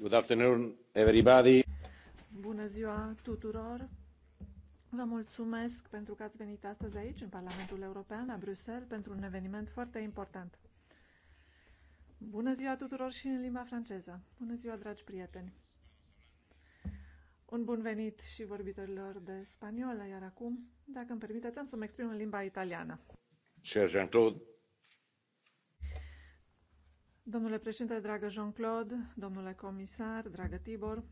Good afternoon, everybody. Bună ziua tuturor. Vă mulțumesc pentru că ați venit astăzi aici, în Parlamentul European, la Bruxelles, pentru un eveniment foarte important. Bună ziua tuturor și în limba franceză. Bună ziua, dragi prieteni. Un bun venit și vorbitorilor de spaniolă, iar acum, dacă îmi permiteți, am să mă exprim în limba italiană. Cher Jean-Claude, Domnule președinte, dragă Jean-Claude, domnule comisar, dragă Tibor,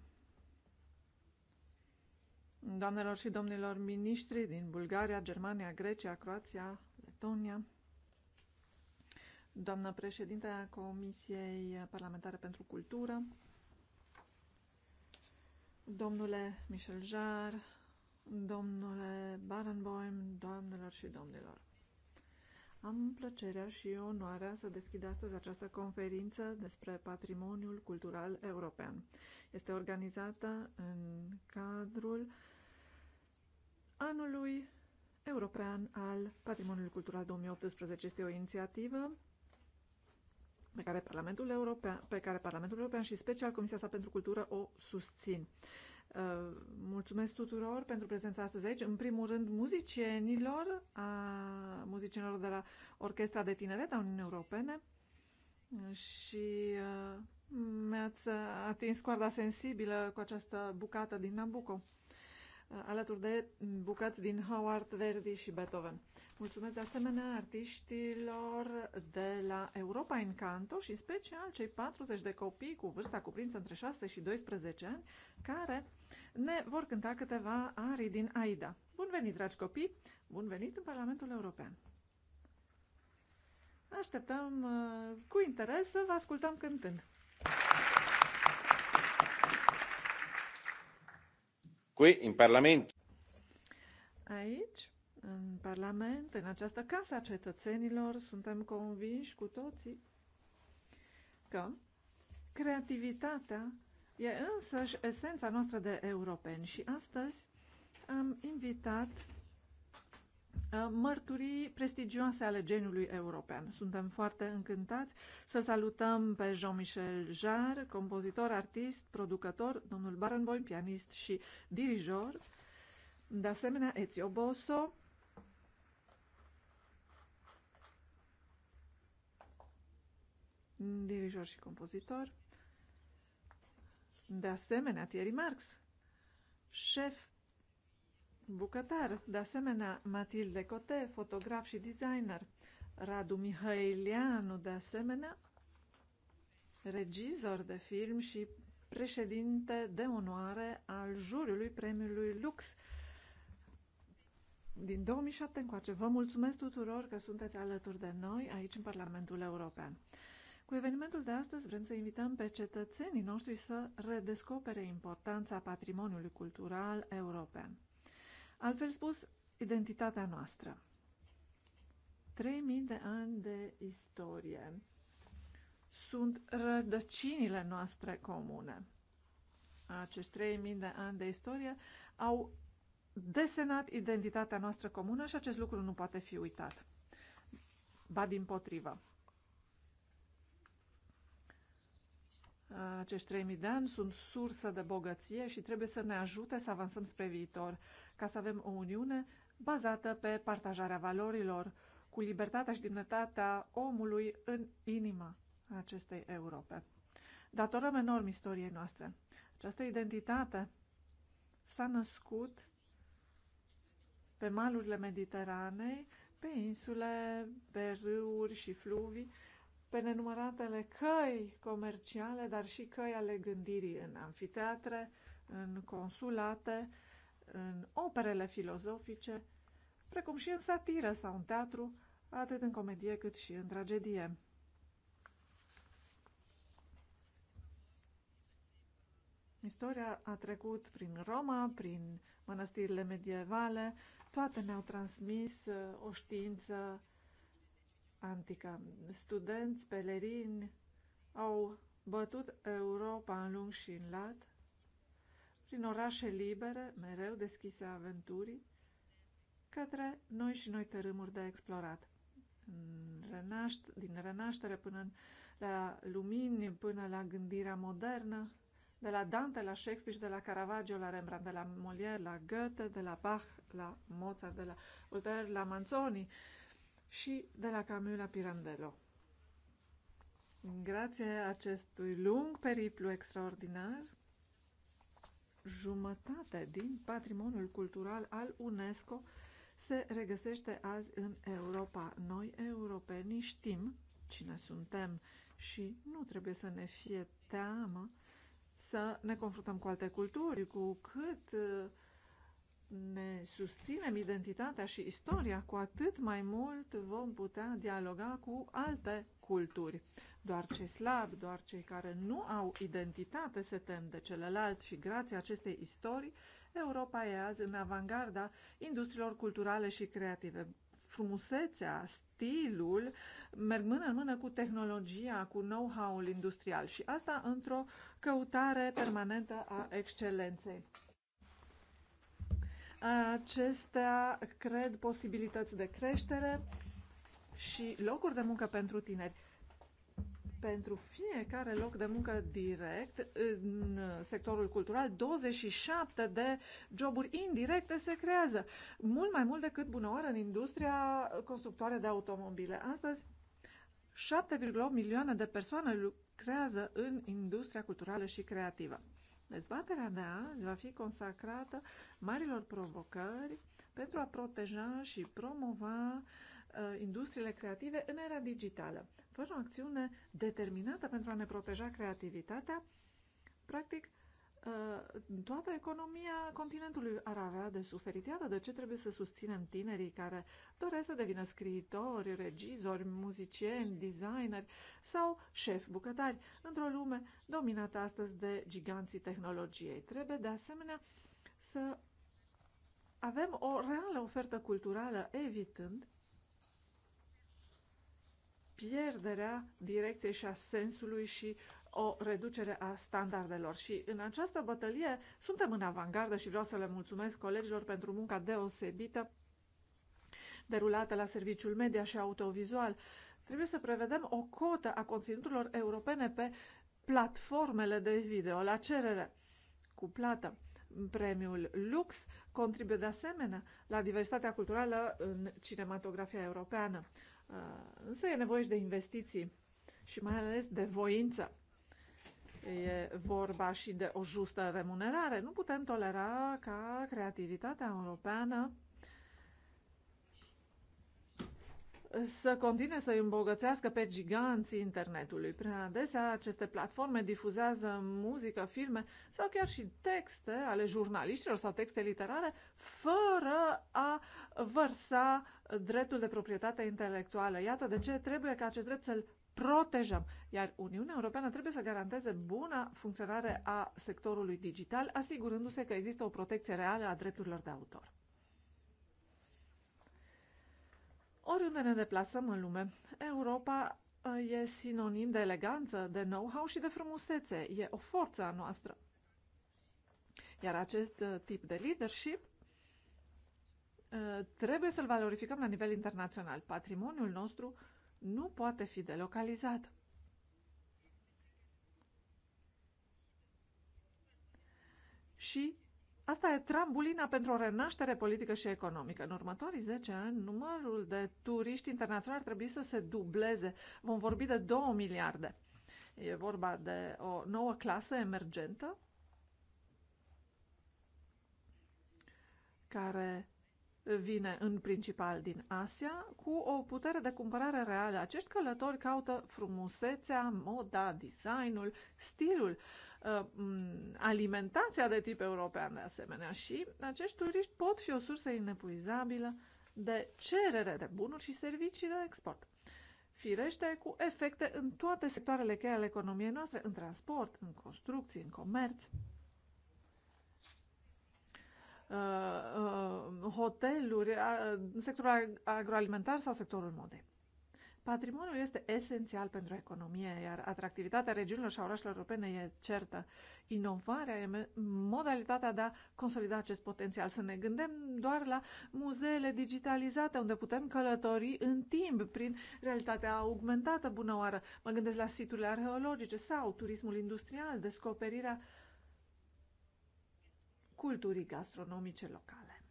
doamnelor și domnilor miniștri din Bulgaria, Germania, Grecia, Croația, Letonia, doamnă președinte a Comisiei Parlamentare pentru Cultură, domnule Michel Jar, domnule Barenboim, doamnelor și domnilor. Am plăcerea și onoarea să deschid astăzi această conferință despre patrimoniul cultural european. Este organizată în cadrul Anului European al Patrimoniului Cultural 2018. Este o inițiativă pe care Parlamentul European, pe care Parlamentul European și special Comisia sa pentru Cultură o susțin. Uh, mulțumesc tuturor pentru prezența astăzi aici. În primul rând, muzicienilor, a muzicienilor de la Orchestra de Tineret a Uniunii Europene și uh, mi-ați atins coarda sensibilă cu această bucată din Nabucco alături de bucăți din Howard, Verdi și Beethoven. Mulțumesc de asemenea artiștilor de la Europa în Canto și în special cei 40 de copii cu vârsta cuprinsă între 6 și 12 ani care ne vor cânta câteva arii din Aida. Bun venit, dragi copii! Bun venit în Parlamentul European! Așteptăm uh, cu interes să vă ascultăm cântând. qui in Parlamento. Aici, în Parlament, în această casă a cetățenilor, suntem convinși cu toții că creativitatea e însăși esența noastră de europeni și astăzi am invitat Uh, mărturii prestigioase ale geniului european. Suntem foarte încântați să-l salutăm pe Jean-Michel Jarre, compozitor, artist, producător, domnul Barenboim, pianist și dirijor, de asemenea Ezio Bosso, dirijor și compozitor, de asemenea Thierry Marx, șef bucătar, de asemenea Matilde Cote, fotograf și designer, Radu Mihailianu, de asemenea, regizor de film și președinte de onoare al juriului premiului Lux din 2007 încoace. Vă mulțumesc tuturor că sunteți alături de noi aici în Parlamentul European. Cu evenimentul de astăzi vrem să invităm pe cetățenii noștri să redescopere importanța patrimoniului cultural european. Altfel spus, identitatea noastră. 3000 de ani de istorie sunt rădăcinile noastre comune. Acești 3000 de ani de istorie au desenat identitatea noastră comună și acest lucru nu poate fi uitat. Ba din potrivă. Acești 3.000 de ani sunt sursă de bogăție și trebuie să ne ajute să avansăm spre viitor, ca să avem o uniune bazată pe partajarea valorilor, cu libertatea și demnitatea omului în inima acestei Europe. Datorăm enorm istoriei noastre. Această identitate s-a născut pe malurile Mediteranei, pe insule, pe râuri și fluvii, pe nenumăratele căi comerciale, dar și căi ale gândirii în amfiteatre, în consulate, în operele filozofice, precum și în satiră sau în teatru, atât în comedie cât și în tragedie. Istoria a trecut prin Roma, prin mănăstirile medievale, toate ne-au transmis uh, o știință antică. Studenți, pelerini au bătut Europa în lung și în lat, prin orașe libere, mereu deschise aventurii, către noi și noi tărâmuri de explorat. Renaș- din renaștere până la lumini, până la gândirea modernă, de la Dante la Shakespeare, de la Caravaggio la Rembrandt, de la Molière la Goethe, de la Bach la Mozart, de la Voltaire la Manzoni, și de la Camila Pirandello. Grație acestui lung periplu extraordinar, jumătate din patrimoniul cultural al UNESCO se regăsește azi în Europa. Noi, europenii, știm cine suntem și nu trebuie să ne fie teamă să ne confruntăm cu alte culturi, cu cât uh, ne susținem identitatea și istoria, cu atât mai mult vom putea dialoga cu alte culturi. Doar cei slabi, doar cei care nu au identitate se tem de celălalt și grație acestei istorii, Europa e azi în avangarda industriilor culturale și creative. Frumusețea, stilul merg mână în mână cu tehnologia, cu know-how-ul industrial și asta într-o căutare permanentă a excelenței. Acestea cred posibilități de creștere și locuri de muncă pentru tineri. Pentru fiecare loc de muncă direct în sectorul cultural, 27 de joburi indirecte se creează. Mult mai mult decât bunăoară în industria constructoare de automobile. Astăzi, 7,8 milioane de persoane lucrează în industria culturală și creativă. Dezbaterea mea va fi consacrată marilor provocări pentru a proteja și promova uh, industriile creative în era digitală. Fără o acțiune determinată pentru a ne proteja creativitatea, practic toată economia continentului ar avea de suferit. Iată de ce trebuie să susținem tinerii care doresc să devină scriitori, regizori, muzicieni, designeri sau șef bucătari într-o lume dominată astăzi de giganții tehnologiei. Trebuie de asemenea să avem o reală ofertă culturală evitând pierderea direcției și a sensului și o reducere a standardelor. Și în această bătălie suntem în avangardă și vreau să le mulțumesc colegilor pentru munca deosebită derulată la serviciul media și autovizual. Trebuie să prevedem o cotă a conținuturilor europene pe platformele de video la cerere cu plată. Premiul Lux contribuie de asemenea la diversitatea culturală în cinematografia europeană. Uh, însă e nevoie și de investiții și mai ales de voință. E vorba și de o justă remunerare. Nu putem tolera ca creativitatea europeană să continue să îmbogățească pe giganții internetului. Prea adesea aceste platforme difuzează muzică, filme sau chiar și texte ale jurnaliștilor sau texte literare fără a vărsa dreptul de proprietate intelectuală. Iată de ce trebuie ca acest drept să-l protejăm. Iar Uniunea Europeană trebuie să garanteze buna funcționare a sectorului digital, asigurându-se că există o protecție reală a drepturilor de autor. Oriunde ne deplasăm în lume, Europa uh, e sinonim de eleganță, de know-how și de frumusețe. E o forță a noastră. Iar acest uh, tip de leadership uh, trebuie să-l valorificăm la nivel internațional. Patrimoniul nostru uh, nu poate fi delocalizat. Și asta e trambulina pentru o renaștere politică și economică. În următorii 10 ani, numărul de turiști internaționali ar trebui să se dubleze. Vom vorbi de 2 miliarde. E vorba de o nouă clasă emergentă care vine în principal din Asia, cu o putere de cumpărare reală. Acești călători caută frumusețea, moda, designul, stilul, uh, alimentația de tip european de asemenea și acești turiști pot fi o sursă inepuizabilă de cerere de bunuri și servicii de export. Firește, cu efecte în toate sectoarele cheie ale economiei noastre, în transport, în construcții, în comerț. Uh, uh, hoteluri, sectorul agroalimentar sau sectorul modei. Patrimoniul este esențial pentru economie, iar atractivitatea regiunilor și a orașelor europene e certă. Inovarea e modalitatea de a consolida acest potențial. Să ne gândim doar la muzeele digitalizate, unde putem călători în timp prin realitatea augmentată oară. Mă gândesc la siturile arheologice sau turismul industrial, descoperirea uh, culturii gastronomice locale.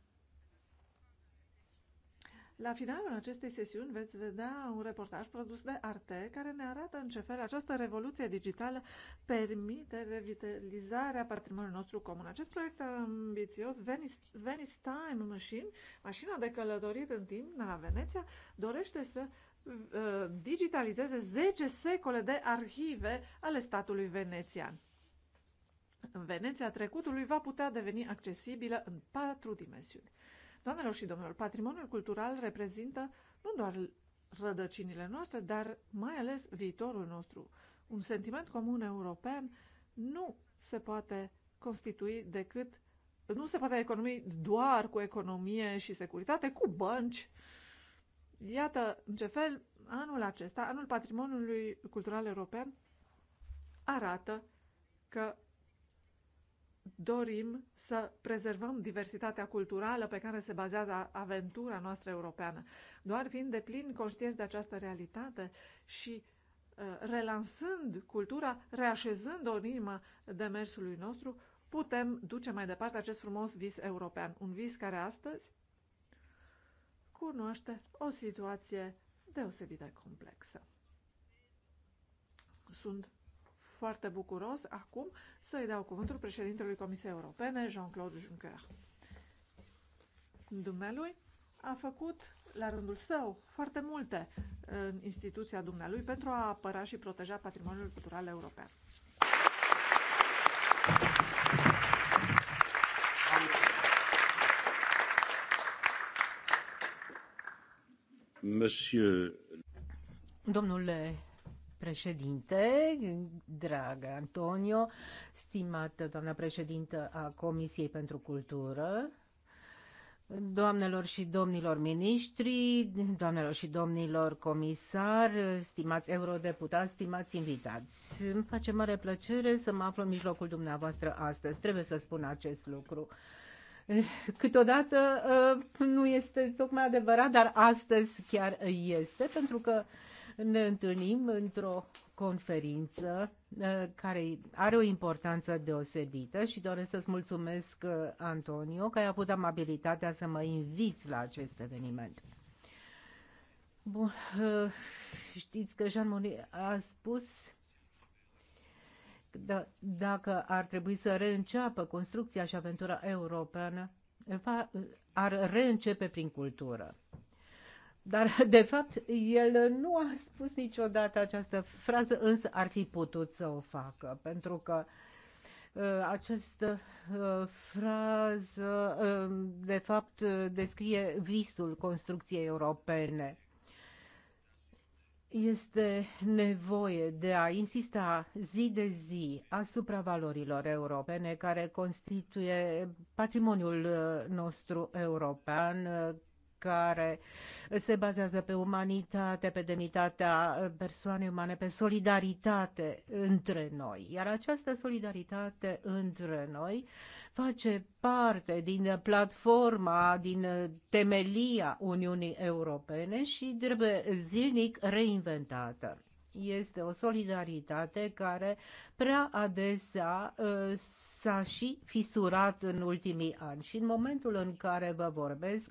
La finalul acestei sesiuni veți vedea un reportaj produs de Arte care ne arată în ce fel această revoluție digitală permite revitalizarea patrimoniului nostru comun. Acest proiect ambițios, Venice, Venice Time Machine, mașina de călătorit în timp la Veneția, dorește să uh, digitalizeze 10 secole de arhive ale statului venețian în Veneția trecutului va putea deveni accesibilă în patru dimensiuni. Doamnelor și domnilor, patrimoniul cultural reprezintă nu doar rădăcinile noastre, dar mai ales viitorul nostru. Un sentiment comun european nu se poate constitui decât nu se poate economi doar cu economie și securitate, cu bănci. Iată în ce fel anul acesta, anul patrimoniului cultural european, arată că dorim să prezervăm diversitatea culturală pe care se bazează aventura noastră europeană. Doar fiind de plin conștienți de această realitate și uh, relansând cultura, reașezând o inimă demersului nostru, putem duce mai departe acest frumos vis european. Un vis care astăzi cunoaște o situație deosebit de complexă. Sunt foarte bucuros acum să-i dau cuvântul președintelui Comisiei Europene, Jean-Claude Juncker. Dumnealui a făcut la rândul său foarte multe în instituția dumnealui pentru a apăra și proteja patrimoniul cultural european. Monsieur... Domnule președinte, dragă Antonio, stimată doamna președintă a Comisiei pentru Cultură, Doamnelor și domnilor miniștri, doamnelor și domnilor comisar, stimați eurodeputați, stimați invitați, îmi face mare plăcere să mă aflu în mijlocul dumneavoastră astăzi. Trebuie să spun acest lucru. Câteodată uh, nu este tocmai adevărat, dar astăzi chiar este, pentru că ne întâlnim într-o conferință uh, care are o importanță deosebită și doresc să-ți mulțumesc, uh, Antonio, că ai avut amabilitatea să mă inviți la acest eveniment. Bun, uh, știți că Jean Monnet a spus că da, dacă ar trebui să reînceapă construcția și aventura europeană, ar reîncepe prin cultură. Dar, de fapt, el nu a spus niciodată această frază, însă ar fi putut să o facă, pentru că uh, această uh, frază, uh, de fapt, descrie visul construcției europene. Este nevoie de a insista zi de zi asupra valorilor europene care constituie patrimoniul nostru european, care se bazează pe umanitate, pe demnitatea persoanei umane, pe solidaritate între noi. Iar această solidaritate între noi face parte din platforma, din temelia Uniunii Europene și trebuie zilnic reinventată. Este o solidaritate care prea adesea uh, s-a și fisurat în ultimii ani. Și în momentul în care vă vorbesc,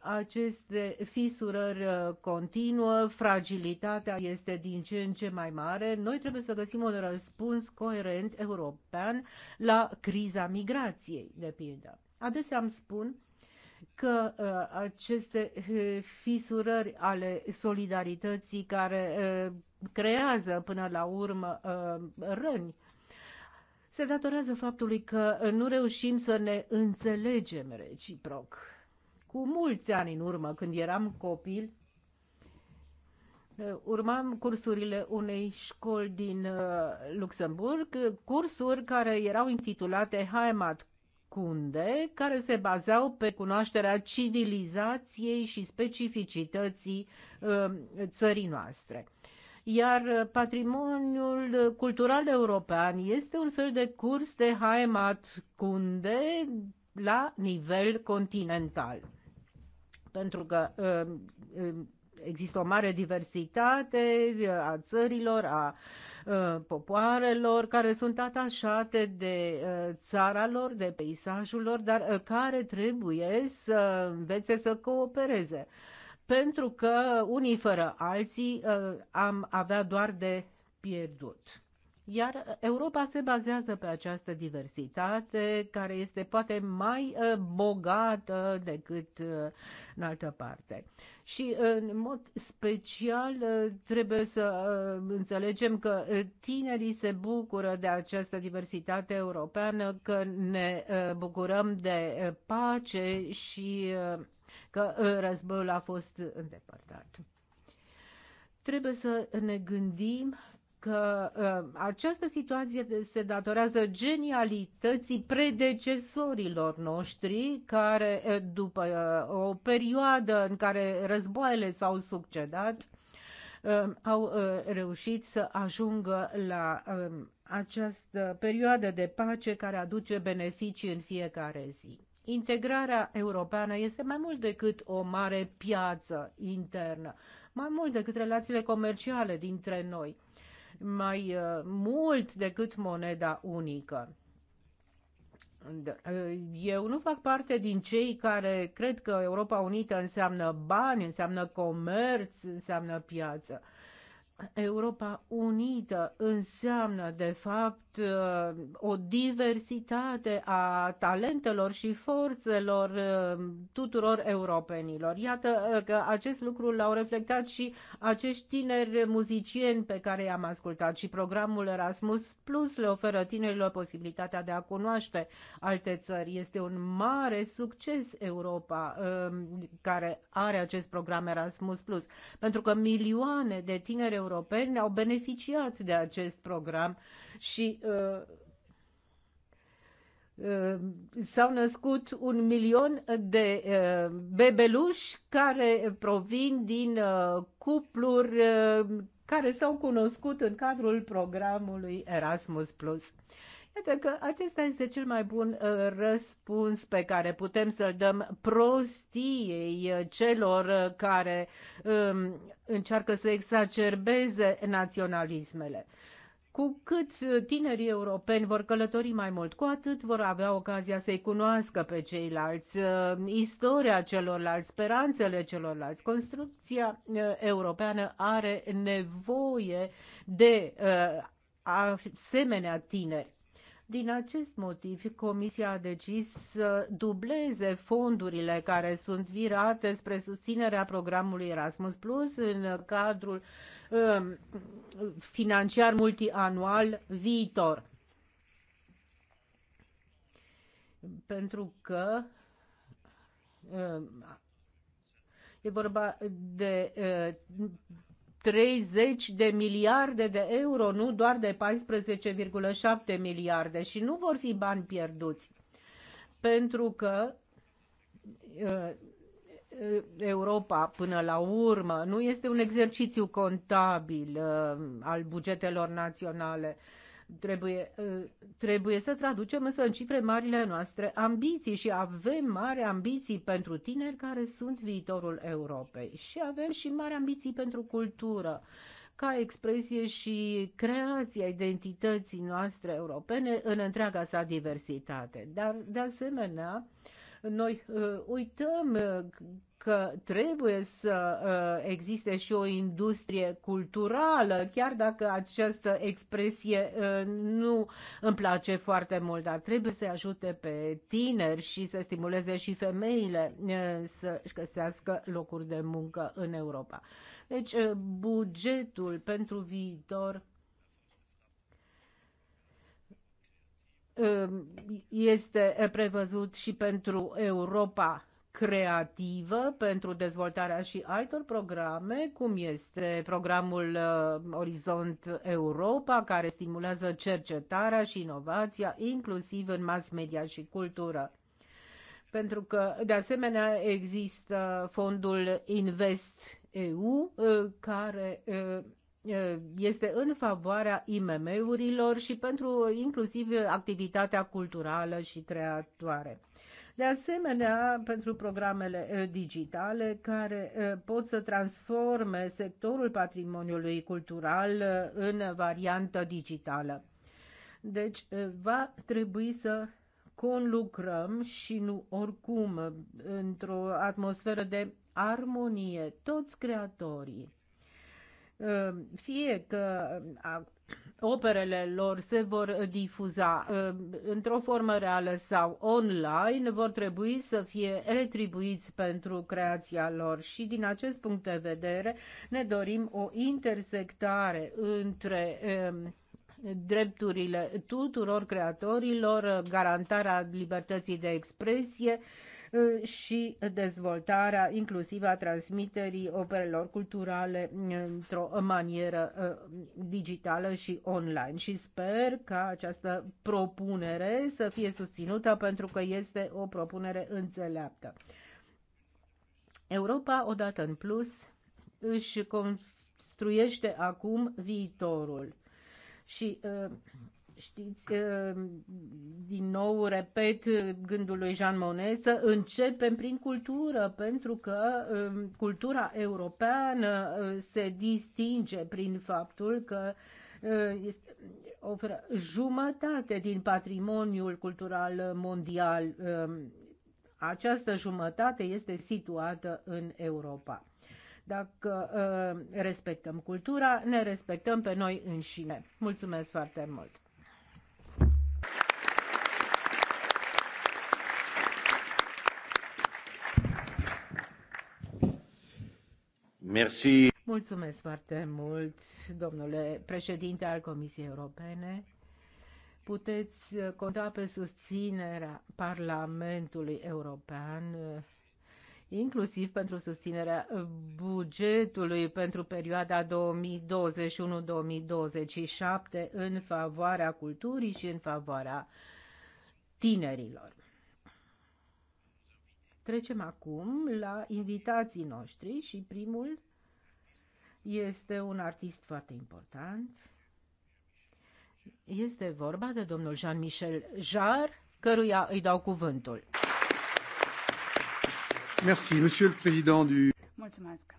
aceste fisurări uh, continuă, fragilitatea este din ce în ce mai mare. Noi trebuie să găsim un răspuns coerent european la criza migrației, de pildă. Adesea îmi spun că uh, aceste uh, fisurări ale solidarității care uh, creează până la urmă uh, răni se datorează faptului că nu reușim să ne înțelegem reciproc. Cu mulți ani în urmă, când eram copil, uh, urmam cursurile unei școli din uh, Luxemburg, cursuri care erau intitulate Heimat Kunde, care se bazau pe cunoașterea civilizației și specificității uh, țării noastre. Iar patrimoniul cultural european este un fel de curs de Heimat Kunde la nivel continental pentru că uh, uh, există o mare diversitate a țărilor, a uh, popoarelor care sunt atașate de țara lor, de peisajul lor, dar care trebuie să învețe să coopereze. Pentru că unii fără alții am avea doar de pierdut. Iar Europa se bazează pe această diversitate care este poate mai uh, bogată decât uh, în altă parte. Și uh, în mod special trebuie să înțelegem că tinerii se bucură de această diversitate europeană, că ne bucurăm de pace și că războiul a fost îndepărtat. Trebuie să ne gândim că ă, această situație se datorează genialității predecesorilor noștri, care ă, după ă, o perioadă în care războaiele s-au succedat, au reușit să ajungă la această perioadă de pace care aduce beneficii în fiecare zi. Integrarea europeană este mai mult decât o mare piață internă, mai mult decât relațiile comerciale dintre noi mai uh, mult decât moneda unică. Da, uh, eu nu fac parte din cei care cred că Europa Unită înseamnă bani, înseamnă comerț, înseamnă piață. Europa Unită înseamnă, de fapt, Uh, o diversitate a talentelor și forțelor uh, tuturor europenilor. Iată uh, că acest lucru l-au reflectat și acești tineri muzicieni pe care i-am ascultat și programul Erasmus Plus le oferă tinerilor posibilitatea de a cunoaște alte țări. Este un mare succes Europa um, care are acest program Erasmus Plus, pentru că milioane de tineri europeni au beneficiat de acest program și uh, uh, s-au născut un milion de uh, bebeluși care provin din cupluri care s-au cunoscut în cadrul programului Erasmus+. Iată că acesta este cel mai bun răspuns pe care putem să-l dăm prostiei celor care um, încearcă să exacerbeze naționalismele. Cu cât uh, tinerii europeni vor călători mai mult, cu atât vor avea ocazia să-i cunoască pe ceilalți, uh, istoria celorlalți, speranțele celorlalți. Construcția uh, europeană are nevoie de asemenea tineri. Din acest motiv, Comisia a decis să dubleze fondurile care sunt virate spre susținerea programului Erasmus Plus în cadrul uh, Um, financiar multianual viitor. Pentru că um, e vorba de 30 uh, de miliarde de euro, nu doar de 14,7 miliarde și nu vor fi bani pierduți. Pentru că uh, Europa până la urmă nu este un exercițiu contabil uh, al bugetelor naționale. Trebuie, uh, trebuie să traducem însă în cifre marile noastre ambiții și avem mari ambiții pentru tineri care sunt viitorul Europei și avem și mari ambiții pentru cultură ca expresie și creația identității noastre europene în întreaga sa diversitate. Dar, de asemenea, uh, noi uh, uităm uh, că trebuie să uh, existe și o industrie culturală, chiar dacă această expresie nu îmi place foarte mult, dar trebuie să ajute pe tineri și să stimuleze și femeile să-și găsească locuri de muncă în Europa. Deci, bugetul pentru viitor este prevăzut și pentru Europa creativă pentru dezvoltarea și altor programe, cum este programul uh, Orizont Europa, care stimulează cercetarea și inovația, inclusiv în mass media și cultură. Pentru că, de asemenea, există fondul Invest EU, uh, care uh, este în favoarea IMM-urilor și pentru inclusiv activitatea culturală și creatoare. De asemenea, pentru programele eh, digitale care eh, pot să transforme sectorul patrimoniului cultural eh, în variantă digitală. Deci, va trebui să conlucrăm și nu oricum într-o atmosferă de armonie, toți creatorii Ehm, fie că operele lor se vor difuza ehm, într-o formă reală sau online, vor trebui să fie retribuiți pentru creația lor și din acest punct de vedere ne dorim o intersectare între ehm, drepturile tuturor creatorilor, garantarea libertății de expresie, Uh, și dezvoltarea inclusiv a transmiterii operelor culturale într-o manieră uh, digitală și online. Și sper ca această propunere să fie susținută pentru că este o propunere înțeleaptă. Europa, odată în plus, își construiește acum viitorul. Și uh, știți, ehm, din nou repet gândul lui Jean Monnet, să începem prin cultură, pentru că ehm, cultura europeană eh, se distinge prin faptul că eh, este, oferă jumătate din patrimoniul cultural mondial. Ehm, această jumătate este situată în Europa. Dacă respectăm cultura, ne respectăm pe noi înșine. Mulțumesc foarte mult! Mulțumesc foarte mult, domnule președinte al Comisiei Europene. Puteți uh, conta pe susținerea Parlamentului European uh, inclusiv pentru susținerea bugetului pentru perioada 2021-2027 în favoarea culturii și în favoarea tinerilor. Trecem acum la invitații noștri și primul este un artist foarte important. Este vorba de domnul Jean-Michel Jarre, căruia îi dau cuvântul. Merci, monsieur le président du... Mulțumesc.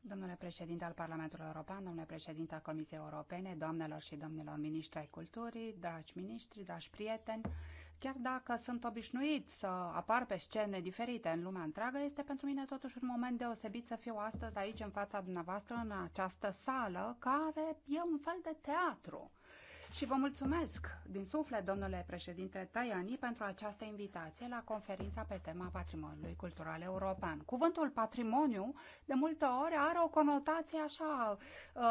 Domnule președinte al Parlamentului European, domnule președinte al Comisiei Europene, doamnelor și domnilor ministri ai culturii, dragi miniștri, dragi prieteni, Chiar dacă sunt obișnuit să apar pe scene diferite în lumea întreagă, este pentru mine totuși un moment deosebit să fiu astăzi aici în fața dumneavoastră, în această sală, care e un fel de teatru. Și vă mulțumesc din suflet, domnule președinte Tajani, pentru această invitație la conferința pe tema patrimoniului cultural european. Cuvântul patrimoniu, de multe ori, are o conotație așa uh,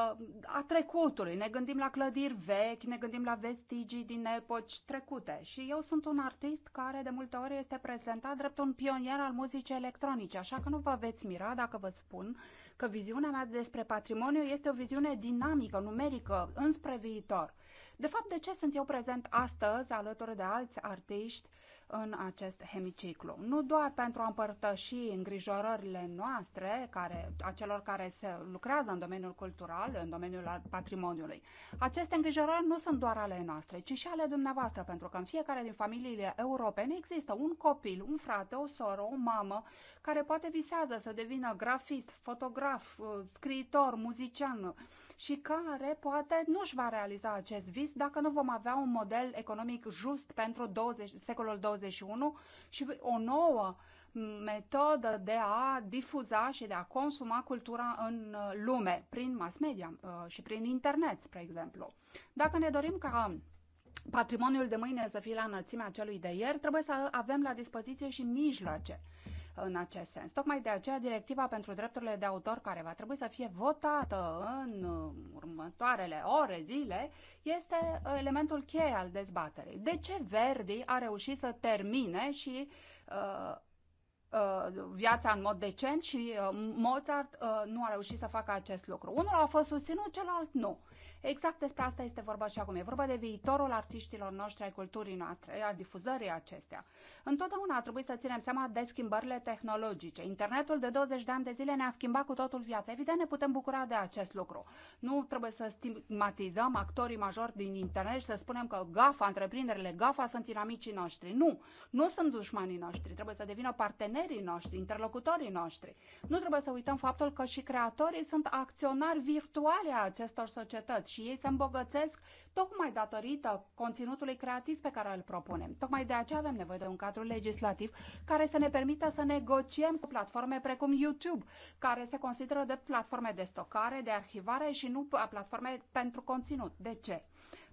a trecutului. Ne gândim la clădiri vechi, ne gândim la vestigii din epoci trecute. Și eu sunt un artist care, de multe ori, este prezentat drept un pionier al muzicii electronice, așa că nu vă veți mira dacă vă spun că viziunea mea despre patrimoniu este o viziune dinamică, numerică, înspre viitor. De fapt, de ce sunt eu prezent astăzi alături de alți artiști în acest hemiciclu? Nu doar pentru a împărtăși îngrijorările noastre, care, a celor care se lucrează în domeniul cultural, în domeniul patrimoniului. Aceste îngrijorări nu sunt doar ale noastre, ci și ale dumneavoastră, pentru că în fiecare din familiile europene există un copil, un frate, o soră, o mamă, care poate visează să devină grafist, fotograf, scriitor, muzician, și care poate nu își va realiza acest vis dacă nu vom avea un model economic just pentru 20, secolul 21 și o nouă metodă de a difuza și de a consuma cultura în uh, lume, prin mass media uh, și prin internet, spre exemplu. Dacă ne dorim ca patrimoniul de mâine să fie la înălțimea celui de ieri, trebuie să avem la dispoziție și mijloace în acest sens. Tocmai de aceea directiva pentru drepturile de autor care va trebui să fie votată în uh, următoarele ore, zile, este uh, elementul cheie al dezbaterii. De ce Verdi a reușit să termine și uh, viața în mod decent și Mozart nu a reușit să facă acest lucru. Unul a fost susținut, celălalt nu. Exact despre asta este vorba și acum. E vorba de viitorul artiștilor noștri, ai culturii noastre, a difuzării acestea. Întotdeauna a trebuit să ținem seama de schimbările tehnologice. Internetul de 20 de ani de zile ne-a schimbat cu totul viața. Evident, ne putem bucura de acest lucru. Nu trebuie să stigmatizăm actorii majori din internet și să spunem că GAFA, întreprinderile GAFA sunt inamicii noștri. Nu, nu sunt dușmanii noștri. Trebuie să devină partenerii noștri, interlocutorii noștri. Nu trebuie să uităm faptul că și creatorii sunt acționari virtuale a acestor societăți și ei se îmbogățesc tocmai datorită conținutului creativ pe care îl propunem. Tocmai de aceea avem nevoie de un cadru legislativ care să ne permită să negociem cu platforme precum YouTube, care se consideră de platforme de stocare, de arhivare și nu platforme pentru conținut. De ce?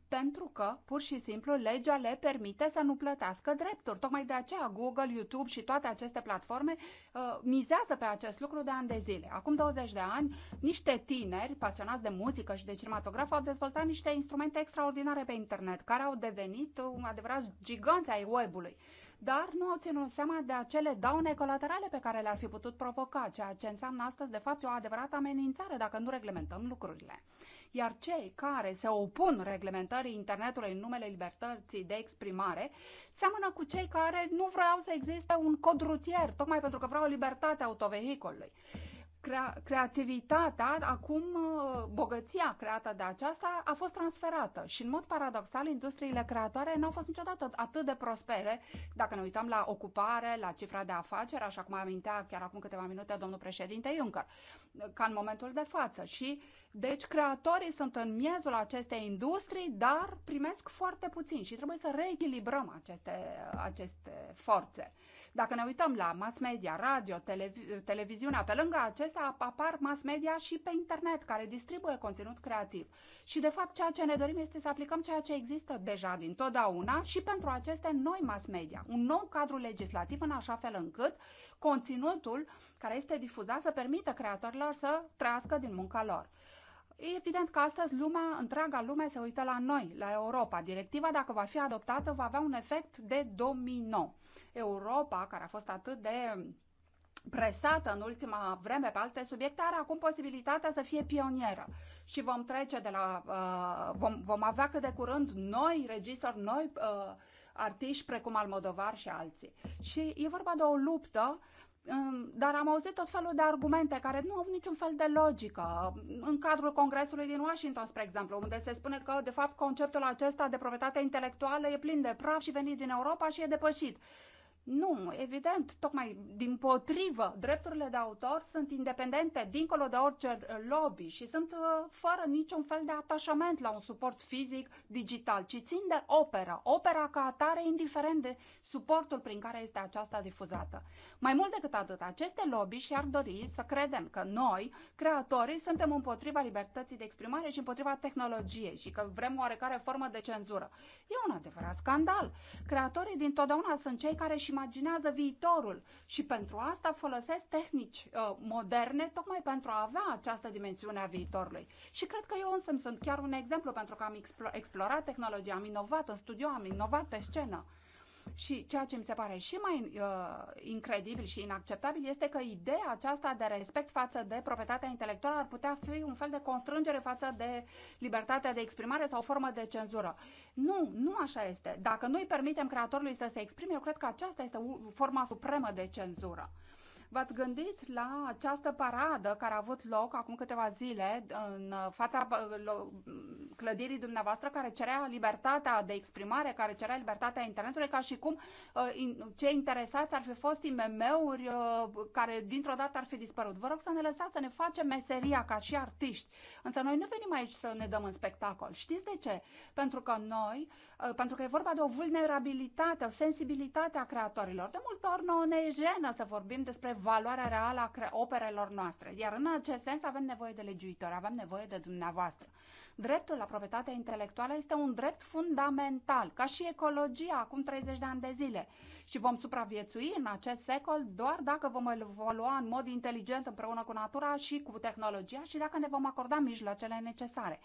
pentru că, pur și simplu, legea le permite să nu plătească drepturi. Tocmai de aceea Google, YouTube și toate aceste platforme uh, mizează pe acest lucru de ani de zile. Acum 20 de ani, niște tineri pasionați de muzică și de cinematograf au dezvoltat niște instrumente extraordinare pe internet, care au devenit uh, adevărați giganți ai web-ului dar nu au ținut seama de acele daune colaterale pe care le-ar fi putut provoca, ceea ce înseamnă astăzi, de fapt, o adevărată amenințare dacă nu reglementăm lucrurile iar cei care se opun reglementării internetului în numele libertății de exprimare seamănă cu cei care nu vreau să existe un cod rutier, tocmai pentru că vreau libertatea autovehicolului crea- creativitatea, acum uh, bogăția creată de aceasta a fost transferată și în mod paradoxal industriile creatoare n-au fost niciodată atât de prospere dacă ne uităm la ocupare, la cifra de afaceri, așa cum amintea chiar acum câteva minute domnul președinte Juncker, ca în momentul de față și deci creatorii sunt în miezul acestei industrii, dar primesc foarte puțin și trebuie să reechilibrăm aceste, aceste forțe. Dacă ne uităm la mass media, radio, televi- televiziunea, pe lângă acestea apar mass media și pe internet, care distribuie conținut creativ. Și, de fapt, ceea ce ne dorim este să aplicăm ceea ce există deja din totdeauna și pentru aceste noi mass media. Un nou cadru legislativ în așa fel încât conținutul care este difuzat să permită creatorilor să trăiască din munca lor. E evident că astăzi lumea, întreaga lume se uită la noi, la Europa. Directiva, dacă va fi adoptată, va avea un efect de domino. Europa, care a fost atât de presată în ultima vreme pe alte subiecte, are acum posibilitatea să fie pionieră. Și vom trece de la. Uh, vom, vom avea cât de curând noi regizori, noi uh, artiști precum Almodovar și alții. Și e vorba de o luptă um, dar am auzit tot felul de argumente care nu au niciun fel de logică. În cadrul Congresului din Washington, spre exemplu, unde se spune că, de fapt, conceptul acesta de proprietate intelectuală e plin de praf și venit din Europa și e depășit. Nu, evident, tocmai din potrivă, drepturile de autor sunt independente dincolo de orice lobby și sunt uh, fără niciun fel de atașament la un suport fizic, digital, ci țin de opera, opera ca atare, indiferent de suportul prin care este aceasta difuzată. Mai mult decât atât, aceste lobby și-ar dori să credem că noi, creatorii, suntem împotriva libertății de exprimare și împotriva tehnologiei și că vrem oarecare formă de cenzură. E un adevărat scandal. Creatorii dintotdeauna sunt cei care și imaginează viitorul și pentru asta folosesc tehnici uh, moderne tocmai pentru a avea această dimensiune a viitorului. Și cred că eu însă sunt chiar un exemplu pentru că am explorat tehnologia, am inovat în studio, am inovat pe scenă. Și ceea ce mi se pare și mai uh, incredibil și inacceptabil este că ideea aceasta de respect față de proprietatea intelectuală ar putea fi un fel de constrângere față de libertatea de exprimare sau o formă de cenzură. Nu, nu așa este. Dacă noi permitem creatorului să se exprime, eu cred că aceasta este forma supremă de cenzură. V-ați gândit la această paradă care a avut loc acum câteva zile în fața clădirii dumneavoastră care cerea libertatea de exprimare, care cerea libertatea internetului, ca și cum ă, cei interesați ar fi fost IMM-uri ă, care dintr-o dată ar fi dispărut. Vă rog să ne lăsați să ne facem meseria ca și artiști. Însă noi nu venim aici să ne dăm în spectacol. Știți de ce? Pentru că noi, ă, pentru că e vorba de o vulnerabilitate, o sensibilitate a creatorilor. De multe ori nouă ne e jenă să vorbim despre valoarea reală a operelor noastre. Iar în acest sens avem nevoie de legiuitori, avem nevoie de dumneavoastră. Dreptul la proprietatea intelectuală este un drept fundamental, ca și ecologia acum 30 de ani de zile. Și vom supraviețui în acest secol doar dacă vom evolua în mod inteligent împreună cu natura și cu tehnologia și dacă ne vom acorda mijloacele necesare.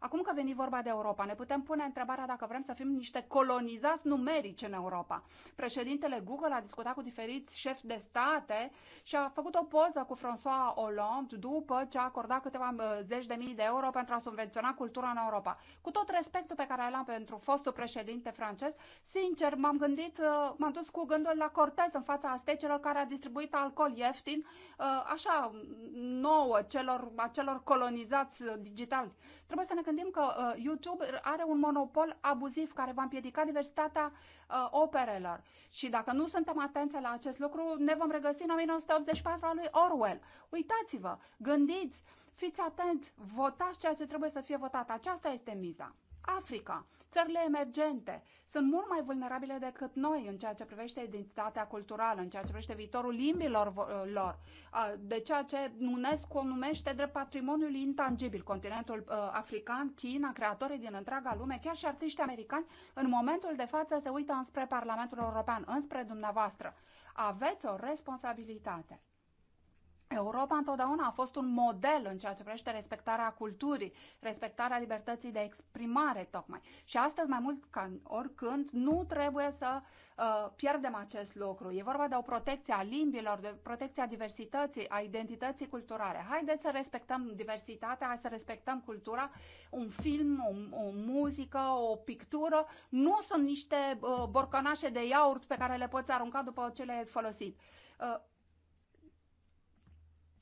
Acum că veni vorba de Europa, ne putem pune întrebarea dacă vrem să fim niște colonizați numerici în Europa. Președintele Google a discutat cu diferiți șefi de state și a făcut o poză cu François Hollande după ce a acordat câteva uh, zeci de mii de euro pentru a subvenționa cultura în Europa. Cu tot respectul pe care l-am pentru fostul președinte francez, sincer, m-am gândit, uh, m-am dus cu gândul la Cortez în fața astecelor care a distribuit alcool ieftin, uh, așa, nouă celor, acelor colonizați digital trebuie să ne gândim că uh, YouTube are un monopol abuziv care va împiedica diversitatea uh, operelor. Și dacă nu suntem atenți la acest lucru, ne vom regăsi în 1984 al lui Orwell. Uitați-vă, gândiți, fiți atenți, votați ceea ce trebuie să fie votat. Aceasta este miza. Africa, țările emergente, sunt mult mai vulnerabile decât noi în ceea ce privește identitatea culturală, în ceea ce privește viitorul limbilor lor, de ceea ce UNESCO numește drept patrimoniul intangibil. Continentul uh, african, China, creatorii din întreaga lume, chiar și artiștii americani, în momentul de față se uită înspre Parlamentul European, înspre dumneavoastră. Aveți o responsabilitate. Europa întotdeauna a fost un model în ceea ce privește respectarea culturii, respectarea libertății de exprimare, tocmai. Și astăzi, mai mult ca oricând, nu trebuie să uh, pierdem acest lucru. E vorba de o protecție a limbilor, de protecția diversității, a identității culturale. Haideți să respectăm diversitatea, hai să respectăm cultura. Un film, o, o muzică, o pictură nu sunt niște uh, borcănașe de iaurt pe care le poți arunca după ce le-ai folosit. Uh,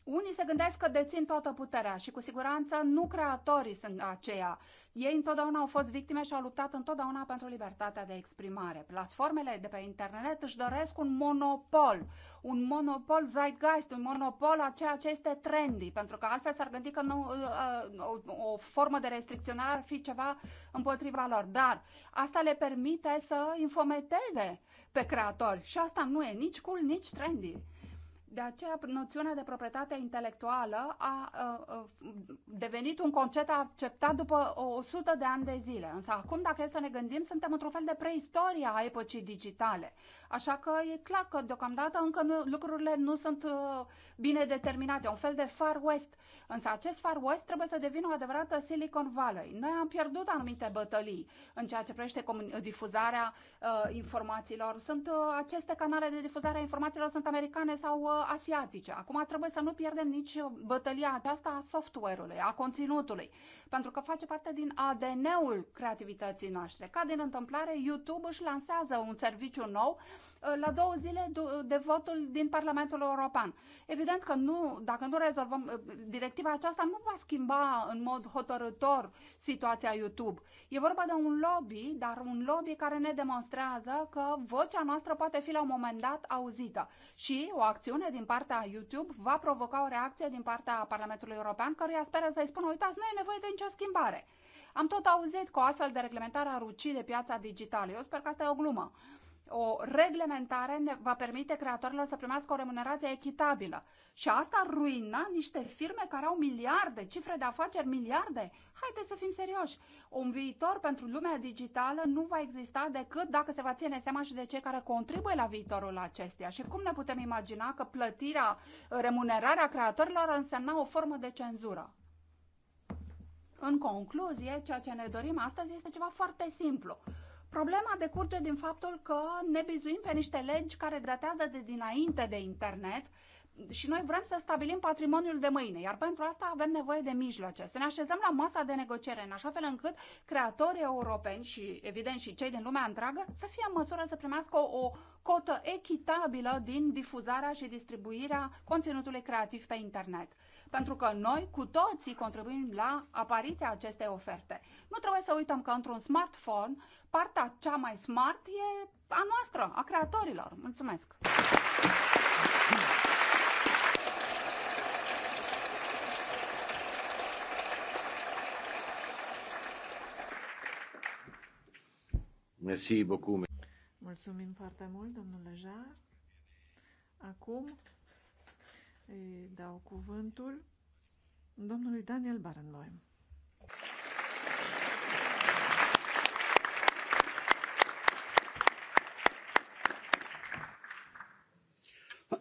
unii se gândesc că dețin toată puterea și cu siguranță nu creatorii sunt aceia. Ei întotdeauna au fost victime și au luptat întotdeauna pentru libertatea de exprimare. Platformele de pe internet își doresc un monopol, un monopol zeitgeist, un monopol a ceea ce este trendy, pentru că altfel s-ar gândi că nu, uh, uh, o, o formă de restricționare ar fi ceva împotriva lor. Dar asta le permite să infometeze pe creatori și asta nu e nici cool, nici trendy. De aceea, noțiunea de proprietate intelectuală a, a, a devenit un concept acceptat după 100 de ani de zile. Însă acum, dacă e să ne gândim, suntem într-un fel de preistoria a epocii digitale. Așa că e clar că deocamdată încă nu, lucrurile nu sunt uh, bine determinate. Un fel de Far West. Însă acest Far West trebuie să devină o adevărată Silicon Valley. Noi am pierdut anumite bătălii în ceea ce privește difuzarea uh, informațiilor. Sunt uh, aceste canale de difuzare a informațiilor sunt americane sau uh, asiatice. Acum trebuie să nu pierdem nici uh, bătălia aceasta a software-ului, a conținutului, pentru că face parte din ADN-ul creativității noastre. Ca din întâmplare, YouTube își lansează un serviciu nou Uh, la două zile de votul din Parlamentul European. Evident că nu, dacă nu rezolvăm uh, directiva aceasta, nu va schimba în mod hotărător situația YouTube. E vorba de un lobby, dar un lobby care ne demonstrează că vocea noastră poate fi la un moment dat auzită. Și o acțiune din partea YouTube va provoca o reacție din partea Parlamentului European, căruia speră să-i spună, uitați, nu e nevoie de nicio schimbare. Am tot auzit că o astfel de reglementare a ucide de piața digitală. Eu sper că asta e o glumă o reglementare ne va permite creatorilor să primească o remunerație echitabilă. Și asta ar ruina niște firme care au miliarde, cifre de afaceri miliarde. Haideți să fim serioși. Un viitor pentru lumea digitală nu va exista decât dacă se va ține seama și de cei care contribuie la viitorul acesteia. Și cum ne putem imagina că plătirea, remunerarea creatorilor ar însemna o formă de cenzură? În concluzie, ceea ce ne dorim astăzi este ceva foarte simplu. Problema decurge din faptul că ne bizuim pe niște legi care datează de dinainte de internet și noi vrem să stabilim patrimoniul de mâine, iar pentru asta avem nevoie de mijloace. Să ne așezăm la masa de negociere, în așa fel încât creatorii europeni și, evident, și cei din lumea întreagă să fie în măsură să primească o, o cotă echitabilă din difuzarea și distribuirea conținutului creativ pe internet pentru că noi cu toții contribuim la apariția acestei oferte. Nu trebuie să uităm că într-un smartphone, partea cea mai smart e a noastră, a creatorilor. Mulțumesc! Mulțumim foarte mult, domnule Jar. Acum îi dau cuvântul domnului Daniel Barenboim.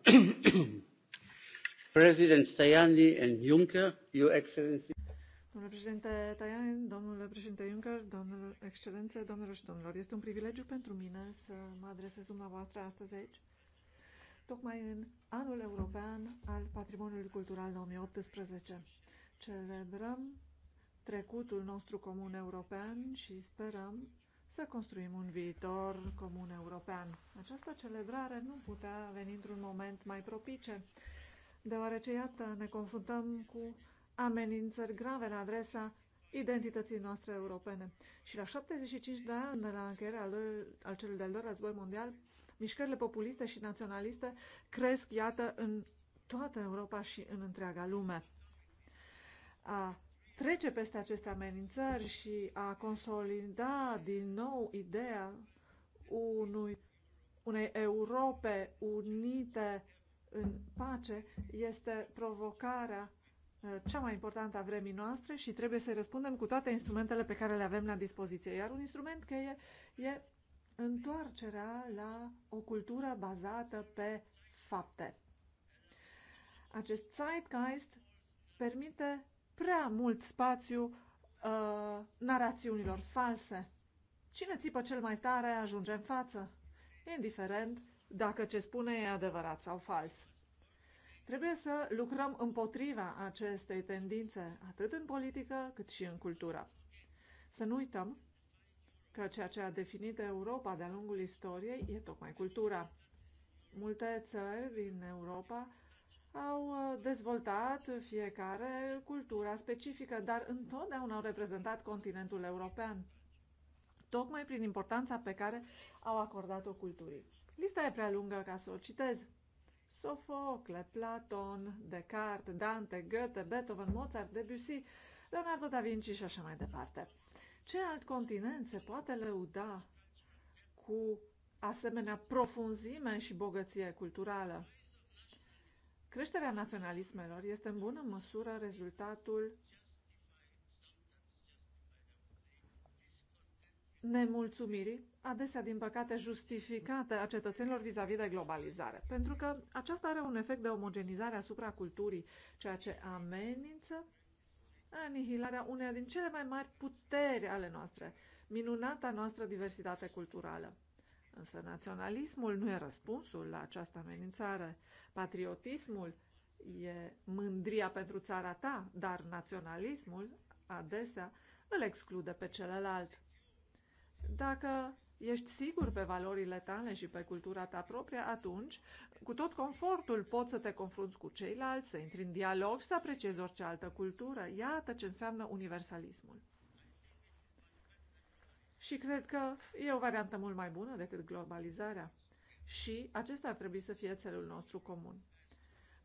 President Tajani and Juncker, Your Excellency. Domnule președinte Tajani, domnule președinte Juncker, domnule excelențe, domnilor și domnilor, este un privilegiu pentru mine să mă adresez dumneavoastră astăzi aici tocmai în Anul European al Patrimoniului Cultural 2018. Celebrăm trecutul nostru comun european și sperăm să construim un viitor comun european. Această celebrare nu putea veni într-un moment mai propice, deoarece, iată, ne confruntăm cu amenințări grave la adresa identității noastre europene. Și la 75 de ani de la încheierea al, celui de-al doilea război mondial, Mișcările populiste și naționaliste cresc, iată, în toată Europa și în întreaga lume. A trece peste aceste amenințări și a consolida din nou ideea unui, unei Europe unite în pace este provocarea uh, cea mai importantă a vremii noastre și trebuie să răspundem cu toate instrumentele pe care le avem la dispoziție. Iar un instrument cheie e întoarcerea la o cultură bazată pe fapte. Acest zeitgeist permite prea mult spațiu uh, narațiunilor false. Cine țipă cel mai tare ajunge în față, indiferent dacă ce spune e adevărat sau fals. Trebuie să lucrăm împotriva acestei tendințe, atât în politică cât și în cultură. Să nu uităm că ceea ce a definit Europa de-a lungul istoriei e tocmai cultura. Multe țări din Europa au uh, dezvoltat fiecare cultura specifică, dar întotdeauna au reprezentat continentul european, tocmai prin importanța pe care au acordat-o culturii. Lista e prea lungă ca să o citez. Sofocle, Platon, Descartes, Dante, Goethe, Beethoven, Mozart, Debussy, Leonardo da Vinci și așa mai departe. Ce alt continent se poate lăuda cu asemenea profunzime și bogăție culturală? Creșterea naționalismelor este în bună măsură rezultatul nemulțumirii, adesea din păcate justificate a cetățenilor vis-a-vis -vis de globalizare. Pentru că aceasta are un efect de omogenizare asupra culturii, ceea ce amenință anihilarea uneia din cele mai mari puteri ale noastre, minunata noastră diversitate culturală. Însă naționalismul nu e răspunsul la această amenințare. Patriotismul e mândria pentru țara ta, dar naționalismul adesea îl exclude pe celălalt. Dacă ești sigur pe valorile tale și pe cultura ta proprie, atunci, cu tot confortul, poți să te confrunți cu ceilalți, să intri în dialog să apreciezi orice altă cultură. Iată ce înseamnă universalismul. Și cred că e o variantă mult mai bună decât globalizarea. Și acesta ar trebui să fie țelul nostru comun.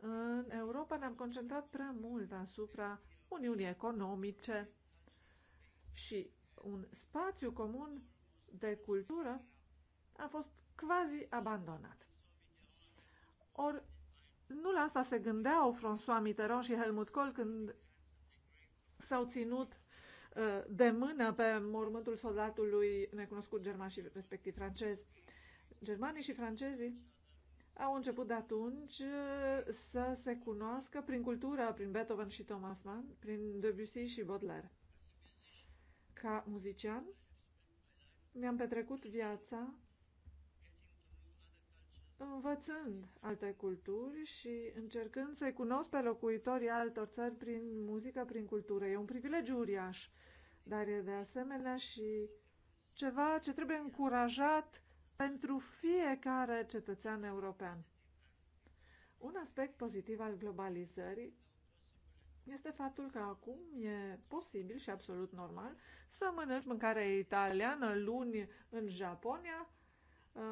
În Europa ne-am concentrat prea mult asupra Uniunii Economice și un spațiu comun de cultură a fost quasi abandonat. Or, nu la asta se gândeau François Mitterrand și Helmut Kohl când s-au ținut uh, de mână pe mormântul soldatului necunoscut german și respectiv francez. Germanii și francezii au început de atunci uh, să se cunoască prin cultură, prin Beethoven și Thomas Mann, prin Debussy și Baudelaire. Ca muzician, mi-am petrecut viața învățând alte culturi și încercând să-i cunosc pe locuitorii altor țări prin muzică, prin cultură. E un privilegiu uriaș, dar e de asemenea și ceva ce trebuie încurajat pentru fiecare cetățean european. Un aspect pozitiv al globalizării este faptul că acum e posibil și absolut normal să mănânci mâncare italiană luni în Japonia, uh,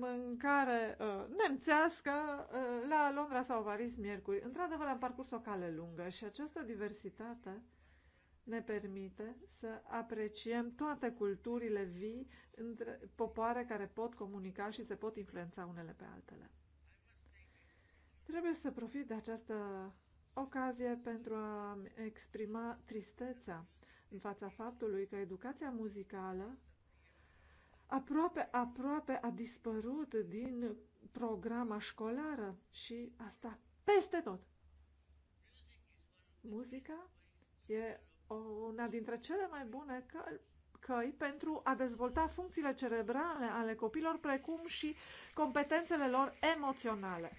mâncare uh, nemțească uh, la Londra sau Paris miercuri. Într-adevăr, am parcurs o cale lungă și această diversitate ne permite să apreciem toate culturile vii între popoare care pot comunica și se pot influența unele pe altele. Trebuie să profit de această ocazie pentru a exprima tristețea în fața faptului că educația muzicală aproape, aproape a dispărut din programa școlară și asta peste tot. Muzica e una dintre cele mai bune căl căi pentru a dezvolta funcțiile cerebrale ale copilor, precum și competențele lor emoționale.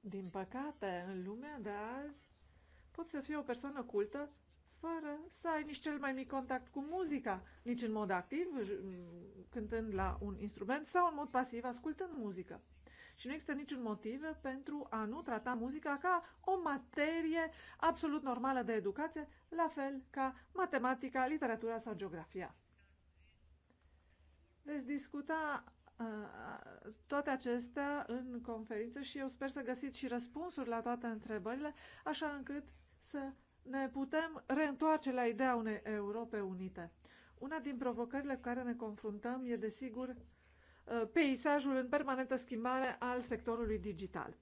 Din păcate, în lumea de azi, poți să fii o persoană cultă fără să ai nici cel mai mic contact cu muzica, nici în mod activ, cântând la un instrument sau în mod pasiv, ascultând muzică. Și nu există niciun motiv pentru a nu trata muzica ca o materie absolut normală de educație, la fel ca matematica, literatura sau geografia. Veți discuta toate acestea în conferință și eu sper să găsiți și răspunsuri la toate întrebările, așa încât să ne putem reîntoarce la ideea unei Europe unite. Una din provocările cu care ne confruntăm e, desigur, peisajul în permanentă schimbare al sectorului digital.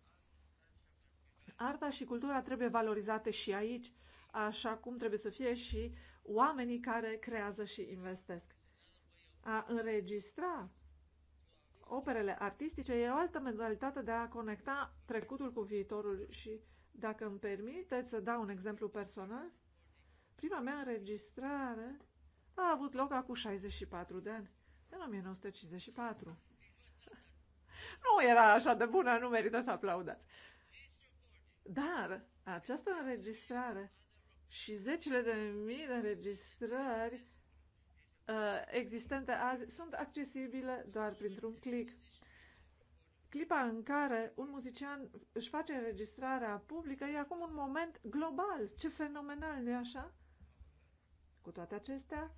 Arta și cultura trebuie valorizate și aici, așa cum trebuie să fie și oamenii care creează și investesc. A înregistra operele artistice e o altă modalitate de a conecta trecutul cu viitorul și, dacă îmi permiteți să dau un exemplu personal, prima mea înregistrare a avut loc acum 64 de ani, în 1954. Nu era așa de bună, nu merită să aplaudați. Dar această înregistrare și zecile de mii de înregistrări Uh, existente azi sunt accesibile doar printr-un click. Clipa în care un muzician își face înregistrarea publică e acum un moment global. Ce fenomenal, nu-i așa? Cu toate acestea,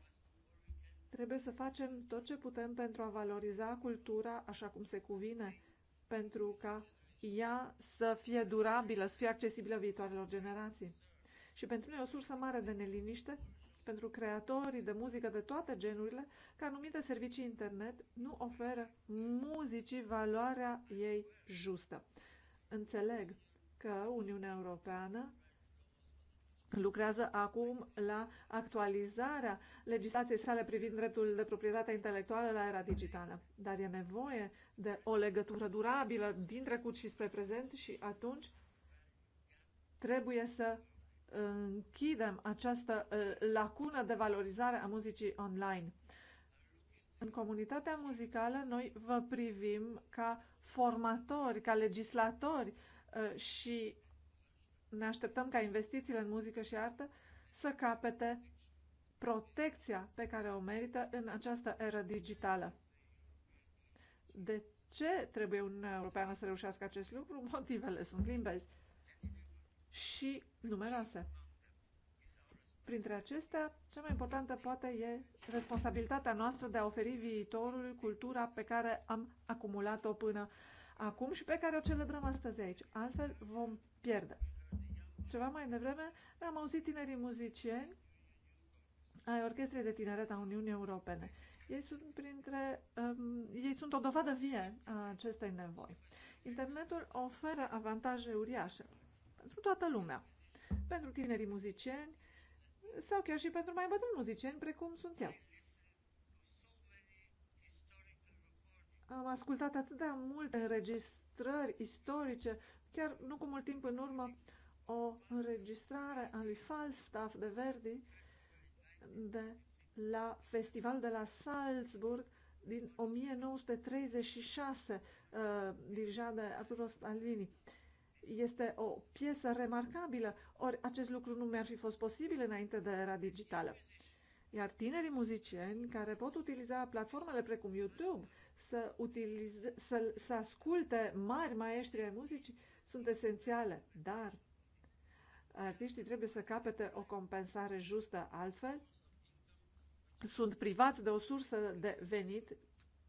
trebuie să facem tot ce putem pentru a valoriza cultura așa cum se cuvine, pentru ca ea să fie durabilă, să fie accesibilă viitoarelor generații. Și pentru noi e o sursă mare de neliniște pentru creatorii de muzică de toate genurile că anumite servicii internet nu oferă muzicii valoarea ei justă. Înțeleg că Uniunea Europeană lucrează acum la actualizarea legislației sale privind dreptul de proprietate intelectuală la era digitală. Dar e nevoie de o legătură durabilă din trecut și spre prezent și atunci trebuie să închidem această uh, lacună de valorizare a muzicii online. În comunitatea muzicală noi vă privim ca formatori, ca legislatori uh, și ne așteptăm ca investițiile în muzică și artă să capete protecția pe care o merită în această eră digitală. De ce trebuie Uniunea Europeană să reușească acest lucru? Motivele sunt limbezi și numeroase. Printre acestea, cea mai importantă poate e responsabilitatea noastră de a oferi viitorului cultura pe care am acumulat-o până acum și pe care o celebrăm astăzi aici. Altfel vom pierde. Ceva mai devreme am auzit tinerii muzicieni ai Orchestrei de Tineret a Uniunii Europene. Ei sunt, printre, um, ei sunt o dovadă vie a acestei nevoi. Internetul oferă avantaje uriașe, pentru toată lumea, pentru tinerii muzicieni sau chiar și pentru mai bătrâni muzicieni, precum sunt eu. Am ascultat atâtea multe înregistrări istorice, chiar nu cu mult timp în urmă, o înregistrare a lui Falstaff de Verdi de la Festival de la Salzburg din 1936, uh, dirijat de Arturo Salvini. Uh, este o piesă remarcabilă, ori acest lucru nu mi-ar fi fost posibil înainte de era digitală. Iar tinerii muzicieni care pot utiliza platformele precum YouTube să, utilize, să, să asculte mari maestri ai muzicii sunt esențiale, dar artiștii trebuie să capete o compensare justă, altfel sunt privați de o sursă de venit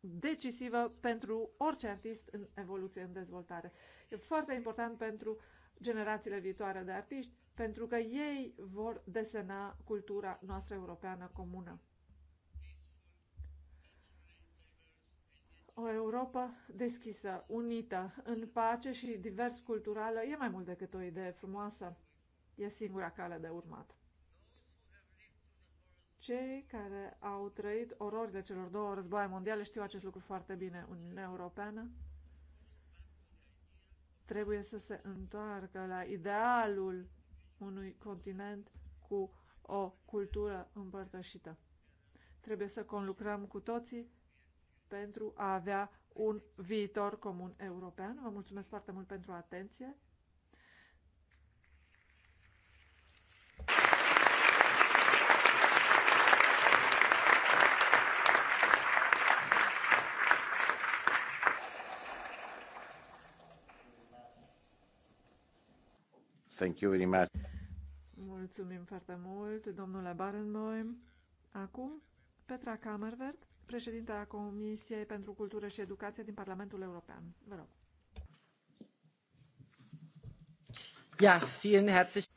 decisivă pentru orice artist în evoluție, în dezvoltare. E foarte important pentru generațiile viitoare de artiști, pentru că ei vor desena cultura noastră europeană comună. O Europa deschisă, unită, în pace și divers culturală e mai mult decât o idee frumoasă. E singura cale de urmat. Cei care au trăit ororile celor două războaie mondiale știu acest lucru foarte bine. Uniunea Europeană trebuie să se întoarcă la idealul unui continent cu o cultură împărtășită. Trebuie să conlucrăm cu toții pentru a avea un viitor comun european. Vă mulțumesc foarte mult pentru atenție. Thank you very much. Mulțumim foarte mult, domnule Barenboim. Acum, Petra Kammervert, președinta Comisiei pentru Cultură și Educație din Parlamentul European. Vă rog. Ja, vielen herzlich.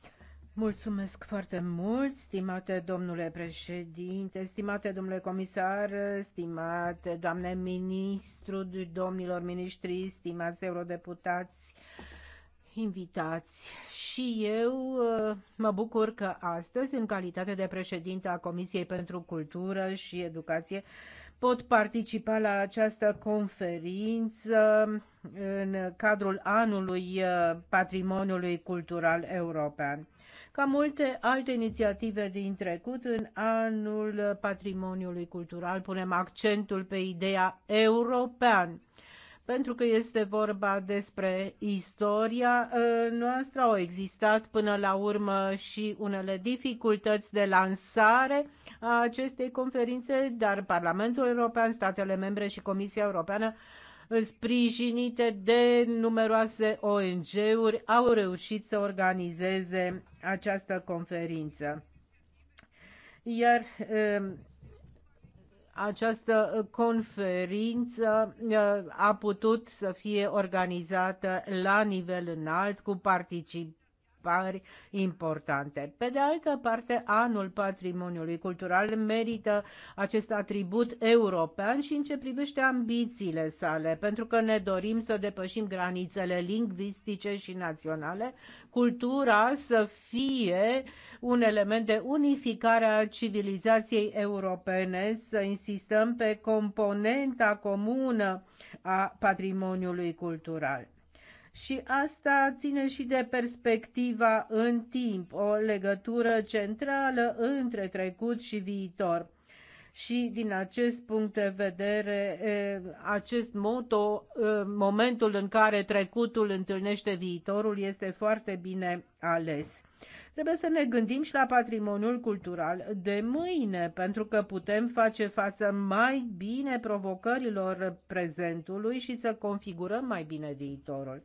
Mulțumesc foarte mult, stimate domnule președinte, stimate domnule comisar, stimate doamne ministru, domnilor miniștri, stimați eurodeputați. Uh, invitați și eu uh, mă bucur că astăzi, în calitate de președinte a Comisiei pentru Cultură și Educație, pot participa la această conferință în cadrul anului uh, patrimoniului cultural european. Ca multe alte inițiative din trecut, în anul patrimoniului cultural punem accentul pe ideea european pentru că este vorba despre istoria uh, noastră. Au existat până la urmă și unele dificultăți de lansare a acestei conferințe, dar Parlamentul European, statele membre și Comisia Europeană uh, sprijinite de numeroase ONG-uri, au reușit să organizeze această conferință. Iar uh, această uh, conferință uh, a putut să fie organizată la nivel înalt cu participare pari importante. Pe de altă parte, anul patrimoniului cultural merită acest atribut european și în ce privește ambițiile sale, pentru că ne dorim să depășim granițele lingvistice și naționale, cultura să fie un element de unificare a civilizației europene, să insistăm pe componenta comună a patrimoniului cultural și asta ține și de perspectiva în timp, o legătură centrală între trecut și viitor. Și din acest punct de vedere, acest moto, momentul în care trecutul întâlnește viitorul, este foarte bine ales. Trebuie să ne gândim și la patrimoniul cultural de mâine, pentru că putem face față mai bine provocărilor prezentului și să configurăm mai bine viitorul.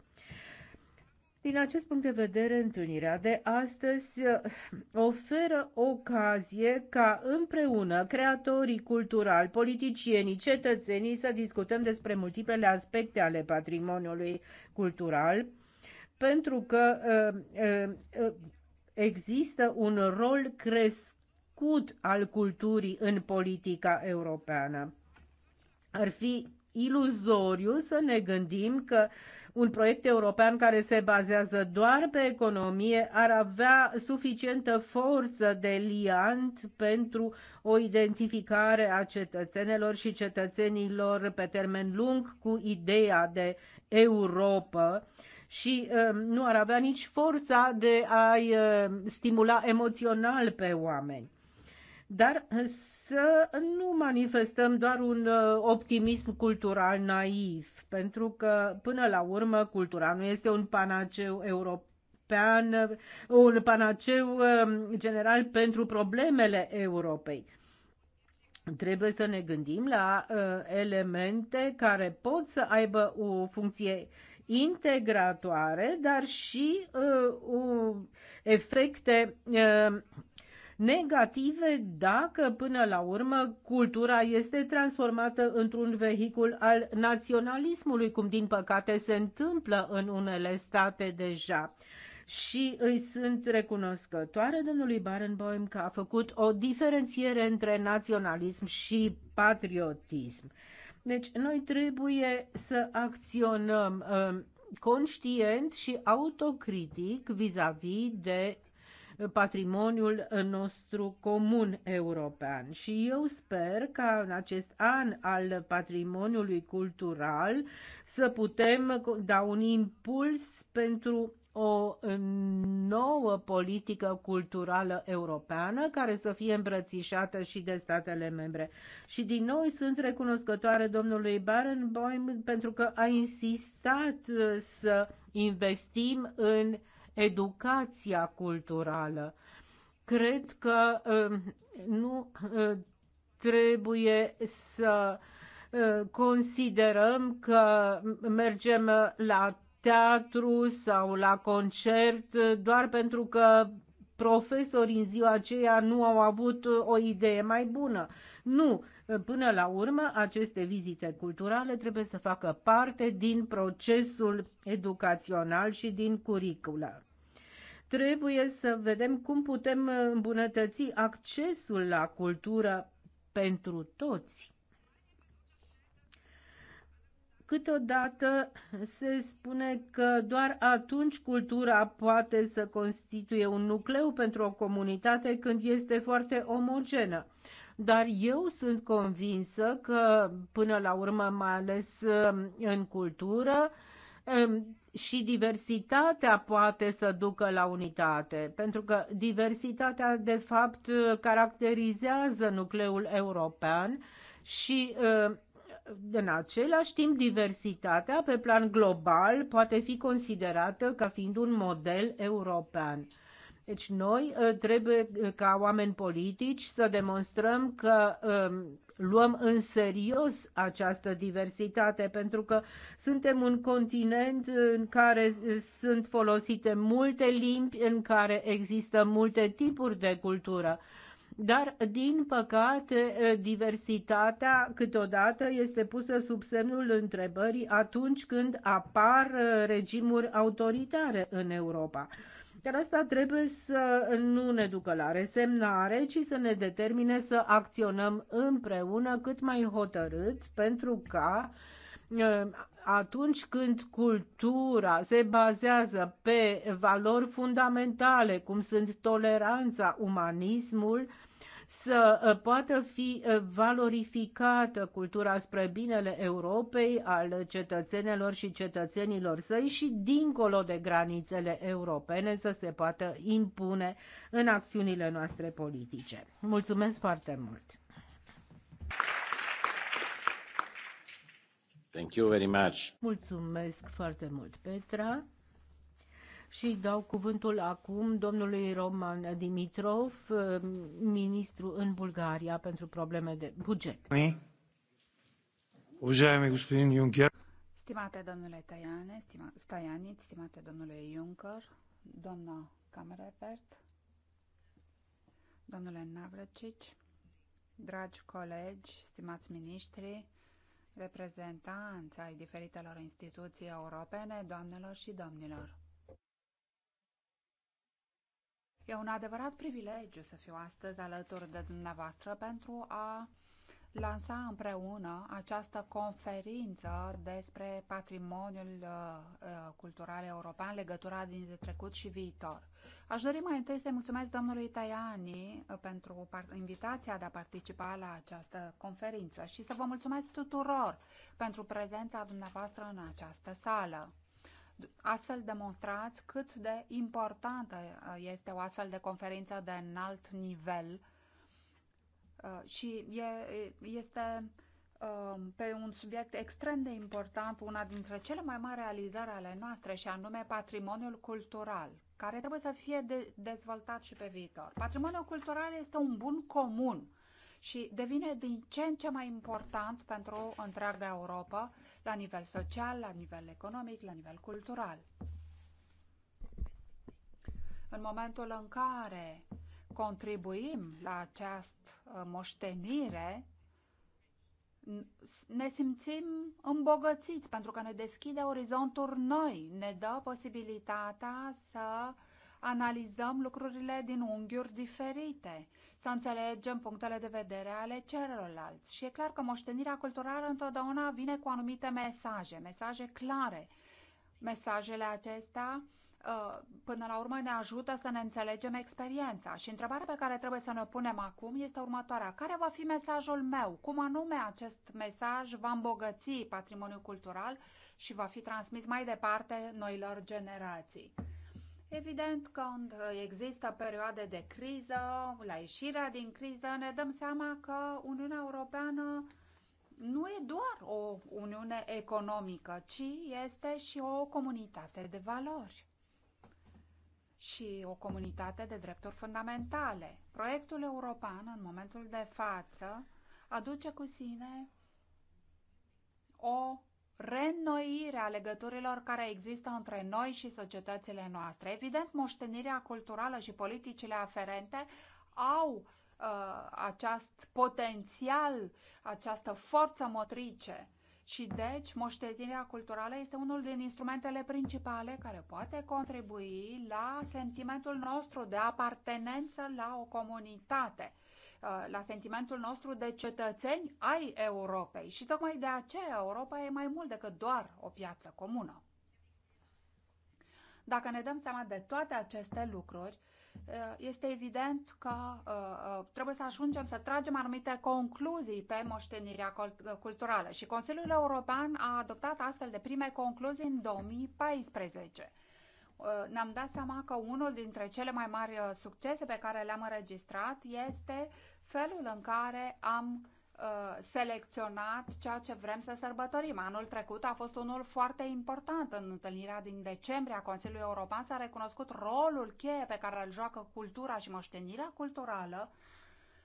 Din acest punct de vedere, întâlnirea de astăzi eh, oferă ocazie ca împreună creatorii culturali, politicienii, cetățenii să discutăm despre multiplele aspecte ale patrimoniului cultural, pentru că eh, eh, există un rol crescut al culturii în politica europeană. Ar fi iluzoriu să ne gândim că uh, un proiect european care se bazează doar pe economie ar avea suficientă forță de liant pentru o identificare a cetățenilor și cetățenilor pe termen lung cu ideea de Europa și um, nu ar avea nici forța de a-i uh, stimula emoțional pe oameni dar să nu manifestăm doar un uh, optimism cultural naiv, pentru că până la urmă cultura nu este un panaceu european un panaceu um, general pentru problemele Europei. Trebuie să ne gândim la uh, elemente care pot să aibă o funcție integratoare, dar și uh, uh, efecte uh, negative dacă până la urmă cultura este transformată într-un vehicul al naționalismului, cum din păcate se întâmplă în unele state deja și îi sunt recunoscătoare domnului Barenboim că a făcut o diferențiere între naționalism și patriotism. Deci noi trebuie să acționăm uh, conștient și autocritic vis-a-vis -vis de patrimoniul nostru comun european. Și eu sper ca în acest an al patrimoniului cultural să putem da un impuls pentru o nouă politică culturală europeană care să fie îmbrățișată și de statele membre. Și din nou sunt recunoscătoare domnului Barenboim pentru că a insistat să investim în educația culturală. Cred că um, nu uh, trebuie să uh, considerăm că mergem la teatru sau la concert uh, doar pentru că profesorii în ziua aceea nu au avut o idee mai bună. Nu, Până la urmă, aceste vizite culturale trebuie să facă parte din procesul educațional și din curricular trebuie să vedem cum putem îmbunătăți accesul la cultură pentru toți. Câteodată se spune că doar atunci cultura poate să constituie un nucleu pentru o comunitate când este foarte omogenă dar eu sunt convinsă că până la urmă, mai ales um, în cultură, um, și diversitatea poate să ducă la unitate, pentru că diversitatea de fapt caracterizează nucleul european și um, în același timp diversitatea pe plan global poate fi considerată ca fiind un model european. Deci noi uh, trebuie uh, ca oameni politici să demonstrăm că um, luăm în serios această diversitate, pentru că suntem un continent în care uh, sunt folosite multe limbi, în care există multe tipuri de cultură. Dar, din păcate, diversitatea câteodată este pusă sub semnul întrebării atunci când apar regimuri autoritare în Europa. Dar asta trebuie să nu ne ducă la resemnare, ci să ne determine să acționăm împreună cât mai hotărât pentru ca atunci când cultura se bazează pe valori fundamentale, cum sunt toleranța, umanismul, să uh, poată fi uh, valorificată cultura spre binele Europei, al cetățenilor și cetățenilor săi și dincolo de granițele europene să se poată impune în acțiunile noastre politice. Mulțumesc foarte mult! Thank you very much. Mulțumesc foarte mult, Petra și dau cuvântul acum domnului Roman Dimitrov, eh, ministru în Bulgaria pentru probleme de buget. Stimate domnule Tajane, stima, Stajanic, stimate domnule Juncker, doamna Camerevert, domnule Navrăcici, dragi colegi, stimați miniștri, reprezentanți ai diferitelor instituții europene, doamnelor și domnilor. E un adevărat privilegiu să fiu astăzi alături de dumneavoastră pentru a lansa împreună această conferință despre patrimoniul uh, uh, cultural european, legătura dintre trecut și viitor. Aș dori mai întâi să-i mulțumesc domnului Tajani uh, pentru invitația de a participa la această conferință și să vă mulțumesc tuturor pentru prezența dumneavoastră în această sală astfel demonstrați cât de importantă uh, este o astfel de conferință de înalt nivel uh, și e, este um, pe un subiect extrem de important, una dintre cele mai mari realizări ale noastre și anume patrimoniul cultural, care trebuie să fie de dezvoltat și pe viitor. Patrimoniul cultural este un bun comun și devine din ce în ce mai important pentru întreaga Europa, la nivel social, la nivel economic, la nivel cultural. În momentul în care contribuim la această uh, moștenire, ne simțim îmbogățiți pentru că ne deschide orizonturi noi, ne dă posibilitatea să uh, analizăm lucrurile din unghiuri diferite, să înțelegem punctele de vedere ale celorlalți. Și e clar că moștenirea culturală întotdeauna vine cu anumite mesaje, mesaje clare. Mesajele acestea uh, până la urmă ne ajută să ne înțelegem experiența. Și întrebarea pe care trebuie să ne punem acum este următoarea. Care va fi mesajul meu? Cum anume acest mesaj va îmbogăți patrimoniul cultural și va fi transmis mai departe noilor generații? Evident, când există perioade de criză, la ieșirea din criză, ne dăm seama că Uniunea Europeană nu e doar o uniune economică, ci este și o comunitate de valori și o comunitate de drepturi fundamentale. Proiectul european, în momentul de față, aduce cu sine o reînnoirea legăturilor care există între noi și societățile noastre. Evident, moștenirea culturală și politicile aferente au uh, acest potențial, această forță motrice. Și deci, moștenirea culturală este unul din instrumentele principale care poate contribui la sentimentul nostru de apartenență la o comunitate. Uh, la sentimentul nostru de cetățeni ai Europei. Și tocmai de aceea Europa e mai mult decât doar o piață comună. Dacă ne dăm seama de toate aceste lucruri, uh, este evident că uh, trebuie să ajungem să tragem anumite concluzii pe moștenirea culturală și Consiliul European a adoptat astfel de prime concluzii în 2014. Uh, ne-am dat seama că unul dintre cele mai mari uh, succese pe care le-am înregistrat este felul în care am uh, selecționat ceea ce vrem să sărbătorim. Anul trecut a fost unul foarte important. În întâlnirea din decembrie a Consiliului European s-a recunoscut rolul cheie pe care îl joacă cultura și moștenirea culturală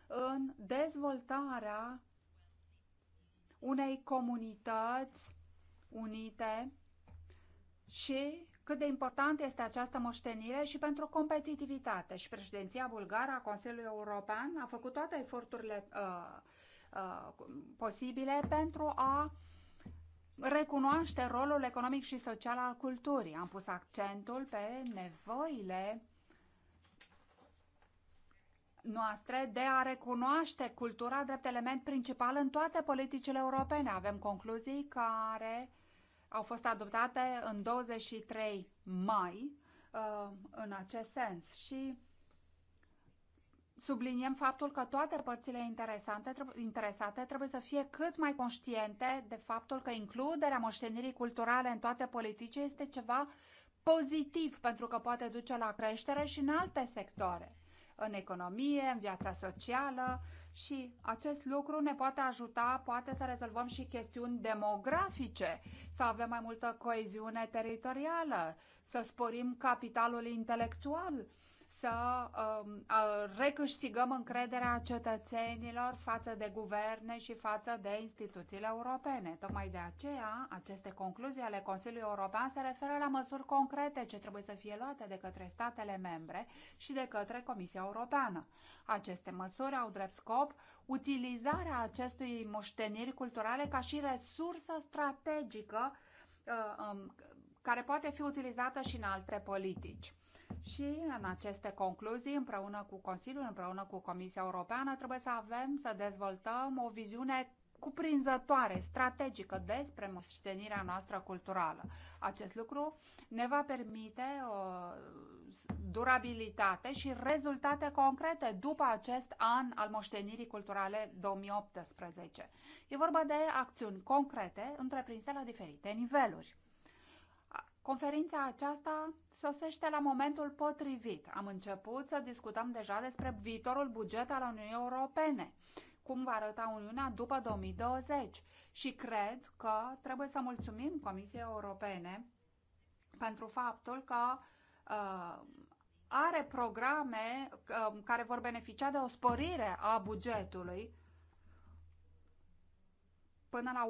în dezvoltarea unei comunități unite și cât de importantă este această moștenire și pentru competitivitate. Și președinția bulgară a Consiliului European a făcut toate eforturile uh, uh, posibile pentru a recunoaște rolul economic și social al culturii. Am pus accentul pe nevoile noastre de a recunoaște cultura drept element principal în toate politicile europene. Avem concluzii care uh, au fost adoptate în 23 mai uh, în acest sens și subliniem faptul că toate părțile interesante, interesate trebuie să fie cât mai conștiente de faptul că includerea moștenirii culturale în toate politice este ceva pozitiv pentru că poate duce la creștere și în alte sectoare, în economie, în viața socială, și acest lucru ne poate ajuta, poate să rezolvăm și chestiuni demografice, să avem mai multă coeziune teritorială, să sporim capitalul intelectual, să um, recâștigăm încrederea cetățenilor față de guverne și față de instituțiile europene. Tocmai de aceea, aceste concluzii ale Consiliului European se referă la măsuri concrete ce trebuie să fie luate de către statele membre și de către Comisia Europeană. Aceste măsuri au drept scop utilizarea acestui moșteniri culturale ca și resursă strategică uh, um, care poate fi utilizată și în alte politici. Și în aceste concluzii, împreună cu Consiliul, împreună cu Comisia Europeană, trebuie să avem, să dezvoltăm o viziune cuprinzătoare, strategică despre moștenirea noastră culturală. Acest lucru ne va permite o uh, durabilitate și rezultate concrete după acest an al moștenirii culturale 2018. E vorba de acțiuni concrete întreprinse la diferite niveluri. Conferința aceasta sosește la momentul potrivit. Am început să discutăm deja despre viitorul buget al Uniunii Europene, cum va arăta Uniunea după 2020 și cred că trebuie să mulțumim Comisiei Europene pentru faptul că uh, are programe uh, care vor beneficia de o sporire a bugetului până la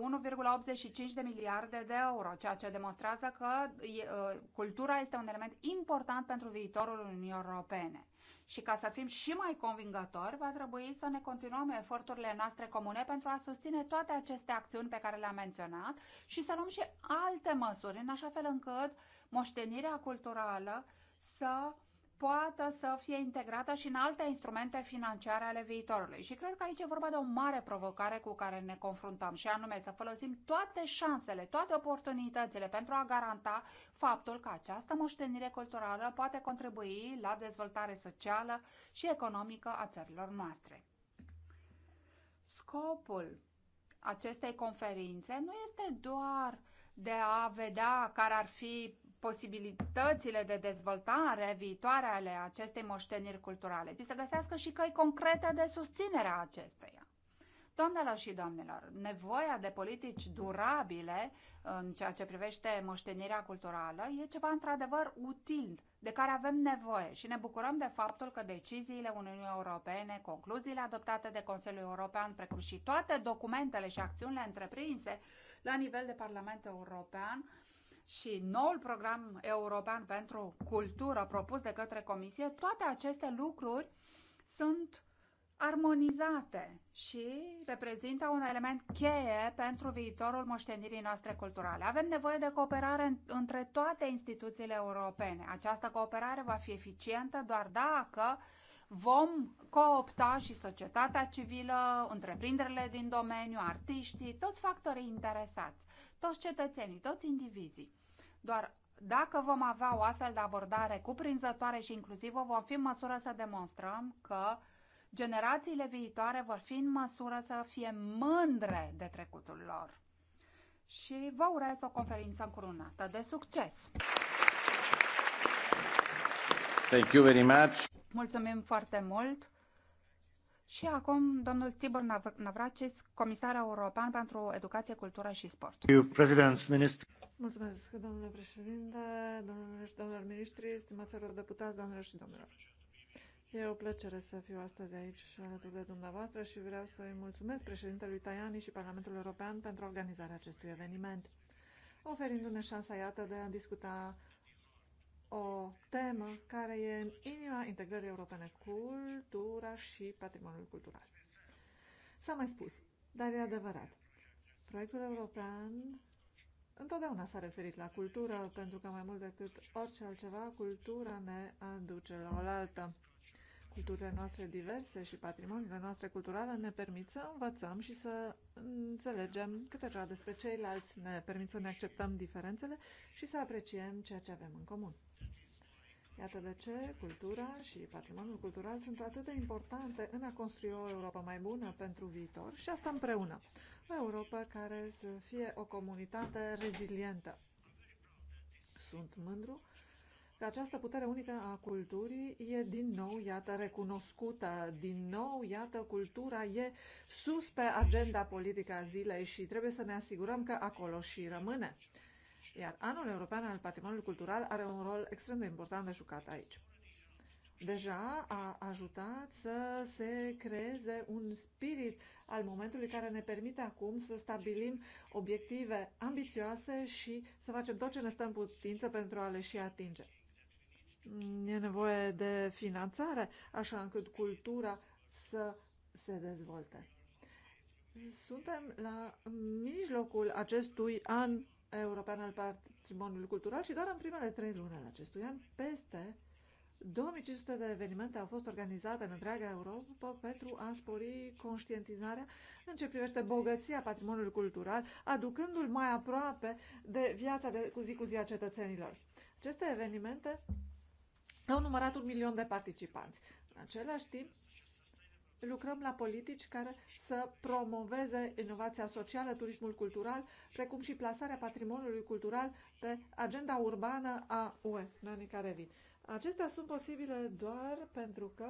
1,85 de miliarde de euro, ceea ce demonstrează că uh, cultura este un element important pentru viitorul Uniunii Europene. Și ca să fim și mai convingători, va trebui să ne continuăm eforturile noastre comune pentru a susține toate aceste acțiuni pe care le-am menționat și să luăm și alte măsuri, în așa fel încât moștenirea culturală să poată să fie integrată și în alte instrumente financiare ale viitorului. Și cred că aici e vorba de o mare provocare cu care ne confruntăm și anume să folosim toate șansele, toate oportunitățile pentru a garanta faptul că această moștenire culturală poate contribui la dezvoltare socială și economică a țărilor noastre. Scopul acestei conferințe nu este doar de a vedea care ar fi posibilitățile de dezvoltare viitoare ale acestei moșteniri culturale și să găsească și căi concrete de susținere a acesteia. Doamnelor și domnilor, nevoia de politici durabile în ceea ce privește moștenirea culturală e ceva într-adevăr util, de care avem nevoie și ne bucurăm de faptul că deciziile Uniunii Europene, concluziile adoptate de Consiliul European, precum și toate documentele și acțiunile întreprinse la nivel de Parlament European, și noul program european pentru cultură propus de către Comisie, toate aceste lucruri sunt armonizate și reprezintă un element cheie pentru viitorul moștenirii noastre culturale. Avem nevoie de cooperare între toate instituțiile europene. Această cooperare va fi eficientă doar dacă vom coopta și societatea civilă, întreprinderile din domeniu, artiștii, toți factorii interesați toți cetățenii, toți indivizii. Doar dacă vom avea o astfel de abordare cuprinzătoare și inclusivă, vom fi în măsură să demonstrăm că generațiile viitoare vor fi în măsură să fie mândre de trecutul lor. Și vă urez o conferință încurunată de succes! Thank you very much. Mulțumim foarte mult! Și acum, domnul Tibor Navracis, comisar european pentru educație, cultură și sport. Mulțumesc, domnule președinte, domnilor și domnilor ministri, stimați deputați, domnilor și domnilor. E o plăcere să fiu astăzi aici și alături de dumneavoastră și vreau să îi mulțumesc președintelui Tajani și Parlamentul European pentru organizarea acestui eveniment, oferindu-ne șansa, iată, de a discuta o temă care e în inima integrării europene, cultura și patrimoniul cultural. S-a mai spus, dar e adevărat. Proiectul european întotdeauna s-a referit la cultură, pentru că mai mult decât orice altceva, cultura ne aduce la oaltă. Culturile noastre diverse și patrimoniile noastre culturale ne permit să învățăm și să înțelegem câte ceva despre ceilalți, ne permit să ne acceptăm diferențele și să apreciem ceea ce avem în comun. Iată de ce cultura și patrimoniul cultural sunt atât de importante în a construi o Europa mai bună pentru viitor și asta împreună. O Europa care să fie o comunitate rezilientă. Sunt mândru că această putere unică a culturii e din nou, iată, recunoscută, din nou, iată, cultura e sus pe agenda politică a zilei și trebuie să ne asigurăm că acolo și rămâne. Iar anul european al patrimoniului cultural are un rol extrem de important de jucat aici. Deja a ajutat să se creeze un spirit al momentului care ne permite acum să stabilim obiective ambițioase și să facem tot ce ne stă în putință pentru a le și atinge. E nevoie de finanțare, așa încât cultura să se dezvolte. Suntem la mijlocul acestui an European al Patrimoniului Cultural și doar în primele trei luni ale acestui an, peste 2500 de evenimente au fost organizate în întreaga Europa pentru a spori conștientizarea în ce privește bogăția patrimoniului cultural, aducându-l mai aproape de viața de cu zi cu zi a cetățenilor. Aceste evenimente au numărat un milion de participanți. În același timp, lucrăm la politici care să promoveze inovația socială, turismul cultural, precum și plasarea patrimoniului cultural pe agenda urbană a UE în anii care vin. Acestea sunt posibile doar pentru că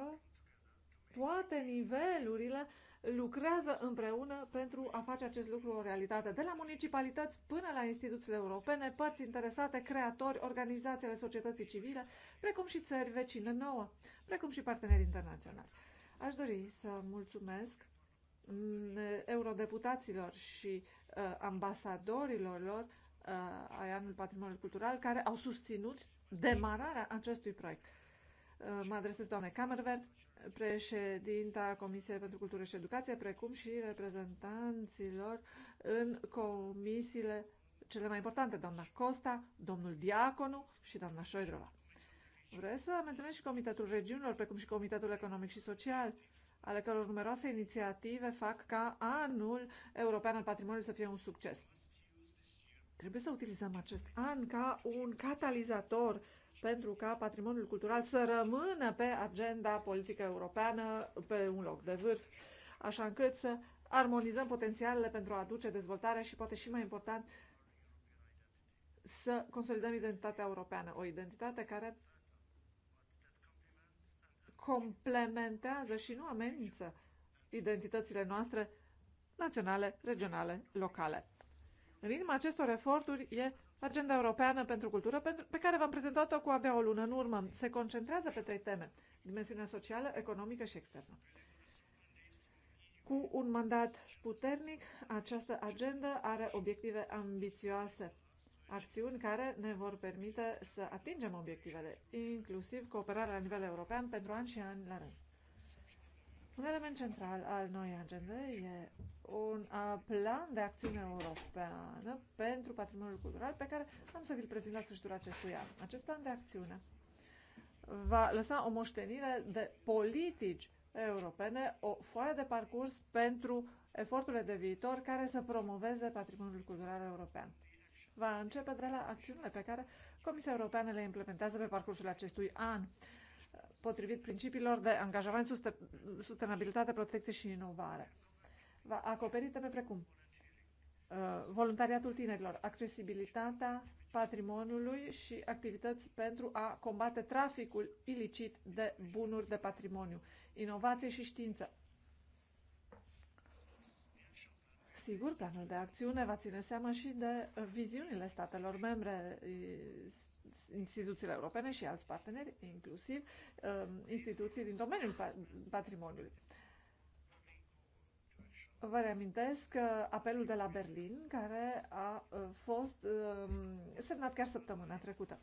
toate nivelurile lucrează împreună pentru a face acest lucru o realitate, de la municipalități până la instituțiile europene, părți interesate, creatori, organizațiile societății civile, precum și țări vecine nouă, precum și parteneri internaționali. Aș dori să mulțumesc mm, eurodeputaților și uh, ambasadorilor lor uh, ai anul patrimoniului cultural care au susținut demararea acestui proiect. Uh, mă adresez doamne Camervert, președinta Comisiei pentru Cultură și Educație, precum și reprezentanților în comisiile cele mai importante, doamna Costa, domnul Diaconu și doamna Șoidrova. Vreți să menționez și Comitetul Regiunilor, precum și Comitetul Economic și Social, ale căror numeroase inițiative fac ca anul european al patrimoniului să fie un succes. Trebuie să utilizăm acest an ca un catalizator pentru ca patrimoniul cultural să rămână pe agenda politică europeană pe un loc de vârf, așa încât să armonizăm potențialele pentru a aduce dezvoltarea și, poate și mai important, să consolidăm identitatea europeană, o identitate care complementează și nu amenință identitățile noastre naționale, regionale, locale. În inima acestor eforturi e Agenda Europeană pentru Cultură, pe care v-am prezentat-o cu abia o lună în urmă. Se concentrează pe trei teme, dimensiunea socială, economică și externă. Cu un mandat puternic, această agendă are obiective ambițioase acțiuni care ne vor permite să atingem obiectivele, inclusiv cooperarea la nivel european pentru ani și ani la rând. Un element central al noii agende e un plan de acțiune europeană pentru patrimoniul cultural pe care am să vi-l prezint la sfârșitul acestui an. Acest plan de acțiune va lăsa o moștenire de politici europene, o foaie de parcurs pentru eforturile de viitor care să promoveze patrimoniul cultural european va începe de la acțiunile pe care Comisia Europeană le implementează pe parcursul acestui an, potrivit principiilor de angajament, sustenabilitate, protecție și inovare. Va acoperi teme precum uh, voluntariatul tinerilor, accesibilitatea patrimoniului și activități pentru a combate traficul ilicit de bunuri de patrimoniu, inovație și știință, Sigur, planul de acțiune va ține seama și de viziunile statelor membre, instituțiile europene și alți parteneri, inclusiv um, instituții din domeniul patrimoniului. Vă reamintesc uh, apelul de la Berlin, care a uh, fost um, semnat chiar săptămâna trecută.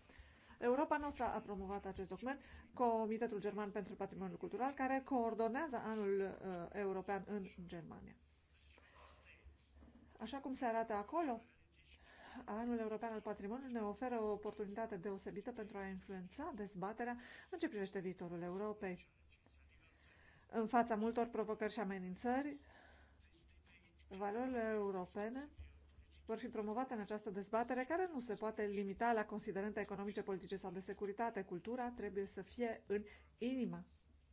Europa noastră a promovat acest document, Comitetul German pentru Patrimoniul Cultural, care coordonează anul uh, european în Germania. Așa cum se arată acolo, Anul European al Patrimoniului ne oferă o oportunitate deosebită pentru a influența dezbaterea în ce privește viitorul Europei. În fața multor provocări și amenințări, valorile europene vor fi promovate în această dezbatere care nu se poate limita la considerente economice, politice sau de securitate. Cultura trebuie să fie în inima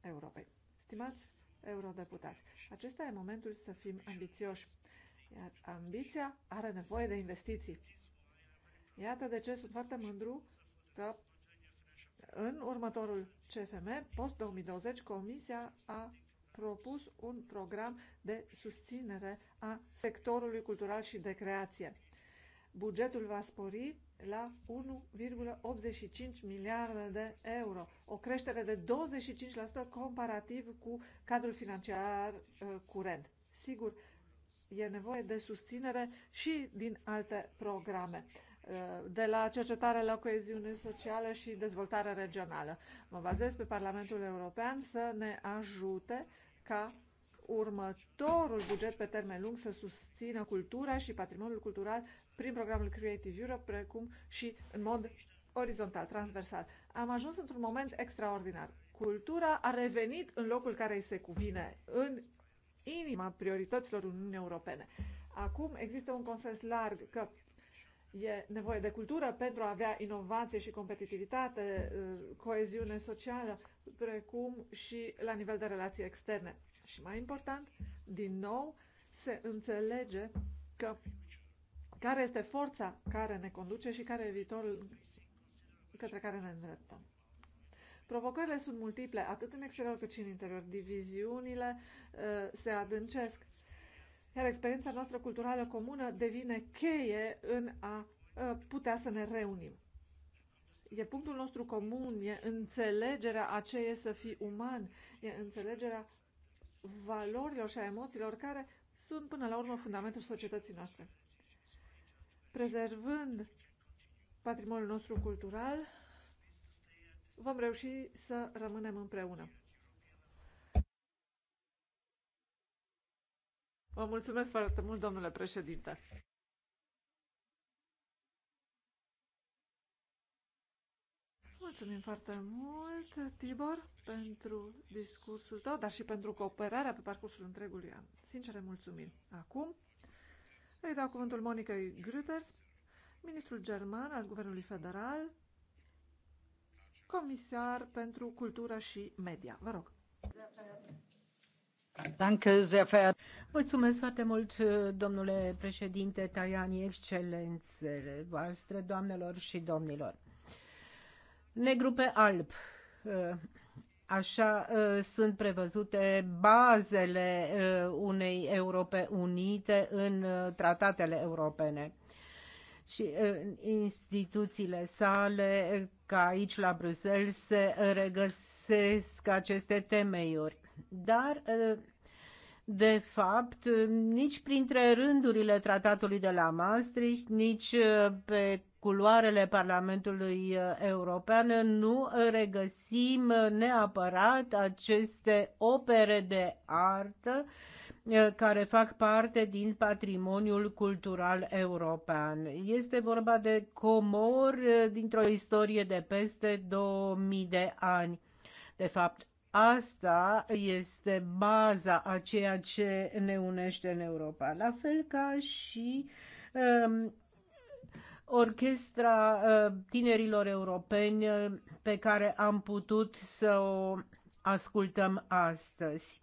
Europei. Stimați eurodeputați, acesta e momentul să fim ambițioși iar ambiția are nevoie de investiții. Iată de ce sunt foarte mândru că în următorul CFM, post-2020, Comisia a propus un program de susținere a sectorului cultural și de creație. Bugetul va spori la 1,85 miliarde de euro, o creștere de 25% comparativ cu cadrul financiar uh, curent. Sigur, e nevoie de susținere și din alte programe, uh, de la cercetare la coeziune socială și dezvoltare regională. Mă bazez pe Parlamentul European să ne ajute ca următorul buget pe termen lung să susțină cultura și patrimoniul cultural prin programul Creative Europe, precum și în mod orizontal, transversal. Am ajuns într-un moment extraordinar. Cultura a revenit în locul care îi se cuvine în inima priorităților Uniunii Europene. Acum există un consens larg că e nevoie de cultură pentru a avea inovație și competitivitate, uh, coeziune socială, precum și la nivel de relații externe. Și mai important, din nou, se înțelege că care este forța care ne conduce și care e viitorul către care ne îndreptăm. Provocările sunt multiple, atât în exterior cât și în interior. Diviziunile uh, se adâncesc, iar experiența noastră culturală comună devine cheie în a uh, putea să ne reunim. E punctul nostru comun, e înțelegerea a ce e să fii uman, e înțelegerea valorilor și a emoțiilor care sunt până la urmă fundamentul societății noastre. Prezervând patrimoniul nostru cultural, vom reuși să rămânem împreună. Vă mulțumesc foarte mult, domnule președinte. Mulțumim foarte mult, Tibor, pentru discursul tău, dar și pentru cooperarea pe parcursul întregului an. Sincer mulțumim. Acum îi dau cuvântul Monica Grüters, ministrul german al Guvernului Federal, comisar pentru cultură și media. Vă rog. Danke, sehr verehr. Mulțumesc foarte mult, domnule președinte Tajani, excelențele voastre, doamnelor și domnilor. Negru pe alb. Ă, așa ă, sunt prevăzute bazele ă, unei Europe unite în tratatele europene și în instituțiile sale, ca aici la Bruxelles, se regăsesc aceste temeiuri. Dar de fapt, nici printre rândurile tratatului de la Maastricht, nici pe culoarele Parlamentului European nu regăsim neapărat aceste opere de artă uh, Eh, care fac parte din patrimoniul cultural european. Este vorba de comori eh, dintr-o istorie de peste 2000 de ani. De fapt, asta este baza a ceea ce ne unește în Europa. La fel ca și um, orchestra uh, tinerilor europeni uh, pe care am putut să o ascultăm astăzi.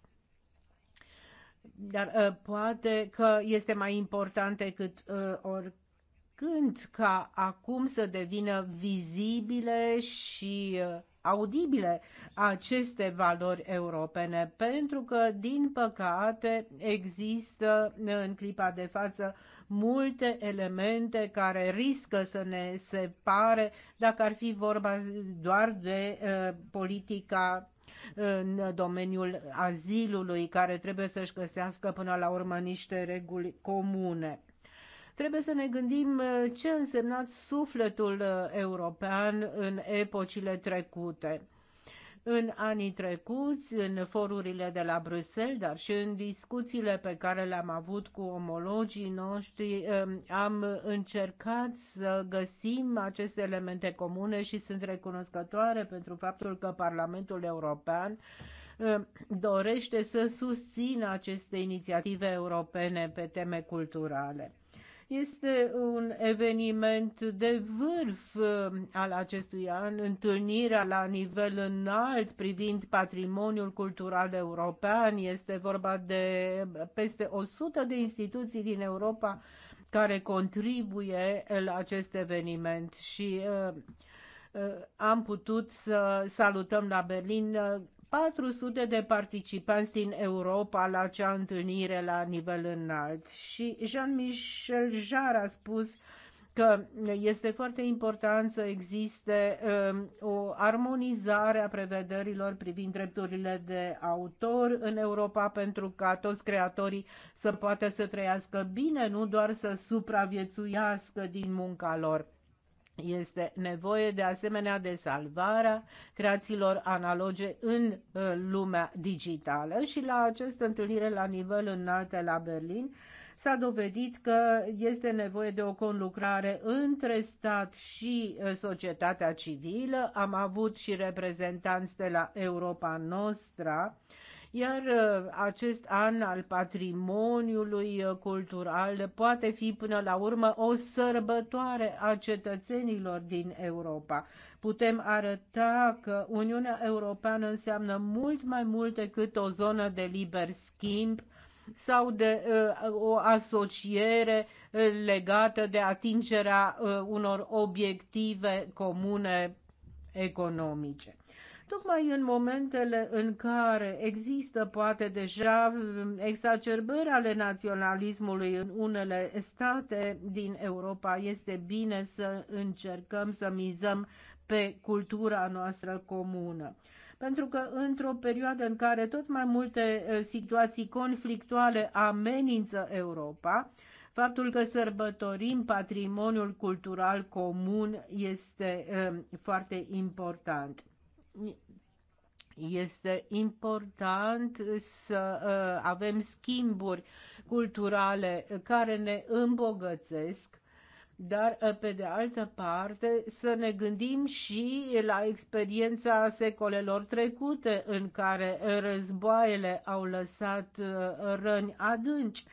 Dar uh, poate că este mai important decât uh, oricând ca acum să devină vizibile și uh, audibile aceste valori europene, pentru că, din păcate, există în clipa de față multe elemente care riscă să ne separe dacă ar fi vorba doar de uh, politica în domeniul azilului, care trebuie să-și găsească până la urmă niște reguli comune trebuie să ne gândim uh, ce a însemnat sufletul uh, european în epocile trecute în anii trecuți, în forurile de la Bruxelles, dar și în discuțiile pe care le-am avut cu omologii noștri, um, am încercat să găsim aceste elemente comune și sunt recunoscătoare pentru faptul că Parlamentul European um, dorește să susțină aceste inițiative europene pe teme culturale. Este un eveniment de vârf uh, al acestui an, întâlnirea la nivel înalt privind patrimoniul cultural european. Este vorba de peste 100 de instituții din Europa care contribuie la acest eveniment și uh, uh am putut să salutăm la Berlin uh, 400 de participanți din Europa la acea întâlnire la nivel înalt și Jean-Michel Jarre a spus că este foarte important să existe um, o armonizare a prevederilor privind drepturile de autor în Europa pentru ca toți creatorii să poată să trăiască bine, nu doar să supraviețuiască din munca lor. Este nevoie de asemenea de salvarea creațiilor analoge în uh, lumea digitală și la această întâlnire la nivel înalt la Berlin s-a dovedit că este nevoie de o conlucrare între stat și uh, societatea civilă. Am avut și reprezentanți de la Europa Nostra iar uh, acest an al patrimoniului uh, cultural poate fi până la urmă o sărbătoare a cetățenilor din Europa. Putem arăta că Uniunea Europeană înseamnă mult mai mult decât o zonă de liber schimb sau de uh, o asociere uh, legată de atingerea uh, unor obiective comune economice tocmai în momentele în care există poate deja mm, exacerbări ale naționalismului în unele state din Europa, este bine să încercăm să mizăm pe cultura noastră comună pentru că într-o perioadă în care tot mai multe situații conflictuale amenință Europa, faptul că sărbătorim patrimoniul cultural comun este foarte important este important să uh, avem schimburi culturale care ne îmbogățesc, dar uh, pe de altă parte să ne gândim și la experiența secolelor trecute în care uh, războaiele au lăsat răni adânci.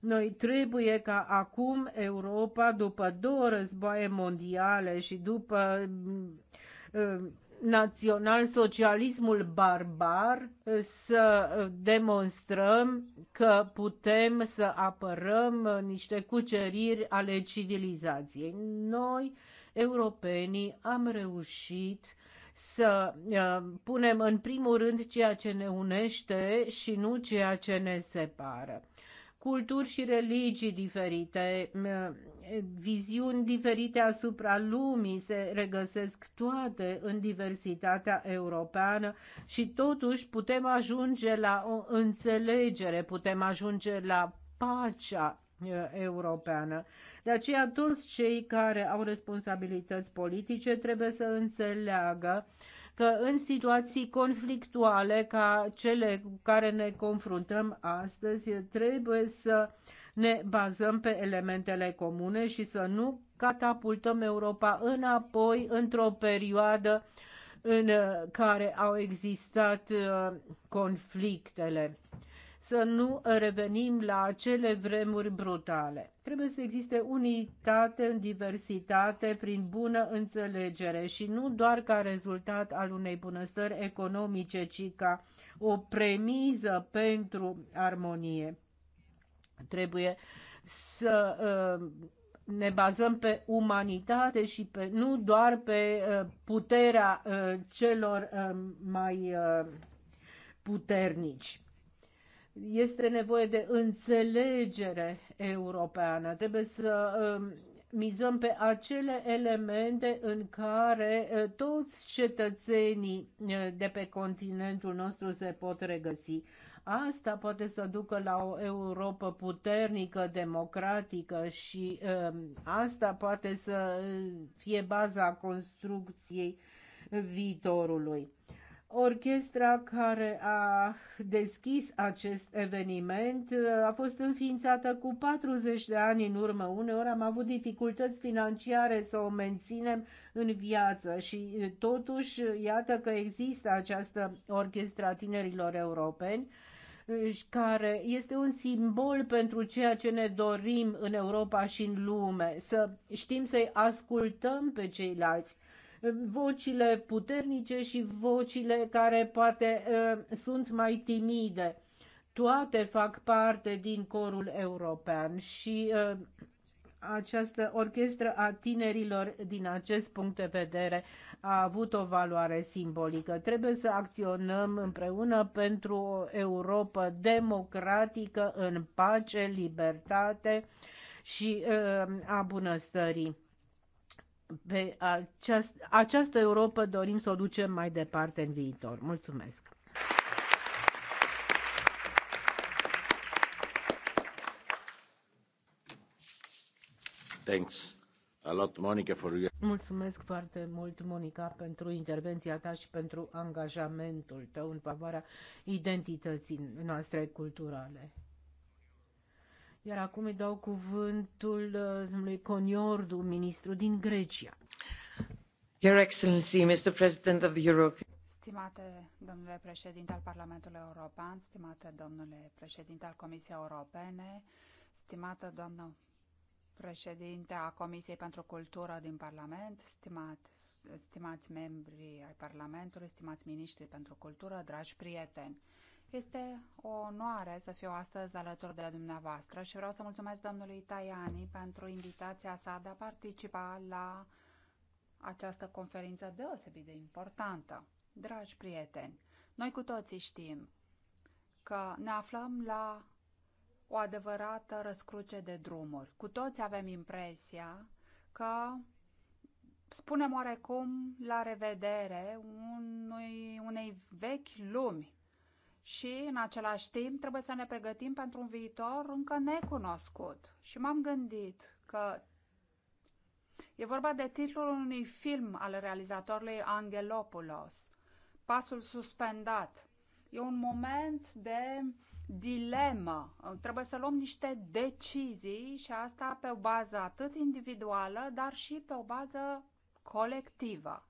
Noi trebuie ca acum Europa, după două războaie mondiale și după mm, național-socialismul barbar să demonstrăm că putem să apărăm niște cuceriri ale civilizației. Noi, europenii, am reușit să uh, punem în primul rând ceea ce ne unește și nu ceea ce ne separă culturi și religii diferite uh, viziuni diferite asupra lumii se regăsesc toate în diversitatea europeană și totuși putem ajunge la o înțelegere, putem ajunge la pacea europeană. De aceea toți cei care au responsabilități politice trebuie să înțeleagă că în situații conflictuale ca cele cu care ne confruntăm astăzi trebuie să uh, ne bazăm pe elementele comune și să nu catapultăm Europa înapoi într-o perioadă în uh, care au existat uh, conflictele. Să nu revenim la acele vremuri brutale. Trebuie să existe unitate în diversitate prin bună înțelegere și nu doar ca rezultat al unei bunăstări economice, ci ca o premiză pentru armonie. Trebuie să uh, ne bazăm pe umanitate și pe, nu doar pe uh, puterea uh, celor mai puternici. Este nevoie de înțelegere europeană. Trebuie să um, mizăm pe acele elemente în care toți cetățenii de pe continentul nostru se pot regăsi. Asta poate să ducă la o Europa puternică, democratică și um, asta poate să fie baza construcției viitorului. Orchestra care a deschis acest eveniment uh, a fost înființată cu 40 de ani în urmă. Uneori am avut dificultăți financiare să o menținem în viață și uh, totuși iată că există această orchestra tinerilor europeni care este un simbol pentru ceea ce ne dorim în Europa și în lume, să știm să-i ascultăm pe ceilalți vocile puternice și vocile care poate ă, sunt mai timide. Toate fac parte din corul european și ă, această orchestră a tinerilor din acest punct de vedere a avut o valoare simbolică. Trebuie să acționăm împreună pentru o Europa democratică în pace, libertate și uh, a bunăstării. Pe aceast, această Europa dorim să o ducem mai departe în viitor. Mulțumesc! Mulțumesc foarte mult, Monica, pentru intervenția ta și pentru angajamentul tău în favoarea identității noastre culturale. Iar acum îi dau cuvântul uh, domnului Coniordu, ministru din Grecia. Your Excellency, Mr. President of the European Stimate domnule președinte al Parlamentului European, stimate domnule președinte al Comisiei Europene, stimată doamnă președinte a Comisiei pentru Cultură din Parlament, stimat, stimați membri ai Parlamentului, stimați miniștri pentru cultură, dragi prieteni. Este o onoare să fiu astăzi alături de dumneavoastră și vreau să mulțumesc domnului Taiani pentru invitația sa de a participa la această conferință deosebit de importantă. Dragi prieteni, noi cu toții știm că ne aflăm la o adevărată răscruce de drumuri. Cu toți avem impresia că spunem oarecum la revedere unui, unei vechi lumi și în același timp trebuie să ne pregătim pentru un viitor încă necunoscut. Și m-am gândit că e vorba de titlul unui film al realizatorului Angelopoulos, Pasul suspendat. E un moment de dilemă. Trebuie să luăm niște decizii și asta pe o bază atât individuală, dar și pe o bază colectivă.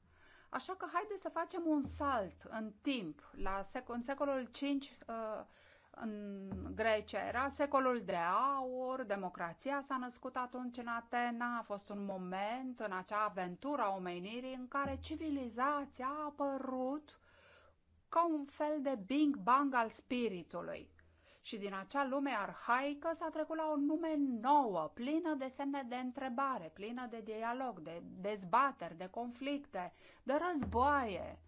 Așa că haideți să facem un salt în timp. La sec- în secolul 5 uh, în Grecia era secolul de aur, democrația s-a născut atunci în Atena, a fost un moment în acea aventură a omenirii în care civilizația a apărut ca un fel de bing bang al spiritului și din acea lume arhaică s-a trecut la o lume nouă, plină de semne de întrebare, plină de dialog, de dezbateri, de conflicte, de războaie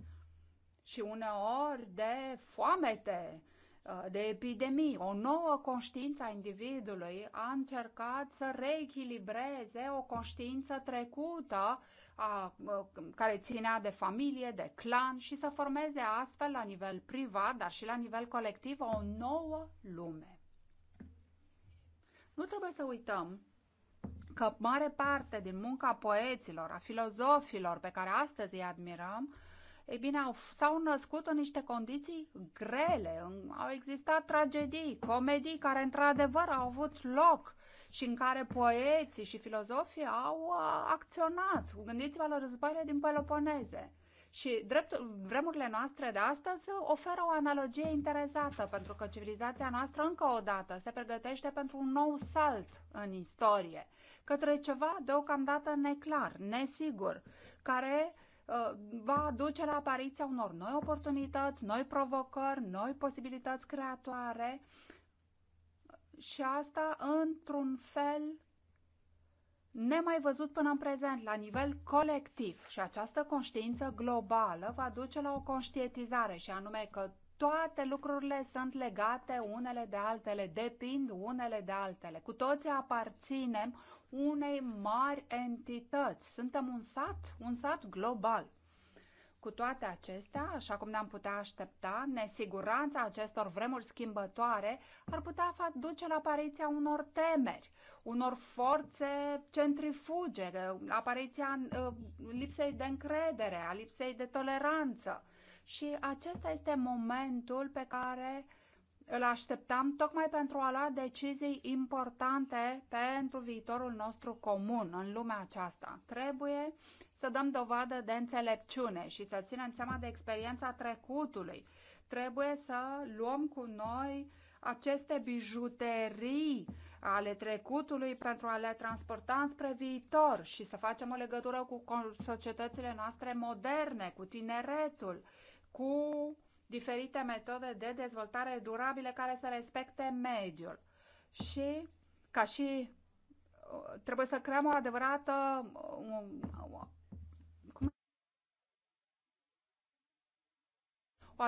și uneori de foamete, Uh, de epidemii. O nouă conștiință a individului a încercat să reechilibreze o conștiință trecută a, uh, care ținea de familie, de clan și să formeze astfel la nivel privat, dar și la nivel colectiv, o nouă lume. Nu trebuie să uităm că mare parte din munca poeților, a filozofilor pe care astăzi îi admirăm, ei bine, au, s-au născut în niște condiții grele, au existat tragedii, comedii care într-adevăr au avut loc și în care poeții și filozofii au uh, acționat. Gândiți-vă la războaiele din Peloponeze. Și drept, vremurile noastre de astăzi oferă o analogie interesată, pentru că civilizația noastră încă o dată se pregătește pentru un nou salt în istorie, către ceva deocamdată neclar, nesigur, care Uh, va duce la apariția unor noi oportunități, noi provocări, noi posibilități creatoare și asta într-un fel nemai văzut până în prezent la nivel colectiv și această conștiință globală va duce la o conștientizare și anume că toate lucrurile sunt legate unele de altele, depind unele de altele. Cu toții aparținem unei mari entități. Suntem un sat, un sat global. Cu toate acestea, așa cum ne-am putea aștepta, nesiguranța acestor vremuri schimbătoare ar putea duce la apariția unor temeri, unor forțe centrifuge, apariția uh, lipsei de încredere, a lipsei de toleranță. Și acesta este momentul pe care uh, îl așteptam tocmai pentru a lua decizii importante pentru viitorul nostru comun în lumea aceasta. Trebuie să dăm dovadă de înțelepciune și să ținem seama de experiența trecutului. Trebuie să luăm cu noi aceste bijuterii ale trecutului pentru a le transporta spre viitor și să facem o legătură cu societățile noastre moderne, cu tineretul, cu diferite metode de dezvoltare durabile care să respecte mediul. Și ca și trebuie să creăm o adevărată o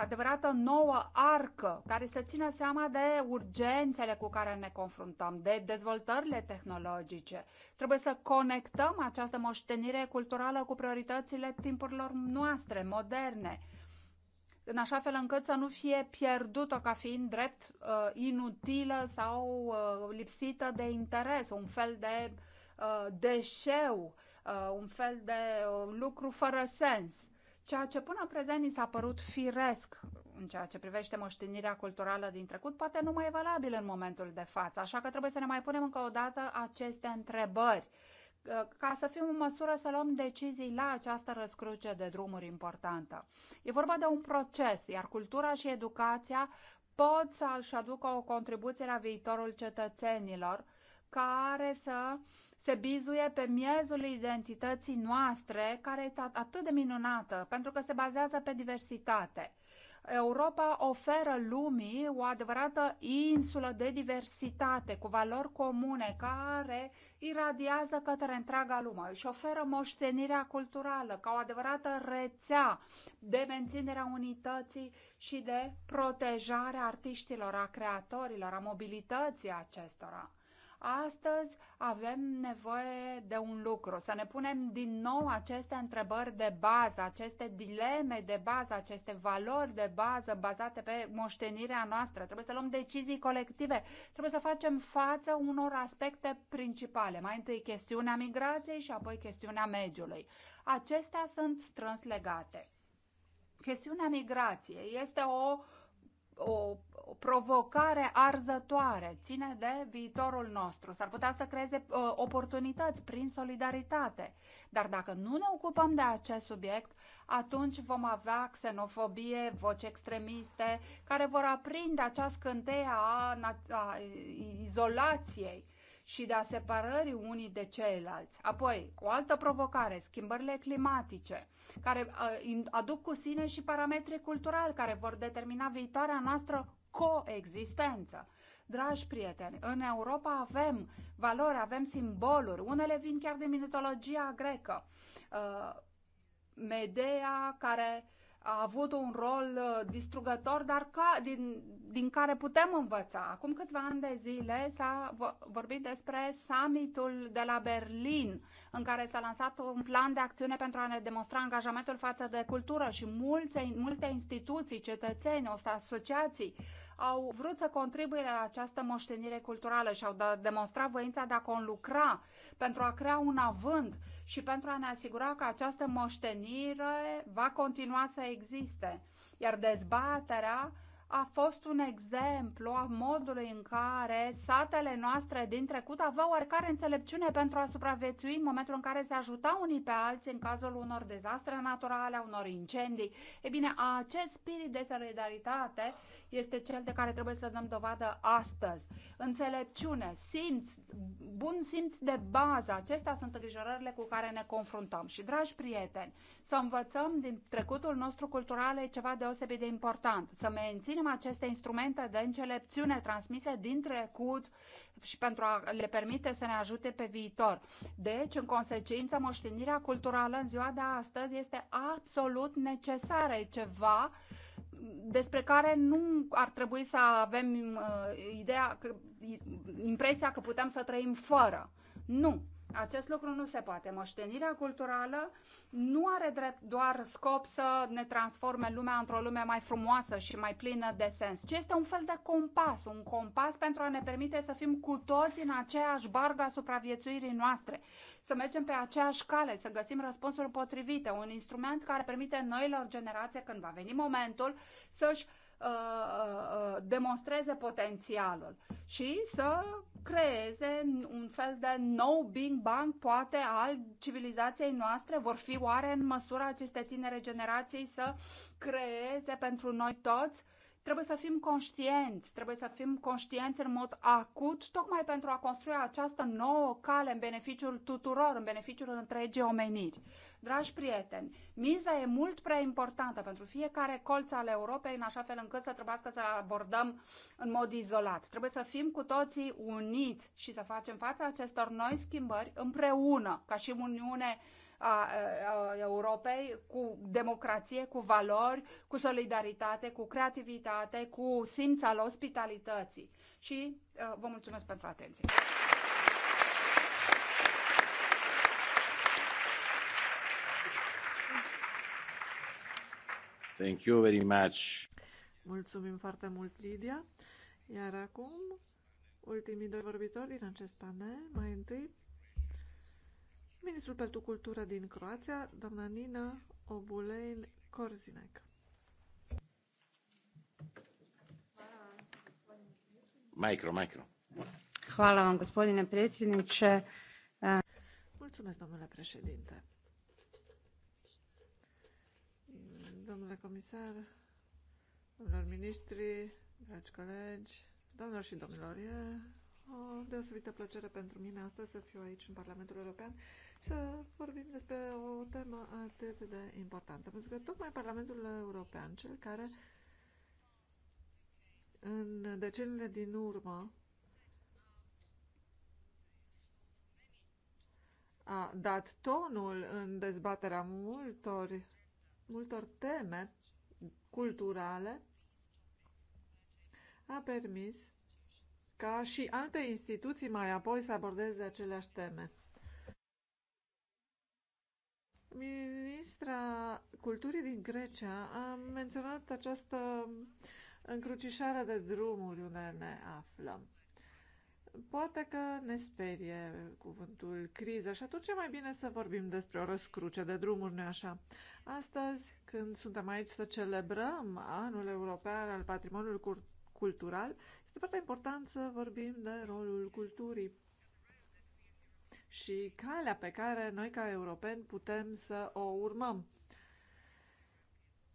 adevărată nouă arcă care să țină seama de urgențele cu care ne confruntăm, de dezvoltările tehnologice. Trebuie să conectăm această moștenire culturală cu prioritățile timpurilor noastre moderne în așa fel încât să nu fie pierdută ca fiind drept uh, inutilă sau uh, lipsită de interes, un fel de uh, deșeu, uh, un fel de uh, lucru fără sens. Ceea ce până prezent ni s-a părut firesc în ceea ce privește moștenirea culturală din trecut, poate nu mai e valabil în momentul de față, așa că trebuie să ne mai punem încă o dată aceste întrebări ca să fim în măsură să luăm decizii la această răscruce de drumuri importantă. E vorba de un proces, iar cultura și educația pot să-și aducă o contribuție la viitorul cetățenilor care să se bizuie pe miezul identității noastre, care este atât de minunată, pentru că se bazează pe diversitate. Europa oferă lumii o adevărată insulă de diversitate, cu valori comune, care iradiază către întreaga lume. Își oferă moștenirea culturală ca o adevărată rețea de menținere a unității și de protejare a artiștilor, a creatorilor, a mobilității acestora. Astăzi avem nevoie de un lucru, să ne punem din nou aceste întrebări de bază, aceste dileme de bază, aceste valori de bază bazate pe moștenirea noastră. Trebuie să luăm decizii colective, trebuie să facem față unor aspecte principale. Mai întâi chestiunea migrației și apoi chestiunea mediului. Acestea sunt strâns legate. Chestiunea migrației este o o, provocare arzătoare, ține de viitorul nostru. S-ar putea să creeze uh, oportunități prin solidaritate. Dar dacă nu ne ocupăm de acest subiect, atunci vom avea xenofobie, voci extremiste, care vor aprinde această scânteie a, a izolației și de a separării unii de ceilalți. Apoi, o altă provocare, schimbările climatice, care uh, aduc cu sine și parametri culturali care vor determina viitoarea noastră coexistență. Dragi prieteni, în Europa avem valori, avem simboluri, unele vin chiar din mitologia grecă. Uh, Medea, care a avut un rol uh, distrugător, dar ca, din, din care putem învăța. Acum câțiva ani de zile s-a vorbit despre summitul de la Berlin, în care s-a lansat un plan de acțiune pentru a ne demonstra angajamentul față de cultură și multe, multe instituții, cetățeni, o asociații au vrut să contribuie la această moștenire culturală și au da, demonstrat voința de a conlucra pentru a crea un avânt și pentru a ne asigura că această moștenire va continua să existe. Iar dezbaterea a fost un exemplu a modului în care satele noastre din trecut aveau oarecare înțelepciune pentru a supraviețui în momentul în care se ajuta unii pe alții în cazul unor dezastre naturale, unor incendii. E bine, acest spirit de solidaritate este cel de care trebuie să dăm dovadă astăzi. Înțelepciune, simț, bun simț de bază, acestea sunt îngrijorările cu care ne confruntăm. Și, dragi prieteni, să învățăm din trecutul nostru cultural e ceva deosebit de important. Să menținem folosim aceste instrumente de înțelepciune transmise din trecut și pentru a le permite să ne ajute pe viitor. Deci, în consecință, moștenirea culturală în ziua de astăzi este absolut necesară. E ceva despre care nu ar trebui să avem uh, ideea, că, impresia că putem să trăim fără. Nu, acest lucru nu se poate. Moștenirea culturală nu are drept doar scop să ne transforme lumea într-o lume mai frumoasă și mai plină de sens, ci este un fel de compas, un compas pentru a ne permite să fim cu toți în aceeași barga supraviețuirii noastre, să mergem pe aceeași cale, să găsim răspunsuri potrivite, un instrument care permite noilor generații, când va veni momentul, să-și Uh, uh, uh, demonstreze potențialul și să creeze un fel de nou Big Bang, poate, al civilizației noastre? Vor fi oare în măsura aceste tinere generații să creeze pentru noi toți Trebuie să fim conștienți, trebuie să fim conștienți în mod acut, tocmai pentru a construi această nouă cale în beneficiul tuturor, în beneficiul întregii omeniri. Dragi prieteni, miza e mult prea importantă pentru fiecare colț al Europei, în așa fel încât să trebuiască să abordăm în mod izolat. Trebuie să fim cu toții uniți și să facem fața acestor noi schimbări împreună, ca și Uniune a, a Europei cu democrație, cu valori, cu solidaritate, cu creativitate, cu simț al ospitalității. Și a, uh, vă mulțumesc pentru atenție. Thank you very much. Mulțumim foarte mult, Lidia. Iar acum, ultimii doi vorbitori din acest panel, mai întâi ministrul pentru cultură din Croația, doamna Nina Obulein Korzinek. Micro, micro. Hvala vam, gospodine predsjedniče. Mulțumesc, domnule președinte. Domnule comisar, domnilor ministri, dragi colegi, domnilor și domnilor, e deosebită plăcere pentru mine astăzi să fiu aici în Parlamentul European și să vorbim despre o temă atât de importantă. Pentru că tocmai Parlamentul European, cel care în deceniile din urmă a dat tonul în dezbaterea multor, multor teme culturale, a permis ca și alte instituții mai apoi să abordeze aceleași teme. Ministra Culturii din Grecia a menționat această încrucișare de drumuri unde ne aflăm. Poate că ne sperie cuvântul criză și atunci e mai bine să vorbim despre o răscruce de drumuri, nu așa? Astăzi, când suntem aici să celebrăm anul european al patrimoniului cultural, este foarte important să vorbim de rolul culturii și calea pe care noi ca europeni putem să o urmăm.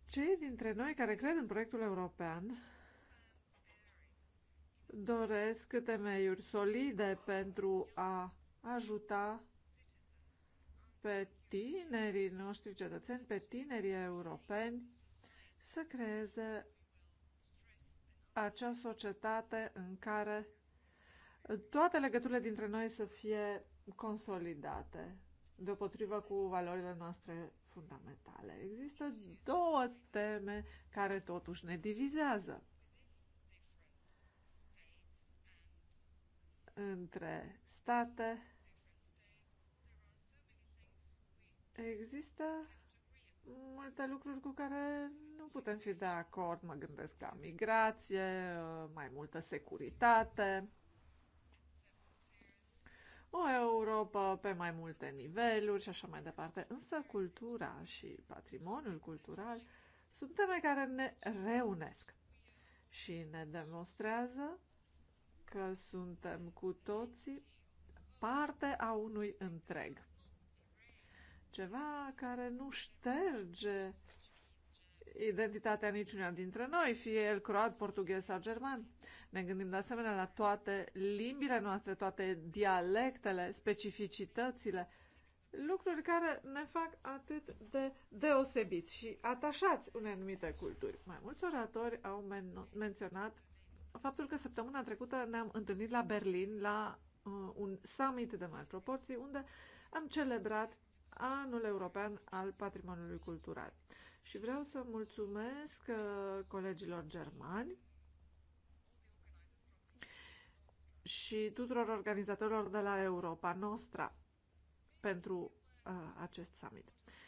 Cei dintre noi care cred în proiectul european doresc temeiuri solide pentru a ajuta pe tinerii noștri cetățeni, pe tinerii europeni să creeze acea societate în care toate legăturile dintre noi să fie consolidate, deopotrivă cu valorile noastre fundamentale. Există două teme care totuși ne divizează. Între state există multe lucruri cu care nu putem fi de acord. Mă gândesc la migrație, mai multă securitate, o Europa pe mai multe niveluri și așa mai departe. Însă cultura și patrimoniul cultural sunt teme care ne reunesc și ne demonstrează că suntem cu toții parte a unui întreg. Ceva care nu șterge identitatea niciunea dintre noi, fie el croat, portughez sau german. Ne gândim de asemenea la toate limbile noastre, toate dialectele, specificitățile, lucruri care ne fac atât de deosebiți și atașați unei anumite culturi. Mai mulți oratori au men- menționat faptul că săptămâna trecută ne-am întâlnit la Berlin la uh, un summit de mari proporții unde am celebrat Anul European al Patrimoniului Cultural. Și vreau să mulțumesc uh, colegilor germani și tuturor organizatorilor de la Europa Nostra pentru uh, acest summit.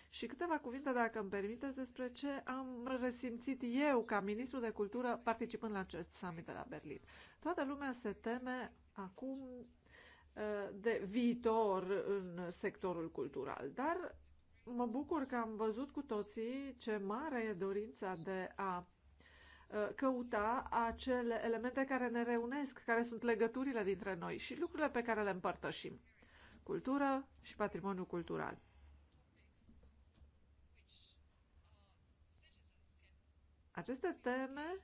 Și câteva cuvinte, dacă îmi permiteți, despre ce am resimțit eu ca ministru de cultură participând la acest summit de la Berlin. Toată lumea se teme acum de viitor în sectorul cultural, dar mă bucur că am văzut cu toții ce mare e dorința de a uh, căuta acele elemente care ne reunesc, care sunt legăturile dintre noi și lucrurile pe care le împărtășim. Cultură și patrimoniu cultural. Aceste teme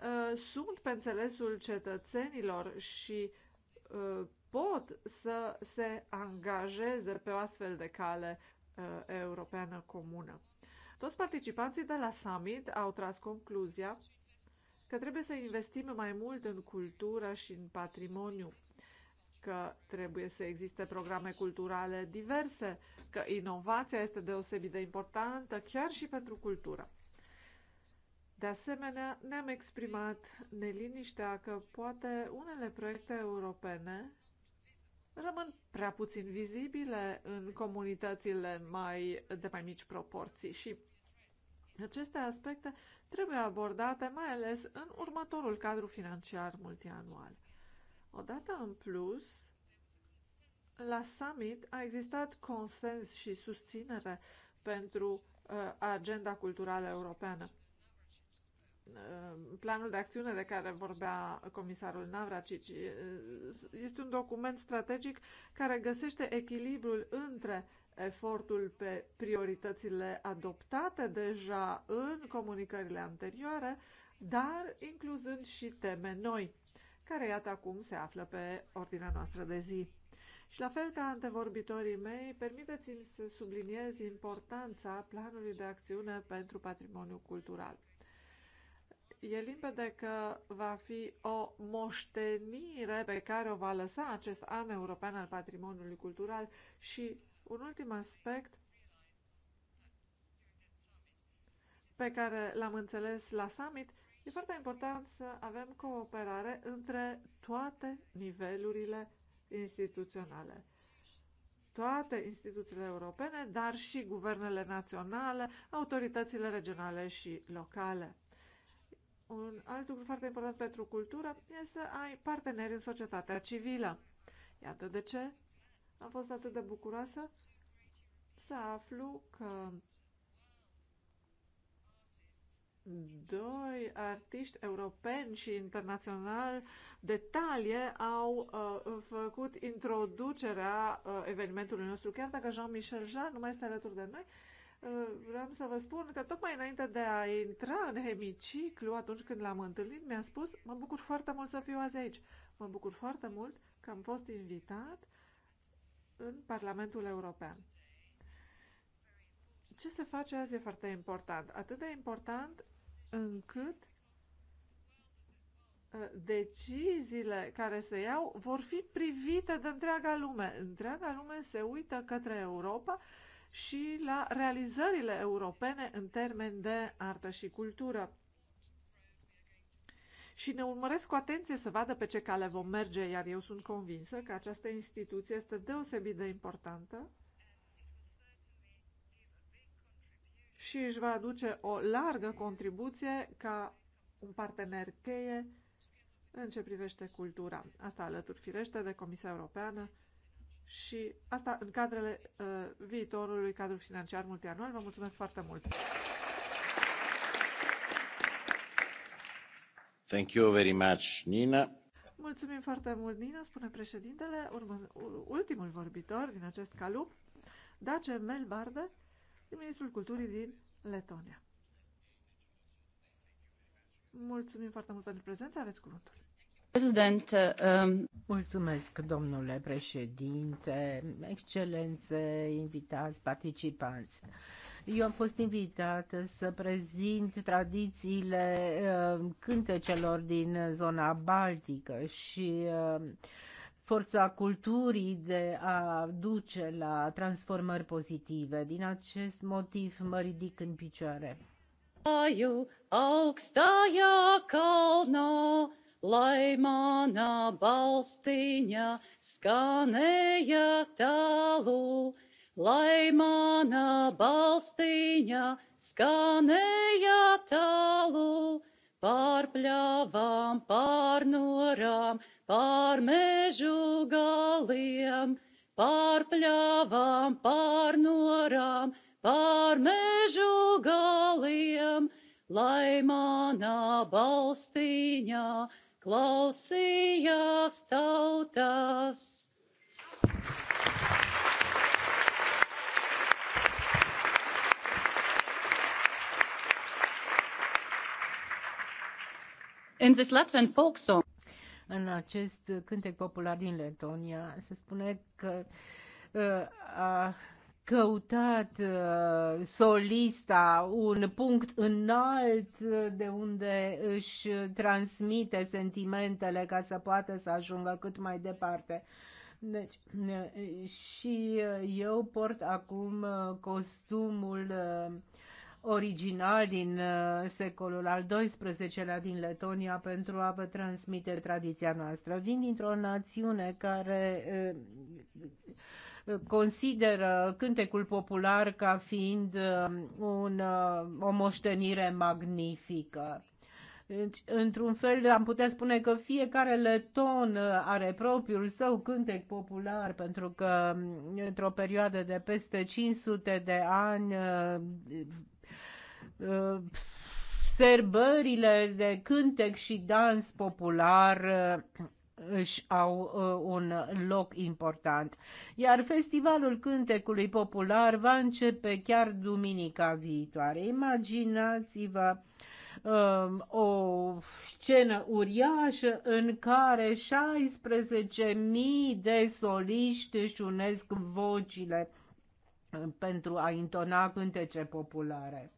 uh, sunt pe înțelesul cetățenilor și Uh, pot să se angajeze pe o astfel de cale uh, europeană comună. Toți participanții de la summit au tras concluzia că trebuie să investim mai mult în cultură și în patrimoniu, că trebuie să existe programe culturale diverse, că inovația este deosebit de importantă chiar și pentru cultură. De asemenea, ne-am exprimat neliniștea că poate unele proiecte europene rămân prea puțin vizibile în comunitățile mai, de mai mici proporții și aceste aspecte trebuie abordate mai ales în următorul cadru financiar multianual. Odată în plus, la summit a existat consens și susținere pentru uh, agenda culturală europeană. Uh, planul de acțiune de care vorbea comisarul Navracici. Uh, este un document strategic care găsește echilibrul între efortul pe prioritățile adoptate deja în comunicările anterioare, dar incluzând și teme noi, care iată acum se află pe ordinea noastră de zi. Și la fel ca antevorbitorii mei, permiteți-mi să subliniez importanța planului de acțiune pentru patrimoniul cultural e limpede că va fi o moștenire pe care o va lăsa acest an european al patrimoniului cultural și un ultim aspect pe care l-am înțeles la summit, e foarte important să avem cooperare între toate nivelurile instituționale. Toate instituțiile europene, dar și guvernele naționale, autoritățile regionale și locale. Un alt lucru foarte important pentru cultură este să ai parteneri în societatea civilă. Iată de ce am fost atât de bucuroasă să aflu că doi artiști europeni și internațional de talie au uh, făcut introducerea uh, evenimentului nostru. Chiar dacă Jean-Michel Jarre nu mai este alături de noi, Eh, vreau să vă spun că tocmai înainte de a intra în hemiciclu, atunci când l-am întâlnit, mi-a spus, mă bucur foarte mult să fiu azi aici. Mă bucur foarte mult că am fost invitat în Parlamentul European. Ce se face azi e foarte important. Atât de important încât eh, deciziile care se iau vor fi privite de întreaga lume. Întreaga lume se uită către Europa și la realizările europene în termen de artă și cultură. Și ne urmăresc cu atenție să vadă pe ce cale vom merge, iar eu sunt convinsă că această instituție este deosebit de importantă și își va aduce o largă contribuție ca un partener cheie în ce privește cultura. Asta alături firește de Comisia Europeană și asta în cadrele uh, viitorului cadru financiar multianual. Vă mulțumesc foarte mult! Thank you very much, Nina. Mulțumim foarte mult, Nina, spune președintele, urmă, ultimul vorbitor din acest calup, Dace Melbarde, ministrul culturii din Letonia. Mulțumim foarte mult pentru prezență, aveți cuvântul. Um, Mulțumesc, domnule președinte, excelențe, invitați, participanți. Eu am fost invitată să prezint tradițiile um, cântecelor din zona baltică și um, forța culturii de a duce la transformări pozitive. Din acest motiv mă ridic în picioare. Augstaja kalno, Laimana balstīņa skanēja tālu, laimana balstīņa skanēja tālu, pār pļāvām, pār norām, pār mežu galiem, pār pļāvām, pār norām, pār mežu galiem, laimana balstīņa skanēja tālu klausījās tautas. In this Latvian folk song. În acest cântec popular din Letonia se spune că uh, a căutat uh, solista un punct înalt uh, de unde își transmite sentimentele ca să poată să ajungă cât mai departe. Deci, uh, și eu port acum costumul original din secolul al XII-lea din Letonia pentru a vă transmite tradiția noastră. Vin dintr-o națiune care consideră cântecul popular ca fiind uh, un, uh, o moștenire magnifică. Deci, într-un fel, am putea spune că fiecare leton uh, are propriul său cântec popular, pentru că mm, într-o perioadă de peste 500 de ani serbările de cântec și dans popular își au uh, un loc important. Iar Festivalul Cântecului Popular va începe chiar duminica viitoare. Imaginați-vă uh, o scenă uriașă în care 16.000 de soliști își unesc vocile um, pentru a intona cântece populare.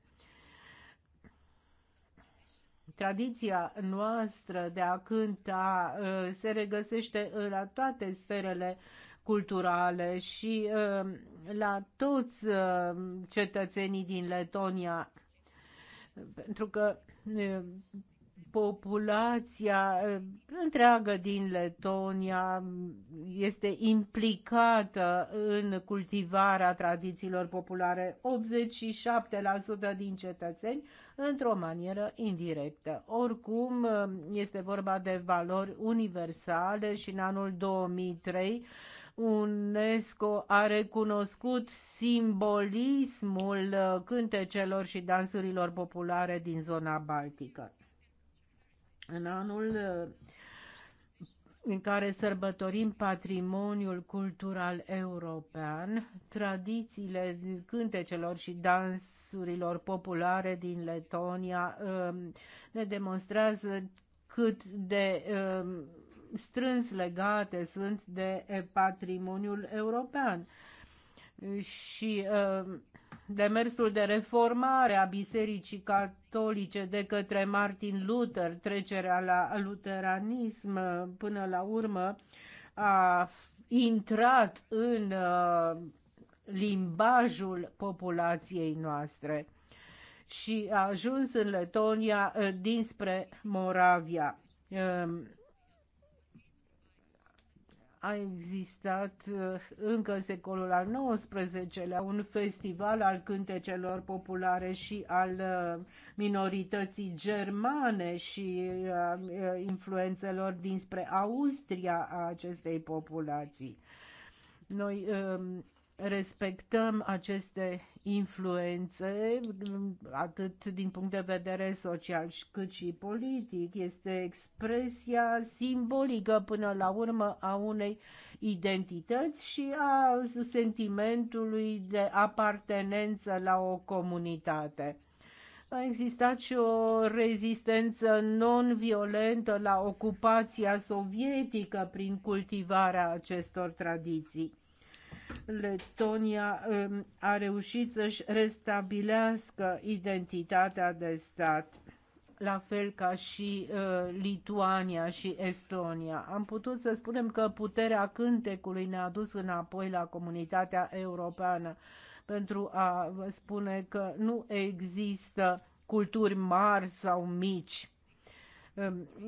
Tradiția noastră de a cânta uh, se regăsește la toate sferele culturale și uh, la toți uh, cetățenii din Letonia pentru că populația eh, întreagă din Letonia este implicată în cultivarea tradițiilor populare. 87% din cetățeni într-o manieră indirectă. Oricum, eh, este vorba de valori universale și în anul 2003 UNESCO a recunoscut simbolismul eh, cântecelor și dansurilor populare din zona baltică. În anul uh, în care sărbătorim patrimoniul cultural european, tradițiile cântecelor și dansurilor populare din Letonia um, ne demonstrează cât de um, strâns legate sunt de eh, patrimoniul european. Și uh, demersul de reformare a Bisericii Catolice de către Martin Luther, trecerea la luteranism până la urmă, a intrat în uh, limbajul populației noastre și a ajuns în Letonia uh, dinspre Moravia. Um, a existat eh, încă în secolul al XIX-lea un festival al cântecelor populare și al eh, minorității germane și eh, influențelor dinspre Austria a acestei populații. Noi respectăm aceste influențe, mm, atât din punct de vedere social cât și politic. Este expresia simbolică până la urmă a unei identități și a sentimentului de apartenență la o comunitate. A existat și o rezistență non-violentă la ocupația sovietică prin cultivarea acestor tradiții. Letonia um, a reușit să-și restabilească identitatea de stat, la fel ca și uh, Lituania și Estonia. Am putut să spunem că puterea cântecului ne-a dus înapoi la comunitatea europeană pentru a spune că nu există culturi mari sau mici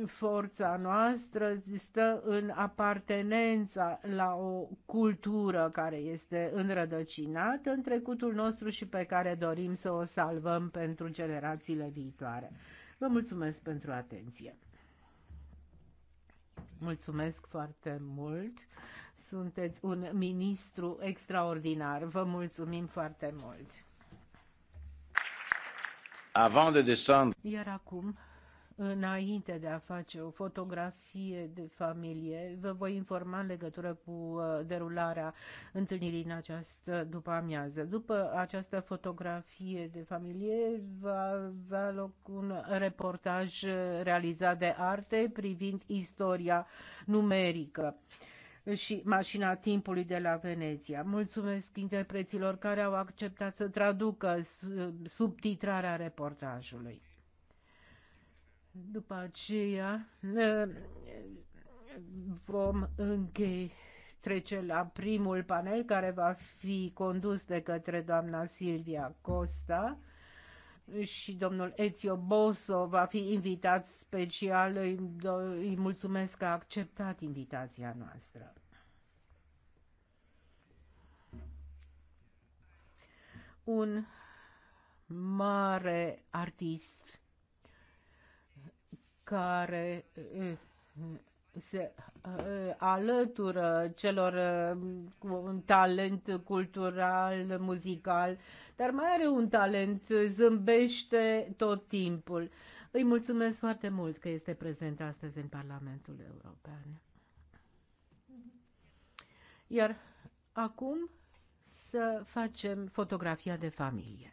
forța noastră stă în apartenența la o cultură care este înrădăcinată în trecutul nostru și pe care dorim să o salvăm pentru generațiile viitoare. Vă mulțumesc pentru atenție. Mulțumesc foarte mult. Sunteți un ministru extraordinar. Vă mulțumim foarte mult. Avant de descendre. Iar acum înainte de a face o fotografie de familie. Vă voi informa în legătură cu uh, derularea întâlnirii în această după amiază. După această fotografie de familie va avea loc un reportaj uh, realizat de arte privind istoria numerică și mașina timpului de la Veneția. Mulțumesc interpreților care au acceptat să traducă uh, subtitrarea reportajului. După aceea uh, vom închei trece la primul panel care va fi condus de către doamna Silvia Costa și domnul Ezio Boso va fi invitat special. Îi mulțumesc că a acceptat invitația noastră. Un mare artist care eh, eh, se eh, alătură celor cu un talent cultural, muzical, dar mai are un talent, zâmbește tot timpul. Îi mulțumesc foarte mult că este prezent astăzi în Parlamentul European. Iar acum să facem fotografia de familie.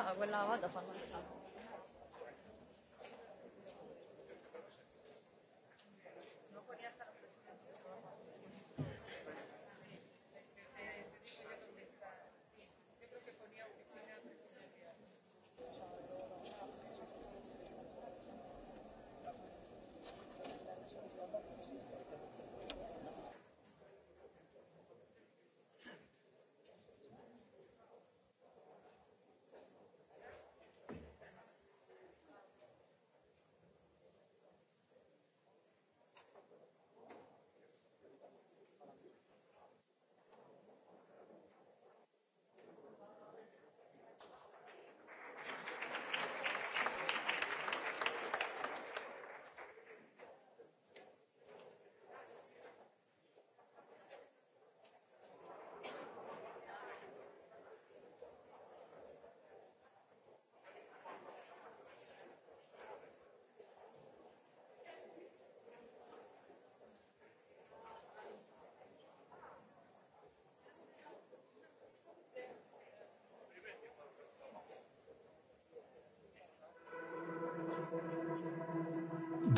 realtà quella vada fanno il sacco.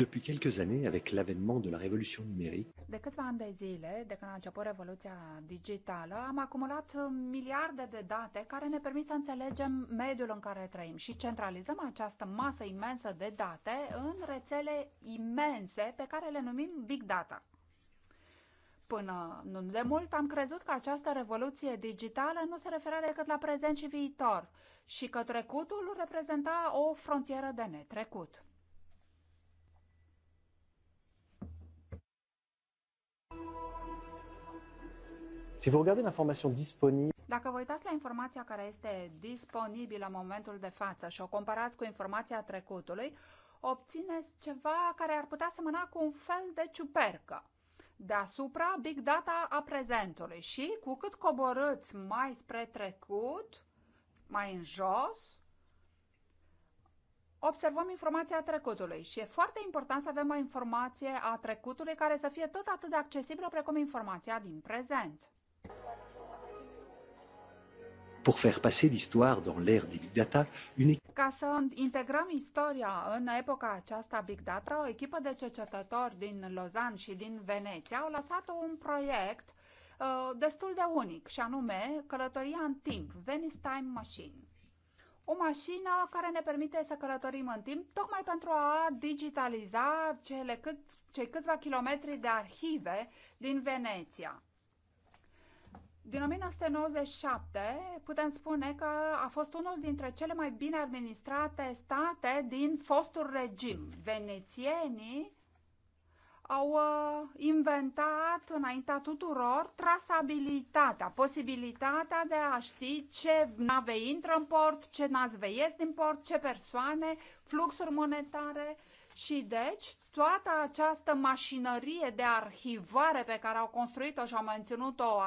depuis quelques années avec l'avènement de la révolution numérique. De câteva ani de zile, de când a început revoluția digitală, am acumulat miliarde de date care ne permit să înțelegem mediul în care trăim și centralizăm această masă imensă de date în rețele imense pe care le numim Big Data. Până nu de mult am crezut că această revoluție digitală nu se referă decât la prezent și viitor și că trecutul reprezenta o frontieră de netrecut. Si vous regardez l'information disponible, dacă vă uitați la informația care este disponibilă în momentul de față și o comparați cu informația trecutului, obțineți ceva care ar putea semăna cu un fel de ciupercă deasupra big data a prezentului și cu cât coborâți mai spre trecut, mai în jos, observăm informația trecutului și e foarte important să avem o informație a trecutului care să fie tot atât de accesibilă precum informația din prezent pour faire passer l'histoire dans l'ère des big data, une Ca să integrăm istoria în epoca aceasta big data, o echipă de cercetători din Lozan și din Veneția au lăsat un proiect uh, destul de unic, și anume Călătoria în timp, Venice Time Machine. O mașină care ne permite să călătorim în timp, tocmai pentru a digitaliza cele cât, cei câțiva kilometri de arhive din Veneția. Din 1997 putem spune că a fost unul dintre cele mai bine administrate state din fostul regim. Venețienii au uh, inventat înaintea tuturor trasabilitatea, posibilitatea de a ști ce nave intră în port, ce nave ies din port, ce persoane, fluxuri monetare și deci toată această mașinărie de arhivare pe care au construit-o și au menținut-o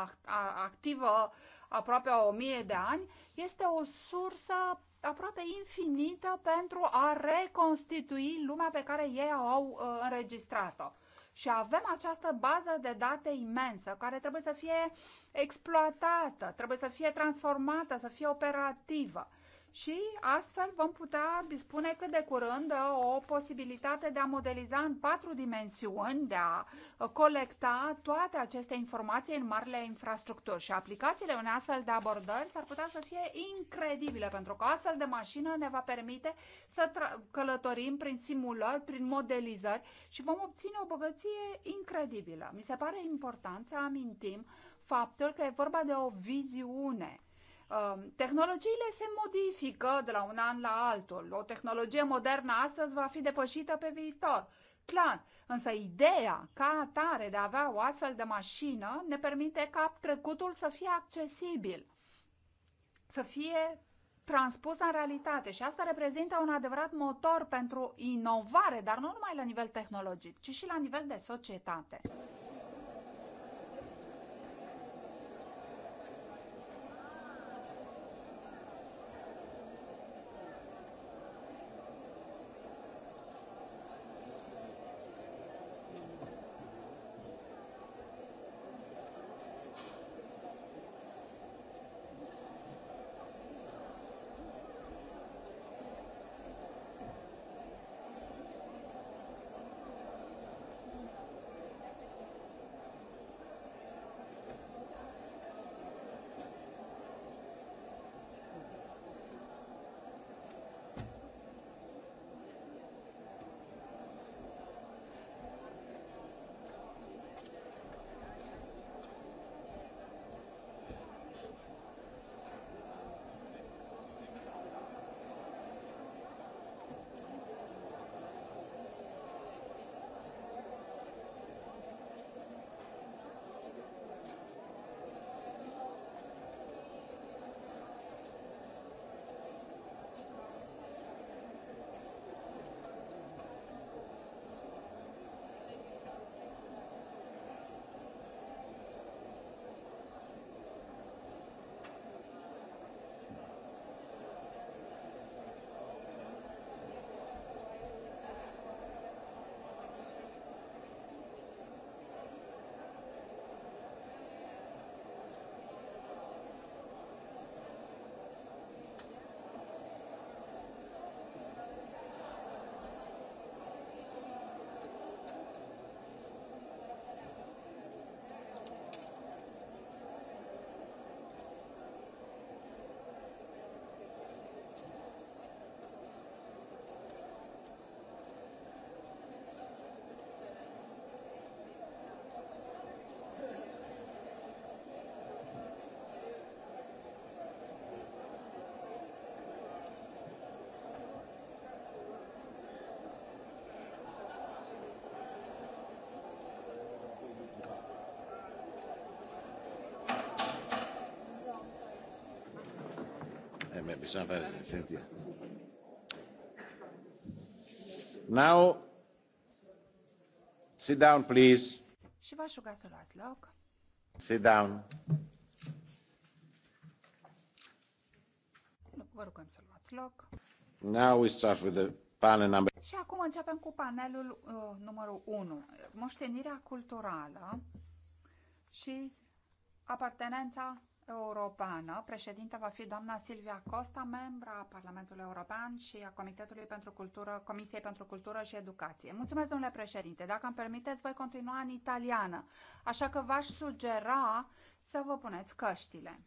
activă aproape o mie de ani, este o sursă aproape infinită pentru a reconstitui lumea pe care ei au uh, înregistrat-o. Și avem această bază de date imensă care trebuie să fie exploatată, trebuie să fie transformată, să fie operativă și astfel vom putea dispune cât de curând o posibilitate de a modeliza în patru dimensiuni, de a colecta toate aceste informații în marile infrastructuri și aplicațiile unei astfel de abordări s-ar putea să fie incredibile, pentru că o astfel de mașină ne va permite să călătorim prin simulări, prin modelizări și vom obține o bogăție incredibilă. Mi se pare important să amintim faptul că e vorba de o viziune Um, tehnologiile se modifică de la un an la altul. O tehnologie modernă astăzi va fi depășită pe viitor. Clar, însă ideea ca atare de a avea o astfel de mașină ne permite ca trecutul să fie accesibil, să fie transpus în realitate și asta reprezintă un adevărat motor pentru inovare, dar nu numai la nivel tehnologic, ci și la nivel de societate. Now, sit down, please. Și ruga să luați loc. Sit down. Vă rugăm să luați loc. Now we start with the panel number... Și acum începem cu panelul uh, numărul 1, moștenirea culturală și apartenența Europeană. Președinte va fi doamna Silvia Costa, membra a Parlamentului European și a Comitetului pentru Cultură, Comisiei pentru Cultură și Educație. Mulțumesc, domnule președinte. Dacă îmi permiteți, voi continua în italiană, așa că v-aș sugera să vă puneți căștile.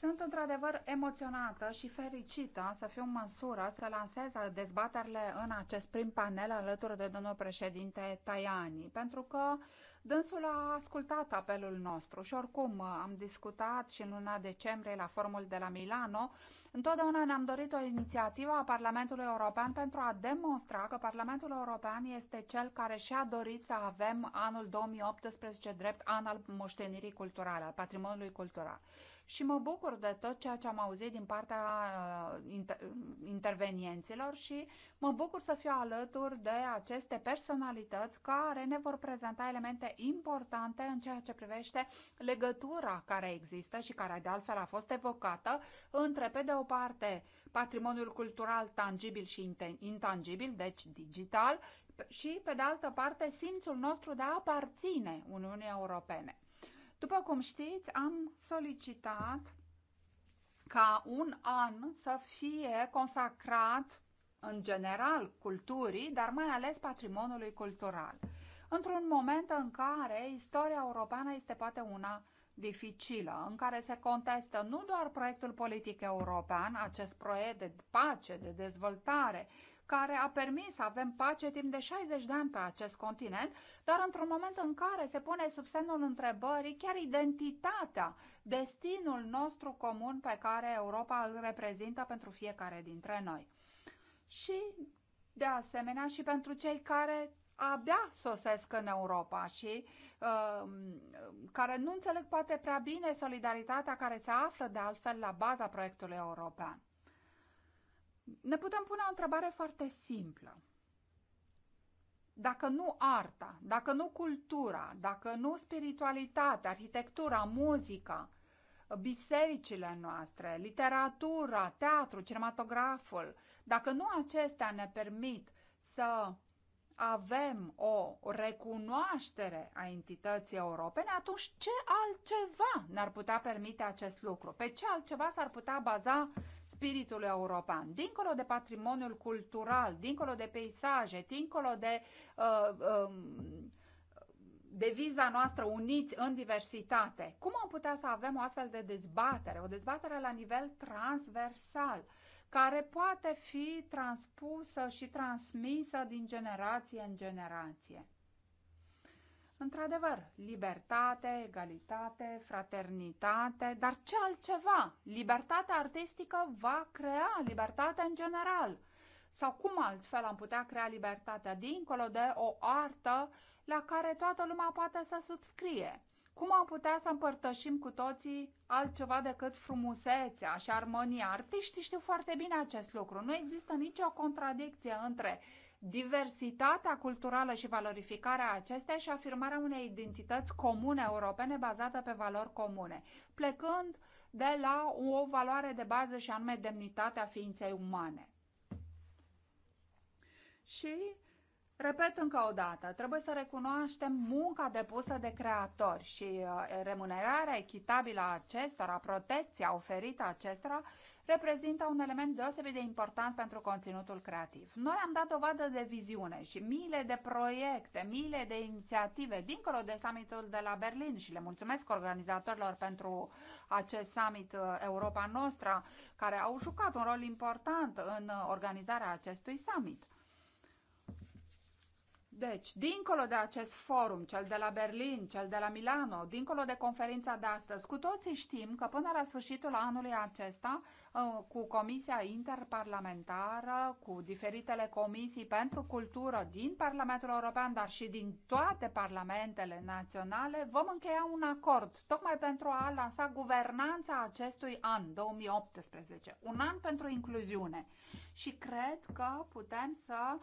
Sunt într-adevăr emoționată și fericită să fiu în măsură să lansez dezbaterile în acest prim panel alături de domnul președinte Tajani, pentru că dânsul a ascultat apelul nostru și oricum am discutat și în luna decembrie la formul de la Milano, întotdeauna ne-am dorit o inițiativă a Parlamentului European pentru a demonstra că Parlamentul European este cel care și-a dorit să avem anul 2018 drept an al moștenirii culturale, al patrimoniului cultural și mă bucur de tot ceea ce am auzit din partea uh, inter intervenienților și mă bucur să fiu alături de aceste personalități care ne vor prezenta elemente importante în ceea ce privește legătura care există și care de altfel a fost evocată între, pe de o parte, patrimoniul cultural tangibil și intangibil, deci digital, și, pe de altă parte, simțul nostru de a aparține Uniunii Europene. După cum știți, am solicitat ca un an să fie consacrat în general culturii, dar mai ales patrimoniului cultural. Într-un moment în care istoria europeană este poate una dificilă, în care se contestă nu doar proiectul politic european, acest proiect de pace, de dezvoltare, care a permis să avem pace timp de 60 de ani pe acest continent, dar într-un moment în care se pune sub semnul întrebării chiar identitatea, destinul nostru comun pe care Europa îl reprezintă pentru fiecare dintre noi. Și, de asemenea, și pentru cei care abia sosesc în Europa și uh, care nu înțeleg poate prea bine solidaritatea care se află de altfel la baza proiectului european ne putem pune o întrebare foarte simplă. Dacă nu arta, dacă nu cultura, dacă nu spiritualitatea, arhitectura, muzica, bisericile noastre, literatura, teatru, cinematograful, dacă nu acestea ne permit să avem o recunoaștere a entității europene, atunci ce altceva ne-ar putea permite acest lucru? Pe ce altceva s-ar putea baza spiritul european, dincolo de patrimoniul cultural, dincolo de peisaje, dincolo de uh, uh, deviza noastră uniți în diversitate. Cum am putea să avem o astfel de dezbatere, o dezbatere la nivel transversal, care poate fi transpusă și transmisă din generație în generație? Într-adevăr, libertate, egalitate, fraternitate, dar ce altceva? Libertatea artistică va crea libertatea în general. Sau cum altfel am putea crea libertatea dincolo de o artă la care toată lumea poate să subscrie? Cum am putea să împărtășim cu toții altceva decât frumusețea și armonia? Artiștii știu foarte bine acest lucru. Nu există nicio contradicție între diversitatea culturală și valorificarea acesteia și afirmarea unei identități comune europene bazată pe valori comune, plecând de la o valoare de bază și anume demnitatea ființei umane. Și Repet încă o dată, trebuie să recunoaștem munca depusă de creatori și uh, remunerarea echitabilă a acestora, protecția oferită acestora, reprezintă un element deosebit de important pentru conținutul creativ. Noi am dat dovadă de viziune și miile de proiecte, miile de inițiative, dincolo de summitul de la Berlin și le mulțumesc organizatorilor pentru acest summit uh, Europa Nostra, care au jucat un rol important în uh, organizarea acestui summit. Deci, dincolo de acest forum, cel de la Berlin, cel de la Milano, dincolo de conferința de astăzi, cu toții știm că până la sfârșitul anului acesta, uh, cu Comisia Interparlamentară, cu diferitele comisii pentru cultură din Parlamentul European, dar și din toate parlamentele naționale, vom încheia un acord, tocmai pentru a lansa guvernanța acestui an, 2018, un an pentru incluziune. Și cred că putem să uh,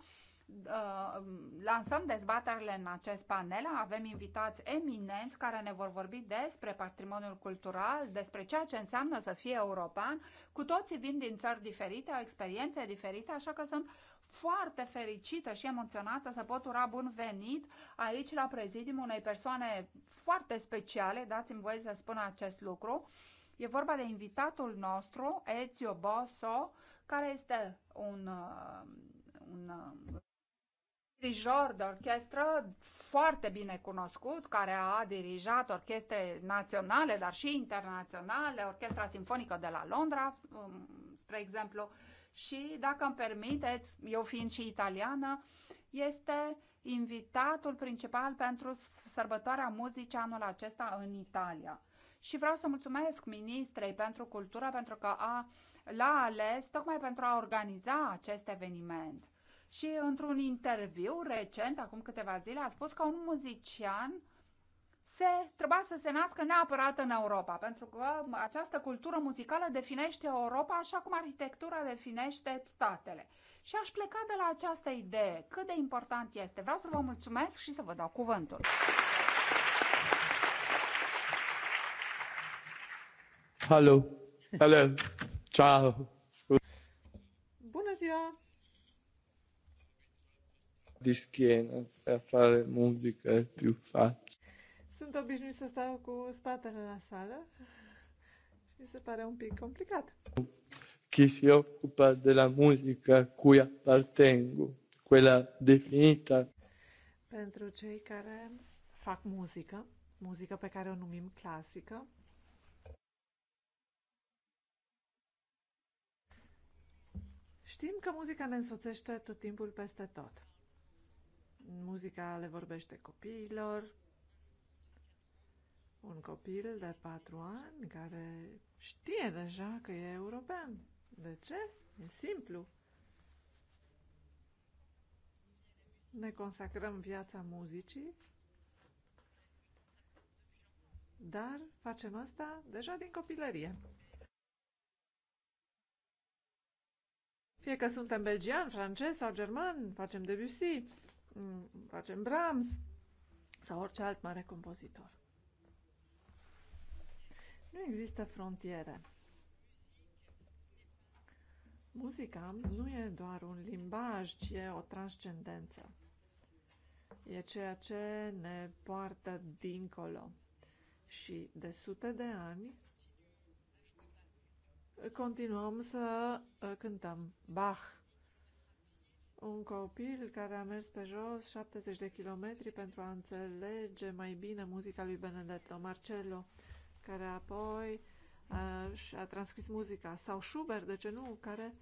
Uh, lansăm dezbaterile în acest panel. Avem invitați eminenți care ne vor vorbi despre patrimoniul cultural, despre ceea ce înseamnă să fie european. Cu toții vin din țări diferite, au experiențe diferite, așa că sunt foarte fericită și emoționată să pot ura bun venit aici la prezidium unei persoane foarte speciale, dați-mi voie să spun acest lucru. E vorba de invitatul nostru, Ezio Bosso, care este un, uh, un uh, dirijor de orchestră foarte bine cunoscut, care a dirijat orchestre naționale, dar și internaționale, Orchestra Sinfonică de la Londra, um, spre exemplu, și, dacă îmi permiteți, eu fiind și italiană, este invitatul principal pentru sărbătoarea muzicii anul acesta în Italia. Și vreau să mulțumesc ministrei pentru cultură pentru că a, l-a ales tocmai pentru a organiza acest eveniment și într-un interviu recent, acum câteva zile, a spus că un muzician se, trebuia să se nască neapărat în Europa, pentru că această cultură muzicală definește Europa așa cum arhitectura definește statele. Și aș pleca de la această idee, cât de important este. Vreau să vă mulțumesc și să vă dau cuvântul. Hello. Hello. Ciao. de schienă, pe afară muzică știu, più Sunt obișnuit să stau cu spatele la sală și se pare un pic complicat. Chi si occupa della musica a cui appartengo, quella definita. Pentru cei care fac muzică, muzică pe care o numim clasică, Știm că muzica ne însoțește tot timpul peste tot. Muzica le vorbește copiilor. Un copil de patru ani care știe deja că e european. De ce? E simplu. Ne consacrăm viața muzicii, dar facem asta deja din copilărie. Fie că suntem belgian, francez sau german, facem Debussy facem mm, Brahms sau orice alt mare compozitor. Nu există frontiere. Muzica nu e doar un limbaj, ci e o transcendență. E ceea ce ne poartă dincolo. Și de sute de ani continuăm să uh, cântăm Bach un copil care a mers pe jos 70 de kilometri pentru a înțelege mai bine muzica lui Benedetto Marcello, care apoi a, uh, și-a transcris muzica, sau Schubert, de ce nu, care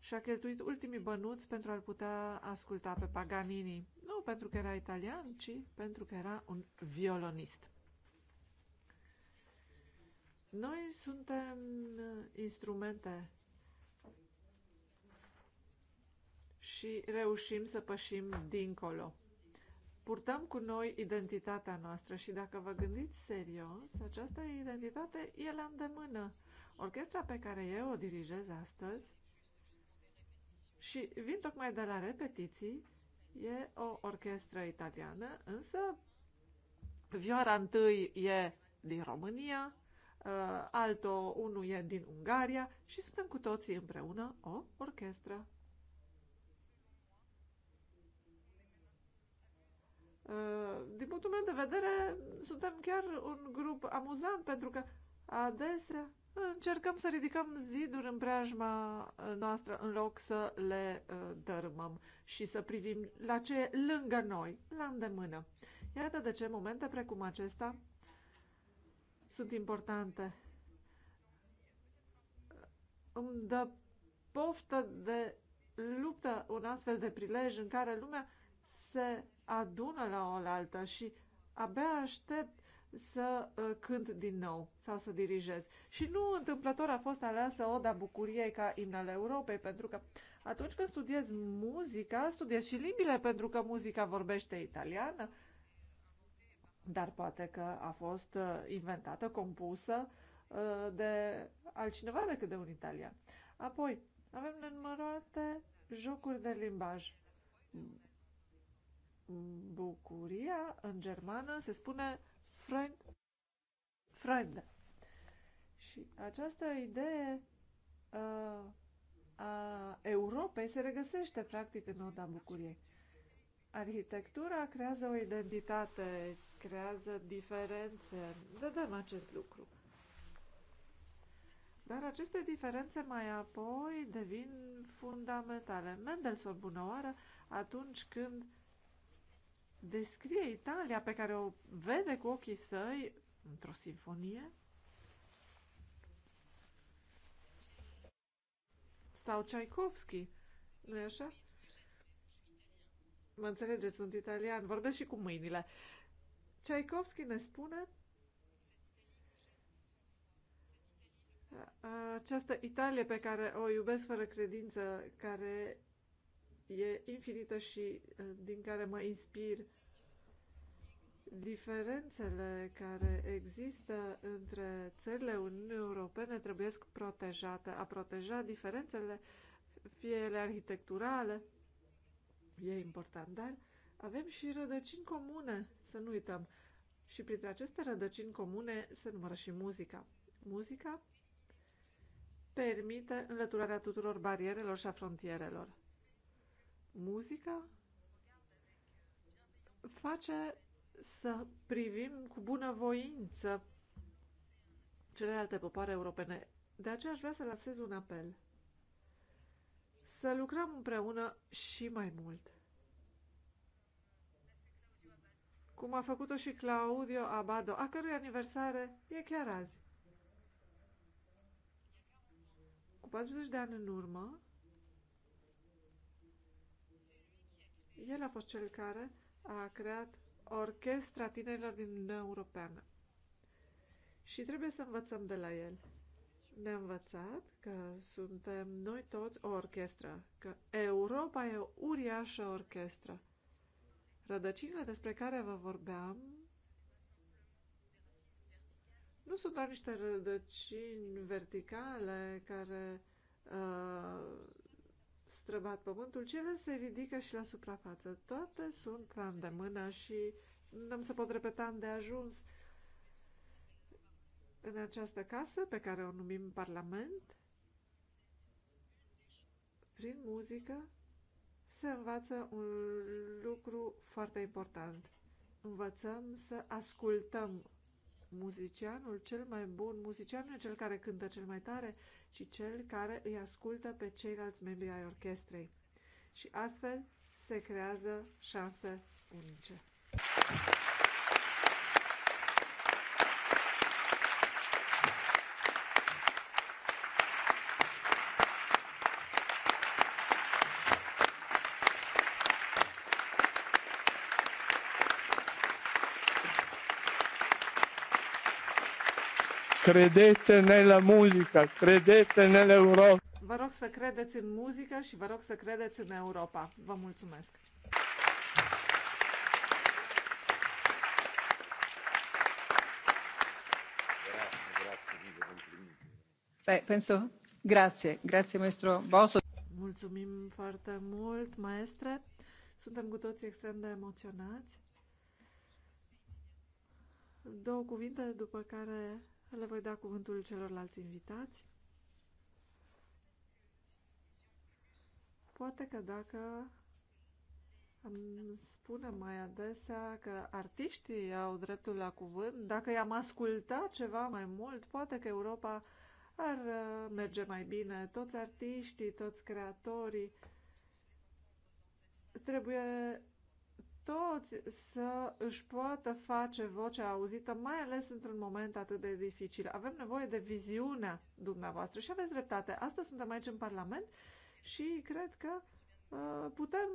și-a cheltuit ultimii bănuți pentru a-l putea asculta pe Paganini. Nu pentru că era italian, ci pentru că era un violonist. Noi suntem instrumente și reușim să pășim dincolo. Purtăm cu noi identitatea noastră și dacă vă gândiți serios, această identitate e la îndemână. Orchestra pe care eu o dirigez astăzi și vin tocmai de la repetiții, e o orchestră italiană, însă vioara întâi e din România, uh, alto unul e din Ungaria și suntem cu toții împreună o orchestră. Uh, din punctul meu de vedere, suntem chiar un grup amuzant, pentru că adesea încercăm să ridicăm ziduri în preajma uh, noastră în loc să le uh, dărâmăm și să privim la ce e lângă noi, la îndemână. Iată de ce momente precum acesta sunt importante. Îmi dă poftă de luptă un astfel de prilej în care lumea se adună la oaltă și abia aștept să uh, cânt din nou sau să dirigez. Și nu întâmplător a fost aleasă Oda Bucuriei ca imn al Europei, pentru că atunci când studiez muzica, studiez și limbile, pentru că muzica vorbește italiană, dar poate că a fost uh, inventată, compusă uh, de altcineva decât de un italian. Apoi, avem nenumărate jocuri de limbaj bucuria în germană se spune Freund, Freunde. Și această idee uh, a Europei se regăsește practic în nota bucuriei. Arhitectura creează o identitate, creează diferențe. Vedem acest lucru. Dar aceste diferențe mai apoi devin fundamentale. Mendelssohn oară, atunci când descrie Italia pe care o vede cu ochii săi într-o sinfonie? Sau Tchaikovsky, nu e așa? Mă înțelegeți, sunt italian, vorbesc și cu mâinile. Tchaikovsky ne spune această Italie pe care o iubesc fără credință, care e infinită și uh, din care mă inspir diferențele care există între țările Uniunii Europene trebuie protejate. A proteja diferențele, fie ele arhitecturale, e important, dar avem și rădăcini comune, să nu uităm. Și printre aceste rădăcini comune se numără și muzica. Muzica permite înlăturarea tuturor barierelor și a frontierelor muzica face să privim cu voință celelalte popoare europene. De aceea aș vrea să lansez un apel. Să lucrăm împreună și mai mult. Cum a făcut-o și Claudio Abado, a cărui aniversare e chiar azi. Cu 40 de ani în urmă, El a fost cel care a creat Orchestra Tinerilor din Uniunea Europeană. Și trebuie să învățăm de la el. Ne-a învățat că suntem noi toți o orchestră, că Europa e o uriașă orchestră. Rădăcinile despre care vă vorbeam nu sunt doar niște rădăcini verticale care uh, străbat pământul, cele se ridică și la suprafață. Toate sunt la îndemână și nu am să pot repeta de ajuns în această casă pe care o numim Parlament. Prin muzică se învață un lucru foarte important. Învățăm să ascultăm Muzicianul cel mai bun, muzicianul nu e cel care cântă cel mai tare, ci cel care îi ascultă pe ceilalți membri ai orchestrei. Și astfel se creează șanse unice. Credete nella musica, credete nell'Europa. Vă rog să credeți în muzică și vă rog să credeți în Europa. Vă mulțumesc! penso, grazie, grazie maestro Bosso. Mulțumim foarte mult, maestre. Suntem cu toții extrem de emoționați. Două cuvinte după care le voi da cuvântul celorlalți invitați. Poate că dacă îmi spune mai adesea că artiștii au dreptul la cuvânt, dacă i-am ascultat ceva mai mult, poate că Europa ar uh, merge mai bine. Toți artiștii, toți creatorii trebuie toți să își poată face vocea auzită, mai ales într-un moment atât de dificil. Avem nevoie de viziunea dumneavoastră și aveți dreptate. Astăzi suntem aici în Parlament și cred că uh, putem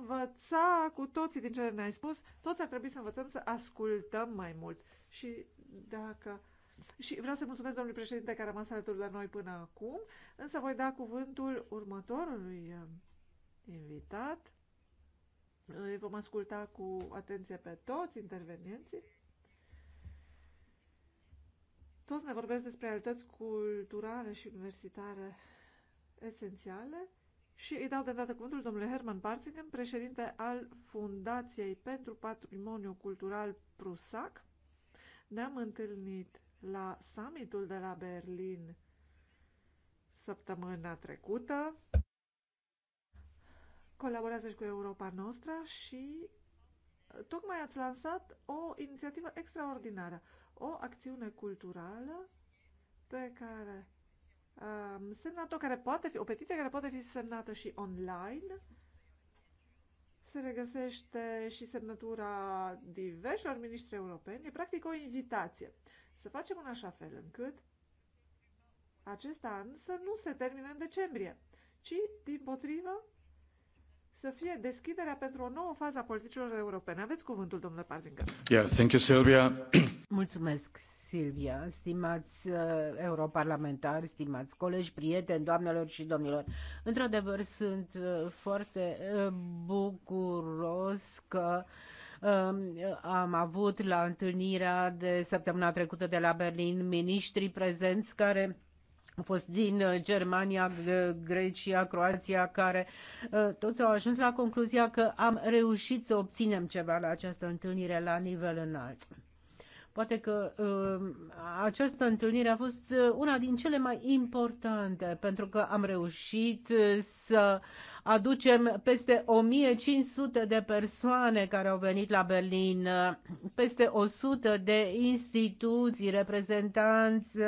învăța cu toții din ce ne-ai spus, toți ar trebui să învățăm să ascultăm mai mult. Și dacă și vreau să mulțumesc domnului președinte care a rămas alături de noi până acum, însă voi da cuvântul următorului uh, invitat, îi vom asculta cu atenție pe toți intervenienții. Toți ne vorbesc despre realități culturale și universitare esențiale și îi dau de data cuvântul domnului Herman Parzingen, președinte al Fundației pentru Patrimoniu Cultural Prusac. Ne-am întâlnit la summitul de la Berlin săptămâna trecută colaborează și cu Europa Nostra și uh, tocmai ați lansat o inițiativă extraordinară, o acțiune culturală pe care um, semnată, care poate fi, o petiție care poate fi semnată și online. Se regăsește și semnătura diverselor ministri europeni. E practic o invitație. Să facem în așa fel încât acest an să nu se termine în decembrie, ci, din potrivă, să fie deschiderea pentru o nouă fază a politicilor europene. Aveți cuvântul, domnule Parzinger. Yeah, thank you, Silvia. Mulțumesc, Silvia, stimați uh, europarlamentari, stimați colegi, prieteni, doamnelor și domnilor. Într-adevăr, sunt uh, foarte uh, bucuros că um, am avut la întâlnirea de săptămâna trecută de la Berlin miniștrii prezenți care au fost din uh, Germania, Grecia, Croația, care uh, toți au ajuns la concluzia că am reușit să obținem ceva la această întâlnire la nivel înalt. Poate că uh, această întâlnire a fost uh, una din cele mai importante, pentru că am reușit să aducem peste 1500 de persoane care au venit la Berlin, peste 100 de instituții, reprezentanți uh,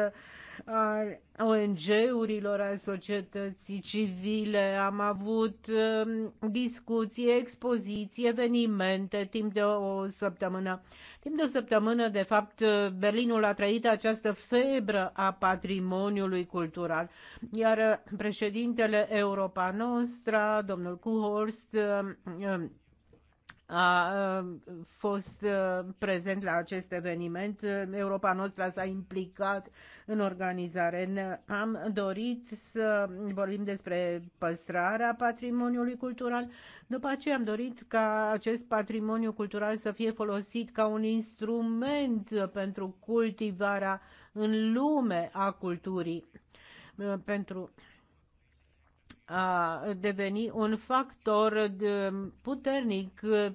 al ONG-urilor, al societății civile. Am avut um, discuții, expoziții, evenimente timp de o săptămână. Timp de o săptămână, de fapt, Berlinul a trăit această febră a patrimoniului cultural. Iar uh, președintele Europa Nostra, domnul Kuhorst, um, um, a fost prezent la acest eveniment. Europa noastră s-a implicat în organizare. Ne Am dorit să vorbim despre păstrarea patrimoniului cultural. După aceea am dorit ca acest patrimoniu cultural să fie folosit ca un instrument pentru cultivarea în lume a culturii. Pentru a deveni un factor puternic uh,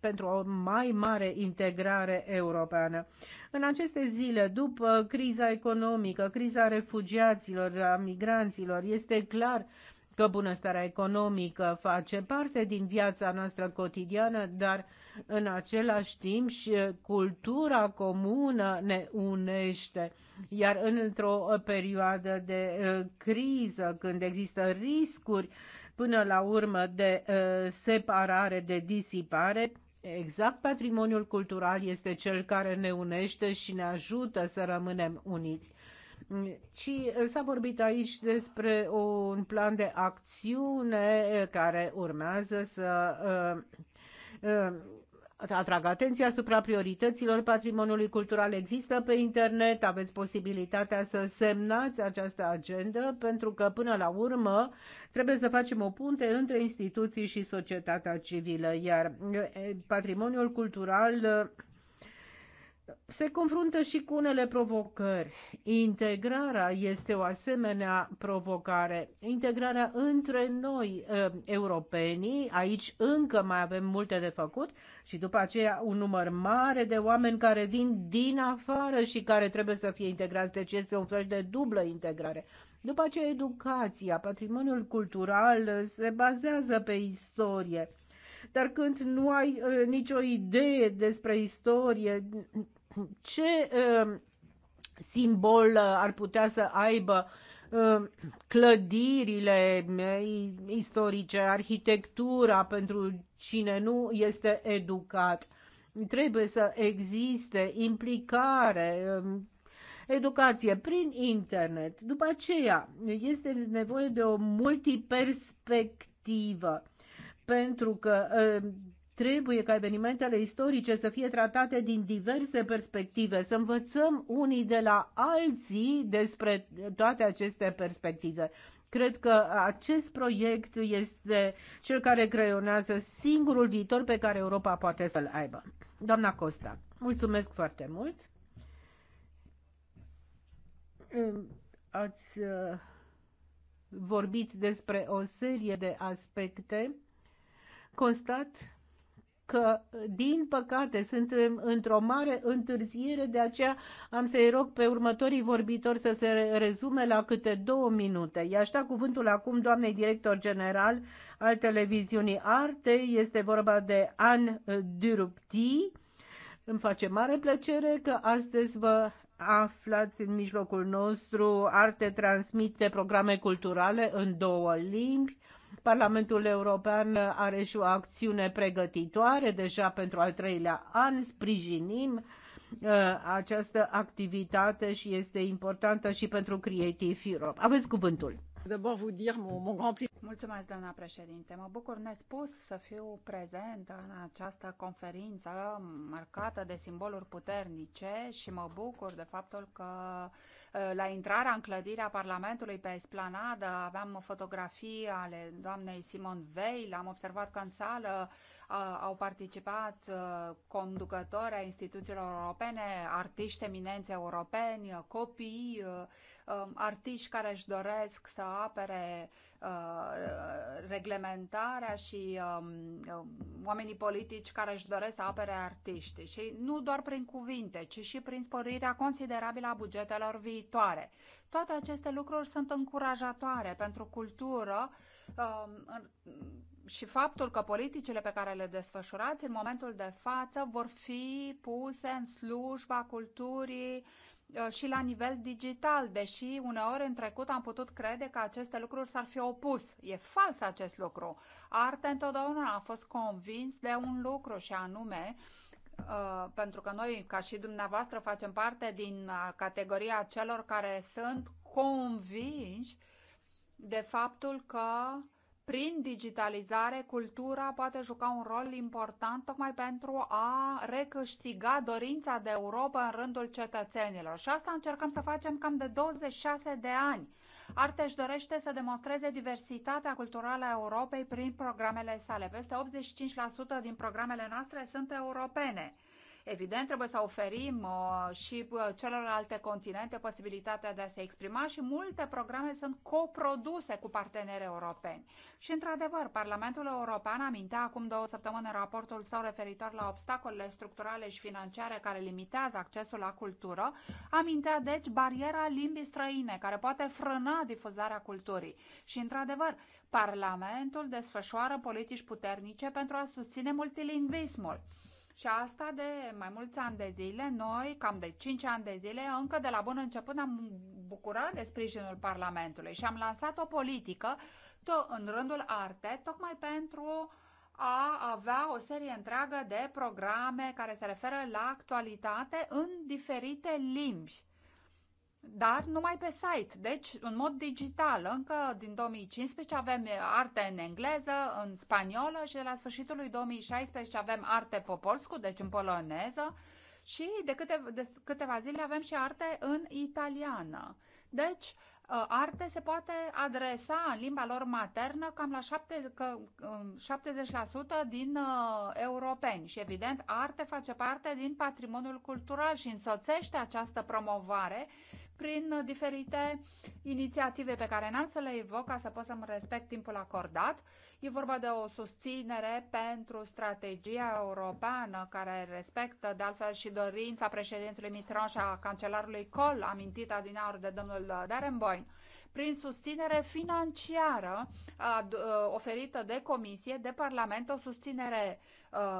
pentru o mai mare integrare europeană. În aceste zile, după criza economică, criza refugiaților, a migranților, este clar că bunăstarea economică face parte din viața noastră cotidiană, dar uh, în același timp și uh, cultura comună ne unește. Iar într-o uh, perioadă de uh, criză, când există riscuri până la urmă de separare, de disipare, Exact patrimoniul cultural este cel care ne unește și ne ajută să rămânem uniți. Și s-a vorbit aici despre un plan de acțiune care urmează să atrag atenția asupra priorităților patrimoniului cultural. Există pe internet, aveți posibilitatea să semnați această agendă, pentru că până la urmă trebuie să facem o punte între instituții și societatea civilă, iar eh, patrimoniul cultural eh, se confruntă și cu unele provocări. Integrarea este o asemenea provocare. Integrarea între noi, ă, europenii, aici încă mai avem multe de făcut și după aceea un număr mare de oameni care vin din afară și care trebuie să fie integrați. Deci este un fel de dublă integrare. După aceea educația, patrimoniul cultural ă, se bazează pe istorie dar când nu ai uh, nicio idee despre istorie, ce uh, simbol uh, ar putea să aibă uh, clădirile istorice, arhitectura pentru cine nu este educat. Trebuie să existe implicare, um, educație prin internet. După aceea, este nevoie de o multiperspectivă pentru că ă, trebuie ca evenimentele istorice să fie tratate din diverse perspective, să învățăm unii de la alții despre toate aceste perspective. Cred că acest proiect este cel care creionează singurul viitor pe care Europa poate să-l aibă. Doamna Costa, mulțumesc foarte mult. Ați ă, vorbit despre o serie de aspecte constat că, din păcate, suntem într-o mare întârziere, de aceea am să-i rog pe următorii vorbitori să se rezume la câte două minute. I-aș da cuvântul acum doamnei director general al televiziunii Arte, este vorba de Anne Durupti. Îmi face mare plăcere că astăzi vă aflați în mijlocul nostru. Arte transmite programe culturale în două limbi Parlamentul European are și o acțiune pregătitoare deja pentru al treilea an. Sprijinim uh, această activitate și este importantă și pentru Creative Europe. Aveți cuvântul. Mulțumesc, doamna președinte. Mă bucur nespus să fiu prezentă în această conferință marcată de simboluri puternice și mă bucur de faptul că ă, la intrarea în clădirea Parlamentului pe esplanadă aveam fotografii ale doamnei Simon Veil. Am observat că în sală ă, au participat ă, conducători ai instituțiilor europene, artiști eminenți europeni, copii, artiști care își doresc să apere Uh, reglementarea și um, um, oamenii politici care își doresc să apere artiștii și nu doar prin cuvinte, ci și prin sporirea considerabilă a bugetelor viitoare. Toate aceste lucruri sunt încurajatoare pentru cultură um, și faptul că politicile pe care le desfășurați în momentul de față vor fi puse în slujba culturii Uh, și la nivel digital, deși uneori în trecut am putut crede că aceste lucruri s-ar fi opus. E fals acest lucru. Arte întotdeauna a fost convins de un lucru și anume Uh, pentru că noi, ca și dumneavoastră, facem parte din uh, categoria celor care sunt convinși de faptul că prin digitalizare, cultura poate juca un rol important tocmai pentru a recâștiga dorința de Europa în rândul cetățenilor. Și asta încercăm să facem cam de 26 de ani. Arte își dorește să demonstreze diversitatea culturală a Europei prin programele sale. Peste 85% din programele noastre sunt europene. Evident, trebuie să oferim uh, și uh, celorlalte continente posibilitatea de a se exprima și multe programe sunt coproduse cu parteneri europeni. Și, într-adevăr, Parlamentul European amintea acum două săptămâni în raportul său referitor la obstacolele structurale și financiare care limitează accesul la cultură, amintea, deci, bariera limbii străine, care poate frâna difuzarea culturii. Și, într-adevăr, Parlamentul desfășoară politici puternice pentru a susține multilingvismul. Și asta de mai mulți ani de zile, noi, cam de 5 ani de zile, încă de la bun început am bucurat de sprijinul Parlamentului și am lansat o politică în rândul arte, tocmai pentru a avea o serie întreagă de programe care se referă la actualitate în diferite limbi dar numai pe site, deci în mod digital. Încă din 2015 avem arte în engleză, în spaniolă și de la sfârșitul lui 2016 avem arte pe polscu, deci în poloneză și de, câte, de câteva zile avem și arte în italiană. Deci, ă, arte se poate adresa în limba lor maternă cam la 70% um, din ă, europeni și evident arte face parte din patrimoniul cultural și însoțește această promovare prin diferite inițiative pe care n-am să le evoc ca să pot să-mi respect timpul acordat. E vorba de o susținere pentru strategia europeană care respectă de altfel și dorința președintelui Mitran și a cancelarului Kohl, amintită din aur de domnul Boyne prin susținere financiară oferită de Comisie, de Parlament, o susținere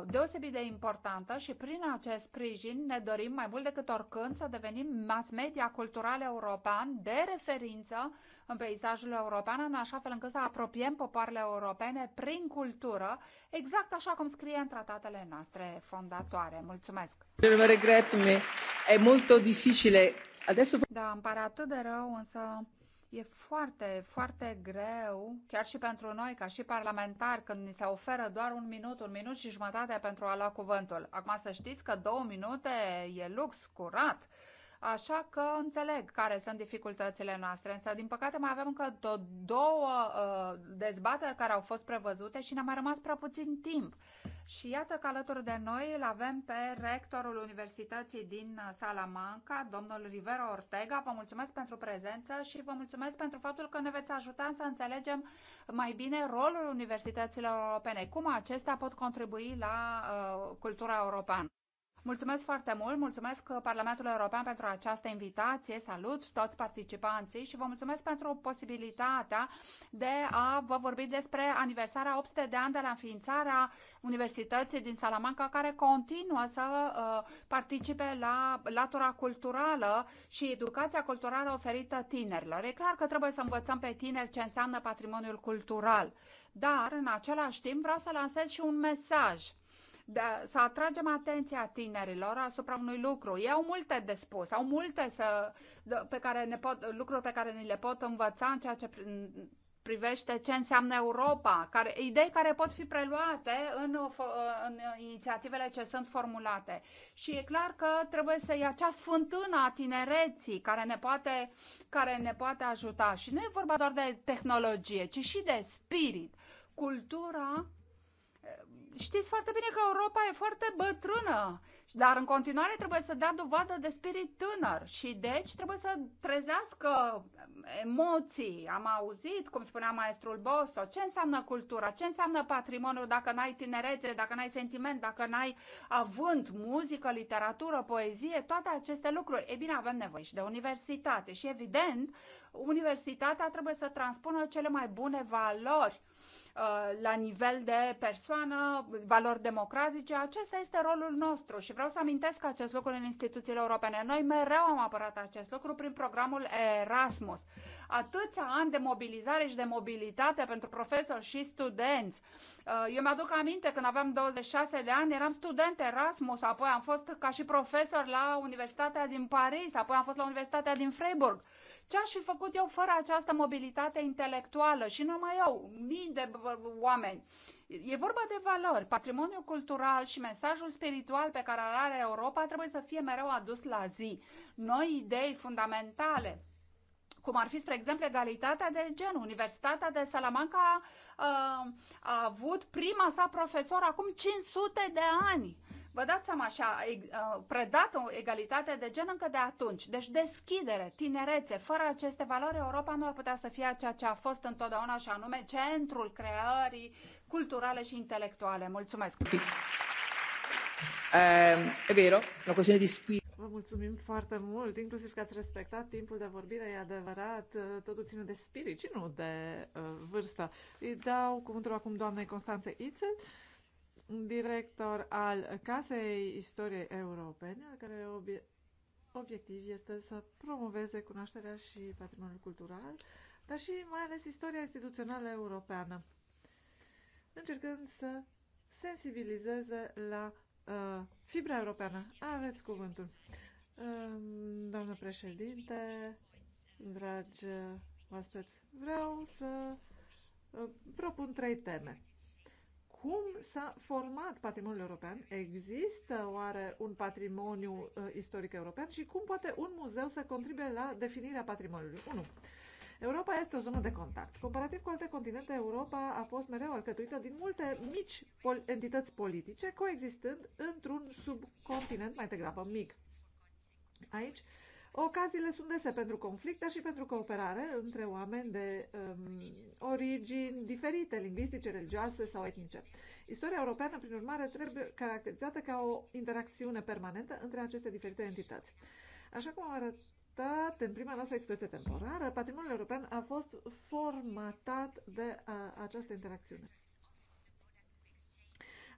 deosebit de importantă și prin acest sprijin ne dorim mai mult decât oricând să devenim mass media cultural european de referință în peisajul european, în așa fel încât să apropiem popoarele europene prin cultură, exact așa cum scrie în tratatele noastre fondatoare. Mulțumesc! E molto difficile. Adesso... Da, îmi pare atât de rău, însă E foarte, foarte greu, chiar și pentru noi, ca și parlamentari, când ni se oferă doar un minut, un minut și jumătate pentru a lua cuvântul. Acum să știți că două minute e lux curat Așa că înțeleg care sunt dificultățile noastre, însă din păcate mai avem încă două uh, dezbateri care au fost prevăzute și ne-a mai rămas prea puțin timp. Și iată că alături de noi îl avem pe rectorul Universității din Salamanca, domnul Rivero Ortega. Vă mulțumesc pentru prezență și vă mulțumesc pentru faptul că ne veți ajuta să înțelegem mai bine rolul universităților europene, cum acestea pot contribui la uh, cultura europeană. Mulțumesc foarte mult, mulțumesc uh, Parlamentul European pentru această invitație, salut toți participanții și vă mulțumesc pentru posibilitatea de a vă vorbi despre aniversarea 800 de ani de la înființarea Universității din Salamanca, care continuă să uh, participe la latura culturală și educația culturală oferită tinerilor. E clar că trebuie să învățăm pe tineri ce înseamnă patrimoniul cultural, dar în același timp vreau să lansez și un mesaj de, da, să atragem atenția tinerilor asupra unui lucru. Ei au multe de spus, au multe să, pe care ne pot, lucruri pe care ni le pot învăța în ceea ce privește ce înseamnă Europa, care, idei care pot fi preluate în, în inițiativele ce sunt formulate. Și e clar că trebuie să ia acea fântână a tinereții care ne, poate, care ne poate ajuta. Și nu e vorba doar de tehnologie, ci și de spirit. Cultura știți foarte bine că Europa e foarte bătrână, dar în continuare trebuie să dea dovadă de spirit tânăr și deci trebuie să trezească emoții. Am auzit, cum spunea maestrul Boso, ce înseamnă cultura, ce înseamnă patrimoniul dacă n-ai tinerețe, dacă n-ai sentiment, dacă n-ai avânt, muzică, literatură, poezie, toate aceste lucruri. E bine, avem nevoie și de universitate și evident, universitatea trebuie să transpună cele mai bune valori Uh, la nivel de persoană, valori democratice. Acesta este rolul nostru și vreau să amintesc acest lucru în instituțiile europene. Noi mereu am apărat acest lucru prin programul Erasmus. Atâția ani de mobilizare și de mobilitate pentru profesori și studenți. Uh, eu mi-aduc aminte când aveam 26 de ani, eram student Erasmus, apoi am fost ca și profesor la Universitatea din Paris, apoi am fost la Universitatea din Freiburg. Ce aș fi făcut eu fără această mobilitate intelectuală și mai eu, mii de oameni? E vorba de valori. Patrimoniul cultural și mesajul spiritual pe care îl are Europa trebuie să fie mereu adus la zi. Noi idei fundamentale, cum ar fi, spre exemplu, egalitatea de gen. Universitatea de Salamanca a, uh, a avut prima sa profesoră acum 500 de ani. Vă dați seama, așa, a predat o egalitate de gen încă de atunci. Deci deschidere, tinerețe, fără aceste valori, Europa nu ar putea să fie ceea ce a fost întotdeauna și anume centrul creării culturale și intelectuale. Mulțumesc! Ehm, e vero, la questione di spirito. Vă mulțumim foarte mult, inclusiv că ați respectat timpul de vorbire, e adevărat, uh, totul ține de spirit și nu de uh, vârstă. Îi dau cuvântul acum doamnei Constanțe Itzel director al Casei Istoriei Europene, al care obie obiectiv este să promoveze cunoașterea și patrimoniul cultural, dar și mai ales istoria instituțională europeană, încercând să sensibilizeze la uh, fibra europeană. Aveți cuvântul. Uh, doamnă președinte, dragi oaspeți, vreau să uh, propun trei teme cum s-a format patrimoniul european? Există oare un patrimoniu uh, istoric european și cum poate un muzeu să contribuie la definirea patrimoniului? 1. Europa este o zonă de contact. Comparativ cu alte continente, Europa a fost mereu alcătuită din multe mici pol- entități politice, coexistând într-un subcontinent mai degrabă mic. Aici Ocaziile sunt dese pentru conflict, dar și pentru cooperare între oameni de um, origini diferite, lingvistice, religioase sau etnice. Istoria europeană, prin urmare, trebuie caracterizată ca o interacțiune permanentă între aceste diferite entități. Așa cum am arătat în prima noastră expresie temporară, patrimoniul european a fost formatat de a, această interacțiune.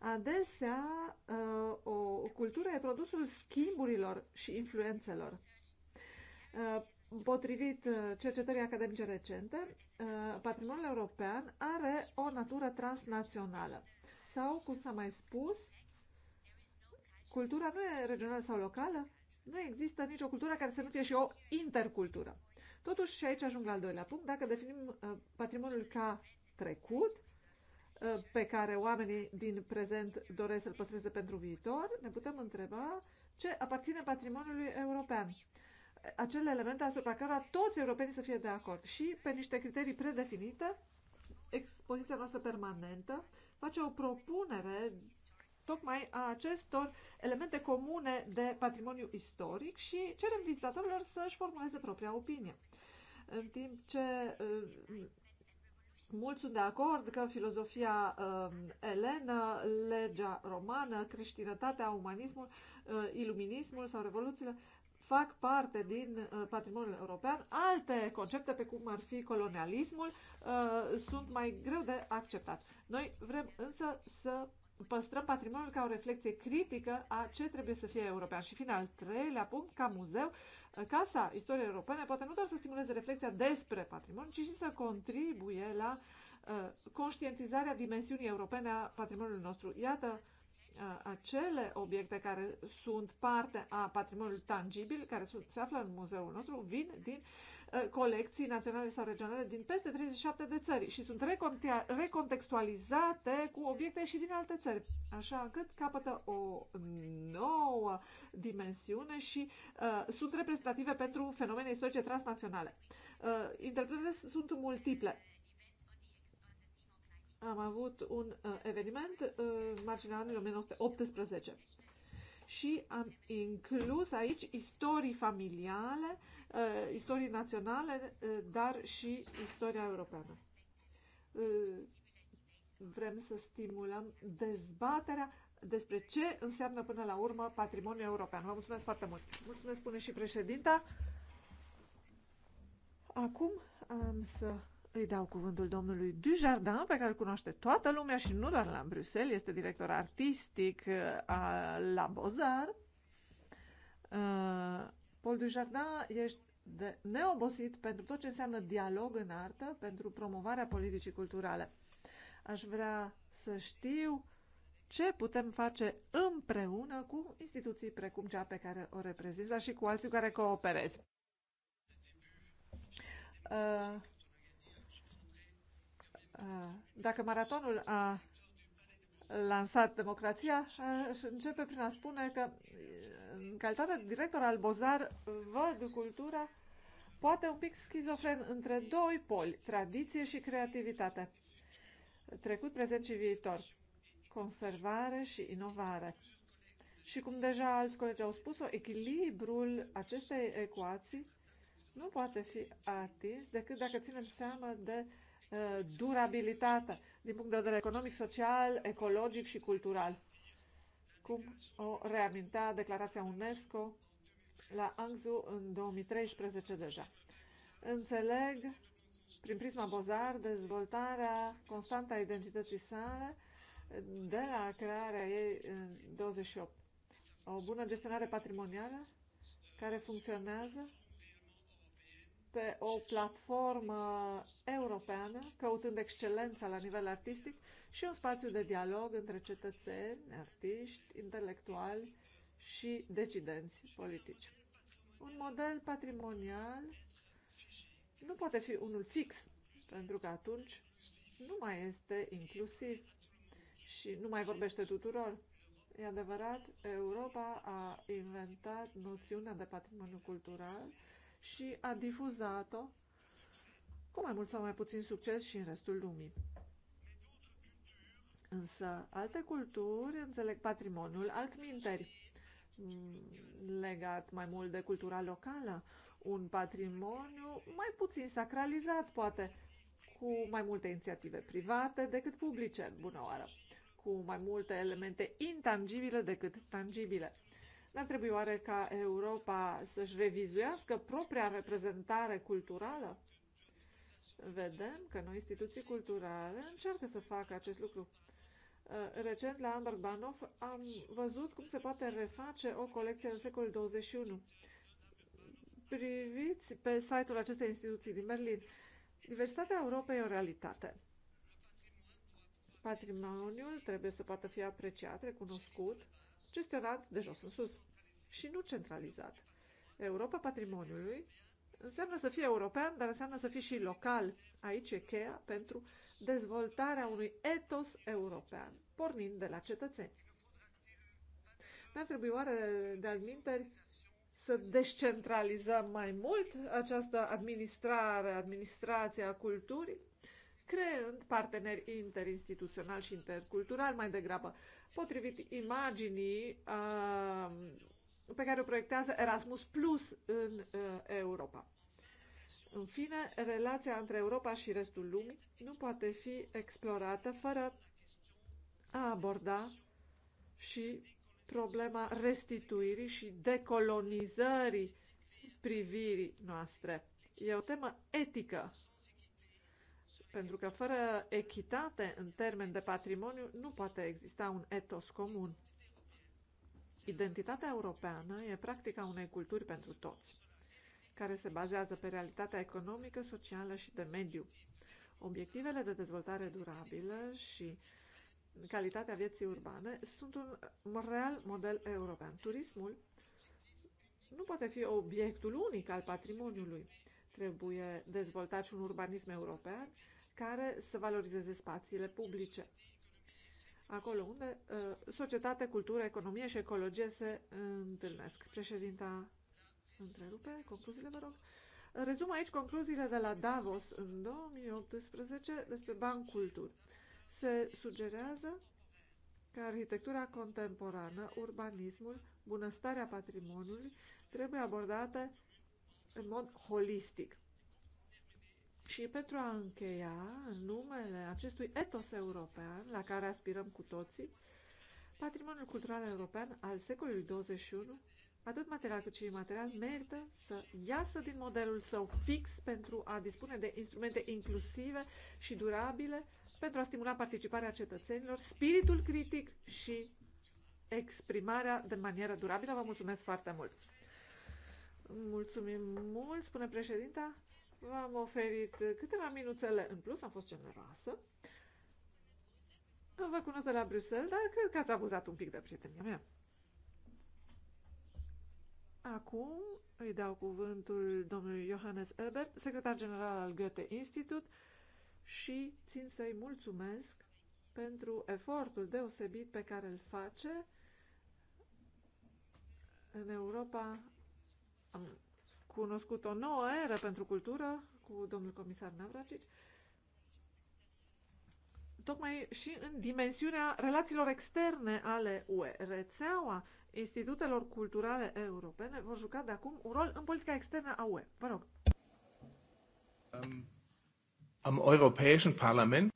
Adesea, uh, o cultură e produsul schimburilor și influențelor. Uh, potrivit uh, cercetării academice recente, uh, patrimoniul european are o natură transnațională. Sau, cum s-a mai spus, cultura nu e regională sau locală, nu există nicio cultură care să nu fie și o intercultură. Totuși, și aici ajung la al doilea punct, dacă definim patrimoniul ca trecut, pe care oamenii din prezent doresc să-l păstreze pentru viitor, ne putem întreba ce aparține patrimoniului european acele elemente asupra cărora toți europenii să fie de acord și pe niște criterii predefinite, expoziția noastră permanentă face o propunere tocmai a acestor elemente comune de patrimoniu istoric și cerem vizitatorilor să-și formuleze propria opinie. În timp ce uh, mulți sunt de acord că filozofia uh, elenă, legea romană, creștinătatea, umanismul, uh, iluminismul sau revoluțiile fac parte din uh, patrimoniul european. Alte concepte, pe cum ar fi colonialismul, uh, sunt mai greu de acceptat. Noi vrem însă să păstrăm patrimoniul ca o reflexie critică a ce trebuie să fie european. Și final, treilea punct, ca muzeu, uh, Casa Istoriei Europene poate nu doar să stimuleze reflexia despre patrimoniu, ci și să contribuie la uh, conștientizarea dimensiunii europene a patrimoniului nostru. Iată acele obiecte care sunt parte a patrimoniului tangibil, care sunt, se află în muzeul nostru, vin din colecții naționale sau regionale din peste 37 de țări și sunt recontextualizate cu obiecte și din alte țări, așa încât capătă o nouă dimensiune și uh, sunt reprezentative pentru fenomene istorice transnaționale. Uh, interpretările sunt multiple am avut un uh, eveniment uh, marginea anului 1918 și am inclus aici istorii familiale, uh, istorii naționale, uh, dar și istoria europeană. Uh, vrem să stimulăm dezbaterea despre ce înseamnă până la urmă patrimoniul european. Vă mulțumesc foarte mult. Mulțumesc, spune și președinta. Acum am să îi dau cuvântul domnului Dujardin, pe care îl cunoaște toată lumea și nu doar la Bruxelles, este director artistic uh, a, la Bozar. Uh, Paul Dujardin, ești de neobosit pentru tot ce înseamnă dialog în artă, pentru promovarea politicii culturale. Aș vrea să știu ce putem face împreună cu instituții precum cea pe care o reprezintă și cu alții care cooperezi. Uh, Ah, dacă maratonul a lansat democrația, aș începe prin a spune că, în calitate de director al Bozar, văd cultura poate un pic schizofren între doi poli, tradiție și creativitate, trecut, prezent și viitor, conservare și inovare. Și cum deja alți colegi au spus-o, echilibrul acestei ecuații nu poate fi atins decât dacă ținem seama de uh, Uh, durabilitatea din punct de vedere economic, social, ecologic și cultural, cum o reamintea declarația UNESCO la Angzu în 2013 deja. Înțeleg, prin prisma Bozar, dezvoltarea constantă a identității sale de la crearea ei în 28. O bună gestionare patrimonială care funcționează pe o platformă europeană, căutând excelența la nivel artistic și un spațiu de dialog între cetățeni, artiști, intelectuali și decidenți politici. Un model patrimonial nu poate fi unul fix, pentru că atunci nu mai este inclusiv și nu mai vorbește tuturor. E adevărat, Europa a inventat noțiunea de patrimoniu cultural și a difuzat-o cu mai mult sau mai puțin succes și în restul lumii. Însă alte culturi înțeleg patrimoniul altminteri, mm, legat mai mult de cultura locală, un patrimoniu mai puțin sacralizat, poate, cu mai multe inițiative private decât publice, bună oară, cu mai multe elemente intangibile decât tangibile. N-ar trebui oare ca Europa să-și revizuiască propria reprezentare culturală? Vedem că noi instituții culturale încearcă să facă acest lucru. Uh, recent la Amber Banov am văzut cum se poate reface o colecție în secolul 21. Priviți pe site-ul acestei instituții din Berlin. Diversitatea Europei e o realitate. Patrimoniul trebuie să poată fi apreciat, recunoscut, gestionat de jos în sus și nu centralizat. Europa patrimoniului înseamnă să fie european, dar înseamnă să fie și local. Aici e cheia pentru dezvoltarea unui etos european, pornind de la cetățeni. Ne ar trebui oare de adminteri să descentralizăm mai mult această administrare, administrația culturii, creând parteneri interinstituțional și intercultural mai degrabă potrivit imaginii uh, pe care o proiectează Erasmus Plus în uh, Europa. În fine, relația între Europa și restul lumii nu poate fi explorată fără a aborda și problema restituirii și decolonizării privirii noastre. E o temă etică pentru că fără echitate în termen de patrimoniu nu poate exista un etos comun. Identitatea europeană e practica unei culturi pentru toți, care se bazează pe realitatea economică, socială și de mediu. Obiectivele de dezvoltare durabilă și calitatea vieții urbane sunt un real model european. Turismul nu poate fi obiectul unic al patrimoniului. Trebuie dezvoltat și un urbanism european care să valorizeze spațiile publice. Acolo unde uh, societate, cultură, economie și ecologie se întâlnesc. Președinta întrerupe concluziile, vă rog. Rezum aici concluziile de la Davos în 2018 despre Bancultur. Se sugerează că arhitectura contemporană, urbanismul, bunăstarea patrimoniului trebuie abordate în mod holistic. Și pentru a încheia, în numele acestui etos european la care aspirăm cu toții, patrimoniul cultural european al secolului 21, atât material cât și imaterial, merită să iasă din modelul său fix pentru a dispune de instrumente inclusive și durabile pentru a stimula participarea cetățenilor, spiritul critic și exprimarea de manieră durabilă. Vă mulțumesc foarte mult! Mulțumim mult, spune președinta. V-am oferit câteva minuțele în plus, am fost generoasă. Vă cunosc de la Bruxelles, dar cred că ați abuzat un pic de prietenia mea. Acum îi dau cuvântul domnului Johannes Ebert, secretar general al Goethe Institut și țin să-i mulțumesc pentru efortul deosebit pe care îl face în Europa. Am cunoscut o nouă eră pentru cultură cu domnul comisar Navracic, tocmai și în dimensiunea relațiilor externe ale UE. Rețeaua institutelor culturale europene vor juca de acum un rol în politica externă a UE. Vă rog. Um, am European Parlament.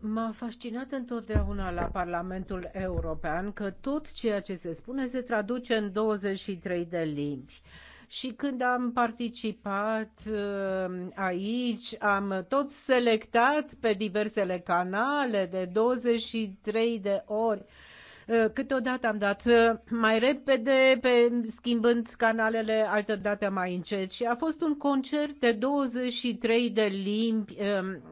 M-a fascinat întotdeauna la Parlamentul European că tot ceea ce se spune se traduce în 23 de limbi și când am participat uh, aici, am tot selectat pe diversele canale de 23 de ori uh, câteodată am dat uh, mai repede, pe, schimbând canalele, altădată mai încet. Și a fost un concert de 23 de limbi um,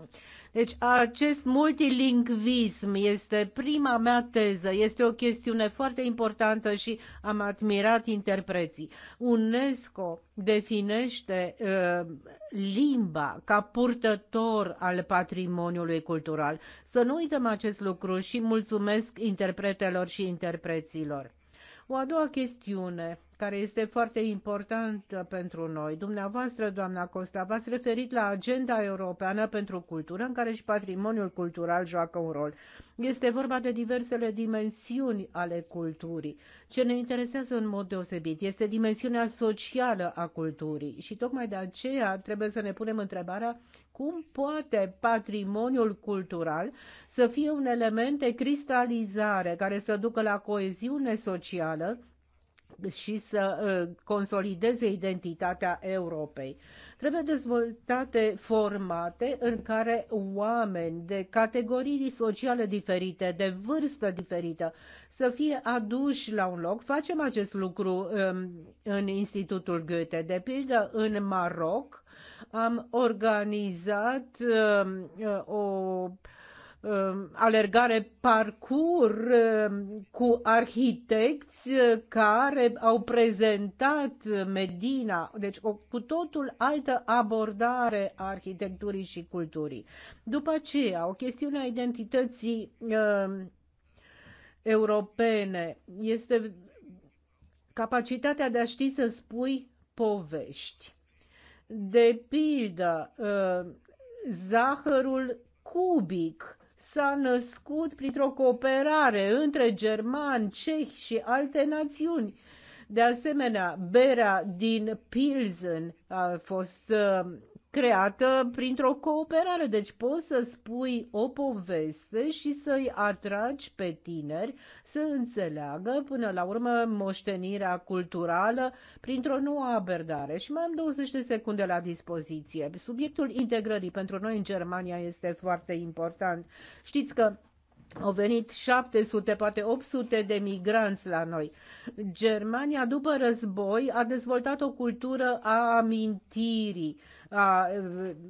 deci acest multilingvism este prima mea teză, este o chestiune foarte importantă și am admirat interpreții. UNESCO definește uh, limba ca purtător al patrimoniului cultural. Să nu uităm acest lucru și mulțumesc interpretelor și interpreților. O a doua chestiune care este foarte importantă uh, pentru noi. Dumneavoastră, doamna Costa, v-ați referit la agenda europeană pentru cultură, în care și patrimoniul cultural joacă un rol. Este vorba de diversele dimensiuni ale culturii. Ce ne interesează în mod deosebit este dimensiunea socială a culturii și tocmai de aceea trebuie să ne punem întrebarea cum poate patrimoniul cultural să fie un element de cristalizare care să ducă la coeziune socială, și să ă, consolideze identitatea Europei. Trebuie dezvoltate formate în care oameni de categorii sociale diferite, de vârstă diferită, să fie aduși la un loc. Facem acest lucru ă, în Institutul Goethe. De pildă, în Maroc am organizat ă, o Um, alergare parcur um, cu arhitecți uh, care au prezentat Medina, deci o cu totul altă abordare a arhitecturii și culturii. După aceea, o chestiune a identității uh, europene este capacitatea de a ști să spui povești. De pildă, uh, zahărul cubic s-a născut printr-o cooperare între germani, cehi și alte națiuni. De asemenea, berea din Pilsen a fost uh, creată printr-o cooperare. Deci poți să spui o poveste și să-i atragi pe tineri să înțeleagă până la urmă moștenirea culturală printr-o nouă abordare. Și mai am 20 de secunde la dispoziție. Subiectul integrării pentru noi în Germania este foarte important. Știți că au venit 700, poate 800 de migranți la noi. Germania, după război, a dezvoltat o cultură a amintirii a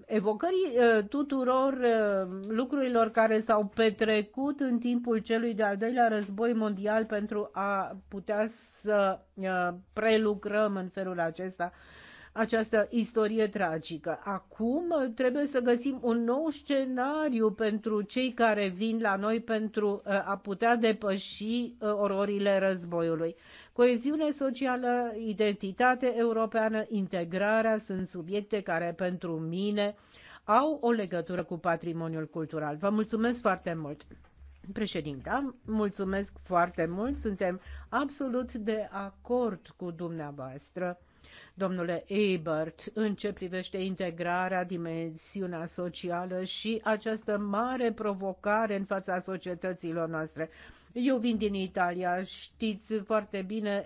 evocării tuturor lucrurilor care s-au petrecut în timpul celui de-al doilea război mondial pentru a putea să prelucrăm în felul acesta această istorie tragică. Acum trebuie să găsim un nou scenariu pentru cei care vin la noi pentru a putea depăși ororile războiului. Coeziune socială, identitate europeană, integrarea sunt subiecte care pentru mine au o legătură cu patrimoniul cultural. Vă mulțumesc foarte mult! Președinta, mulțumesc foarte mult, suntem absolut de acord cu dumneavoastră. Domnule Ebert, în ce privește integrarea, dimensiunea socială și această mare provocare în fața societăților noastre, eu vin din Italia, știți foarte bine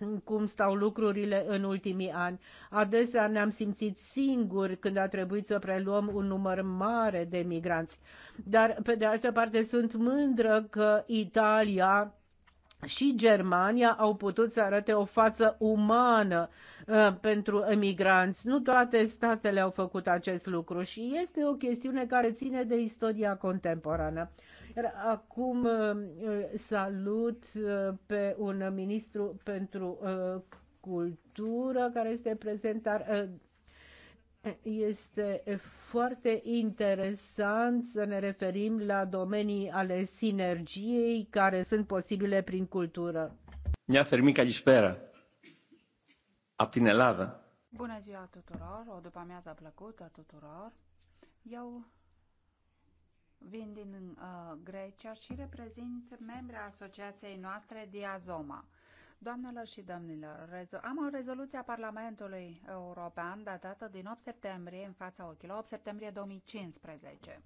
uh, cum stau lucrurile în ultimii ani. Adesea ne-am simțit singuri când a trebuit să preluăm un număr mare de migranți. Dar, pe de altă parte, sunt mândră că Italia și Germania au putut să arate o față umană uh, pentru emigranți. Nu toate statele au făcut acest lucru și este o chestiune care ține de istoria contemporană. Uh, Acum uh, salut uh, pe un ministru pentru uh, cultură care este prezent, dar este foarte interesant să ne referim la domenii ale sinergiei care sunt posibile prin cultură. Μια θερμή καλησπέρα από την Bună ziua tuturor, o după amiază plăcută tuturor. Eu vin din uh, Grecia și reprezint membrii asociației noastre Diazoma. Doamnelor și domnilor, am o rezoluție a Parlamentului European datată din 8 septembrie în fața ochilor, 8 septembrie 2015.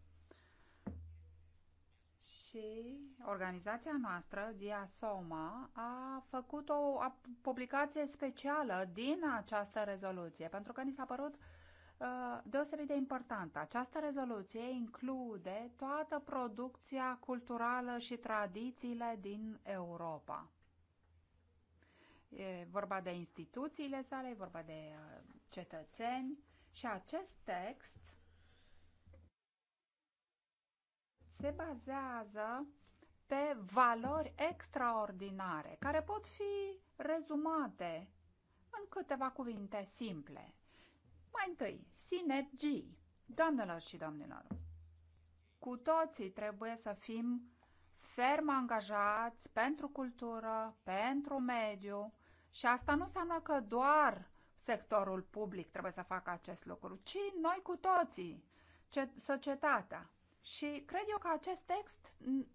Și organizația noastră, Diasoma, a făcut o publicație specială din această rezoluție, pentru că ni s-a părut uh, Uh, deosebit de importantă. Această rezoluție include toată producția culturală și tradițiile din Europa. E vorba de instituțiile sale, e vorba de uh, cetățeni și acest text se bazează pe valori extraordinare care pot fi rezumate în câteva cuvinte simple. Mai întâi, sinergii. Doamnelor și domnilor, cu toții trebuie să fim ferm angajați pentru cultură, pentru mediu și asta nu înseamnă că doar sectorul public trebuie să facă acest lucru, ci noi cu toții, societatea. Și cred eu că acest text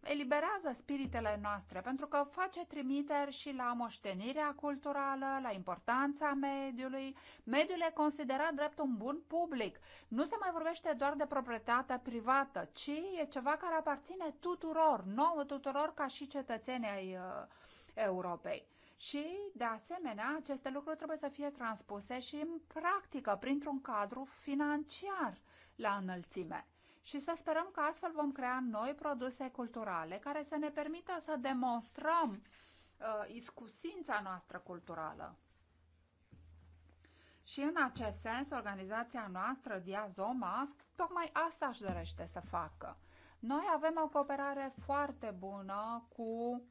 eliberează spiritele noastre, pentru că face trimiteri și la moștenirea culturală, la importanța mediului. Mediul e considerat drept un bun public. Nu se mai vorbește doar de proprietatea privată, ci e ceva care aparține tuturor, nouă tuturor ca și cetățenii ai uh, Europei. Și, de asemenea, aceste lucruri trebuie să fie transpuse și în practică, printr-un cadru financiar la înălțime și să sperăm că astfel vom crea noi produse culturale care să ne permită să demonstrăm uh, iscusința noastră culturală. Și în acest sens, organizația noastră, Diazoma, tocmai asta își dorește să facă. Noi avem o cooperare foarte bună cu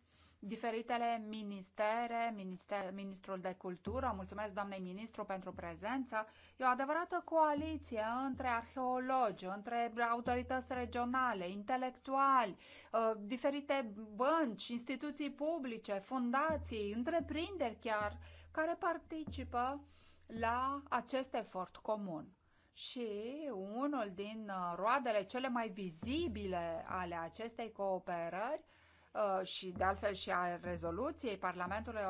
diferitele ministere, minister, ministrul de cultură, mulțumesc doamnei ministru pentru prezență, e o adevărată coaliție între arheologi, între autorități regionale, intelectuali, ă, diferite bănci, instituții publice, fundații, întreprinderi chiar, care participă la acest efort comun. Și unul din roadele cele mai vizibile ale acestei cooperări Uh, și de altfel și a rezoluției Parlamentului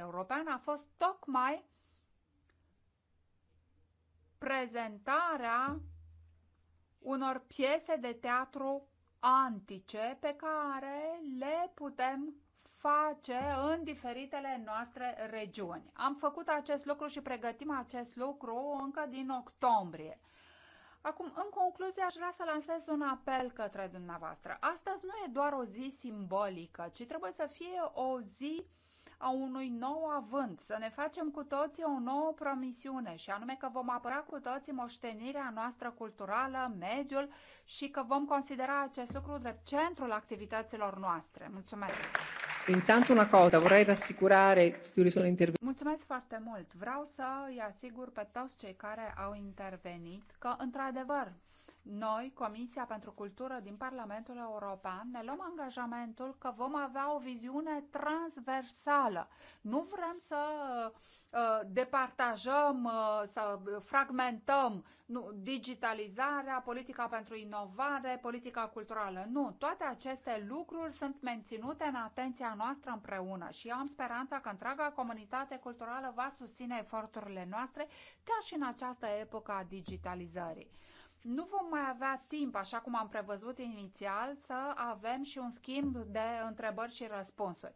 European a fost tocmai prezentarea unor piese de teatru antice pe care le putem face în diferitele noastre regiuni. Am făcut acest lucru și pregătim acest lucru încă din octombrie. Acum, în concluzie, aș vrea să lansez un apel către dumneavoastră. Astăzi nu e doar o zi simbolică, ci trebuie să fie o zi a unui nou avânt, să ne facem cu toții o nouă promisiune și anume că vom apăra cu toții moștenirea noastră culturală, mediul și că vom considera acest lucru drept centrul activităților noastre. Mulțumesc! Intanto una cosa, vorrei rassicurare tutti sono intervenuti. Mulțumesc foarte mult. Vreau să îi asigur pe toți cei care au intervenit că, într-adevăr, noi, Comisia pentru Cultură din Parlamentul European, ne luăm angajamentul că vom avea o viziune transversală. Nu vrem să uh, departajăm, uh, să fragmentăm nu, digitalizarea, politica pentru inovare, politica culturală. Nu, toate aceste lucruri sunt menținute în atenția noastră împreună și am speranța că întreaga comunitate culturală va susține eforturile noastre chiar și în această epocă a digitalizării nu vom mai avea timp, așa cum am prevăzut inițial, să avem și un schimb de întrebări și răspunsuri.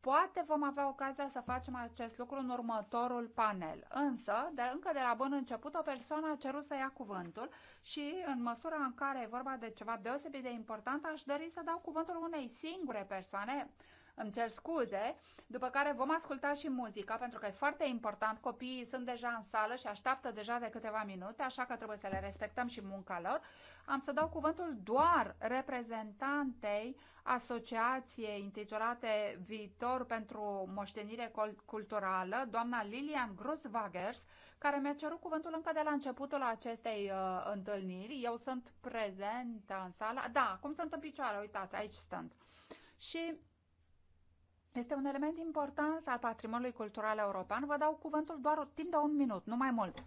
Poate vom avea ocazia să facem acest lucru în următorul panel. Însă, de, încă de la bun început, o persoană a cerut să ia cuvântul și, în măsura în care e vorba de ceva deosebit de important, aș dori să dau cuvântul unei singure persoane îmi cer scuze, după care vom asculta și muzica, pentru că e foarte important, copiii sunt deja în sală și așteaptă deja de câteva minute, așa că trebuie să le respectăm și munca lor. Am să dau cuvântul doar reprezentantei asociației intitulate Viitor pentru Moștenire Culturală, doamna Lilian Gruswagers, care mi-a cerut cuvântul încă de la începutul acestei uh, întâlniri. Eu sunt prezentă în sală. Da, cum sunt în picioare, uitați, aici sunt. Și este un element important al patrimoniului cultural european. Vă dau cuvântul doar timp de un minut, nu mai mult.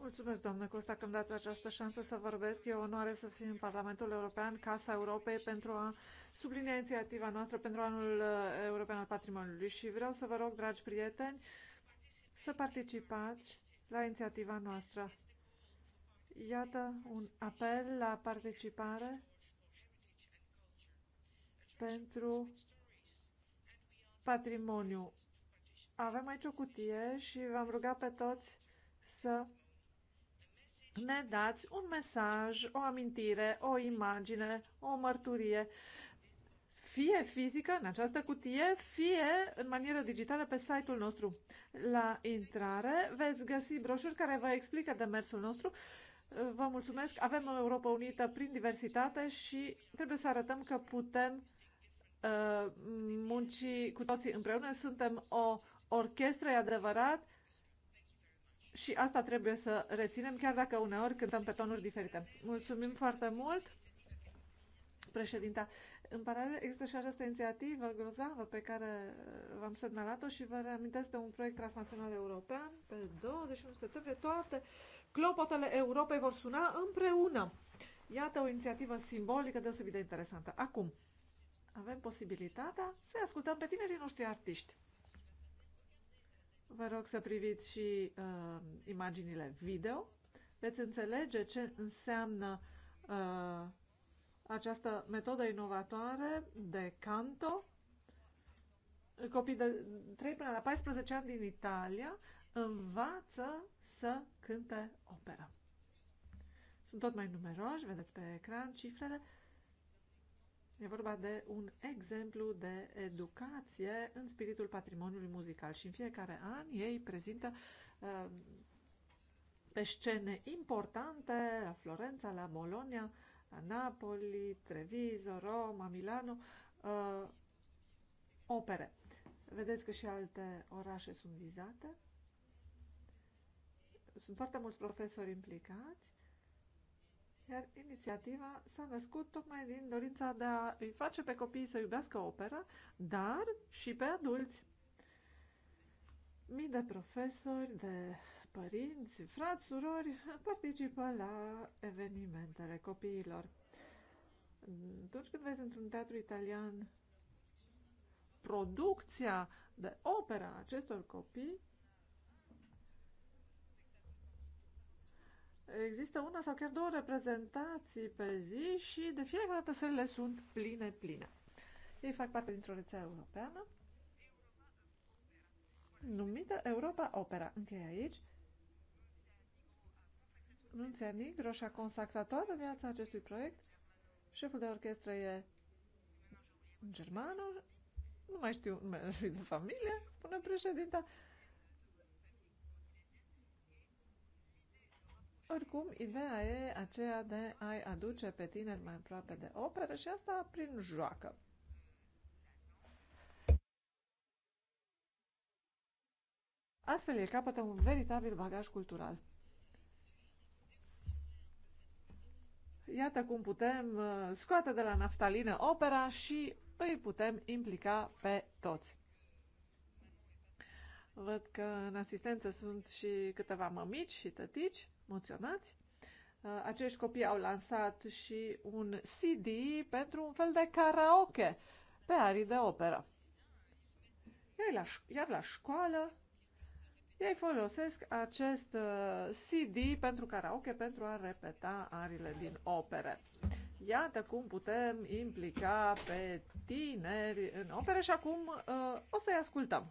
Mulțumesc, doamnă Costa, că îmi dați această șansă să vorbesc. E o onoare să fiu în Parlamentul European, Casa Europei, pentru a sublinia inițiativa noastră pentru anul uh, european al patrimoniului. Și vreau să vă rog, dragi prieteni, să participați la inițiativa noastră. Iată un apel la participare pentru patrimoniu. Avem aici o cutie și v-am rugat pe toți să ne dați un mesaj, o amintire, o imagine, o mărturie, fie fizică în această cutie, fie în manieră digitală pe site-ul nostru. La intrare veți găsi broșuri care vă explică demersul nostru. Vă mulțumesc, avem o Europa Unită prin diversitate și trebuie să arătăm că putem Uh, munci cu toții împreună. Suntem o orchestră, e adevărat, și asta trebuie să reținem, chiar dacă uneori cântăm pe tonuri diferite. Mulțumim foarte mult, președinta. În paralel există și această inițiativă grozavă pe care v-am semnalat-o și vă reamintesc de un proiect transnațional european. Pe 21 septembrie toate clopotele Europei vor suna împreună. Iată o inițiativă simbolică deosebit de interesantă. Acum, avem posibilitatea să ascultăm pe tinerii noștri artiști. Vă rog să priviți și uh, imaginile video. Veți înțelege ce înseamnă uh, această metodă inovatoare de canto. Copii de 3 până la 14 ani din Italia învață să cânte operă. Sunt tot mai numeroși, vedeți pe ecran cifrele. E vorba de un exemplu de educație în spiritul patrimoniului muzical și în fiecare an ei prezintă uh, pe scene importante la Florența, la Bologna, la Napoli, Treviso, Roma, Milano, uh, opere. Vedeți că și alte orașe sunt vizate. Sunt foarte mulți profesori implicați iar inițiativa s-a născut tocmai din dorința de a îi face pe copii să iubească opera, dar și pe adulți. Mii de profesori, de părinți, frați, surori participă la evenimentele copiilor. Atunci când vezi într-un teatru italian producția de opera acestor copii, există una sau chiar două reprezentații pe zi și de fiecare dată sălile sunt pline, pline. Ei fac parte dintr-o rețea europeană numită Europa Opera. Încheie aici. Nunția Nigro și-a consacrat toată viața acestui proiect. Șeful de orchestră e germanul, nu mai știu numele lui de familie, spune președinta. Oricum, ideea e aceea de a-i aduce pe tineri mai aproape de operă și asta prin joacă. Astfel, e capătă un veritabil bagaj cultural. Iată cum putem uh, scoate de la naftalină opera și îi putem implica pe toți. Văd că în asistență sunt și câteva mămici și tătici emoționați. Uh, acești copii au lansat și un CD pentru un fel de karaoke pe arii de operă. la, iar la școală, ei folosesc acest uh, CD pentru karaoke pentru a repeta arile din opere. Iată cum putem implica pe tineri în opere și acum uh, o să-i ascultăm.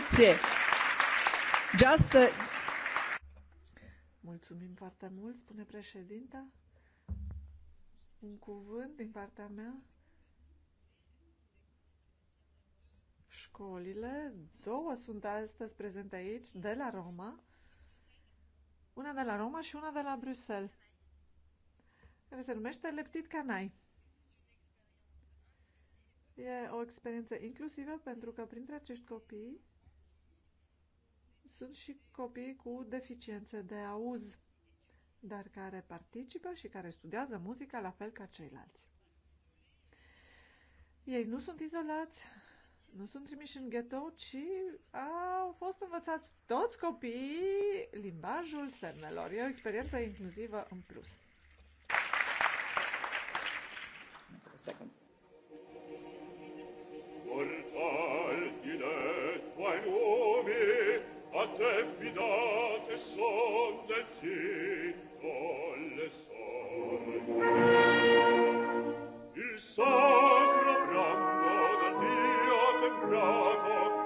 grație! Just... Mulțumim foarte mult, spune președinta. Un cuvânt din partea mea. Școlile, două sunt astăzi prezente aici, de la Roma. Una de la Roma și una de la Bruxelles, care se numește Leptit Canai. E o experiență inclusivă pentru că printre acești copii sunt și copii cu deficiențe de auz, dar care participă și care studiază muzica la fel ca ceilalți. Ei nu sunt izolați, nu sunt trimiși în ghetto, ci au fost învățați toți copiii limbajul semnelor. E o experiență inclusivă în plus. Second. Mortal, il est toi te fidate son del citto le soi. Il sacro brando dal Dio temprato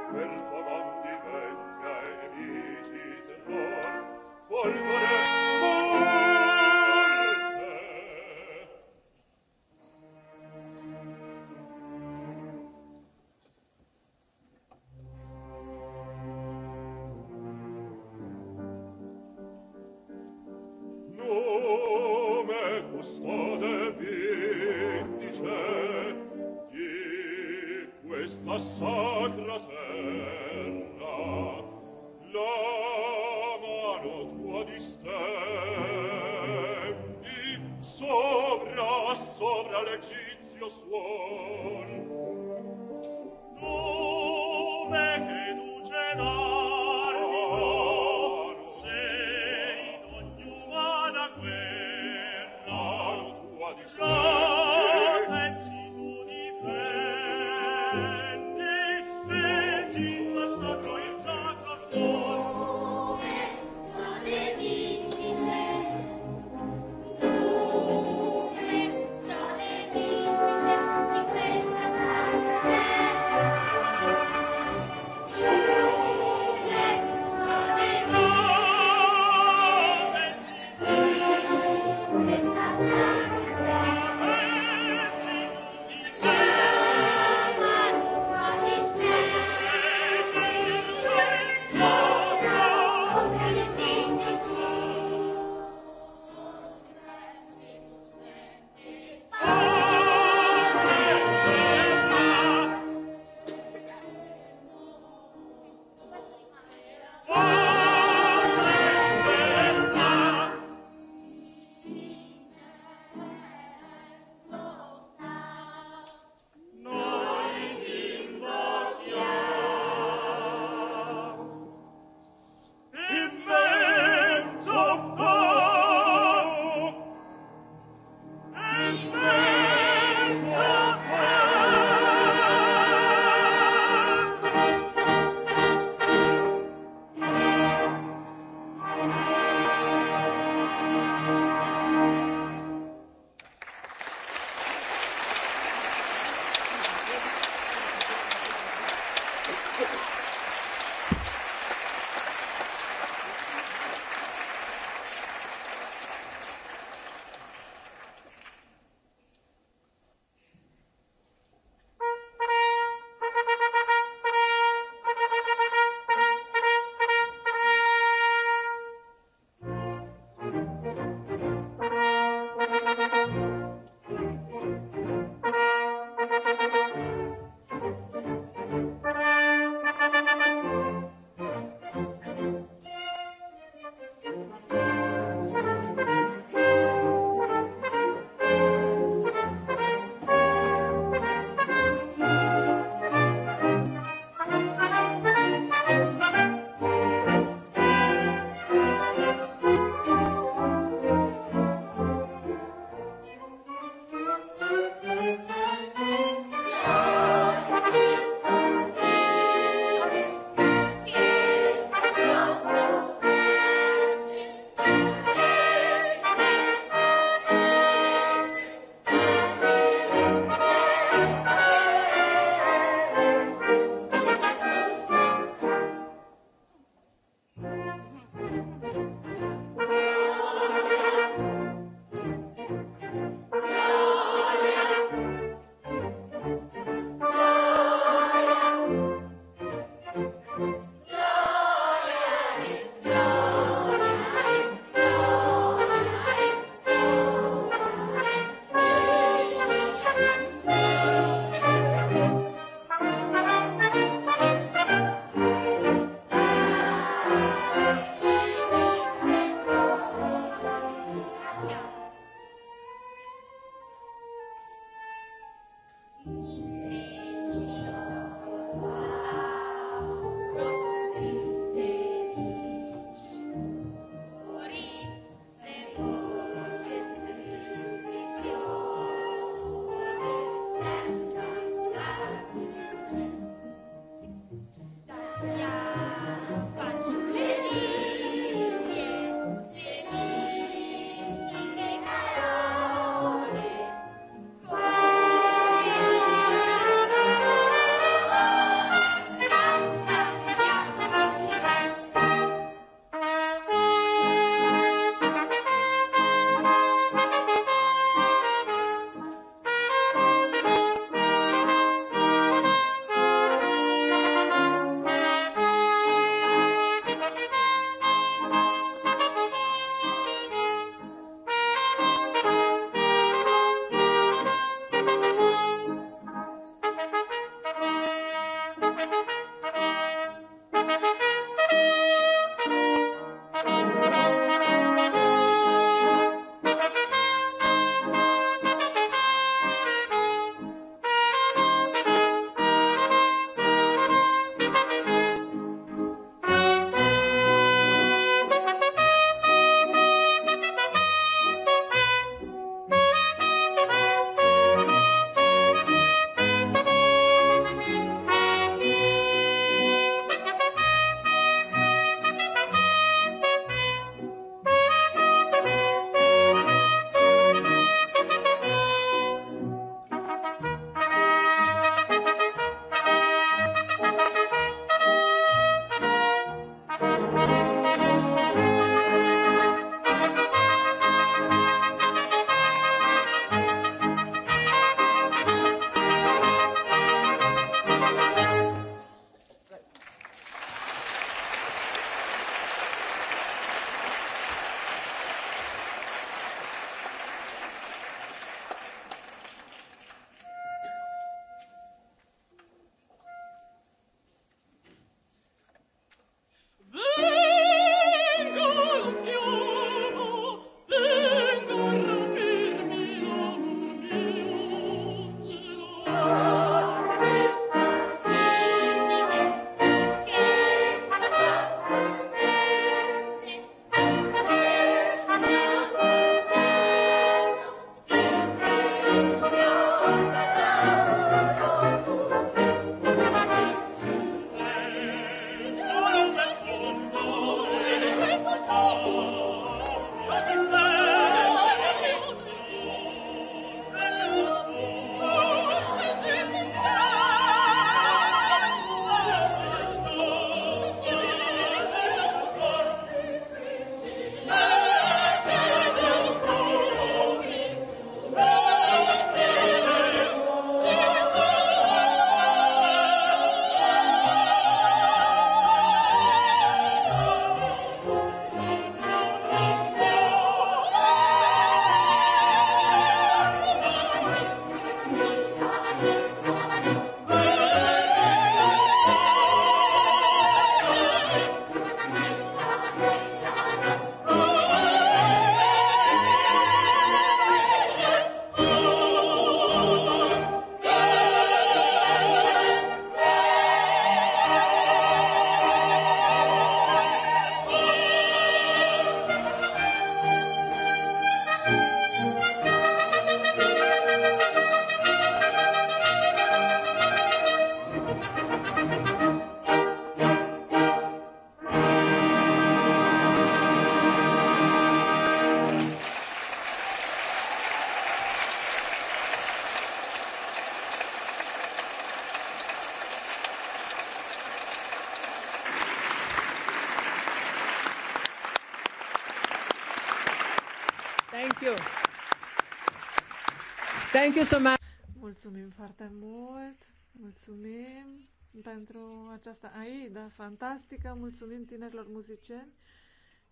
Thank you so much. Mulțumim foarte mult. Mulțumim pentru această AIDA fantastică. Mulțumim tinerilor muzicieni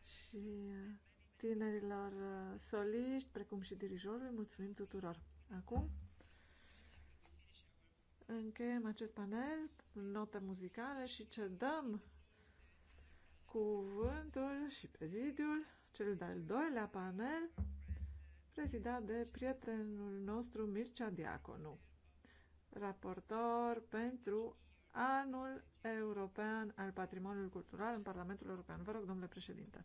și tinerilor uh, soliști, precum și dirijorului. Mulțumim tuturor. Acum încheiem acest panel cu note muzicale și cedăm cuvântul și prezidiul celui de-al doilea panel prezidat de prietenul nostru Mircea Diaconu, raportor pentru Anul European al Patrimoniului Cultural în Parlamentul European. Vă rog, domnule președinte.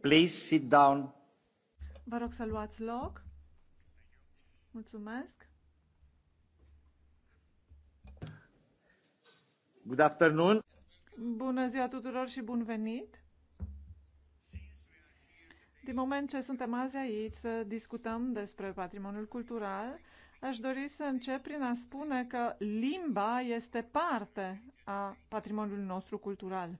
Please sit down. Vă rog să luați loc. Mulțumesc. Good afternoon. Bună ziua tuturor și bun venit. Din moment ce suntem azi aici să discutăm despre patrimoniul cultural, aș dori să încep prin a spune că limba este parte a patrimoniului nostru cultural.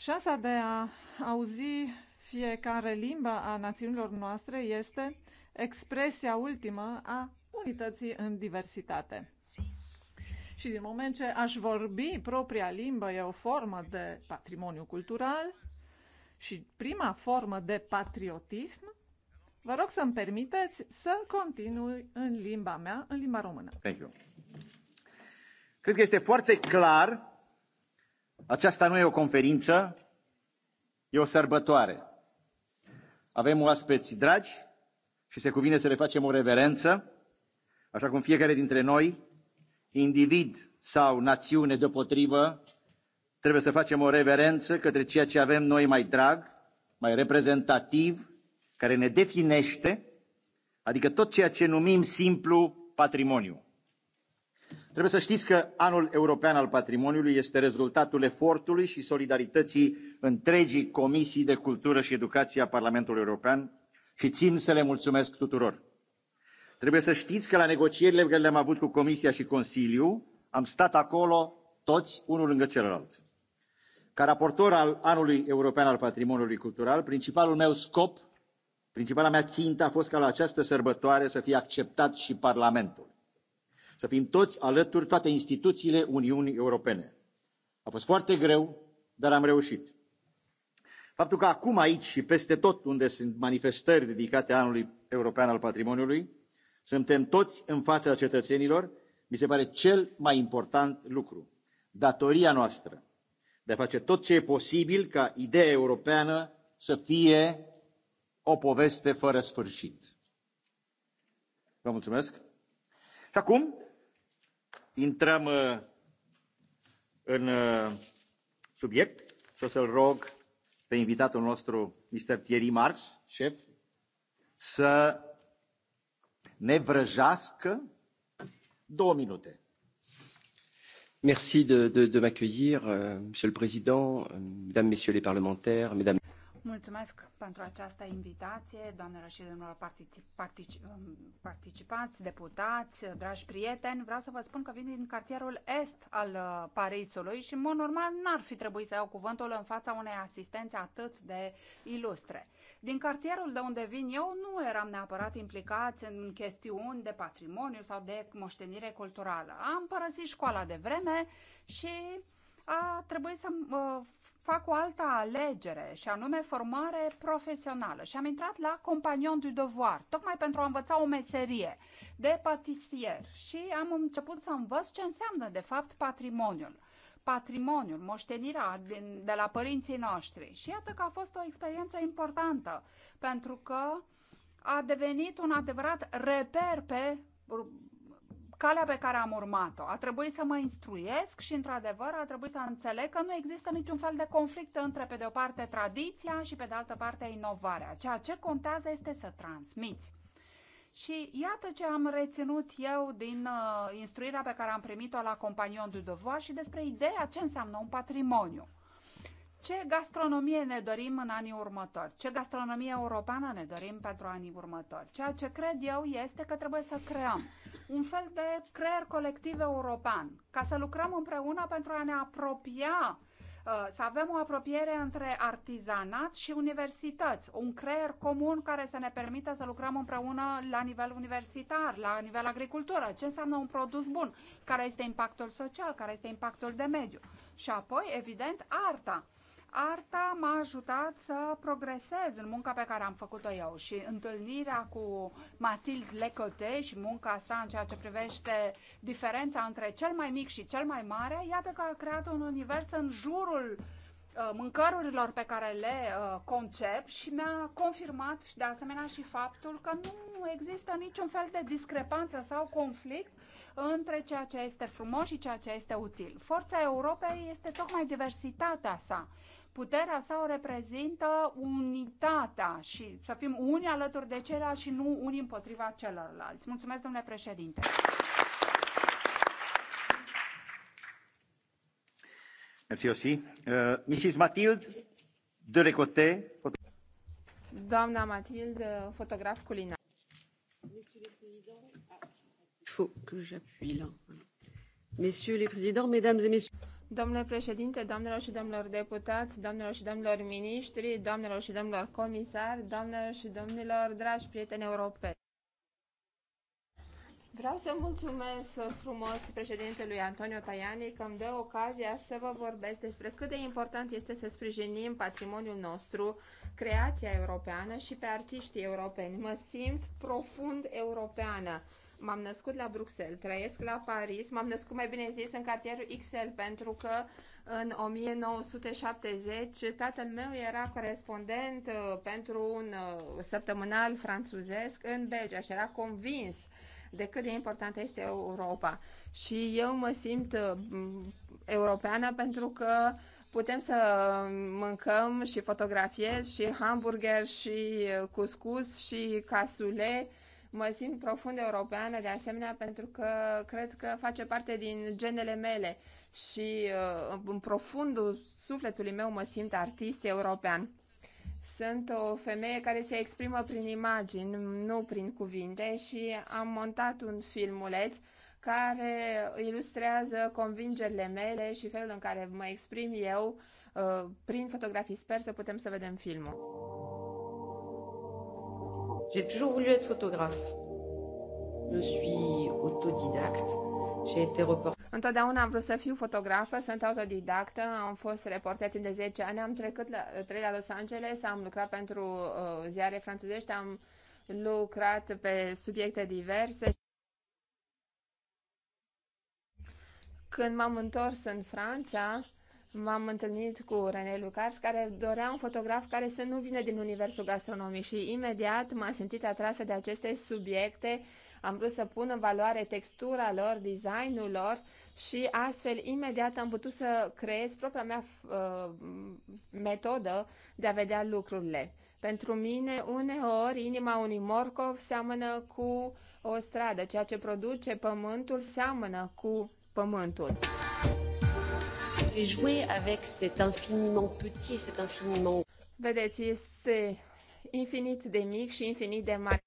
Șansa de a auzi fiecare limbă a națiunilor noastre este expresia ultimă a unității în diversitate. Și din moment ce aș vorbi propria limbă e o formă de patrimoniu cultural și prima formă de patriotism, vă rog să-mi permiteți să continui în limba mea, în limba română. Thank you. Cred că este foarte clar aceasta nu e o conferință e o sărbătoare avem oaspeți dragi și se cuvine să le facem o reverență așa cum fiecare dintre noi individ sau națiune deopotrivă trebuie să facem o reverență către ceea ce avem noi mai drag mai reprezentativ care ne definește adică tot ceea ce numim simplu patrimoniu. Trebuie să știți că anul european al patrimoniului este rezultatul efortului și solidarității întregii Comisii de Cultură și Educație a Parlamentului European și țin să le mulțumesc tuturor. Trebuie să știți că la negocierile pe care le-am avut cu Comisia și Consiliu am stat acolo toți unul lângă celălalt. Ca raportor al anului european al patrimoniului cultural, principalul meu scop, principala mea țintă a fost ca la această sărbătoare să fie acceptat și Parlamentul să fim toți alături, toate instituțiile Uniunii Europene. A fost foarte greu, dar am reușit. Faptul că acum aici și peste tot unde sunt manifestări dedicate anului european al patrimoniului, suntem toți în fața cetățenilor, mi se pare cel mai important lucru. Datoria noastră de a face tot ce e posibil ca ideea europeană să fie o poveste fără sfârșit. Vă mulțumesc. Și acum intrăm uh, în uh, subiect și o să-l rog pe invitatul nostru, Mr. Thierry Marx, șef, să ne vrăjească două minute. Merci de, de, de m'accueillir, euh, Monsieur le Président, euh, Mesdames, Messieurs les parlementaires, Mesdames, Mulțumesc pentru această invitație, doamnelor și domnilor partici, partici, um, participanți, deputați, dragi prieteni. Vreau să vă spun că vin din cartierul est al uh, Parisului și, în mod normal, n-ar fi trebuit să iau cuvântul în fața unei asistențe atât de ilustre. Din cartierul de unde vin eu, nu eram neapărat implicați în chestiuni de patrimoniu sau de moștenire culturală. Am părăsit școala de vreme și a trebuit să fac o altă alegere și anume formare profesională și am intrat la Compagnon du Devoir, tocmai pentru a învăța o meserie de patisier și am început să învăț ce înseamnă de fapt patrimoniul patrimoniul, moștenirea din, de la părinții noștri. Și iată că a fost o experiență importantă, pentru că a devenit un adevărat reper pe calea pe care am urmat-o. A trebuit să mă instruiesc și, într-adevăr, a trebuit să înțeleg că nu există niciun fel de conflict între, pe de o parte, tradiția și, pe de altă parte, inovarea. Ceea ce contează este să transmiți. Și iată ce am reținut eu din uh, instruirea pe care am primit-o la companion du Devoir și despre ideea ce înseamnă un patrimoniu ce gastronomie ne dorim în anii următori, ce gastronomie europeană ne dorim pentru anii următori. Ceea ce cred eu este că trebuie să creăm un fel de creier colectiv european, ca să lucrăm împreună pentru a ne apropia uh, să avem o apropiere între artizanat și universități, un creier comun care să ne permită să lucrăm împreună la nivel universitar, la nivel agricultură, ce înseamnă un produs bun, care este impactul social, care este impactul de mediu. Și apoi, evident, arta. Arta m-a ajutat să progresez în munca pe care am făcut-o eu și întâlnirea cu Mathilde Lecote și munca sa în ceea ce privește diferența între cel mai mic și cel mai mare, iată că a creat un univers în jurul uh, mâncărurilor pe care le uh, concep și mi-a confirmat de asemenea și faptul că nu există niciun fel de discrepanță sau conflict între ceea ce este frumos și ceea ce este util. Forța Europei este tocmai diversitatea sa Puterea sa o reprezintă unitatea și să fim unii alături de ceilalți și nu unii împotriva celorlalți. Mulțumesc, domnule președinte! Merci Uh, Mrs. Mathilde Derecote. Doamna Mathilde, fotograf culinar. Faut que j'appuie là. Messieurs les présidents, mesdames et messieurs. Domnule președinte, doamnelor și domnilor deputați, doamnelor și domnilor miniștri, doamnelor și domnilor comisari, doamnelor și domnilor dragi prieteni europeni. Vreau să mulțumesc frumos președintelui Antonio Tajani că îmi dă ocazia să vă vorbesc despre cât de important este să sprijinim patrimoniul nostru, creația europeană și pe artiștii europeni. Mă simt profund europeană. M-am născut la Bruxelles, trăiesc la Paris, m-am născut mai bine zis în cartierul XL pentru că în 1970 tatăl meu era corespondent uh, pentru un uh, săptămânal franțuzesc în Belgia și era convins de cât de importantă este Europa. Și eu mă simt uh, europeană pentru că putem să mâncăm și fotografiez și hamburger și cuscus și casule Mă simt profund europeană de asemenea pentru că cred că face parte din genele mele și uh, în profundul sufletului meu mă simt artist european. Sunt o femeie care se exprimă prin imagini, nu prin cuvinte și am montat un filmuleț care ilustrează convingerile mele și felul în care mă exprim eu uh, prin fotografii. Sper să putem să vedem filmul. J'ai toujours voulu être photographe. Je suis autodidacte. J'ai été reporter. Întotdeauna am vrut să fiu fotografă, sunt autodidactă, am fost reporter timp de 10 ani, am trecut la, trei la Los Angeles, am lucrat pentru uh, ziare franțuzești, am lucrat pe subiecte diverse. Când m-am întors în Franța, M-am întâlnit cu René Lucars, care dorea un fotograf care să nu vină din universul gastronomic și imediat m-am simțit atrasă de aceste subiecte. Am vrut să pun în valoare textura lor, designul lor și astfel imediat am putut să creez propria mea uh, metodă de a vedea lucrurile. Pentru mine, uneori, inima unui morcov seamănă cu o stradă, ceea ce produce pământul seamănă cu pământul. Et jouer avec cet infiniment petit, cet infiniment... Vedeți, este infinit de mic și infinit de mare.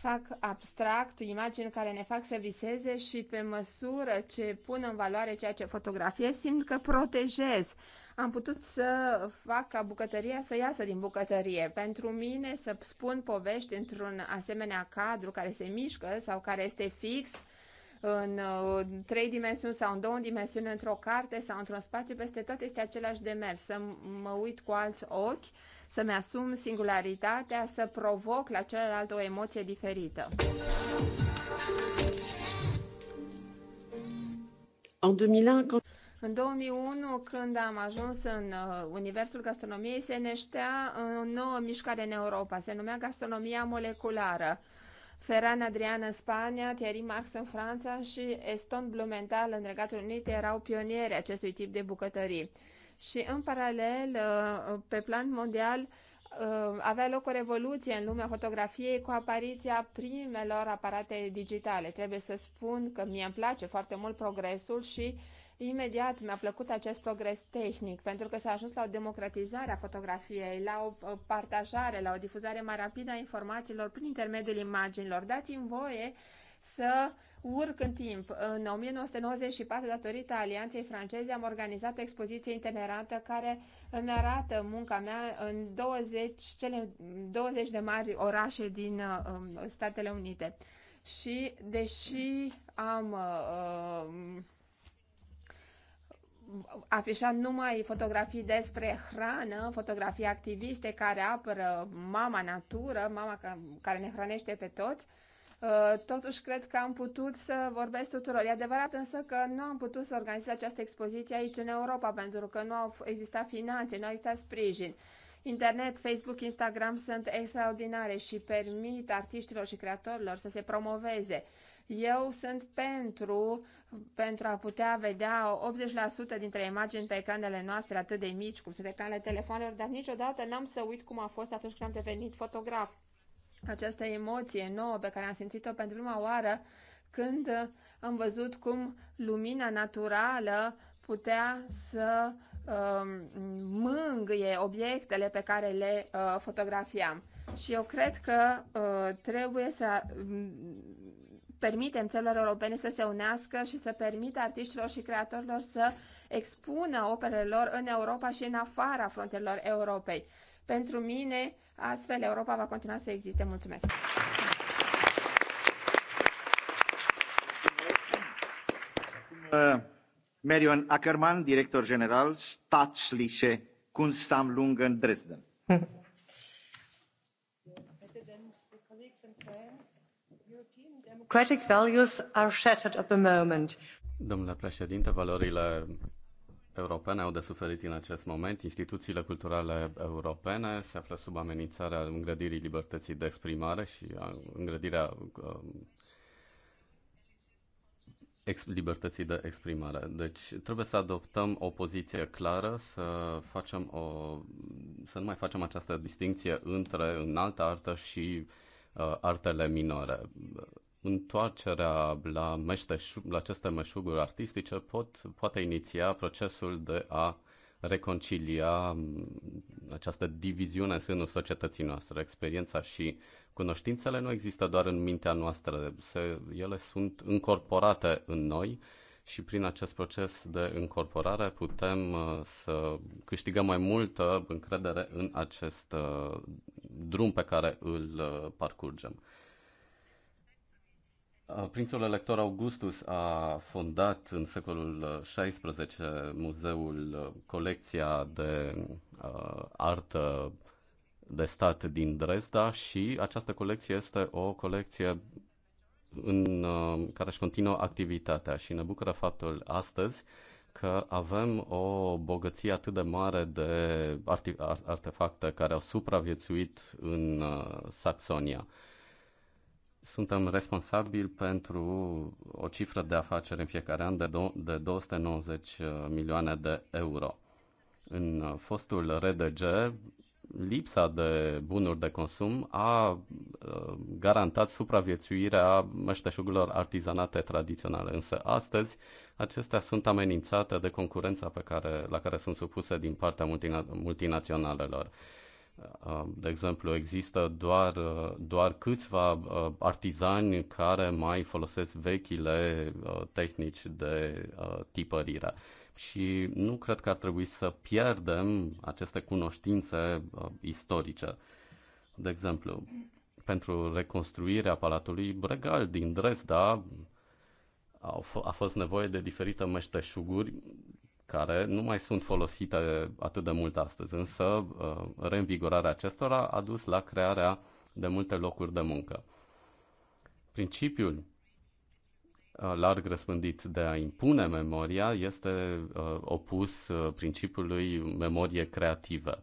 Fac abstract imagini care ne fac să viseze și pe măsură ce pun în valoare ceea ce fotografiez, simt că protejez. Am putut să fac ca bucătăria să iasă din bucătărie. Pentru mine să spun povești într-un asemenea cadru care se mișcă sau care este fix, în uh, trei dimensiuni sau în două dimensiuni într-o carte sau într-un spațiu, peste tot este același demers, să mă uit cu alți ochi, să-mi asum singularitatea, să provoc la celălalt o emoție diferită. În 2001, când... În 2001, când am ajuns în uh, universul gastronomiei, se neștea o nouă mișcare în Europa. Se numea gastronomia moleculară. Ferran Adrian în Spania, Thierry Marx în Franța și Eston Blumenthal în Regatul Unit erau pionieri acestui tip de bucătării. Și în paralel, uh, pe plan mondial, uh, avea loc o revoluție în lumea fotografiei cu apariția primelor aparate digitale. Trebuie să spun că mie îmi place foarte mult progresul și uh, Imediat mi-a plăcut acest progres tehnic, pentru că s-a ajuns la o democratizare a fotografiei, la o partajare, la o difuzare mai rapidă a informațiilor prin intermediul imaginilor. Dați-mi voie să urc în timp. În 1994, datorită Alianței franceze, am organizat o expoziție itinerantă care îmi arată munca mea în 20, cele 20 de mari orașe din um, Statele Unite. Și deși am uh, um, afișa numai fotografii despre hrană, fotografii activiste care apără mama natură, mama care ne hrănește pe toți, uh, Totuși, cred că am putut să vorbesc tuturor. E adevărat însă că nu am putut să organizez această expoziție aici în Europa, pentru că nu au existat finanțe, nu au existat sprijin. Internet, Facebook, Instagram sunt extraordinare și permit artiștilor și creatorilor să se promoveze. Eu sunt pentru, pentru a putea vedea 80% dintre imagini pe ecranele noastre atât de mici, cum sunt ecranele telefonelor, dar niciodată n-am să uit cum a fost atunci când am devenit fotograf. Această emoție nouă pe care am simțit-o pentru prima oară când am văzut cum lumina naturală putea să uh, mângâie obiectele pe care le uh, fotografiam. Și eu cred că uh, trebuie să permitem țărilor europene să se unească și să permită artiștilor și creatorilor să expună operele lor în Europa și în afara frontelor Europei. Pentru mine, astfel, Europa va continua să existe. Mulțumesc! Uh, Marion Ackermann, director general, Staatsliche Kunstsammlungen Dresden. democratic values are shattered at the moment. Domnule președinte, valorile europene au de suferit în acest moment. Instituțiile culturale europene se află sub amenințarea îngrădirii libertății de exprimare și îngrădirea uh, libertății de exprimare. Deci trebuie să adoptăm o poziție clară, să facem o să nu mai facem această distinție între înaltă artă și uh, artele minore întoarcerea la, meșteșu, la aceste meșuguri artistice pot, poate iniția procesul de a reconcilia mm, această diviziune în sânul societății noastre. Experiența și cunoștințele nu există doar în mintea noastră, se, ele sunt încorporate în noi și prin acest proces de încorporare putem uh, să câștigăm mai multă încredere în acest uh, drum pe care îl uh, parcurgem. Uh, prințul Elector Augustus a fondat în secolul XVI uh, muzeul uh, colecția de uh, artă de stat din Dresda și această colecție este o colecție în uh, care își continuă activitatea și ne bucură faptul astăzi că avem o bogăție atât de mare de artefacte care au supraviețuit în uh, Saxonia suntem responsabili pentru o cifră de afaceri în fiecare an de, do- de 290 uh, milioane de euro. În uh, fostul RDG, lipsa de bunuri de consum a uh, garantat supraviețuirea meșteșugurilor artizanate tradiționale, însă astăzi acestea sunt amenințate de concurența pe care, la care sunt supuse din partea multina- multinaționalelor. Uh, de exemplu, există doar, uh, doar câțiva uh, artizani care mai folosesc vechile tehnici de tipărire. Și nu cred că ar trebui să pierdem aceste cunoștințe istorice. De exemplu, pentru reconstruirea Palatului Bregal din Dresda, a fost nevoie de diferite meșteșuguri care nu mai sunt folosite atât de mult astăzi, însă uh, reînvigorarea acestora a dus la crearea de multe locuri de muncă. Principiul uh, larg răspândit de a impune memoria este uh, opus principiului memorie creativă.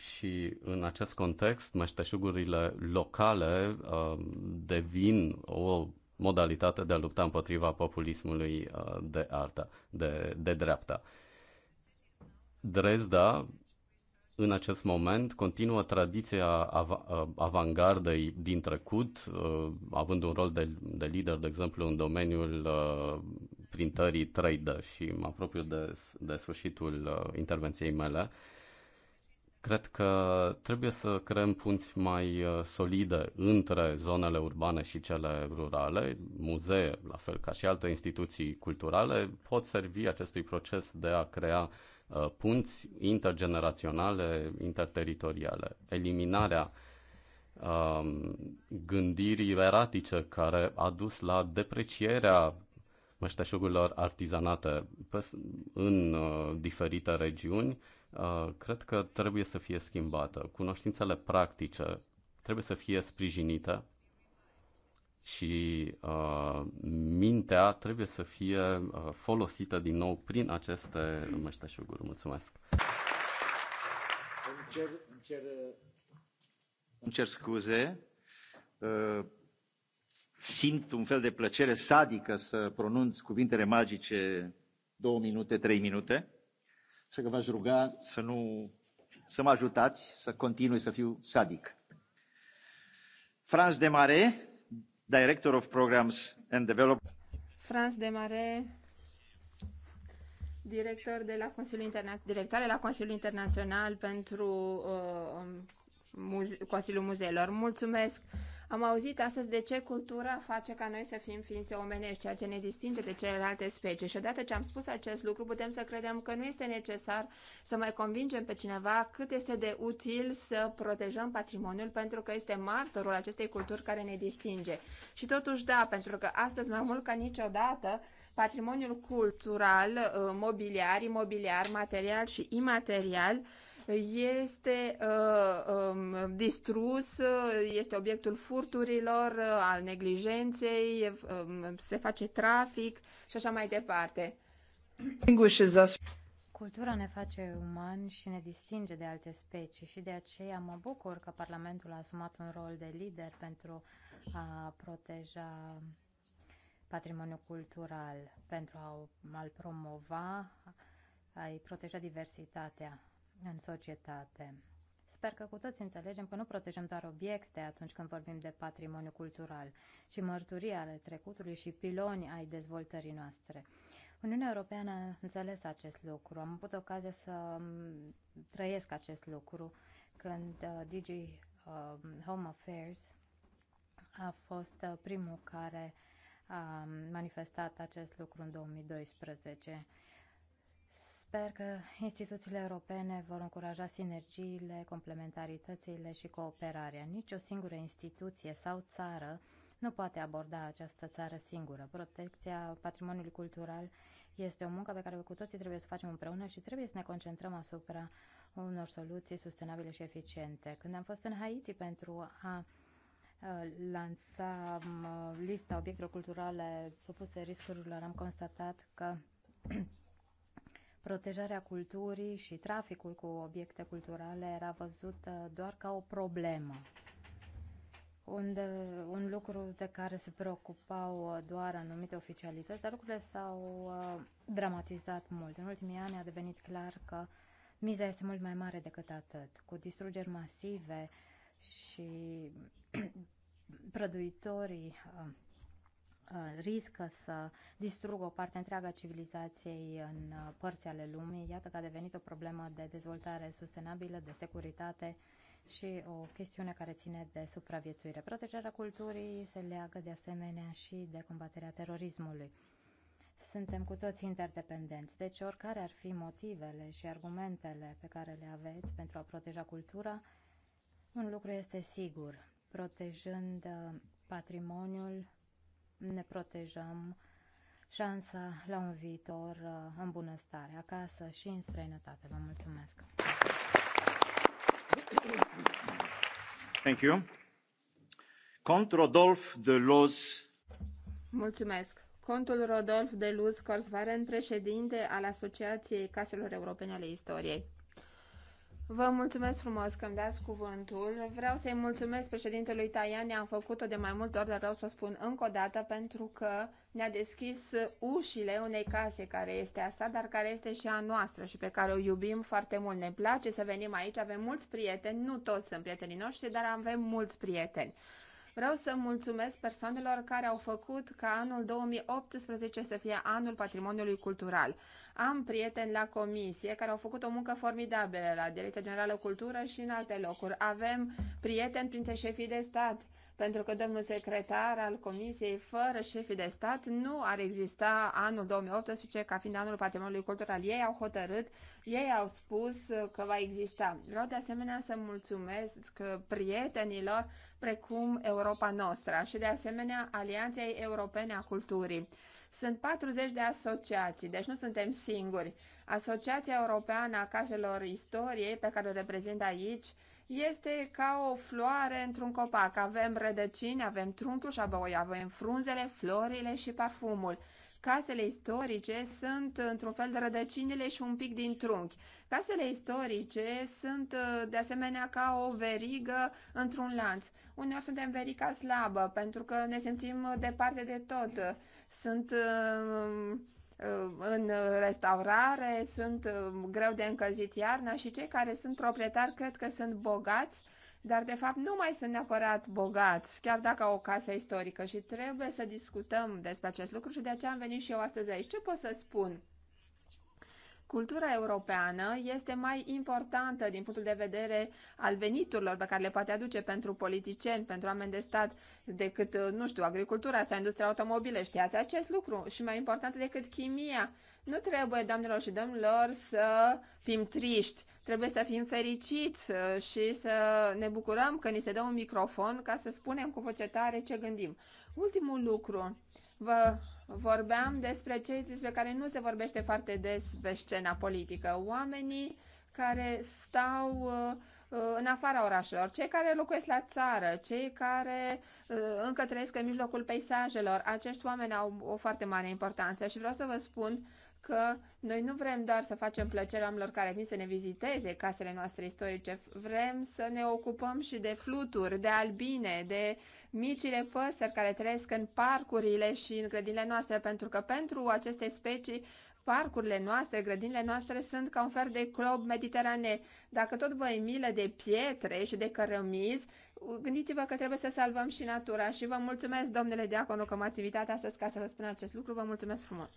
Și în acest context, meșteșugurile locale uh, devin o modalitate de a lupta împotriva populismului uh, de arta, de, de dreapta. Dresda, în acest moment, continuă tradiția av- uh, avangardei din trecut, uh, având un rol de, de lider, de exemplu, în domeniul uh, printării 3D și mă apropiu de, de sfârșitul uh, intervenției mele. Uh, Cred că trebuie să creăm punți mai uh, solide între zonele urbane și cele rurale. Muzee, la fel ca și alte instituții culturale, pot servi acestui proces de a crea uh, punți intergeneraționale, interteritoriale. Eliminarea um, gândirii eratice care a dus la deprecierea mășteșugurilor artizanate în uh, diferite regiuni, Uh, cred că trebuie să fie schimbată. Cunoștințele practice trebuie să fie sprijinite și uh, mintea trebuie să fie uh, folosită din nou prin aceste meșteșuguri. Mulțumesc! Îmi cer, îmi cer, uh, îmi cer scuze. Uh, simt un fel de plăcere sadică să pronunț cuvintele magice două minute, trei minute Așa că v-aș ruga să nu să mă ajutați să continui să fiu sadic. Franz Demare, Director of Programs and Development. Franz Demare, director de la Consiliul Interna- directoare la Consiliul Internațional pentru uh, Muze- Consiliul Muzeelor. Mulțumesc am auzit astăzi de ce cultura face ca noi să fim ființe omenești, ceea ce ne distinge de celelalte specii. Și odată ce am spus acest lucru, putem să credem că nu este necesar să mai convingem pe cineva cât este de util să protejăm patrimoniul, pentru că este martorul acestei culturi care ne distinge. Și totuși, da, pentru că astăzi, mai mult ca niciodată, patrimoniul cultural, uh, mobiliar, imobiliar, material și imaterial, este uh, um, distrus, uh, este obiectul furturilor, uh, al neglijenței, um, se face trafic și așa mai departe. Cultura ne face umani și ne distinge de alte specii și de aceea mă bucur că Parlamentul a asumat un rol de lider pentru a proteja patrimoniul cultural, pentru a-l promova, a-i proteja diversitatea în societate. Sper că cu toți înțelegem că nu protejăm doar obiecte atunci când vorbim de patrimoniu cultural, ci mărturii ale trecutului și piloni ai dezvoltării noastre. Uniunea Europeană a înțeles acest lucru. Am avut ocazia să mm, trăiesc acest lucru când uh, DG uh, Home Affairs a fost uh, primul care a mm, manifestat acest lucru în 2012. Sper că instituțiile europene vor încuraja sinergiile, complementaritățile și cooperarea. Nici o singură instituție sau țară nu poate aborda această țară singură. Protecția patrimoniului cultural este o muncă pe care cu toții trebuie să o facem împreună și trebuie să ne concentrăm asupra unor soluții sustenabile și eficiente. Când am fost în Haiti pentru a uh, lansa um, lista obiectelor culturale supuse riscurilor, am constatat că protejarea culturii și traficul cu obiecte culturale era văzut uh, doar ca o problemă. Unde, un lucru de care se preocupau uh, doar anumite oficialități, dar lucrurile s-au uh, dramatizat mult. În ultimii ani a devenit clar că miza este mult mai mare decât atât. Cu distrugeri masive și prăduitorii Uh, riscă să distrugă o parte întreagă a civilizației în uh, părți ale lumii. Iată că a devenit o problemă de dezvoltare sustenabilă, de securitate și o chestiune care ține de supraviețuire. Protejarea culturii se leagă de asemenea și de combaterea terorismului. Suntem cu toți interdependenți, deci oricare ar fi motivele și argumentele pe care le aveți pentru a proteja cultura, un lucru este sigur, protejând uh, patrimoniul ne protejăm șansa la un viitor uh, în bunăstare, acasă și în străinătate. Vă mulțumesc! Thank you. Cont Rodolf de Luz. Mulțumesc. Contul Rodolf de Luz Corsvaren, președinte al Asociației Caselor Europene ale Istoriei. Vă mulțumesc frumos că îmi dați cuvântul. Vreau să-i mulțumesc președintelui Taiani, am făcut-o de mai multe ori, dar vreau să o spun încă o dată, pentru că ne-a deschis ușile unei case care este a sa, dar care este și a noastră și pe care o iubim foarte mult. Ne place să venim aici, avem mulți prieteni, nu toți sunt prietenii noștri, dar avem mulți prieteni. Vreau să mulțumesc persoanelor care au făcut ca anul 2018 să fie anul patrimoniului cultural. Am prieteni la comisie care au făcut o muncă formidabilă la Direcția Generală Cultură și în alte locuri. Avem prieteni printre șefii de stat, pentru că domnul secretar al Comisiei, fără șefii de stat, nu ar exista anul 2018 ca fiind anul patrimoniului cultural. Ei au hotărât, ei au spus că va exista. Vreau de asemenea să mulțumesc prietenilor precum Europa Noastră și de asemenea Alianței Europene a Culturii. Sunt 40 de asociații, deci nu suntem singuri. Asociația Europeană a Caselor Istoriei, pe care o reprezint aici, este ca o floare într-un copac. Avem rădăcini, avem trunchiul și aboi, avem frunzele, florile și parfumul. Casele istorice sunt într-un fel de rădăcinile și un pic din trunchi. Casele istorice sunt de asemenea ca o verigă într-un lanț. Uneori suntem verica slabă pentru că ne simțim departe de tot. Sunt uh, în restaurare, sunt uh, greu de încălzit iarna și cei care sunt proprietari cred că sunt bogați, dar de fapt nu mai sunt neapărat bogați, chiar dacă au o casă istorică și trebuie să discutăm despre acest lucru și de aceea am venit și eu astăzi aici. Ce pot să spun? Cultura europeană este mai importantă din punctul de vedere al veniturilor pe care le poate aduce pentru politicieni, pentru oameni de stat, decât, uh, nu știu, agricultura sau industria automobilă. Știați acest lucru? Și mai important decât chimia. Nu trebuie, doamnelor și domnilor, să fim triști. Trebuie să fim fericiți uh, și să ne bucurăm că ni se dă un microfon ca să spunem cu voce tare ce gândim. Ultimul lucru. Vă vorbeam despre cei despre care nu se vorbește foarte des pe scena politică. Oamenii care stau uh, uh, în afara orașelor, cei care locuiesc la țară, cei care uh, încă trăiesc în mijlocul peisajelor, acești oameni au o foarte mare importanță și vreau să vă spun că noi nu vrem doar să facem plăcere oamenilor care vin să ne viziteze casele noastre istorice, vrem să ne ocupăm și de fluturi, de albine, de micile păsări care trăiesc în parcurile și în grădinile noastre, pentru că pentru aceste specii parcurile noastre, grădinile noastre sunt ca un fel de club mediterane. Dacă tot vă e milă de pietre și de cărămizi, gândiți-vă că trebuie să salvăm și natura și vă mulțumesc, domnule Diaconu, că m-ați invitat astăzi ca să vă spun acest lucru. Vă mulțumesc frumos!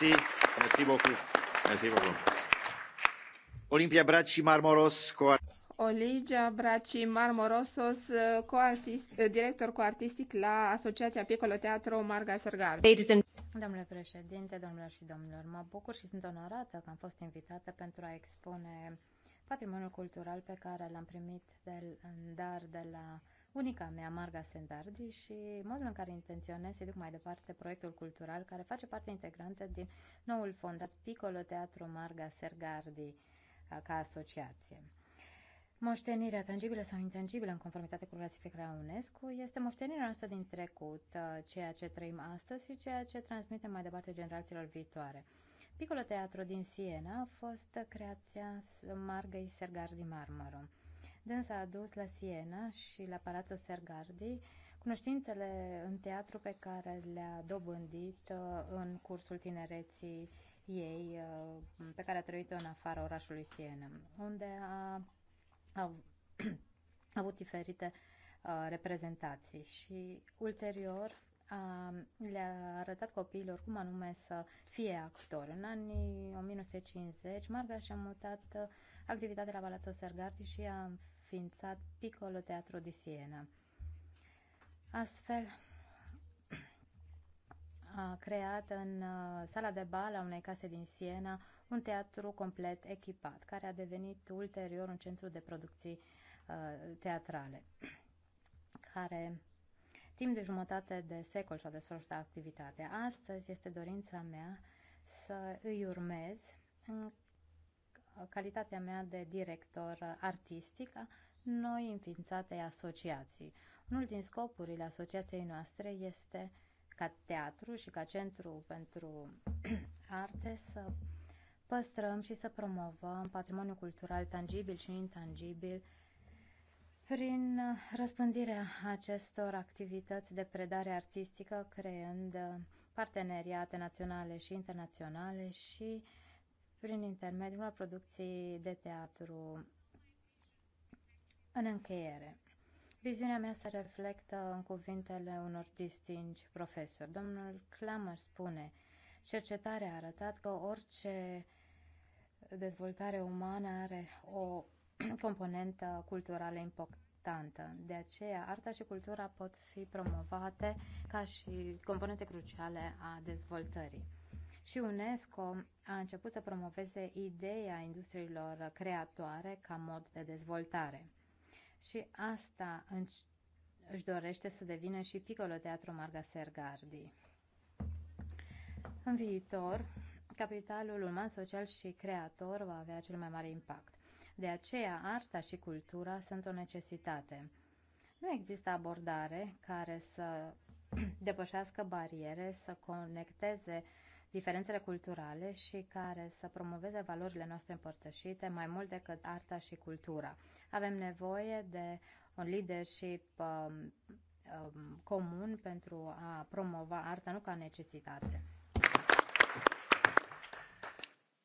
Merci, merci beaucoup. Merci beaucoup. Olimpia Braci Marmoros cu Oligia Braci Marmorosos, uh, co uh, director cu artistic la Asociația Piccolo Teatro Marga Sărgar. Domnule președinte, domnilor și domnilor, mă bucur și sunt onorată că am fost invitată pentru a expune patrimoniul cultural pe care l-am primit de, în dar de la unica mea, Marga Sendardi, și modul în care intenționez să duc mai departe proiectul cultural care face parte integrantă din noul fondat Piccolo Teatru Marga Sergardi ca asociație. Moștenirea tangibilă sau intangibilă în conformitate cu clasificarea UNESCO este moștenirea noastră din trecut, ceea ce trăim astăzi și ceea ce transmitem mai departe generațiilor viitoare. Piccolo Teatru din Siena a fost creația Margăi Sergardi Marmaru. Dânsa a dus la Siena și la Palazzo Sergardi cunoștințele în teatru pe care le-a dobândit uh, în cursul tinereții ei, uh, pe care a trăit-o în afara orașului Siena, unde a, a, a avut diferite a, uh, reprezentații și ulterior le-a arătat copiilor cum anume să fie actor. În anii 1950, Marga și-a mutat activitatea la Palazzo Sergardi și a înființat Piccolo Teatro di Siena. Astfel, a creat în uh, sala de bal a unei case din Siena un teatru complet echipat, care a devenit ulterior un centru de producții uh, teatrale, care timp de jumătate de secol și-a desfășurat activitatea. Astăzi este dorința mea să îi urmez în calitatea mea de director artistic, noi înființate asociații. Unul din scopurile asociației noastre este ca teatru și ca centru pentru arte să păstrăm și să promovăm patrimoniul cultural tangibil și intangibil prin răspândirea acestor activități de predare artistică, creând parteneriate naționale și internaționale și prin intermediul producției de teatru. În încheiere, viziunea mea se reflectă în cuvintele unor distinși profesori. Domnul Clammer spune, cercetarea a arătat că orice dezvoltare umană are o componentă culturală importantă. De aceea, arta și cultura pot fi promovate ca și componente cruciale a dezvoltării și UNESCO a început să promoveze ideea industriilor creatoare ca mod de dezvoltare. Și asta își dorește să devină și Piccolo Teatru Marga Sergardi. În viitor, capitalul uman, social și creator va avea cel mai mare impact. De aceea, arta și cultura sunt o necesitate. Nu există abordare care să depășească bariere, să conecteze diferențele culturale și care să promoveze valorile noastre împărtășite mai mult decât arta și cultura. Avem nevoie de un leadership um, um, comun pentru a promova arta, nu ca necesitate.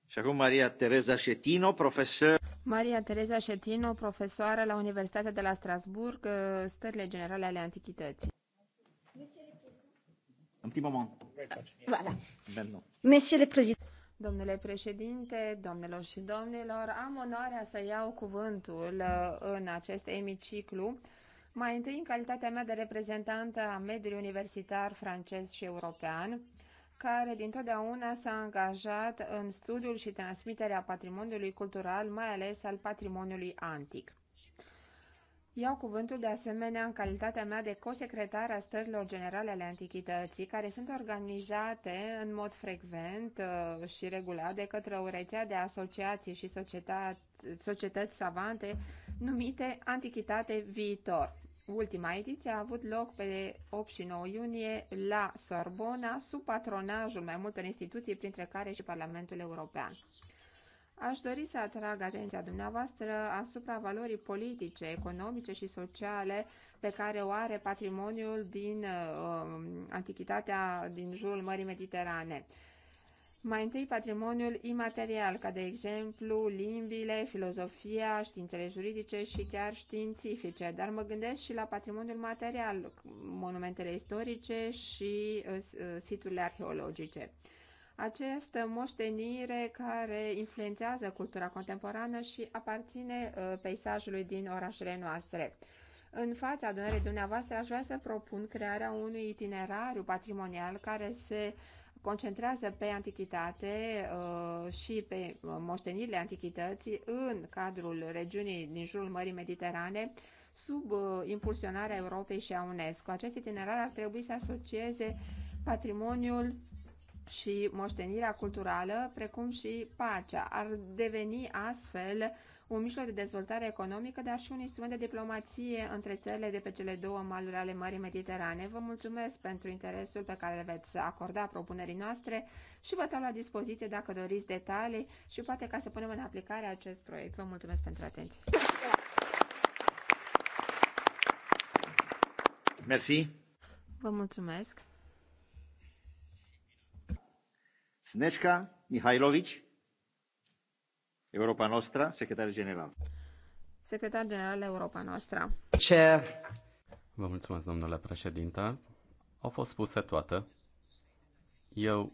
Și acum Maria Tereza Șetino, profesor. Maria Tereza Șetino, profesoară la Universitatea de la Strasburg, uh, Stările Generale ale Antichității un moment. Voilà. Monsieur le Président. Domnule președinte, domnilor și domnilor, am onoarea să iau cuvântul uh, în acest emiciclu, mai întâi în calitatea mea de reprezentantă a mediului universitar francez și european, care dintotdeauna s-a angajat în studiul și transmiterea patrimoniului cultural, mai ales al patrimoniului antic. Iau cuvântul de asemenea în calitatea mea de co-secretar a stărilor generale ale antichității, care sunt organizate în mod frecvent uh, și regulat de către o rețea de asociații și societăți, societăți savante numite Antichitate Viitor. Ultima ediție a avut loc pe 8 și 9 iunie la Sorbona, sub patronajul mai multor instituții, printre care și Parlamentul European. Aș dori să atrag atenția dumneavoastră asupra valorii politice, economice și sociale pe care o are patrimoniul din uh, antichitatea din jurul Mării Mediterane. Mai întâi patrimoniul imaterial, ca de exemplu limbile, filozofia, științele juridice și chiar științifice, dar mă gândesc și la patrimoniul material, monumentele istorice și uh, uh siturile arheologice această moștenire care influențează cultura contemporană și aparține uh, peisajului din orașele noastre. În fața adunării dumneavoastră aș vrea să propun crearea unui itinerariu patrimonial care se concentrează pe antichitate uh, și pe uh, moștenirile antichității în cadrul regiunii din jurul Mării Mediterane, sub impulsionarea Europei și a UNESCO. Acest itinerar ar trebui să asocieze patrimoniul și moștenirea culturală, precum și pacea. Ar deveni astfel un mijloc de dezvoltare economică, dar și un instrument de diplomație între țările de pe cele două maluri ale Mării Mediterane. Vă mulțumesc pentru interesul pe care le veți acorda propunerii noastre și vă dau la dispoziție dacă doriți detalii și poate ca să punem în aplicare acest proiect. Vă mulțumesc pentru atenție. Merci. Vă mulțumesc. Snezhka Mihailovici, Europa Nostra, secretar general. Secretar general Europa Nostra. Ce? Vă mulțumesc, domnule președinte. Au fost spuse toate. Eu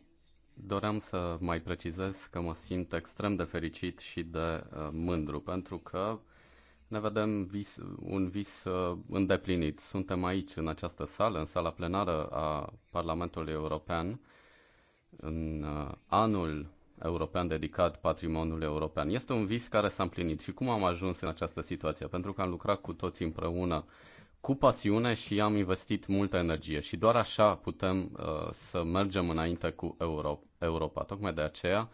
doream să mai precizez că mă simt extrem de fericit și de uh, mândru, pentru că ne vedem vis, un vis uh, îndeplinit. Suntem aici, în această sală, în sala plenară a Parlamentului European, în uh, anul european dedicat patrimoniului european. Este un vis care s-a împlinit. Și cum am ajuns în această situație? Pentru că am lucrat cu toți împreună cu pasiune și am investit multă energie și doar așa putem uh, să mergem înainte cu Euro- Europa. Tocmai de aceea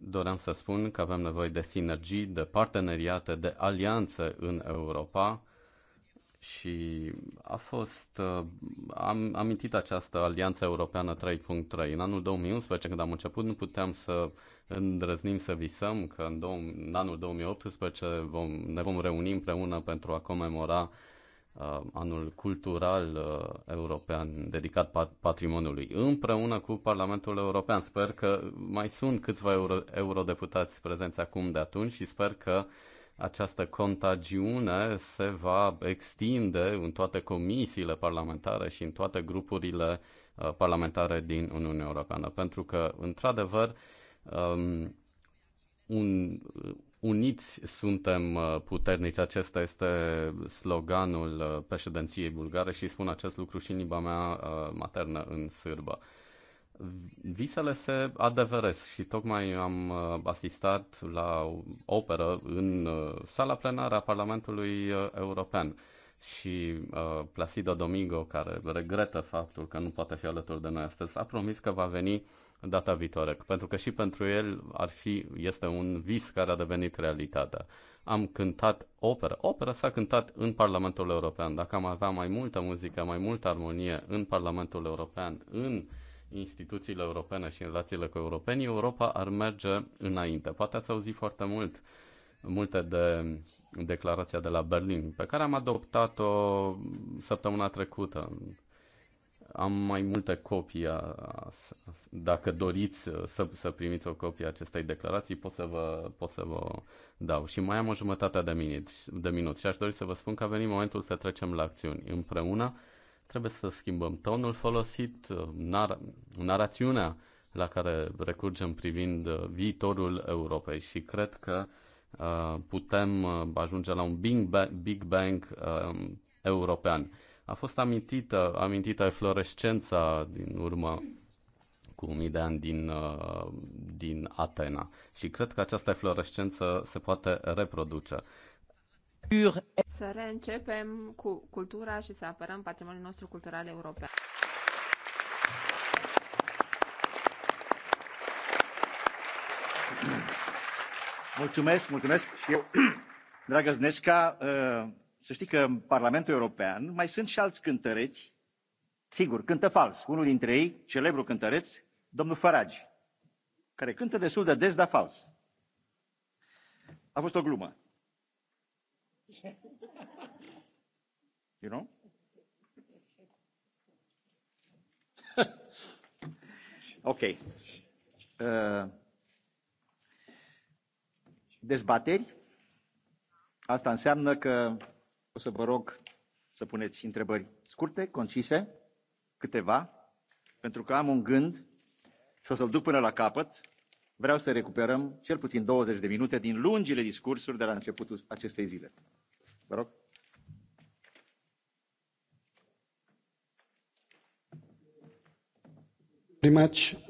doream să spun că avem nevoie de sinergii, de parteneriate, de alianțe în Europa și a fost, uh, am amintit această Alianță Europeană 3.3. În anul 2011, când am început, nu puteam să îndrăznim să visăm că în, dou- în anul 2018 vom, ne vom reuni împreună pentru a comemora uh, anul cultural uh, european dedicat pat- patrimoniului, împreună cu Parlamentul European. Sper că mai sunt câțiva euro- eurodeputați prezenți acum de atunci și sper că uh, această contagiune se va extinde în toate comisiile parlamentare și în toate grupurile uh, parlamentare din Uniunea Europeană. Pentru că, într-adevăr, um, un, uniți suntem uh, puternici. Acesta este sloganul uh, președinției bulgare și spun acest lucru și în limba mea maternă, în sârbă visele se adeveresc și tocmai am uh, asistat la operă în uh, sala plenară a Parlamentului uh, European și uh, Placido Domingo, care regretă faptul că nu poate fi alături de noi astăzi, a promis că va veni data viitoare, pentru că și pentru el ar fi, este un vis care a devenit realitatea. Am cântat operă. Opera s-a cântat în Parlamentul European. Dacă am avea mai multă muzică, mai multă armonie în Parlamentul European, în uh, instituțiile europene și în relațiile cu europenii, Europa ar merge înainte. Poate ați auzit foarte mult multe de declarația de la Berlin, pe care am adoptat-o săptămâna trecută. Am mai multe copii. Dacă doriți să, să primiți o copie a acestei declarații, pot să, vă, pot să vă dau. Și mai am o jumătate de minut, de minut și aș dori să vă spun că a venit momentul să trecem la acțiuni împreună Trebuie să schimbăm tonul folosit, uh, nar- narațiunea la care recurgem privind uh, viitorul Europei și cred că uh, putem uh, ajunge la un Big Bang, Big Bang uh, european. A fost amintită, amintită eflorescența din urmă cu mii de ani din, uh, din Atena și cred că această eflorescență se poate reproduce să reîncepem cu cultura și să apărăm patrimoniul nostru cultural european. Mulțumesc, mulțumesc și eu, dragă Znesca, ă, să știi că în Parlamentul European mai sunt și alți cântăreți, sigur, cântă fals. Unul dintre ei, celebru cântăreț, domnul Faragi, care cântă destul de des, dar fals. A fost o glumă. you know? okay. Uh, dezbateri. Asta înseamnă că o să vă rog să puneți întrebări scurte, concise, câteva, pentru că am un gând și o să-l duc până la capăt. Vreau să recuperăm cel puțin 20 de minute din lungile discursuri de la începutul acestei zile vă rog.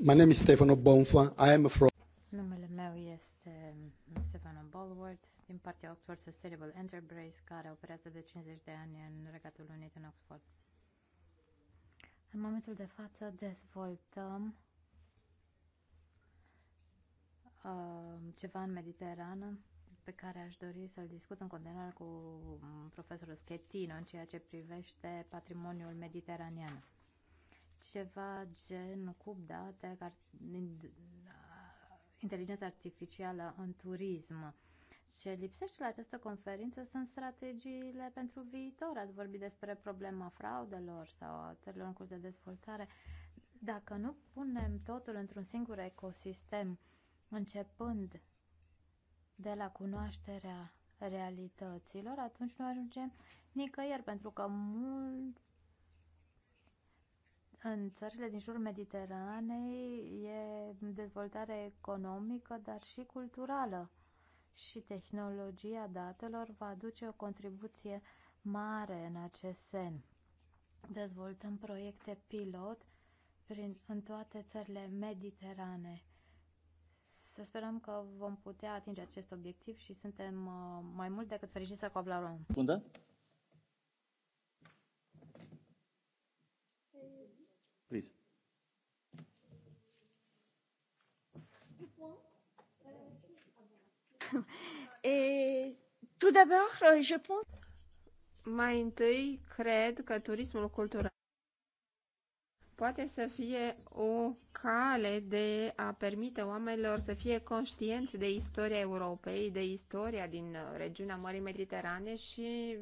My name is Stefano Bonfa. I am from... Numele meu este Stefano Bolworth din partea Oxford Sustainable Enterprise, care operează de 50 de ani în Regatul Unit în Oxford. În momentul de față dezvoltăm uh, ceva în Mediterană pe care aș dori să-l discut în continuare cu mm, profesorul Schettino în ceea ce privește patrimoniul mediteranean. Ceva gen cub date, inteligența artificială în turism. Ce lipsește la această conferință sunt strategiile pentru viitor. Ați vorbit despre problema fraudelor sau a țărilor în curs de dezvoltare. Dacă nu punem totul într-un singur ecosistem, începând de la cunoașterea realităților, atunci nu ajungem nicăieri, pentru că mult în țările din jurul Mediteranei e dezvoltare economică, dar și culturală. Și tehnologia datelor va aduce o contribuție mare în acest sens. Dezvoltăm proiecte pilot prin, în toate țările mediterane să sperăm că vom putea atinge acest obiectiv și suntem uh, mai mult decât fericiți să colaborăm. Unde? Da? Please. tout d'abord, je pense... Mai întâi, cred că turismul cultural poate să fie o cale de a permite oamenilor să fie conștienți de istoria Europei, de istoria din regiunea Mării Mediterane și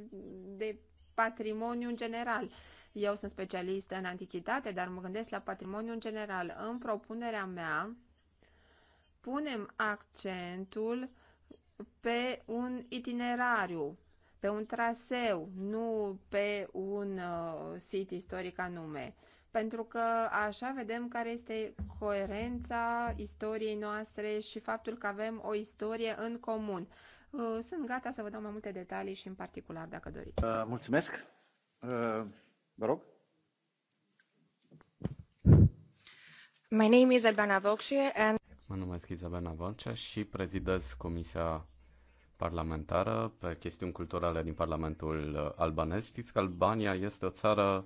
de patrimoniu în general. Eu sunt specialistă în antichitate, dar mă gândesc la patrimoniu în general. În propunerea mea punem accentul pe un itinerariu, pe un traseu, nu pe un uh, sit istoric anume pentru că așa vedem care este coerența istoriei noastre și faptul că avem o istorie în comun. Uh, sunt gata să vă dau mai multe detalii și în particular, dacă doriți. Uh, mulțumesc. Uh, vă rog. My name is Albana Vocce and... Mă numesc Izabela Vocce și prezidez Comisia Parlamentară pe chestiuni culturale din Parlamentul Albanez. Știți că Albania este o țară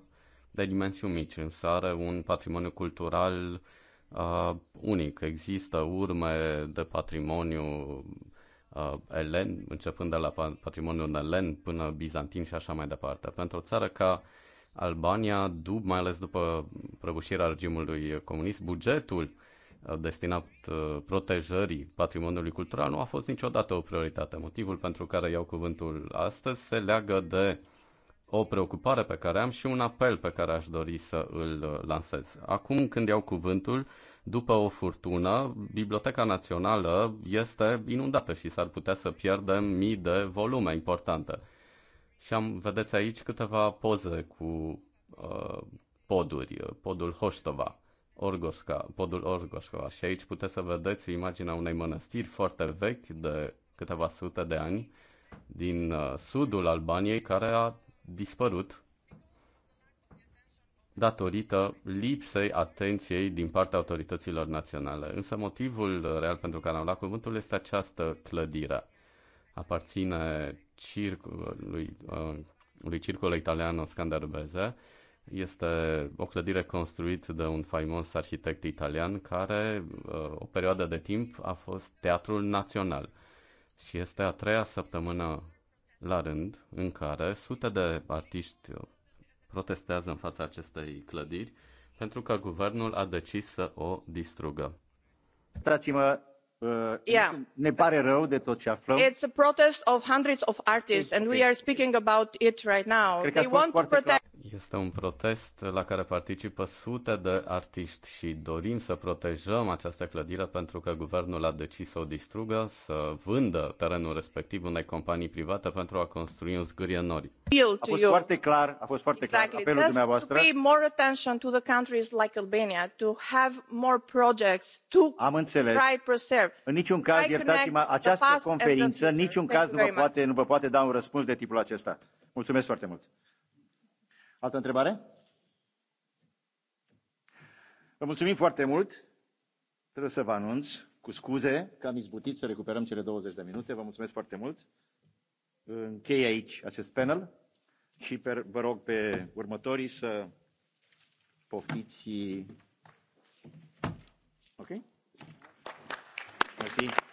de dimensiuni mici, însă are un patrimoniu cultural uh, unic. Există urme de patrimoniu uh, elen, începând de la patrimoniul elen până bizantin și așa mai departe. Pentru o țară ca Albania, dub, mai ales după prăbușirea regimului comunist, bugetul uh, destinat uh, protejării patrimoniului cultural nu a fost niciodată o prioritate. Motivul pentru care iau cuvântul astăzi se leagă de uh, o preocupare pe care am și un apel pe care aș dori să îl lansez. Acum când iau cuvântul, după o furtună, Biblioteca Națională este inundată și s-ar putea să pierdem mii de volume importante. Și am, vedeți aici câteva poze cu uh, poduri, podul Hoștova, Orgoșca, podul Orgoșcova. Și aici puteți să vedeți imaginea unei mănăstiri foarte vechi de câteva sute de ani din uh, sudul Albaniei care a dispărut datorită lipsei atenției din partea autorităților naționale. Însă motivul real pentru care am luat cuvântul este această clădire. Aparține circului, uh, lui Circolo Italiano Scanderbeze. Este o clădire construită de un faimos arhitect italian care uh, o perioadă de timp a fost teatrul național. Și este a treia săptămână la rând în care sute de artiști protestează în fața acestei clădiri pentru că guvernul a decis să o distrugă. Dați-mă uh, yeah. ne pare rău de tot ce aflăm. It's a protest of hundreds of artists and we are speaking about it right now. Cred că They want to protect clar. Este un protest la care participă sute de artiști și dorim să protejăm această clădire pentru că guvernul a decis să o distrugă, să vândă terenul respectiv unei companii private pentru a construi un zgârie nori. A fost foarte clar, a fost foarte exactly. clar apelul Just dumneavoastră. To pay more attention to the countries like Albania, to have more projects, to Am înțeles. try preserve. În niciun caz, iertați-mă, această conferință, în niciun caz nu vă, poate, nu vă poate da un răspuns de tipul acesta. Mulțumesc foarte mult. Altă întrebare? Vă mulțumim foarte mult. Trebuie să vă anunț cu scuze că am izbutit să recuperăm cele 20 de minute. Vă mulțumesc foarte mult. Închei aici acest panel și per, vă rog pe următorii să poftiți. Ok? Mersi.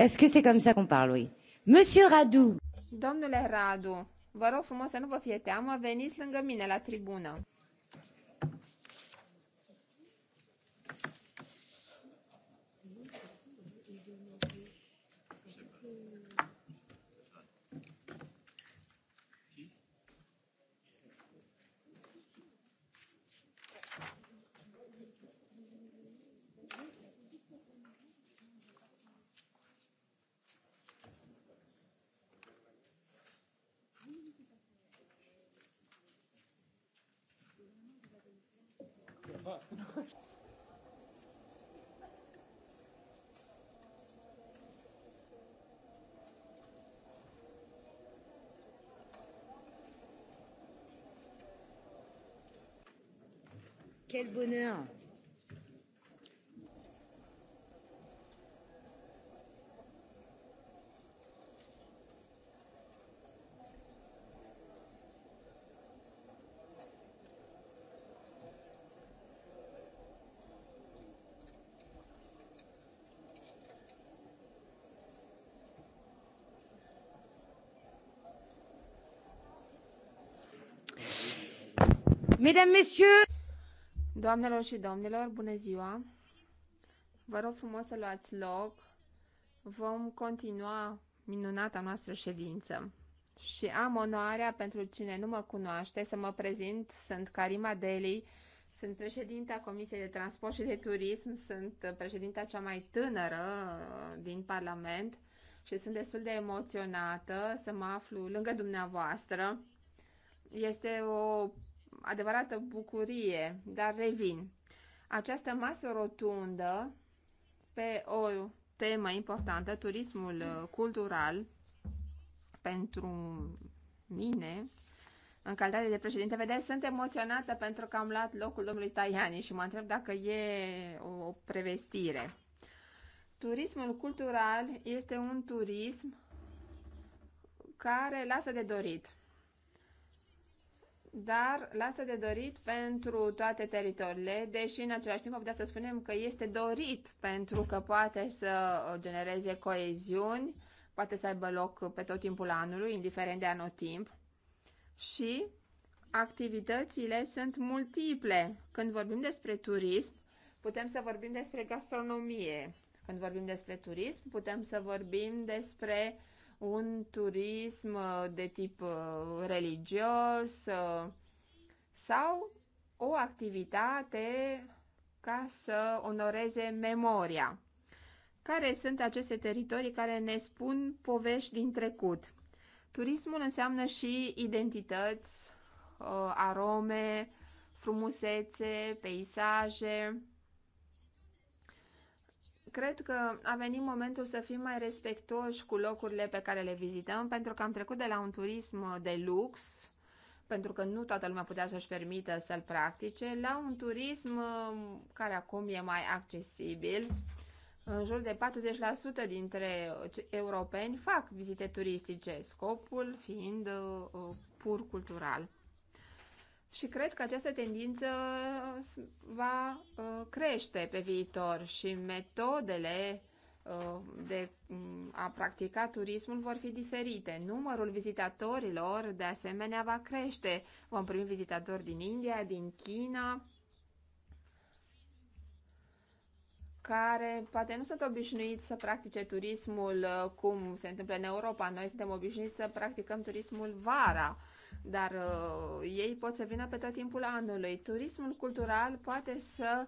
Est-ce que c'est comme ça qu'on parle, oui? Monsieur Radu! Domnule Radu, vă rog frumos să nu vă fie teamă, veniți lângă mine la tribună. Quel bonheur Mesdames, Messieurs, Doamnelor și domnilor, bună ziua! Vă rog frumos să luați loc. Vom continua minunata noastră ședință. Și am onoarea, pentru cine nu mă cunoaște, să mă prezint. Sunt Karima Deli, sunt președinta Comisiei de Transport și de Turism, sunt președinta cea mai tânără uh, din Parlament și sunt destul de emoționată să mă aflu lângă dumneavoastră. Este o adevărată bucurie, dar revin. Această masă rotundă pe o temă importantă, turismul uh, cultural, pentru mine, în calitate de președinte, vedeți, sunt emoționată pentru că am luat locul domnului Tajani și mă întreb dacă e o prevestire. Turismul cultural este un turism care lasă de dorit dar lasă de dorit pentru toate teritoriile, deși în același timp putea să spunem că este dorit pentru că poate să genereze coeziuni, poate să aibă loc pe tot timpul anului, indiferent de anotimp. Și activitățile sunt multiple. Când vorbim despre turism, putem să vorbim despre gastronomie. Când vorbim despre turism, putem să vorbim despre uh, un turism uh, de tip uh, religios uh, sau o activitate ca să onoreze memoria. Care sunt aceste teritorii care ne spun povești din trecut? Turismul înseamnă și identități, arome, frumusețe, peisaje, Cred că a venit momentul să fim mai respectoși cu locurile pe care le vizităm, pentru că am trecut de la un turism de lux, pentru că nu toată lumea putea să-și permită să-l practice, la un turism um, care acum e mai accesibil. În jur de 40% dintre europeni fac vizite turistice, scopul fiind uh, uh, pur cultural. Și cred că această tendință uh, va uh, crește pe viitor și metodele uh, de mm, a practica turismul vor fi diferite. Numărul vizitatorilor, de asemenea, va crește. Vom primi vizitatori din India, din China, care poate nu sunt obișnuiți să practice turismul cum se întâmplă în Europa. Noi suntem obișnuiți să practicăm turismul vara dar uh, ei pot să vină pe tot timpul anului. Turismul cultural poate să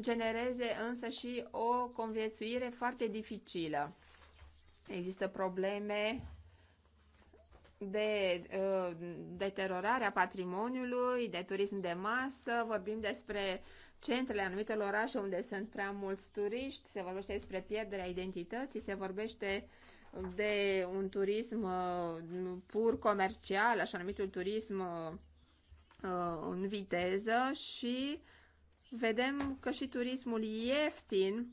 genereze însă și o conviețuire foarte dificilă. Există probleme de uh, deteriorarea patrimoniului, de turism de masă, vorbim despre centrele anumitor orașe unde sunt prea mulți turiști, se vorbește despre pierderea identității, se vorbește uh, de un turism uh, pur comercial, așa numitul turism uh, uh, în viteză și vedem că și turismul ieftin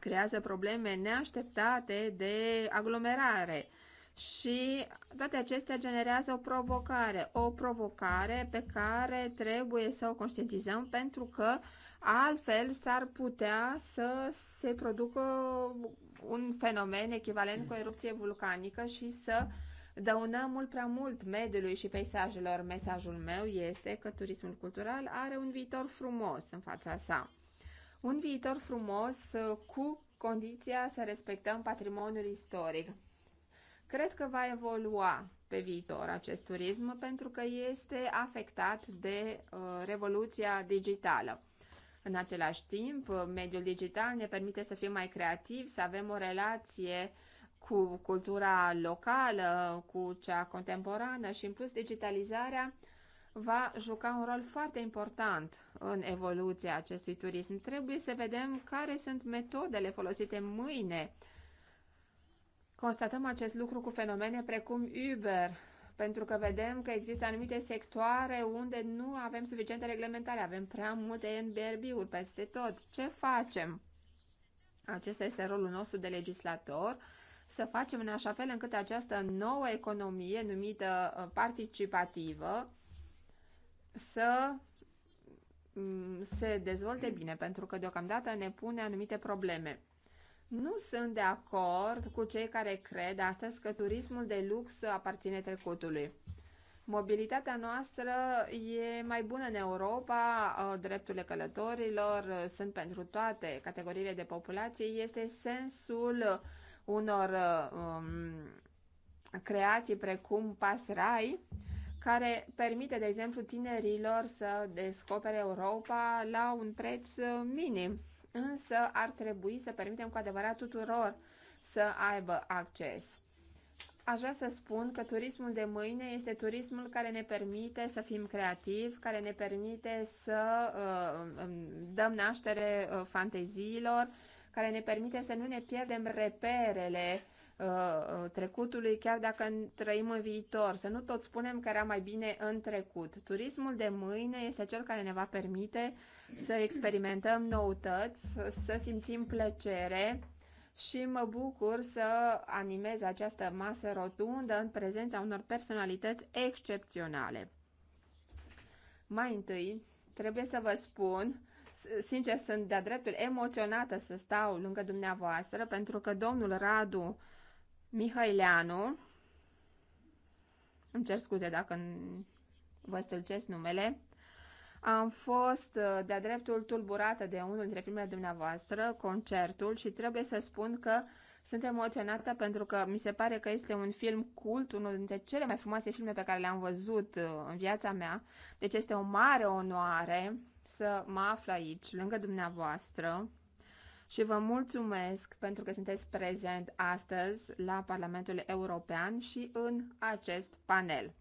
creează probleme neașteptate de aglomerare. Și toate acestea generează o provocare, o provocare pe care trebuie să o conștientizăm pentru că altfel s-ar putea să se producă un fenomen echivalent cu o erupție vulcanică și să dăunăm mult prea mult mediului și peisajelor. Mesajul meu este că turismul cultural are un viitor frumos în fața sa. Un viitor frumos uh, cu condiția să respectăm patrimoniul istoric. Cred că va evolua pe viitor acest turism pentru că este afectat de uh, revoluția digitală. În același timp, mediul digital ne permite să fim mai creativi, să avem o relație cu cultura locală, cu cea contemporană și, în plus, digitalizarea va juca un rol foarte important în evoluția acestui turism. Trebuie să vedem care sunt metodele folosite mâine. Constatăm acest lucru cu fenomene precum Uber, pentru că vedem că există anumite sectoare unde nu avem suficientă reglementare, avem prea multe NBRB-uri peste tot. Ce facem? Acesta este rolul nostru de legislator, să facem în așa fel încât această nouă economie numită uh, participativă să mm, se dezvolte bine, pentru că deocamdată ne pune anumite probleme. Nu sunt de acord cu cei care cred astăzi că turismul de lux aparține trecutului. Mobilitatea noastră e mai bună în Europa, ă, drepturile călătorilor ă, sunt pentru toate categoriile de populație, este sensul unor ă, um, creații precum Pasrai, care permite, de exemplu, tinerilor să descopere Europa la un preț minim însă ar trebui să permitem cu adevărat tuturor să aibă acces. Aș vrea să spun că turismul de mâine este turismul care ne permite să fim creativi, care ne permite să uh, dăm naștere uh, fanteziilor, care ne permite să nu ne pierdem reperele Uh, uh, trecutului, chiar dacă trăim în viitor. Să nu tot spunem că era mai bine în trecut. Turismul de mâine este cel care ne va permite să experimentăm noutăți, să simțim plăcere și mă bucur să animez această masă rotundă în prezența unor personalități excepționale. Mai întâi, trebuie să vă spun sincer, sunt de-a dreptul emoționată să stau lângă dumneavoastră, pentru că domnul Radu Mihaileanu, îmi cer scuze dacă vă stâlcesc numele, am fost uh, de-a dreptul tulburată de unul dintre primele dumneavoastră, concertul, și trebuie să spun că sunt emoționată pentru că mi se pare că este un film cult, unul dintre cele mai frumoase filme pe care le-am văzut uh, în viața mea. Deci este o mare onoare să mă aflu aici, lângă dumneavoastră, și vă mulțumesc pentru că sunteți prezent astăzi la Parlamentul European și în acest panel.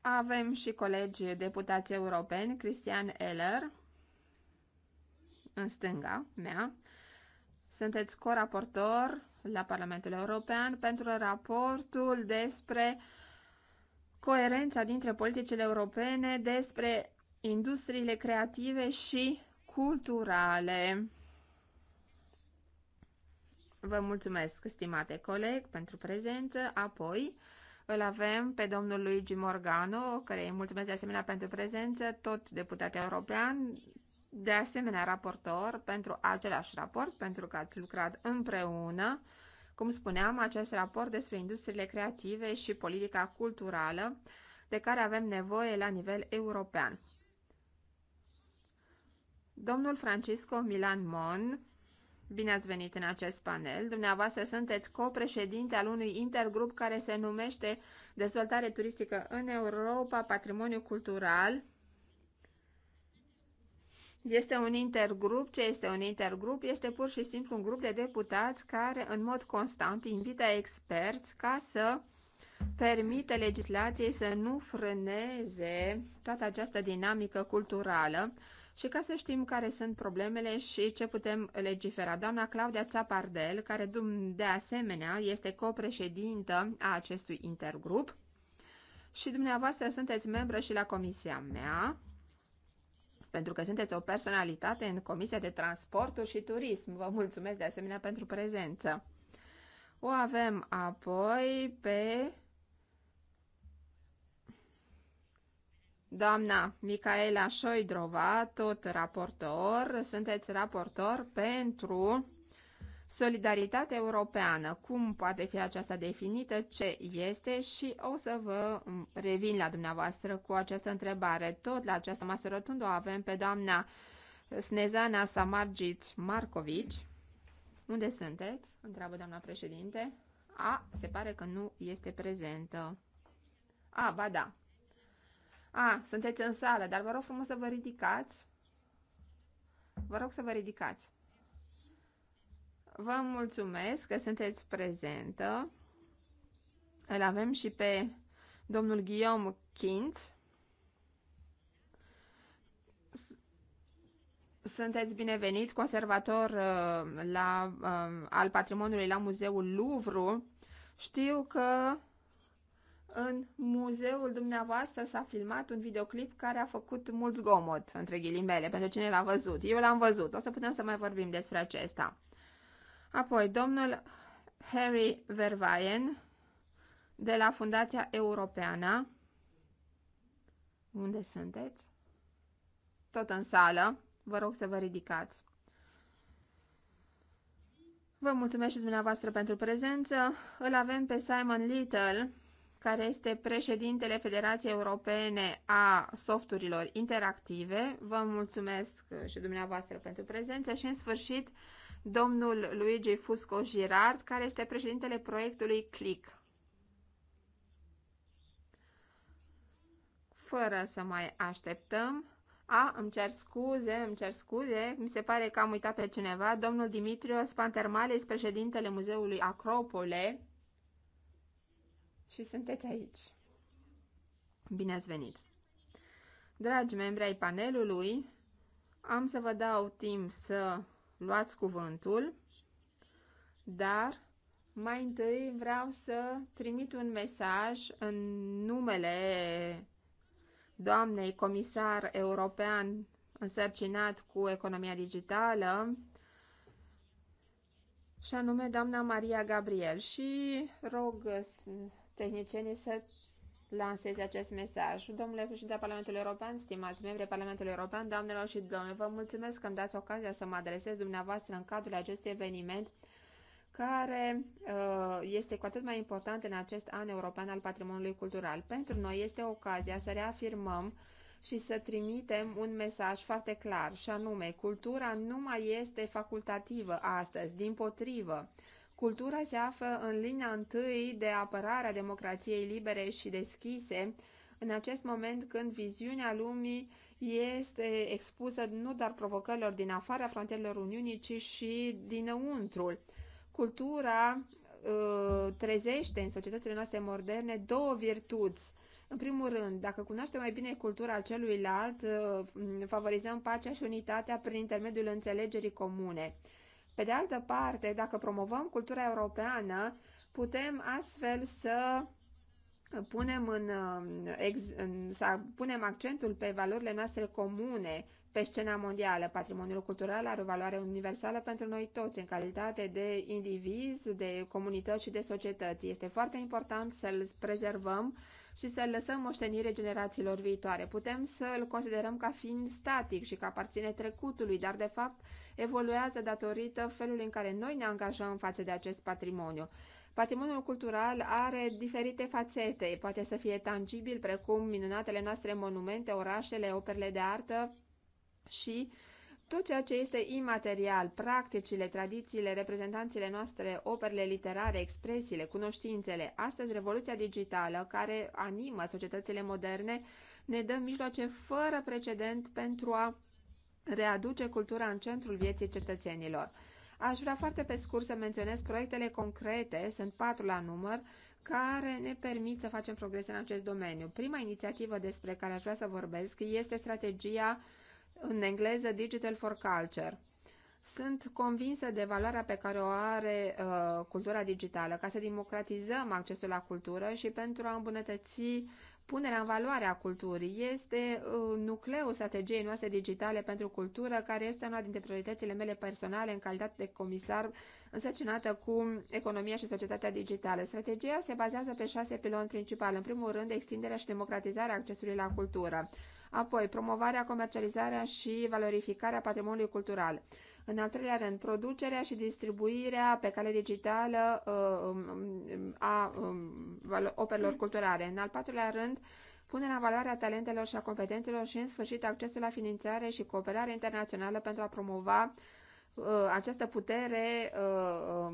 Avem și colegi deputați europeni, Cristian Eller, în stânga mea. Sunteți coraportor la Parlamentul European pentru raportul despre coerența dintre politicile europene, despre industriile creative și culturale. Vă mulțumesc, stimate coleg, pentru prezență. Apoi îl avem pe domnul Luigi Morgano, care îi mulțumesc de asemenea pentru prezență, tot deputat european, de asemenea raportor pentru același raport, pentru că ați lucrat împreună. Cum spuneam, acest raport despre industriile creative și politica culturală de care avem nevoie la nivel european. Domnul Francisco Milan Mon, bine ați venit în acest panel. Dumneavoastră sunteți copreședinte al unui intergrup care se numește Dezvoltare turistică în Europa, Patrimoniu Cultural. Este un intergrup. Ce este un intergrup? Este pur și simplu un grup de deputați care în mod constant invită experți ca să permite legislației să nu frâneze toată această dinamică culturală și ca să știm care sunt problemele și ce putem legifera. Doamna Claudia Țapardel, care de asemenea este copreședintă a acestui intergrup și dumneavoastră sunteți membră și la comisia mea, pentru că sunteți o personalitate în Comisia de Transporturi și Turism. Vă mulțumesc de asemenea pentru prezență. O avem apoi pe Doamna Micaela Șoidrova, tot raportor, sunteți raportor pentru solidaritate europeană. Cum poate fi aceasta definită, ce este și o să vă revin la dumneavoastră cu această întrebare. Tot la această masă rotundă o avem pe doamna Snezana Samargit Marcovici. Unde sunteți? Întreabă doamna președinte. A, se pare că nu este prezentă. A, ba da, a, sunteți în sală, dar vă rog frumos să vă ridicați. Vă rog să vă ridicați. Vă mulțumesc că sunteți prezentă. Îl avem și pe domnul Guillaume Kint. Sunteți binevenit, conservator uh, la, uh, al patrimoniului la Muzeul Louvre. Știu că în muzeul dumneavoastră s-a filmat un videoclip care a făcut mult zgomot, între ghilimele, pentru cine l-a văzut. Eu l-am văzut, o să putem să mai vorbim despre acesta. Apoi, domnul Harry Verwaien, de la Fundația Europeană. Unde sunteți? Tot în sală. Vă rog să vă ridicați. Vă mulțumesc și dumneavoastră pentru prezență. Îl avem pe Simon Little, care este președintele Federației Europene a Softurilor Interactive. Vă mulțumesc uh, și dumneavoastră pentru prezență și, în sfârșit, domnul Luigi Fusco Girard, care este președintele proiectului CLIC. Fără să mai așteptăm, a, îmi cer scuze, îmi cer scuze, mi se pare că am uitat pe cineva, domnul Dimitrios Pantermales, președintele Muzeului Acropole, și sunteți aici. Bine ați venit! Dragi membri ai panelului, am să vă dau timp să luați cuvântul, dar mai întâi vreau să trimit un mesaj în numele doamnei comisar european însărcinat cu economia digitală, și anume doamna Maria Gabriel. Și rog tehnicienii să lanseze acest mesaj. Domnule președinte al Parlamentului European, stimați membri Parlamentului European, doamnelor și domnilor, vă mulțumesc că îmi dați ocazia să mă adresez dumneavoastră în cadrul acestui eveniment care uh, este cu atât mai important în acest an european al patrimoniului cultural. Pentru noi este ocazia să reafirmăm și să trimitem un mesaj foarte clar, și anume, cultura nu mai este facultativă astăzi, din potrivă. Cultura se află în linia întâi de apărarea democrației libere și deschise, în acest moment când viziunea lumii este expusă nu doar provocărilor din afara frontierelor Uniunii, ci și dinăuntrul. Cultura uh, trezește în societățile noastre moderne două virtuți. În primul rând, dacă cunoaștem mai bine cultura celuilalt, uh, favorizăm pacea și unitatea prin intermediul înțelegerii comune. Pe de altă parte, dacă promovăm cultura europeană, putem astfel să punem, în, uh, în, să punem accentul pe valorile noastre comune pe scena mondială. Patrimoniul cultural are o valoare universală pentru noi toți, în calitate de indivizi, de comunități și de societăți. Este foarte important să-l prezervăm și să-l lăsăm moștenire generațiilor viitoare. Putem să-l considerăm ca fiind static și ca aparține trecutului, dar de fapt evoluează datorită felului în care noi ne angajăm față de acest patrimoniu. Patrimoniul cultural are diferite fațete, poate să fie tangibil, precum minunatele noastre monumente, orașele, operele de artă și tot ceea ce este imaterial, practicile, tradițiile, reprezentanțile noastre, operele literare, expresiile, cunoștințele, astăzi revoluția digitală care animă societățile moderne, ne dă mijloace fără precedent pentru a readuce cultura în centrul vieții cetățenilor. Aș vrea foarte pe scurt să menționez proiectele concrete, sunt patru la număr, care ne permit să facem progrese în acest domeniu. Prima inițiativă despre care aș vrea să vorbesc este strategia în engleză Digital for Culture. Sunt convinsă de valoarea pe care o are uh, cultura digitală, ca să democratizăm accesul la cultură și pentru a îmbunătăți punerea în valoare a culturii. Este uh, nucleul strategiei noastre digitale pentru cultură, care este una dintre prioritățile mele personale în calitate de comisar însărcinată cu economia și societatea digitală. Strategia se bazează pe șase piloni principali. În primul rând, extinderea și democratizarea accesului la cultură Apoi, promovarea, comercializarea și valorificarea patrimoniului cultural. În al treilea rând, producerea și distribuirea pe cale digitală uh, um, um, a um, operelor culturale. În al patrulea rând, punerea în valoare a talentelor și a competențelor și, în sfârșit, accesul la finanțare și cooperare internațională pentru a promova uh, această putere uh,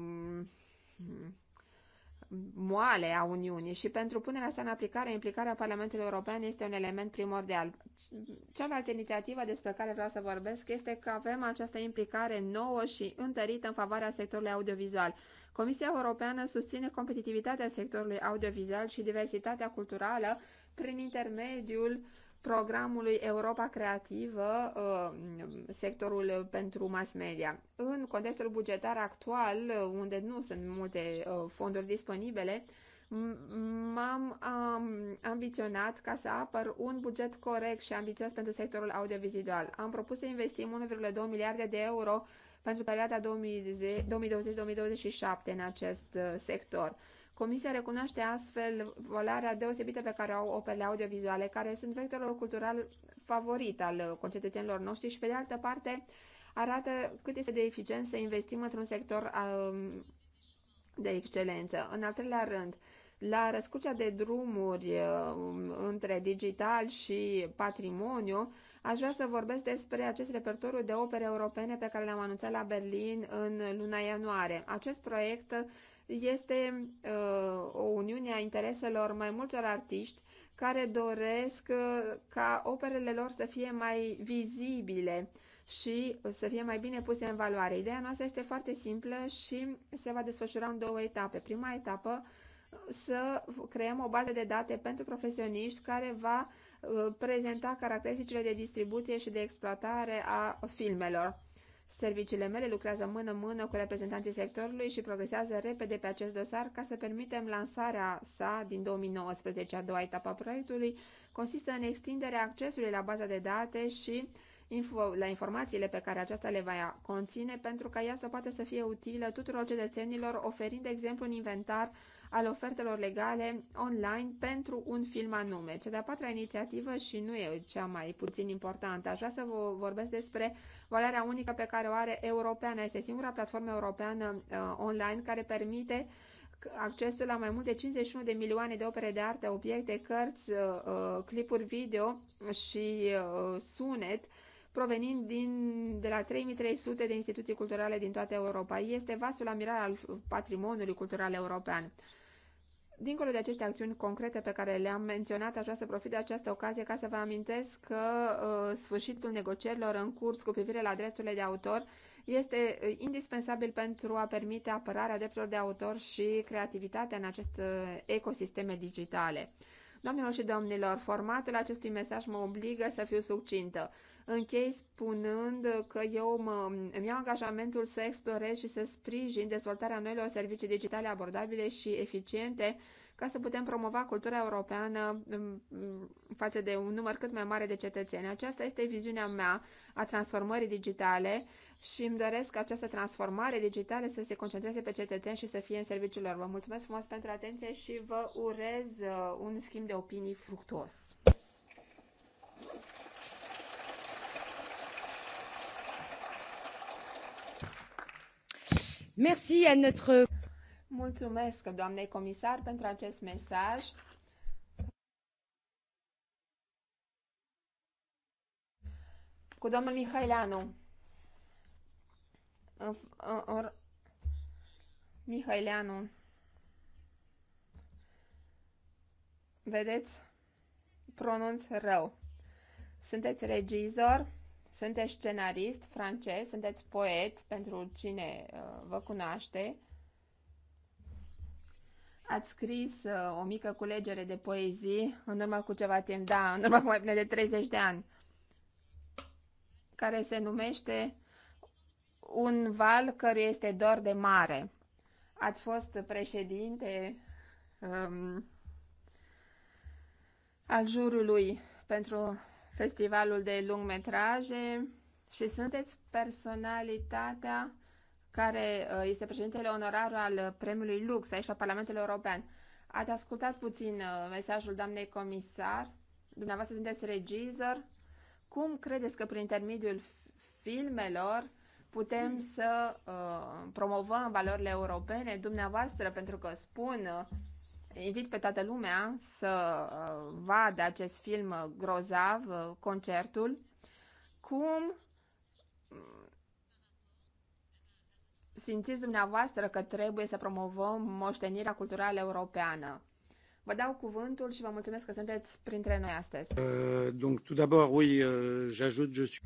moale a Uniunii și pentru punerea sa în aplicare, implicarea Parlamentului European este un element primordial. Cealaltă inițiativă despre care vreau să vorbesc este că avem această implicare nouă și întărită în favoarea sectorului audiovizual. Comisia Europeană susține competitivitatea sectorului audiovizual și diversitatea culturală prin intermediul uh, programului Europa Creativă, uh, sectorul pentru mass media. În contextul bugetar actual, uh, unde nu sunt multe uh, fonduri disponibile, m-am ambiționat ca să apăr un buget corect și ambițios pentru sectorul audiovizual. Am propus să investim 1,2 miliarde de euro pentru perioada 2020-2027 în acest sector Comisia recunoaște astfel valoarea deosebită pe care au opele audiovizuale, care sunt vectorul cultural favorit al uh, concetățenilor noștri și, pe de altă parte, arată cât este de eficient să investim într-un sector um, de excelență. În al treilea rând, la răscurcea de drumuri uh, între digital și patrimoniu, aș vrea să vorbesc despre acest repertoriu de opere europene pe care l-am anunțat la Berlin în luna ianuarie. Acest proiect este uh, o uniune a intereselor mai multor artiști care doresc uh, ca operele lor să fie mai vizibile și să fie mai bine puse în valoare. Ideea noastră este foarte simplă și se va desfășura în două etape. Prima etapă uh, să creăm o bază de date pentru profesioniști care va uh, prezenta caracteristicile de distribuție și de exploatare a filmelor. Serviciile mele lucrează mână-mână cu reprezentanții sectorului și progresează repede pe acest dosar ca să permitem lansarea sa din 2019. A doua etapă a proiectului consistă în extinderea accesului la baza de date și info, la informațiile pe care aceasta le va conține pentru ca ea să poată să fie utilă tuturor cetățenilor, oferind, de exemplu, un inventar al ofertelor legale online pentru un film anume. Cea de-a patra inițiativă și nu e cea mai puțin importantă. Aș vrea să vă vorbesc despre valoarea unică pe care o are europeană. Este singura platformă europeană uh, online care permite accesul la mai mult de 51 de milioane de opere de artă, obiecte, cărți, uh, uh, clipuri video și uh, sunet provenind din, de la 3300 de instituții culturale din toată Europa. Este vasul amiral al patrimoniului cultural european. Dincolo de aceste acțiuni concrete pe care le-am menționat, aș vrea să profit de această ocazie ca să vă amintesc că uh, sfârșitul negocierilor în curs cu privire la drepturile de autor este uh, indispensabil pentru a permite apărarea drepturilor de autor și creativitatea în aceste uh, ecosisteme digitale. Doamnelor și domnilor, formatul acestui mesaj mă obligă să fiu succintă. Închei spunând că eu mă, îmi iau angajamentul să explorez și să sprijin dezvoltarea noilor servicii digitale abordabile și eficiente ca să putem promova cultura europeană mm, mm, față de un număr cât mai mare de cetățeni. Aceasta este viziunea mea a transformării digitale și îmi doresc ca această transformare digitală să se concentreze pe cetățeni și să fie în serviciul lor. Vă mulțumesc frumos pentru atenție și vă urez uh, un schimb de opinii fructuos. Merci à notre... Mulțumesc, doamnei comisar, pentru acest mesaj. Cu domnul Mihailanu. Mihailanu. Vedeți? Pronunț rău. Sunteți regizor? Sunteți scenarist francez, sunteți poet pentru cine uh, vă cunoaște. Ați scris uh, o mică culegere de poezii în urmă cu ceva timp, da, în urmă cu mai bine de 30 de ani, care se numește Un val căruia este dor de mare. Ați fost președinte um, al jurului pentru festivalul de lungmetraje și sunteți personalitatea care uh, este președintele onorar al premiului Lux aici la Parlamentul European. Ați ascultat puțin uh, mesajul doamnei comisar, dumneavoastră sunteți regizor. Cum credeți că prin intermediul filmelor putem să uh, promovăm valorile europene, dumneavoastră, pentru că spun uh, invit pe toată lumea să uh, vadă acest film grozav, uh, concertul, cum mm, simțiți dumneavoastră că trebuie să promovăm moștenirea culturală europeană. Vă dau cuvântul și vă mulțumesc că sunteți printre noi astăzi. Uh, tout d'abord, oui, uh, j'ajoute, je suis...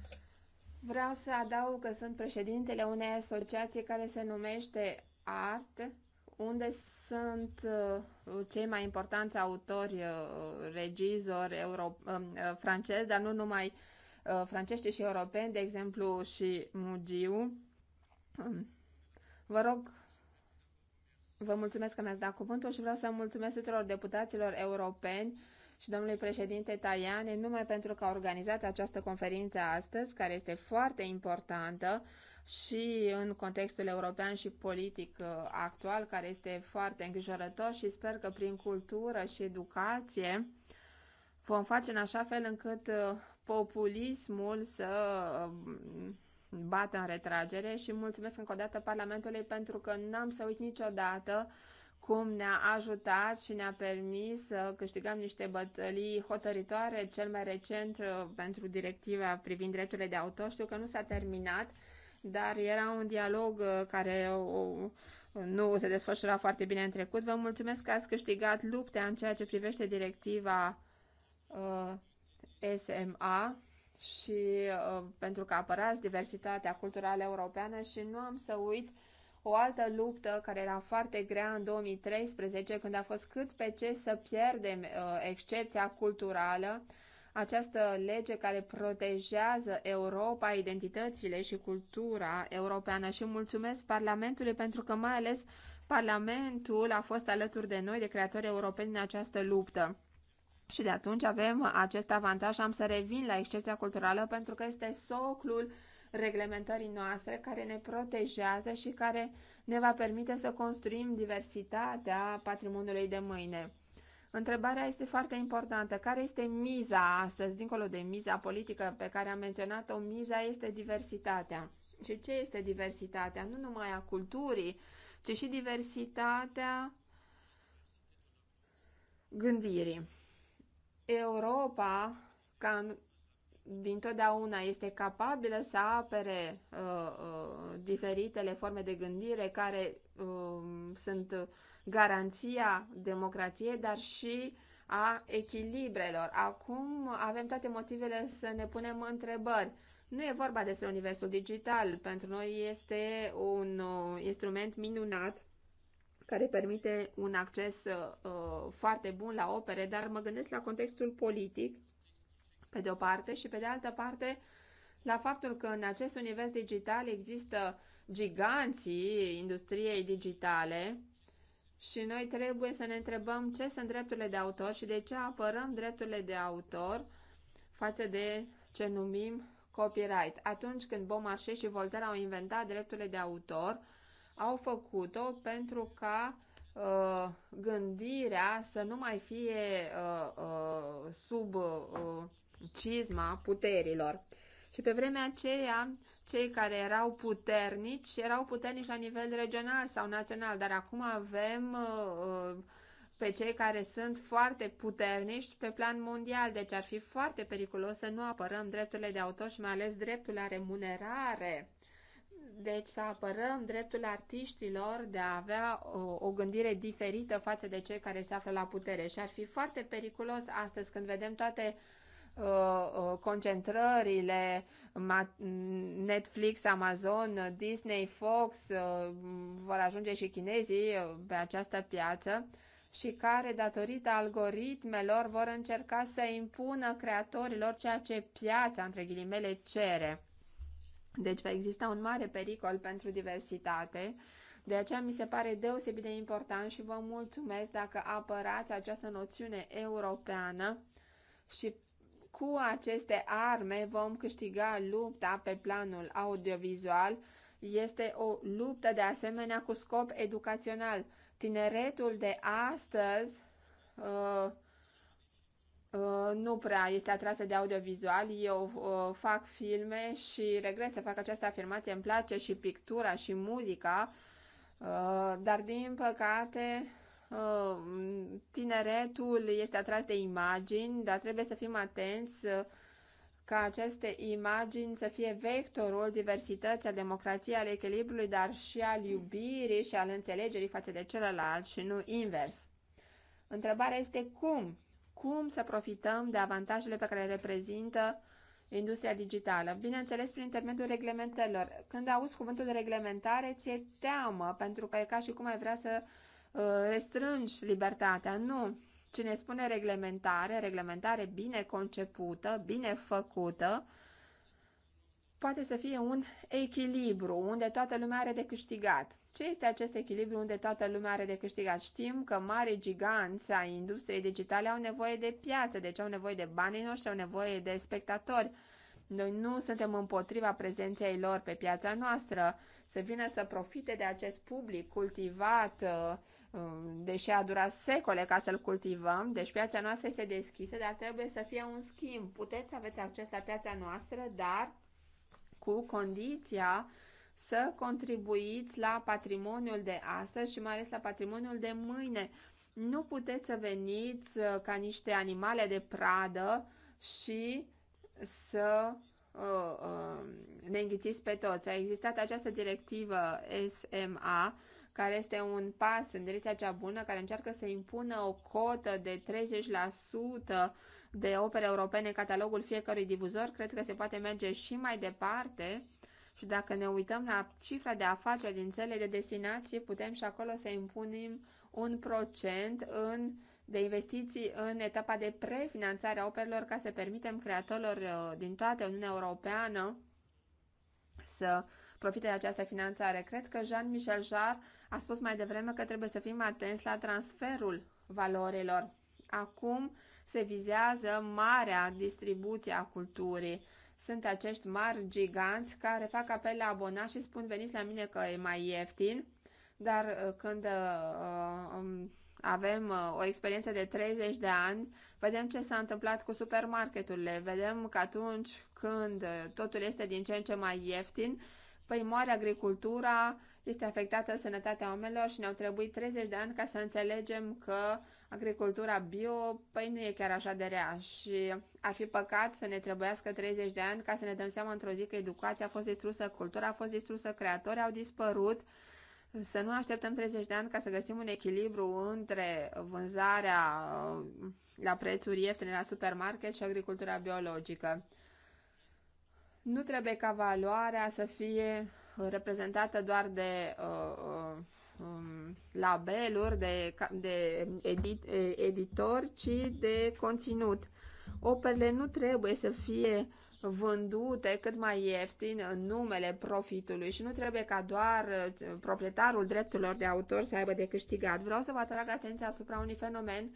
Vreau să adaug că sunt președintele unei asociații care se numește ART, unde sunt uh, cei mai importanți autori, uh, regizori euro, um, uh, francezi, dar nu numai francești și europeni, de exemplu și Mugiu. Um, vă rog, vă mulțumesc că mi-ați dat cuvântul și vreau să mulțumesc tuturor deputaților europeni și domnului președinte Taiane, numai pentru că a organizat această conferință astăzi, care este foarte importantă, și în contextul european și politic uh, actual, care este foarte îngrijorător și sper că prin cultură și educație vom face în așa fel încât uh, populismul să um, bată în retragere și mulțumesc încă o dată Parlamentului pentru că n-am să uit niciodată cum ne-a ajutat și ne-a permis să câștigăm niște bătălii hotăritoare, cel mai recent uh, pentru directiva privind drepturile de autor. Știu că nu s-a terminat, dar era un dialog uh, care uh, o, nu se desfășura foarte bine în trecut. Vă mulțumesc că ați câștigat luptea în ceea ce privește directiva uh, SMA și uh, pentru că apărați diversitatea culturală europeană și nu am să uit o altă luptă care era foarte grea în 2013 când a fost cât pe ce să pierdem uh, excepția culturală uh, această lege care protejează Europa, identitățile și cultura europeană și mulțumesc Parlamentului pentru că mai ales Parlamentul a fost alături de noi, de creatori europeni, în această luptă. Și de atunci avem acest avantaj. Am să revin la excepția culturală pentru că este soclul reglementării noastre care ne protejează și care ne va permite să construim diversitatea patrimoniului de mâine. Întrebarea este foarte importantă. Care este miza astăzi, dincolo de miza politică pe care am menționat-o? Miza este diversitatea. Și ce este diversitatea? Nu numai a culturii, ci și diversitatea gândirii. Europa, ca totdeauna este capabilă să apere uh, uh, diferitele forme de gândire care uh, sunt garanția democrației, dar și a echilibrelor. Acum avem toate motivele să ne punem întrebări. Nu e vorba despre universul digital. Pentru noi este un uh, instrument minunat care permite un acces uh, foarte bun la opere, dar mă gândesc la contextul politic, pe de o parte, și pe de altă parte la faptul că în acest univers digital există giganții industriei digitale, și noi trebuie să ne întrebăm ce sunt drepturile de autor și de ce apărăm drepturile de autor față de ce numim copyright. Atunci când Beaumarchais și Voltaire au inventat drepturile de autor, au făcut-o pentru ca uh, gândirea să nu mai fie uh, uh, sub uh, cizma puterilor. Și pe vremea aceea cei care erau puternici, erau puternici la nivel regional sau național, dar acum avem uh, uh, pe cei care sunt foarte puternici pe plan mondial, deci ar fi foarte periculos să nu apărăm drepturile de autor și mai ales dreptul la remunerare. Deci să apărăm dreptul artiștilor de a avea o, uh, o gândire diferită față de cei care se află la putere și ar fi foarte periculos astăzi când vedem toate uh, Uh, concentrările Netflix, Amazon, Disney, Fox, uh, vor ajunge și chinezii uh, pe această piață și care, datorită algoritmelor, vor încerca să impună creatorilor ceea ce piața, între ghilimele, cere. Deci va exista un mare pericol pentru diversitate. De aceea mi se pare deosebit de important și vă mulțumesc dacă apărați această noțiune europeană și cu aceste arme vom câștiga lupta pe planul audiovizual. Este o luptă de asemenea cu scop educațional. Tineretul de astăzi uh, Uh, nu prea este atrasă de audiovizual, eu uh, fac filme și regret să fac această afirmație, îmi place și pictura și muzica, uh, dar din păcate Uh, tineretul este atras de imagini, dar trebuie să fim atenți uh, ca aceste imagini să fie vectorul diversității, a democrației, al echilibrului, dar și al iubirii și al înțelegerii față de celălalt și nu invers. Întrebarea este cum? Cum să profităm de avantajele pe care le reprezintă industria digitală? Bineînțeles, prin intermediul reglementărilor. Când auzi cuvântul reglementare, ți-e teamă, pentru că e ca și cum ai vrea să Uh, restrângi libertatea, nu. Cine spune reglementare, reglementare bine concepută, bine făcută, poate să fie un echilibru unde toată lumea are de câștigat. Ce este acest echilibru unde toată lumea are de câștigat? Știm că mari giganți a industriei digitale au nevoie de piață, deci au nevoie de banii noștri, au nevoie de spectatori. Noi nu suntem împotriva prezenței lor pe piața noastră, să vină să profite de acest public cultivat, uh, Um, deși a durat secole ca să-l cultivăm, deci piața noastră este deschisă, dar trebuie să fie un schimb. Puteți să aveți acces la piața noastră, dar cu condiția să contribuiți la patrimoniul de astăzi și mai ales la patrimoniul de mâine. Nu puteți să veniți uh, ca niște animale de pradă și să uh, uh, ne înghițiți pe toți. A existat această directivă SMA care este un pas în direcția cea bună, care încearcă să impună o cotă de 30% de opere europene în catalogul fiecărui divuzor, cred că se poate merge și mai departe. Și dacă ne uităm la cifra de afaceri din țările de destinație, putem și acolo să impunem un procent în, de investiții în etapa de prefinanțare a operelor ca să permitem creatorilor uh, din toată Uniunea Europeană să profite de această finanțare. Cred că Jean-Michel Jarre a spus mai devreme că trebuie să fim atenți la transferul valorilor. Acum se vizează marea distribuție a culturii. Sunt acești mari giganți care fac apel la abonați și spun veniți la mine că e mai ieftin, dar uh, când uh, um, avem uh, o experiență de 30 de ani, vedem ce s-a întâmplat cu supermarketurile, vedem că atunci când uh, totul este din ce în ce mai ieftin, păi moare agricultura, este afectată sănătatea oamenilor și ne-au trebuit 30 de ani ca să înțelegem că agricultura bio, păi nu e chiar așa de rea și ar fi păcat să ne trebuiască 30 de ani ca să ne dăm seama într-o zi că educația a fost distrusă, cultura a fost distrusă, creatorii au dispărut, să nu așteptăm 30 de ani ca să găsim un echilibru între vânzarea uh, la prețuri ieftine la supermarket și agricultura biologică. Nu trebuie ca valoarea să fie reprezentată doar de uh, uh um, labeluri, de, de edit, editori, ci de conținut. Operele nu trebuie să fie vândute cât mai ieftin în numele profitului și nu trebuie ca doar uh, proprietarul drepturilor de autor să aibă de câștigat. Vreau să vă atrag atenția asupra unui fenomen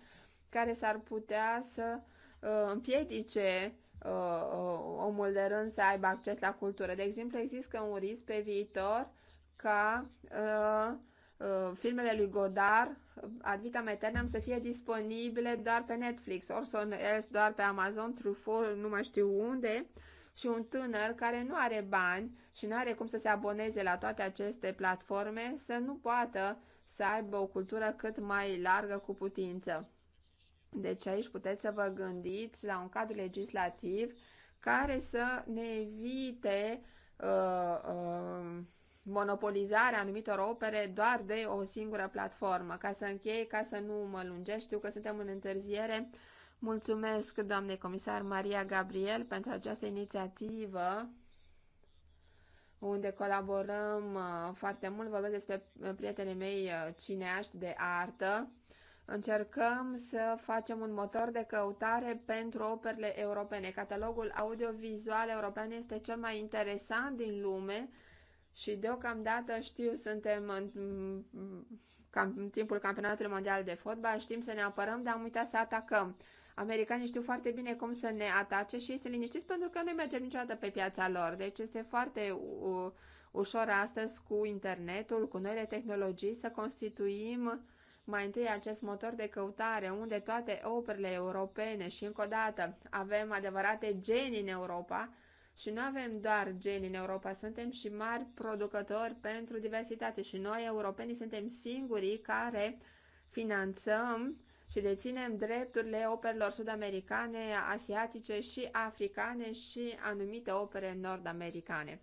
care s-ar putea să uh, împiedice Uh, uh, omul de rând să aibă acces la cultură. De exemplu, există un risc pe viitor ca uh, uh, filmele lui Godard, Advita Meternam, să fie disponibile doar pe Netflix, Orson Welles doar pe Amazon, Truffaut, nu mai știu unde, și un tânăr care nu are bani și nu are cum să se aboneze la toate aceste platforme, să nu poată să aibă o cultură cât mai largă cu putință. Deci aici puteți să vă gândiți la un cadru legislativ care să ne evite uh, uh, monopolizarea anumitor opere doar de o singură platformă. Ca să închei, ca să nu mă lungești, știu că suntem în întârziere. Mulțumesc, doamne comisar Maria Gabriel, pentru această inițiativă unde colaborăm uh, foarte mult. Vorbesc despre prietenii mei uh, cineaști de artă Încercăm să facem un motor de căutare pentru operele europene. Catalogul audiovizual european este cel mai interesant din lume și deocamdată știu, suntem în, cam, timpul campionatului mondial de fotbal, știm să ne apărăm, dar am uitat să atacăm. Americanii știu foarte bine cum să ne atace și să liniștiți pentru că nu mergem niciodată pe piața lor. Deci este foarte ușor astăzi cu internetul, cu noile tehnologii, să constituim mai întâi acest motor de căutare unde toate operele europene și încă o dată avem adevărate genii în Europa și nu avem doar genii în Europa, suntem și mari producători pentru diversitate și noi europenii suntem singurii care finanțăm și deținem drepturile operelor sud-americane, asiatice și africane și anumite opere nord-americane.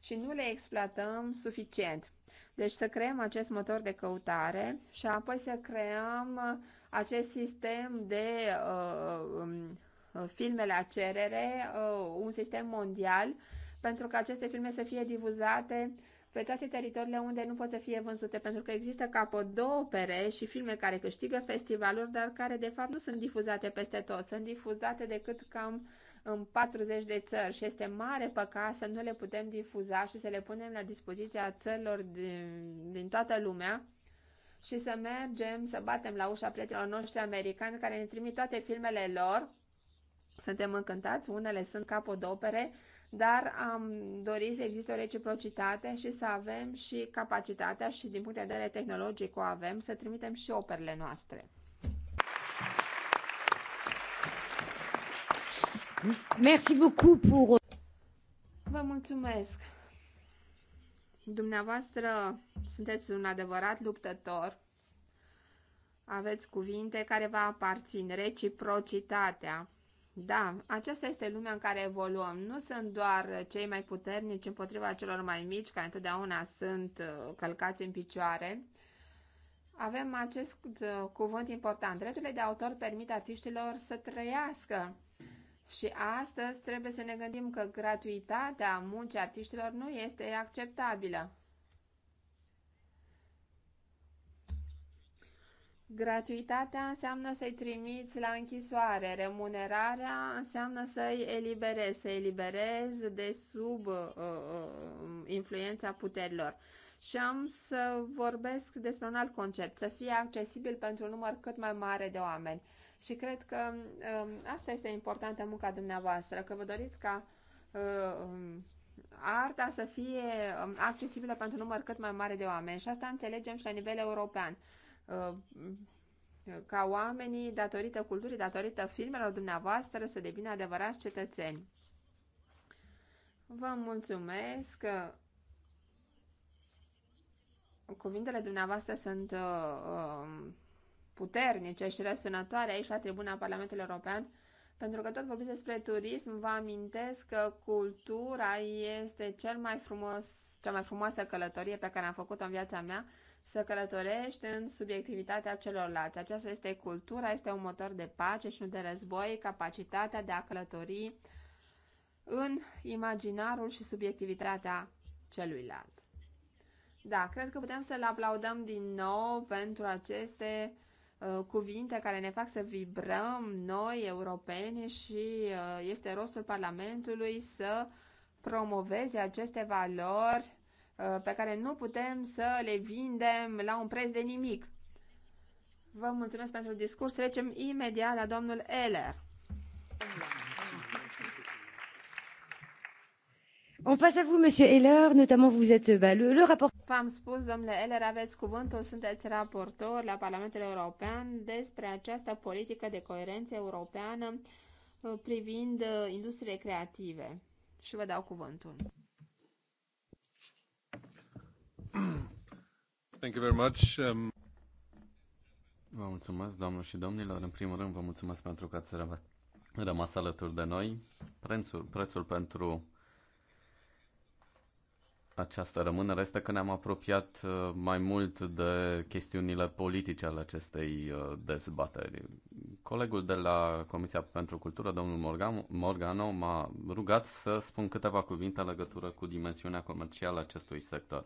Și nu le exploatăm suficient. Deci să creăm acest motor de căutare și apoi să creăm uh, acest sistem de uh, um, uh, filme la cerere, uh, un sistem mondial, pentru că aceste filme să fie divuzate pe toate teritoriile unde nu pot să fie vândute, pentru că există capodopere și filme care câștigă festivaluri, dar care de fapt nu sunt difuzate peste tot, sunt difuzate decât cam în 40 de țări și este mare păcat să nu le putem difuza și să le punem la dispoziția țărilor din, din toată lumea și să mergem să batem la ușa prietenilor noștri americani care ne trimit toate filmele lor. Suntem încântați, unele sunt capodopere, dar am dorit să existe o reciprocitate și să avem și capacitatea și din punct de vedere tehnologic o avem, să trimitem și operele noastre. Merci beaucoup pour... Vă mulțumesc! Dumneavoastră sunteți un adevărat luptător. Aveți cuvinte care vă aparțin, reciprocitatea. Da, aceasta este lumea în care evoluăm. Nu sunt doar cei mai puternici împotriva celor mai mici, care întotdeauna sunt uh, călcați în picioare. Avem acest uh, cuvânt important. Drepturile de autor permit artiștilor să trăiască și astăzi trebuie să ne gândim că gratuitatea muncii artiștilor nu este acceptabilă. Gratuitatea înseamnă să-i trimiți la închisoare, remunerarea înseamnă să-i eliberezi, să-i eliberezi de sub uh, uh, influența puterilor. Și am să vorbesc despre un alt concept, să fie accesibil pentru un număr cât mai mare de oameni. Și cred că um, asta este importantă munca dumneavoastră, că vă doriți ca uh, um, arta să fie um, accesibilă pentru număr cât mai mare de oameni și asta înțelegem și la nivel european. Uh, ca oamenii, datorită culturii, datorită filmelor dumneavoastră, să devină adevărați cetățeni. Vă mulțumesc! Cuvintele dumneavoastră sunt uh, puternice și răsunătoare aici la tribuna Parlamentului European, pentru că tot vorbim despre turism, vă amintesc că cultura este cel mai frumos, cea mai frumoasă călătorie pe care am făcut-o în viața mea, să călătorești în subiectivitatea celorlalți. Aceasta este cultura, este un motor de pace și nu de război, capacitatea de a călători în imaginarul și subiectivitatea celuilalt. Da, cred că putem să-l aplaudăm din nou pentru aceste Uh, cuvinte care ne fac să vibrăm noi, europeni, și uh, este rostul Parlamentului să promoveze aceste valori uh, pe care nu putem să le vindem la un preț de nimic. Vă mulțumesc pentru discurs. Trecem imediat la domnul Eller. On passe à vous, monsieur Heller, notamment vous êtes bah, le, le rapport. V-am spus, domnule Eller, aveți cuvântul, sunteți raportor la Parlamentul European despre această politică de coerență europeană uh, privind uh, industriile creative. Și vă dau cuvântul. Thank you very much. Um... Vă mulțumesc, doamnelor și domnilor. În primul rând, vă mulțumesc pentru că ați rămas alături de noi. Prețul, prețul pentru această rămânere este că ne-am apropiat uh, mai mult de chestiunile politice ale acestei uh, dezbateri. Colegul de la Comisia pentru Cultură, domnul Morgano, m-a rugat să spun câteva cuvinte în legătură cu dimensiunea comercială a acestui sector.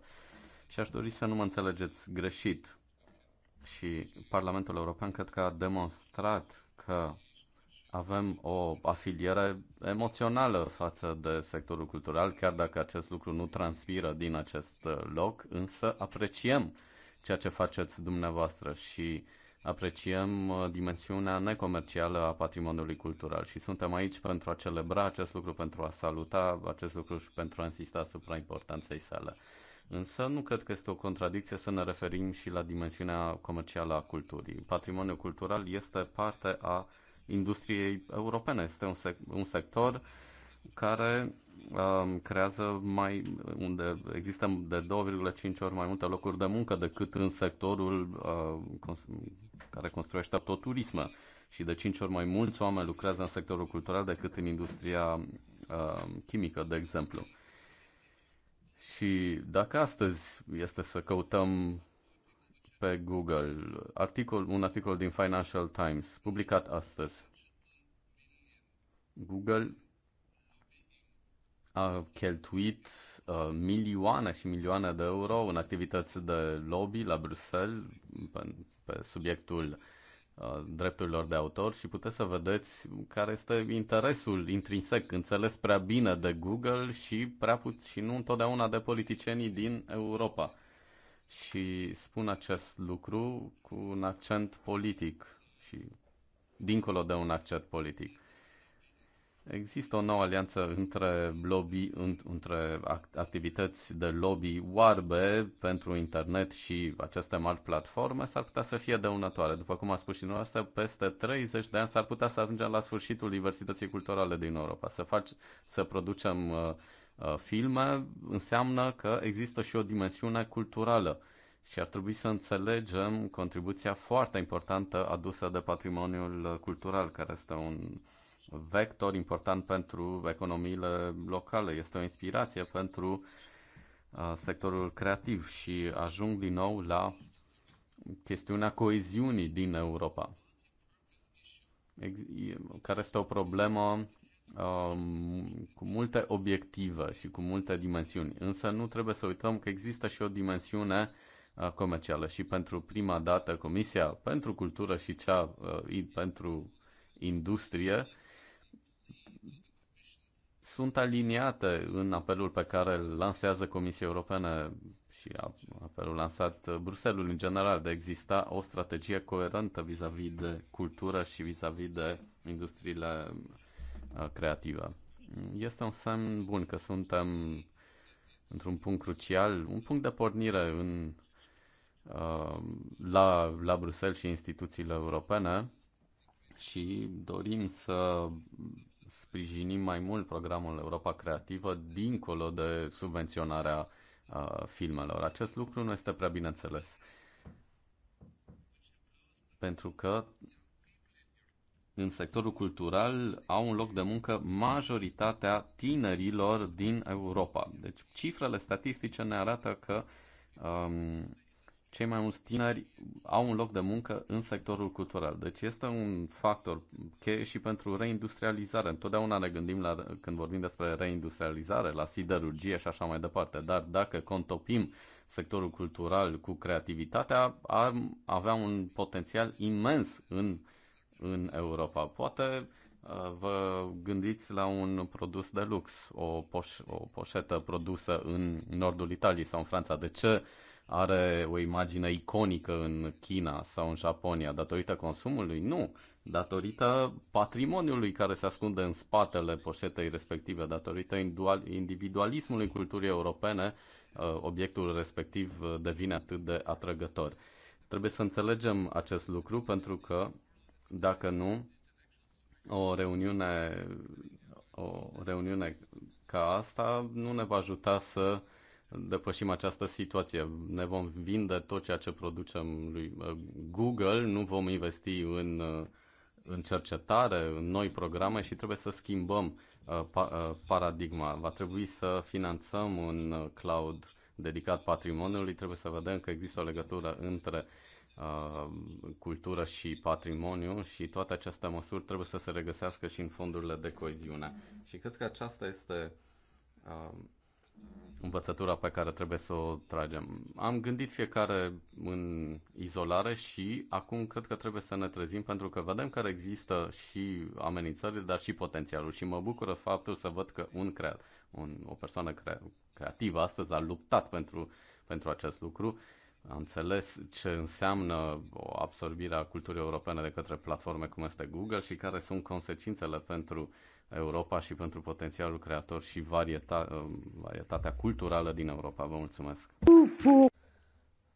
Și aș dori să nu mă înțelegeți greșit. Și Parlamentul European cred că a demonstrat că avem o afiliere emoțională față de sectorul cultural, chiar dacă acest lucru nu transpiră din acest uh, loc, însă apreciem ceea ce faceți dumneavoastră și apreciem uh, dimensiunea necomercială a patrimoniului cultural și suntem aici pentru a celebra acest lucru, pentru a saluta acest lucru și pentru a insista asupra importanței sale. Însă nu cred că este o contradicție să ne referim și la dimensiunea comercială a culturii. Patrimoniul cultural este parte a industriei europene. Este un, sec- un sector care um, creează mai unde există de 2,5 ori mai multe locuri de muncă decât în sectorul uh, cons- care construiește autoturisme și de 5 ori mai mulți oameni lucrează în sectorul cultural decât în industria uh, chimică, de exemplu. Și dacă astăzi este să căutăm pe Google. Articol, un articol din Financial Times, publicat astăzi. Google a cheltuit uh, milioane și milioane de euro în activități de lobby la Bruxelles pe, pe subiectul uh, drepturilor de autor și puteți să vedeți care este interesul intrinsec înțeles prea bine de Google și prea și nu întotdeauna de politicienii din Europa. Și spun acest lucru cu un accent politic și dincolo de un accent politic. Există o nouă alianță între, lobby, între activități de lobby oarbe pentru internet și aceste mari platforme s-ar putea să fie dăunătoare. După cum a spus și dumneavoastră, peste 30 de ani s-ar putea să ajungem la sfârșitul diversității culturale din Europa, să, faci, să producem uh, Uh, filme, înseamnă că există și o dimensiune culturală și ar trebui să înțelegem contribuția foarte importantă adusă de patrimoniul cultural, care este un vector important pentru economiile locale, este o inspirație pentru uh, sectorul creativ și ajung din nou la chestiunea coeziunii din Europa, care este o problemă Um, cu multe obiective și cu multe dimensiuni. Însă nu trebuie să uităm că există și o dimensiune uh, comercială și pentru prima dată Comisia pentru Cultură și cea uh, pentru Industrie sunt aliniate în apelul pe care îl lansează Comisia Europeană și apelul lansat Bruselul în general de a exista o strategie coerentă vis-a-vis -vis de cultură și vis-a-vis -vis de industriile Uh, creativă. Este un semn bun că suntem într-un punct crucial, un punct de pornire în, uh, la, la Bruxelles și instituțiile europene și dorim să sprijinim mai mult programul Europa Creativă dincolo de subvenționarea uh, filmelor. Acest lucru nu este prea bine înțeles. Pentru că în sectorul cultural au un loc de muncă majoritatea tinerilor din Europa. Deci cifrele statistice ne arată că um, cei mai mulți tineri au un loc de muncă în sectorul cultural. Deci este un factor cheie și pentru reindustrializare. Întotdeauna ne gândim la, când vorbim despre reindustrializare, la siderurgie și așa mai departe. Dar dacă contopim sectorul cultural cu creativitatea, ar avea un potențial imens în uh, în Europa. Poate uh, vă gândiți la un produs de lux, o, poș- o poșetă produsă în nordul Italiei sau în Franța. De ce are o imagine iconică în China sau în Japonia? Datorită consumului? Nu. Datorită patrimoniului care se ascunde în spatele poșetei respective, datorită individualismului culturii europene, uh, obiectul respectiv uh, devine atât de atrăgător. Trebuie să înțelegem acest lucru pentru că dacă nu, o reuniune, o reuniune ca asta nu ne va ajuta să depășim această situație. Ne vom vinde tot ceea ce producem lui uh, Google, nu vom investi în, uh, în cercetare, în noi programe și trebuie să schimbăm uh, paradigma. Va trebui să finanțăm un cloud dedicat patrimoniului, trebuie să vedem că există o legătură între uh, Uh, cultură și patrimoniu și toate aceste măsuri trebuie să se regăsească și în fondurile de coeziune. Și cred că aceasta este uh, învățătura pe care trebuie să o tragem. Am gândit fiecare în izolare și acum cred că trebuie să ne trezim pentru că vedem că există și amenințările, dar și potențialul. Și mă bucură faptul să văd că un creat, un, o persoană cre- creativă astăzi a luptat pentru, pentru acest lucru a înțeles ce înseamnă absorbirea culturii europene de către platforme cum este Google și care sunt consecințele pentru Europa și pentru potențialul creator și varieta, um, varietatea culturală din Europa. Vă mulțumesc!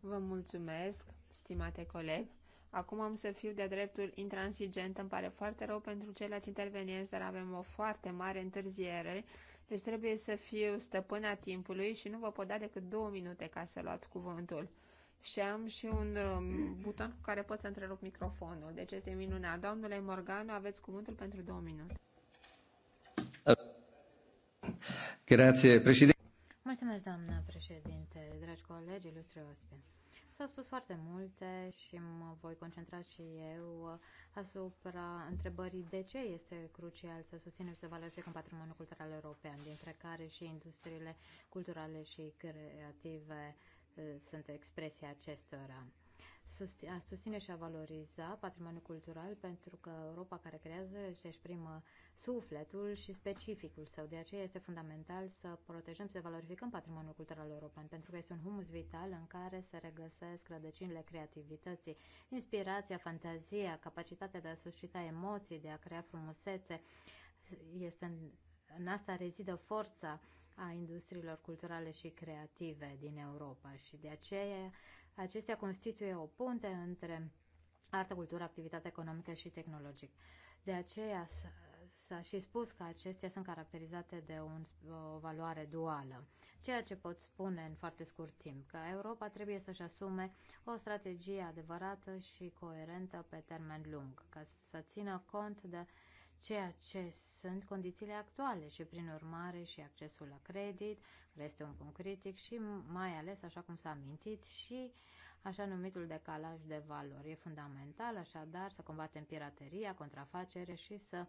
Vă mulțumesc, stimate coleg! Acum am să fiu de-a dreptul intransigent, îmi pare foarte rău pentru ceilalți intervenienți, dar avem o foarte mare întârziere, deci trebuie să fiu stăpâna timpului și nu vă pot da decât două minute ca să luați cuvântul și am și un um, buton cu care pot să întrerup microfonul. Deci este minunat. Domnule Morgan, aveți cuvântul pentru două minute. Grație, președinte. Mulțumesc, doamnă președinte, dragi colegi, ilustre oaspe. S-au spus foarte multe și mă voi concentra și eu asupra întrebării de ce este crucial să susținem și să valorificăm patrimoniul cultural european, dintre care și industriile culturale și creative uh, Uh, sunt expresia acestora. A susține și a valoriza patrimoniul cultural pentru că Europa care creează își exprimă sufletul și specificul său. De aceea este fundamental să protejăm, să valorificăm patrimoniul cultural european, pentru că este un humus vital în care se regăsesc rădăcinile creativității, inspirația, fantazia, capacitatea de a suscita emoții, de a crea frumusețe. Este în, în asta rezidă forța uh, a industriilor culturale și creative din Europa și de aceea acestea constituie o punte între artă, cultură, activitate economică și tehnologic. De aceea s-a și spus că acestea sunt caracterizate de un, o valoare duală, ceea ce pot spune în foarte scurt timp, că Europa trebuie să-și asume o strategie adevărată și coerentă pe termen lung, ca să țină cont de uh, ceea ce sunt condițiile actuale și prin urmare și accesul la credit, care este un punct critic și mai ales, așa cum s-a amintit, și așa numitul decalaj de valori. E fundamental așadar să combatem pirateria, contrafacere și să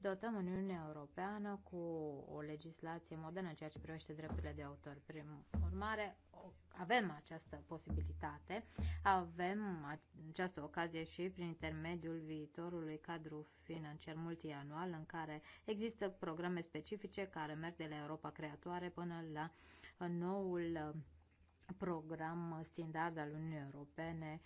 dotăm Uniunea Europeană cu o legislație modernă în ceea ce privește drepturile de autor. Prin urmare, avem această posibilitate, avem această ocazie și prin intermediul viitorului cadru financiar multianual în care există programe specifice care merg de la Europa Creatoare până la noul program standard al Uniunii Europene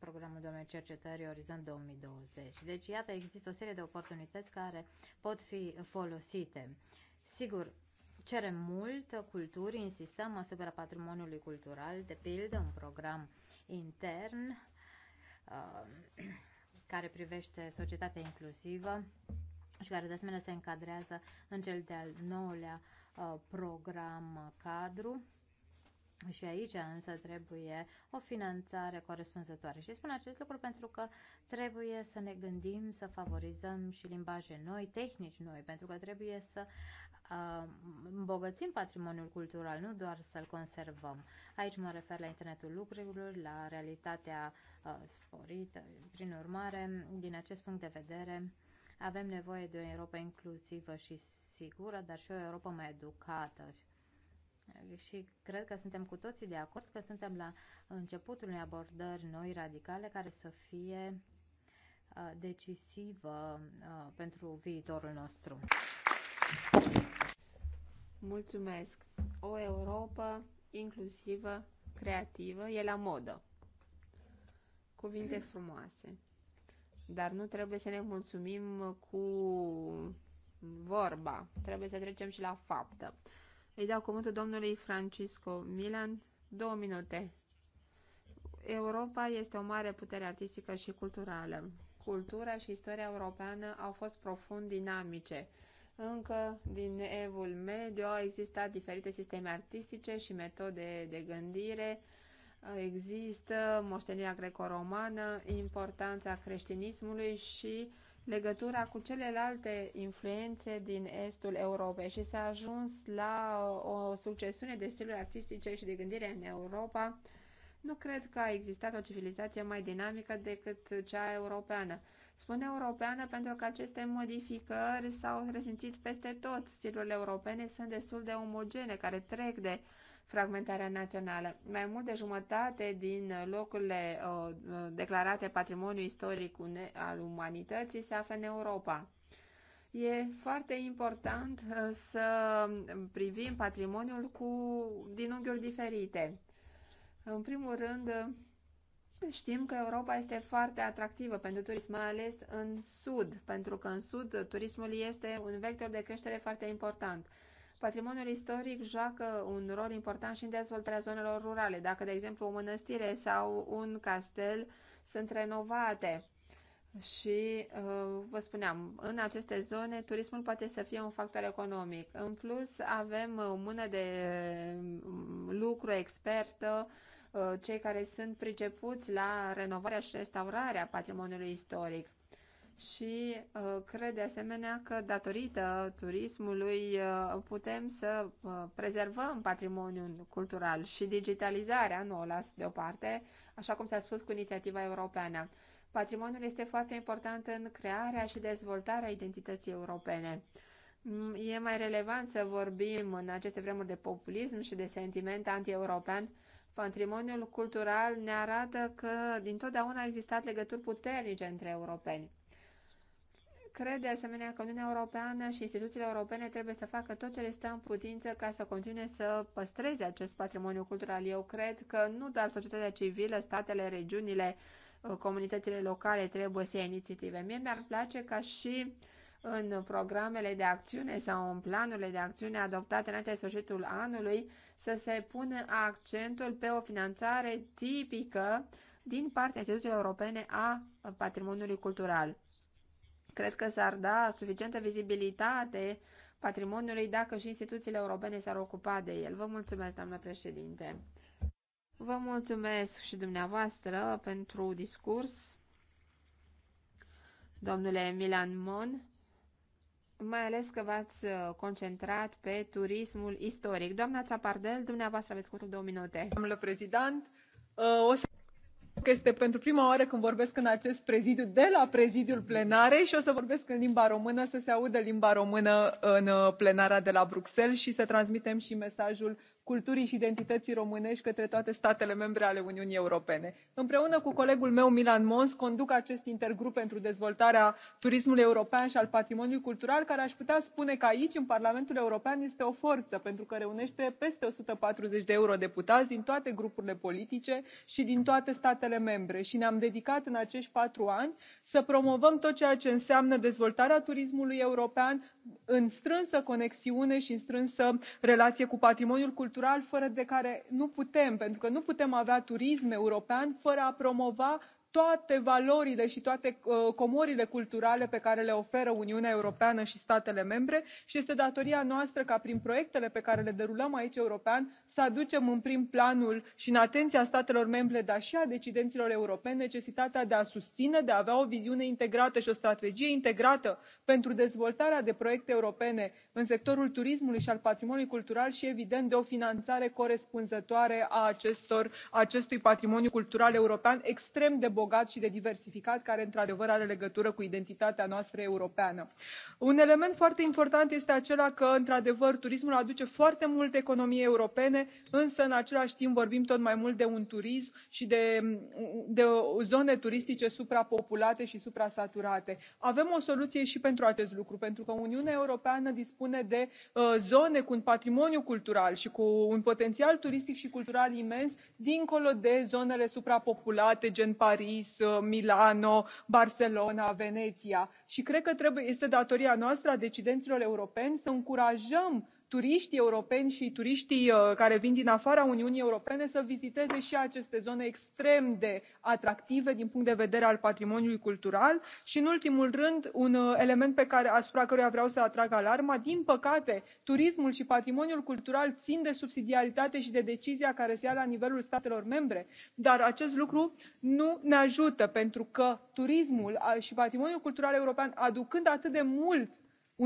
programul domnului cercetării Orizont 2020. Deci, iată, există o serie de oportunități care pot fi folosite. Sigur, cerem mult culturi, insistăm asupra patrimoniului cultural, de pildă, un program intern uh, care privește societatea inclusivă și care de asemenea se încadrează în cel de-al nouălea uh, program cadru și aici însă trebuie o finanțare corespunzătoare. Și spun acest lucru pentru că trebuie să ne gândim să favorizăm și limbaje noi, tehnici noi, pentru că trebuie să uh, îmbogățim patrimoniul cultural, nu doar să-l conservăm. Aici mă refer la internetul lucrurilor, la realitatea uh, sporită. Prin urmare, din acest punct de vedere, avem nevoie de o Europa inclusivă și sigură, dar și o Europa mai educată și cred că suntem cu toții de acord că suntem la începutul unei abordări noi radicale care să fie uh, decisivă uh, pentru viitorul nostru. Mulțumesc! O Europa inclusivă, creativă, e la modă. Cuvinte frumoase. Dar nu trebuie să ne mulțumim cu vorba. Trebuie să trecem și la faptă. Îi dau cuvântul domnului Francisco Milan, două minute. Europa este o mare putere artistică și culturală. Cultura și istoria europeană au fost profund dinamice. Încă din evul mediu au existat diferite sisteme artistice și metode de gândire. Există moștenirea greco-romană, importanța creștinismului și uh, legătura cu celelalte influențe din estul Europei și s-a ajuns la o succesiune de stiluri artistice și de gândire în Europa, nu cred că a existat o civilizație mai dinamică decât cea europeană. Spune europeană pentru că aceste modificări s-au resimțit peste tot. Stilurile europene sunt destul de omogene, care trec de fragmentarea națională. Mai mult de jumătate din locurile uh, uh declarate patrimoniu istoric al umanității se află în Europa. E foarte important uh, să privim patrimoniul cu, din unghiuri diferite. În primul rând, Știm că Europa este foarte atractivă pentru turism, mai ales în sud, pentru că în sud turismul este un vector de creștere foarte important. Patrimoniul istoric joacă un rol important și în dezvoltarea zonelor rurale. Dacă, de exemplu, o mănăstire sau un castel sunt renovate și, uh, vă spuneam, în aceste zone turismul poate să fie un factor economic. În plus, avem o mână de mm, lucru expertă, uh, cei care sunt pricepuți la renovarea și restaurarea patrimoniului istoric și uh, cred de asemenea că datorită turismului uh, putem să uh, prezervăm patrimoniul cultural și digitalizarea, nu o las deoparte, așa cum s-a spus cu inițiativa europeană. Patrimoniul este foarte important în crearea și dezvoltarea identității europene. Mm, e mai relevant să vorbim în aceste vremuri de populism și de sentiment anti-european. Patrimoniul cultural ne arată că dintotdeauna au existat legături puternice între europeni. Cred de asemenea că Uniunea Europeană și instituțiile europene trebuie să facă tot ce le stă în putință ca să continue să păstreze acest patrimoniu cultural. Eu cred că nu doar societatea civilă, statele, regiunile, uh, comunitățile locale trebuie să ia inițiative. Mie mi-ar place ca și în programele de acțiune sau în planurile de acțiune adoptate înainte de sfârșitul anului să se pună accentul pe o finanțare tipică din partea instituțiilor europene a uh, patrimoniului cultural. Cred că s-ar da suficientă vizibilitate patrimoniului dacă și instituțiile europene s-ar ocupa de el. Vă mulțumesc, doamnă președinte. Vă mulțumesc și dumneavoastră pentru discurs, domnule Milan Mon, mai ales că v-ați uh, concentrat pe turismul istoric. Doamna Țapardel, dumneavoastră aveți cuvântul două minute. Domnule prezident, uh, o să că este pentru prima oară când vorbesc în acest prezidiu de la prezidiul plenarei și o să vorbesc în limba română, să se audă limba română în uh, plenara de la Bruxelles și să transmitem și mesajul culturii și identității românești către toate statele membre ale Uniunii Europene. Împreună cu colegul meu Milan Mons conduc acest intergrup pentru dezvoltarea turismului european și al patrimoniului cultural, care aș putea spune că aici, în Parlamentul European, este o forță, pentru că reunește peste 140 de eurodeputați din toate grupurile politice și din toate statele membre. Și ne-am dedicat în acești patru ani să promovăm tot ceea ce înseamnă dezvoltarea turismului european în strânsă conexiune și în strânsă relație cu patrimoniul cultural cultural fără de care nu putem pentru că nu putem avea turism european fără a promova toate valorile și toate uh, comorile culturale pe care le oferă uniunea europeană și statele membre și este datoria noastră ca prin proiectele pe care le derulăm aici european să aducem în prim planul și în atenția statelor membre dar și a decidenților europeni necesitatea de a susține de a avea o viziune integrată și o strategie integrată pentru dezvoltarea de proiecte europene în sectorul turismului și al patrimoniului cultural și evident de o finanțare corespunzătoare a acestor, acestui patrimoniu cultural european extrem de bogat și de diversificat care într adevăr are legătură cu identitatea noastră europeană. un element foarte important este acela că într adevăr turismul aduce foarte mult economii europene însă în același timp vorbim tot mai mult de un turism și de, de zone turistice suprapopulate și suprasaturate. avem o soluție și pentru acest lucru pentru că uniunea europeană dispune de uh, zone cu un patrimoniu cultural și cu un potențial turistic și cultural imens dincolo de zonele suprapopulate gen paris paris uh, milano barcelona veneția și cred că este datoria noastră a decidenților europeni să încurajăm turiștii europeni și turiștii uh, care vin din afara uniunii europene să viziteze și aceste zone extrem de atractive din punct de vedere al patrimoniului cultural și în ultimul rând un uh, element pe care, asupra căruia vreau să atrag alarma din păcate turismul și patrimoniul cultural țin de subsidiaritate și de decizia care se ia la nivelul statelor membre dar acest lucru nu ne ajută pentru că turismul uh, și patrimoniul cultural european aducând atât de mult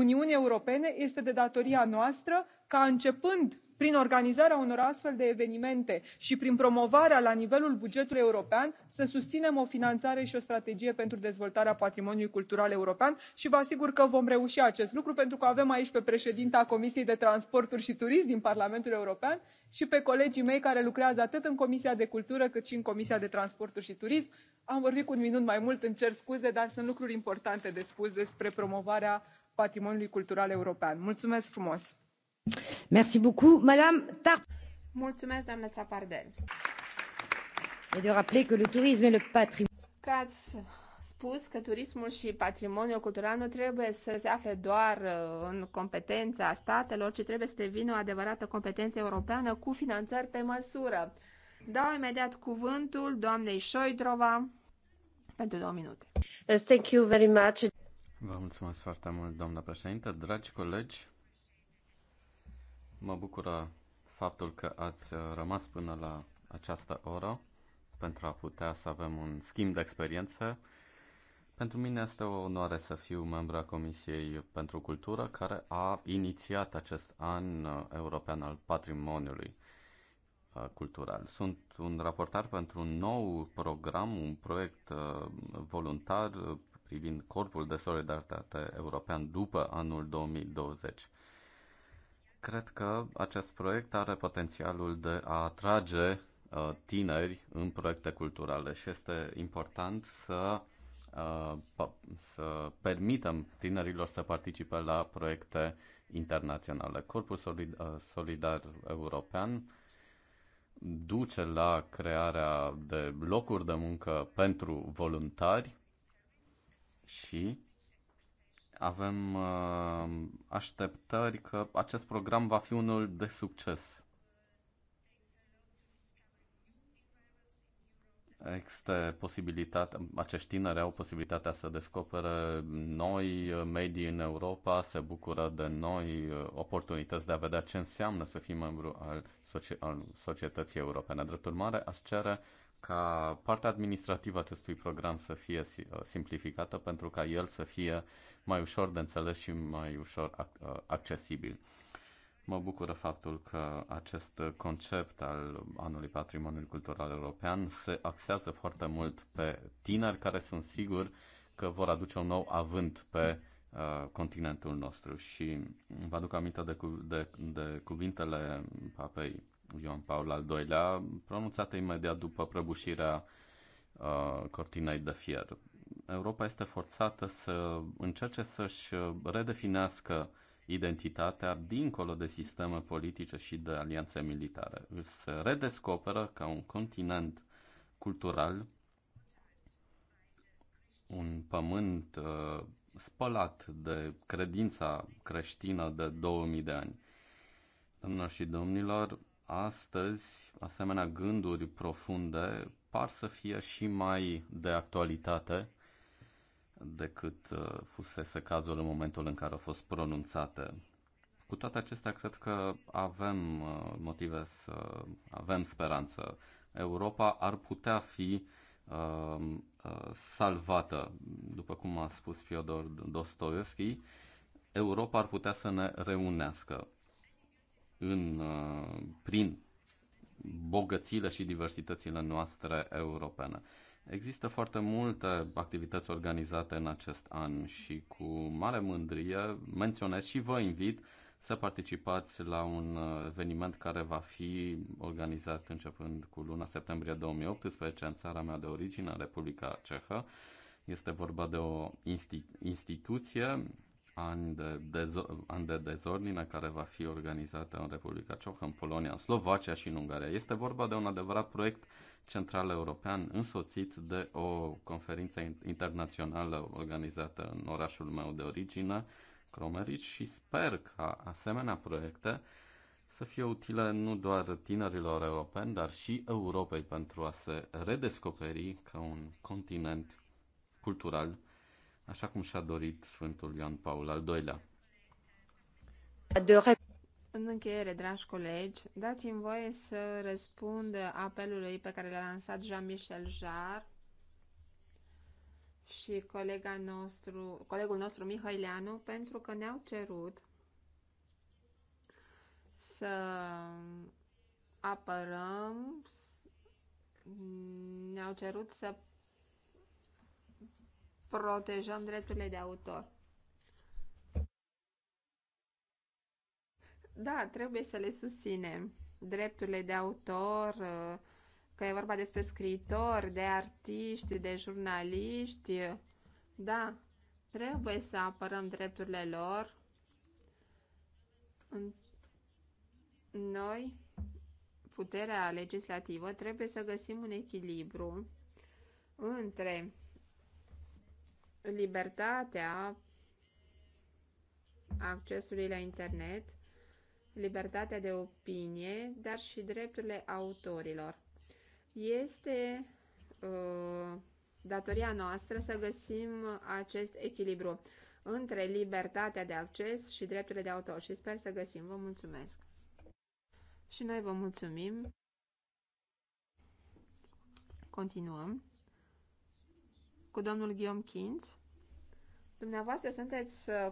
uniunii europene este de datoria noastră ca începând prin organizarea unor astfel de evenimente și prin promovarea la nivelul bugetului european să susținem o finanțare și o strategie pentru dezvoltarea patrimoniului cultural european și vă asigur că vom reuși acest lucru pentru că avem aici pe președinta comisiei de transporturi și turism din parlamentul european și pe colegii mei care lucrează atât în comisia de cultură cât și în comisia de transporturi și turism. am vorbit cu un minut mai mult îmi cer scuze dar sunt lucruri importante de spus despre promovarea patrimoniului cultural european. Mulțumesc frumos! Merci beaucoup, Madame Tar. Mulțumesc, doamnă Țapardel. Et de rappeler que le tourisme et le patrimoine. Că spus că turismul și patrimoniul cultural nu trebuie să se afle doar uh, în competența statelor, ci trebuie să devină o adevărată competență europeană cu finanțări pe măsură. Dau imediat cuvântul doamnei Șoidrova pentru două minute. Uh, thank you very much. Vă mulțumesc foarte mult, doamna președinte. Dragi colegi, mă bucură faptul că ați rămas până la această oră pentru a putea să avem un schimb de experiență. Pentru mine este o onoare să fiu membru a Comisiei pentru Cultură, care a inițiat acest an european al patrimoniului uh, cultural. Sunt un raportar pentru un nou program, un proiect uh, voluntar privind Corpul de Solidaritate European după anul 2020. Cred că acest proiect are potențialul de a atrage uh, tineri în proiecte culturale și este important să uh, să permitem tinerilor să participe la proiecte internaționale. Corpul uh, Solidar European duce la crearea de locuri de muncă pentru voluntari și avem uh, așteptări că acest program va fi unul de succes. Există posibilitatea, acești tineri au posibilitatea să descopere noi medii în Europa, se bucură de noi oportunități de a vedea ce înseamnă să fii membru al, soci- al societății europene. Drept urmare, aș cere ca partea administrativă acestui program să fie uh, simplificată pentru ca el să fie mai ușor de înțeles și mai ușor uh, accesibil. Mă bucură faptul că acest concept al anului patrimoniului cultural european se axează foarte mult pe tineri care sunt siguri că vor aduce un nou avânt pe uh, continentul nostru și vă aduc aminte de, cu, de, de cuvintele papei Ioan Paul al II-lea pronunțate imediat după prăbușirea uh, cortinei de fier. Europa este forțată să încerce să-și redefinească uh, identitatea dincolo de sisteme politice și de alianțe militare. se redescoperă ca un continent cultural, un pământ uh, spălat de credința creștină de 2000 de ani. Domnilor și domnilor, astăzi asemenea gânduri profunde par să fie și mai de actualitate decât uh, fusese cazul în momentul în care au fost pronunțate. Cu toate acestea, cred că avem uh, motive să avem speranță. Europa ar putea fi uh, uh salvată, după cum a spus Fiodor Dostoevski, Europa ar putea să ne reunească în, prin bogățile și diversitățile noastre europene. Există foarte multe activități organizate în acest an și cu mare mândrie menționez și vă invit să participați la un eveniment care va fi organizat începând cu luna septembrie 2018 în țara mea de origine, în Republica Cehă. Este vorba de o institu- instituție an de, dezo- an de dezordine care va fi organizată în Republica Cehă, în Polonia, în Slovacia și în Ungaria. Este vorba de un adevărat proiect Central European, însoțit de o conferință internațională organizată în orașul meu de origine, Cromerici, și sper ca asemenea proiecte să fie utile nu doar tinerilor europeni, dar și Europei pentru a se redescoperi ca un continent cultural, așa cum și-a dorit Sfântul Ioan Paul al II-lea. În încheiere, dragi colegi, dați-mi voie să răspund apelului pe care l-a lansat Jean-Michel Jarre și colega nostru, colegul nostru Mihai pentru că ne-au cerut să apărăm, ne-au cerut să protejăm drepturile de autor. da, trebuie să le susținem. Drepturile de autor, uh, că e vorba despre scriitori, de artiști, de jurnaliști, uh, da, trebuie să apărăm drepturile lor. Noi, puterea legislativă, trebuie să găsim un echilibru între libertatea accesului la internet libertatea de opinie, dar și drepturile autorilor. Este uh, datoria noastră să găsim acest echilibru între libertatea de acces și drepturile de autor și sper să găsim. Vă mulțumesc! Și noi vă mulțumim. Continuăm cu domnul Guillaume Kinz. Dumneavoastră sunteți uh,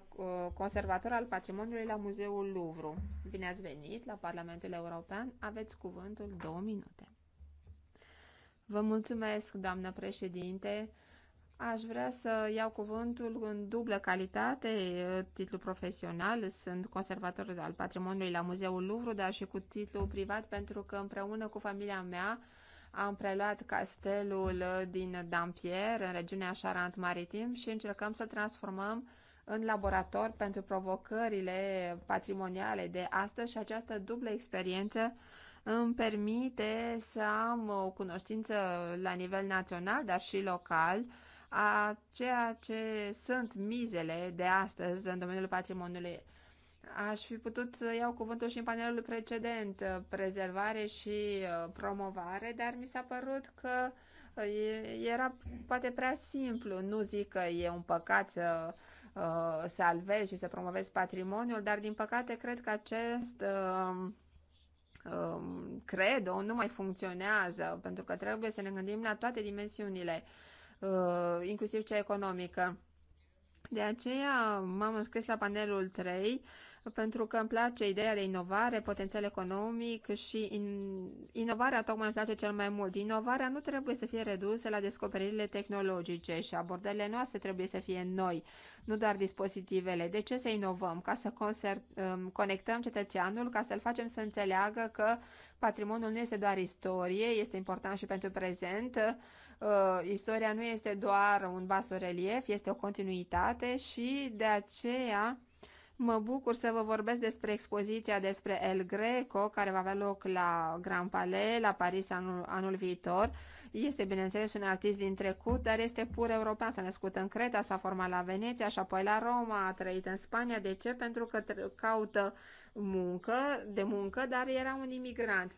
conservator al patrimoniului la Muzeul Louvre. Bine ați venit la Parlamentul European. Aveți cuvântul două minute. Vă mulțumesc, doamnă președinte. Aș vrea să iau cuvântul în dublă calitate, uh, titlu profesional, sunt conservator al patrimoniului la Muzeul Louvre, dar și cu titlu privat, pentru că împreună cu familia mea am preluat castelul uh, din Dampier, în regiunea Charente Maritim, și încercăm să transformăm în laborator pentru provocările patrimoniale de astăzi și această dublă experiență îmi permite să am o cunoștință la nivel național, dar și local, a ceea ce sunt mizele de astăzi în domeniul patrimoniului Aș fi putut să iau cuvântul și în panelul precedent, uh, prezervare și uh, promovare, dar mi s-a părut că uh, era poate prea simplu. Nu zic că e un păcat să salvezi și să promovezi patrimoniul, dar din păcate cred că acest um, credo nu mai funcționează, pentru că trebuie să ne gândim la toate dimensiunile, inclusiv cea economică. De aceea m-am înscris la panelul 3 pentru că îmi place ideea de inovare, potențial economic și in, inovarea tocmai îmi place cel mai mult. Inovarea nu trebuie să fie redusă la descoperirile tehnologice și abordările noastre trebuie să fie noi, nu doar dispozitivele. De ce să inovăm? Ca să concert, um, conectăm cetățeanul, ca să-l facem să înțeleagă că patrimoniul nu este doar istorie, este important și pentru prezent. Uh, istoria nu este doar un basorelief, este o continuitate și de aceea Mă bucur să vă vorbesc despre expoziția despre El Greco, care va avea loc la Grand Palais, la Paris anul, anul viitor. Este, bineînțeles, un artist din trecut, dar este pur european. S-a născut în Creta, s-a format la Veneția și apoi la Roma, a trăit în Spania. De ce? Pentru că caută muncă, de muncă, dar era un imigrant.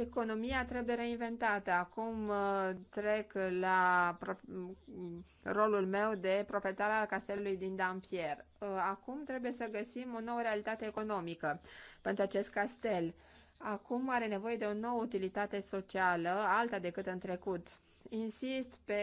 Economia trebuie reinventată. Acum uh, trec la rolul meu de proprietar al castelului din Dampier, uh, Acum trebuie să găsim o nouă realitate economică pentru acest castel. Acum are nevoie de o nouă utilitate socială, alta decât în trecut. Insist pe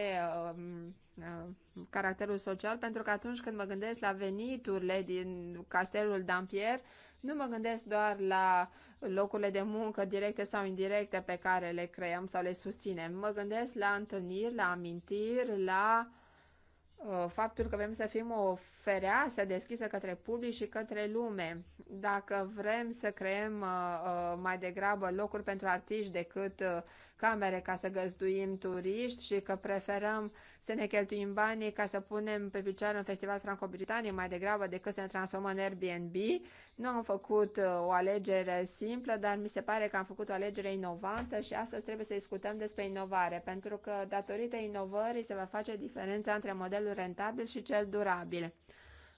um, uh, caracterul social pentru că atunci când mă gândesc la veniturile din castelul Dampier nu mă gândesc doar la locurile de muncă directe sau indirecte pe care le creăm sau le susținem. Mă gândesc la întâlniri, la amintiri, la uh, faptul că vrem să fim o fereastră deschisă către public și către lume. Dacă vrem să creăm uh, uh, mai degrabă locuri pentru artiști decât uh, camere ca să găzduim turiști și că preferăm să ne cheltuim banii ca să punem pe picioare un festival franco-britanic mai degrabă decât să ne transformăm în Airbnb, nu am făcut uh, o alegere simplă, dar mi se pare că am făcut o alegere inovantă și astăzi trebuie să discutăm despre inovare, pentru că datorită inovării se va face diferența între modelul rentabil și cel durabil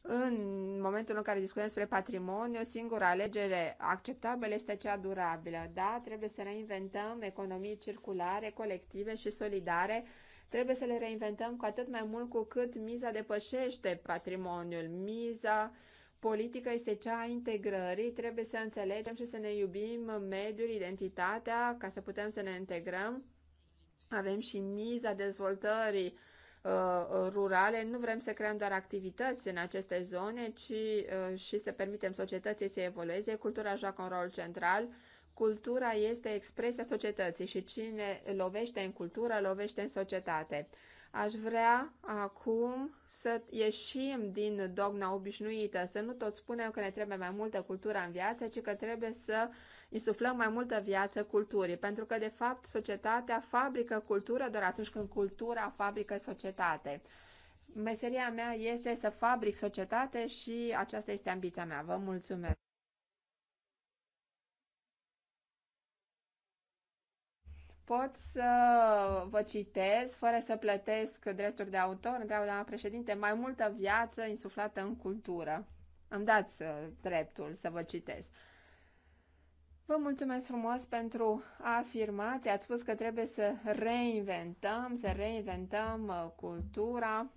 în momentul în care discutăm despre patrimoniu, singura alegere acceptabilă este cea durabilă. Da, trebuie să reinventăm economii circulare, colective și solidare. Trebuie să le reinventăm cu atât mai mult cu cât miza depășește patrimoniul. Miza politică este cea a integrării. Trebuie să înțelegem și să ne iubim mediul, identitatea, ca să putem să ne integrăm. Avem și miza dezvoltării Uh, rurale. Nu vrem să creăm doar activități în aceste zone, ci uh, și să permitem societății să evolueze. Cultura joacă un rol central. Cultura este expresia societății și cine lovește în cultură, lovește în societate. Aș vrea acum să ieșim din dogma obișnuită, să nu tot spunem că ne trebuie mai multă cultură în viață, ci că trebuie să insuflăm mai multă viață culturii, pentru că, de fapt, societatea fabrică cultură doar atunci când cultura fabrică societate. Meseria mea este să fabric societate și aceasta este ambiția mea. Vă mulțumesc! Pot să vă citez, fără să plătesc drepturi de autor, întreabă doamna președinte, mai multă viață insuflată în cultură. Îmi dați uh, dreptul să vă citesc. Vă mulțumesc frumos pentru afirmație. Ați spus că trebuie să reinventăm, să reinventăm uh, cultura,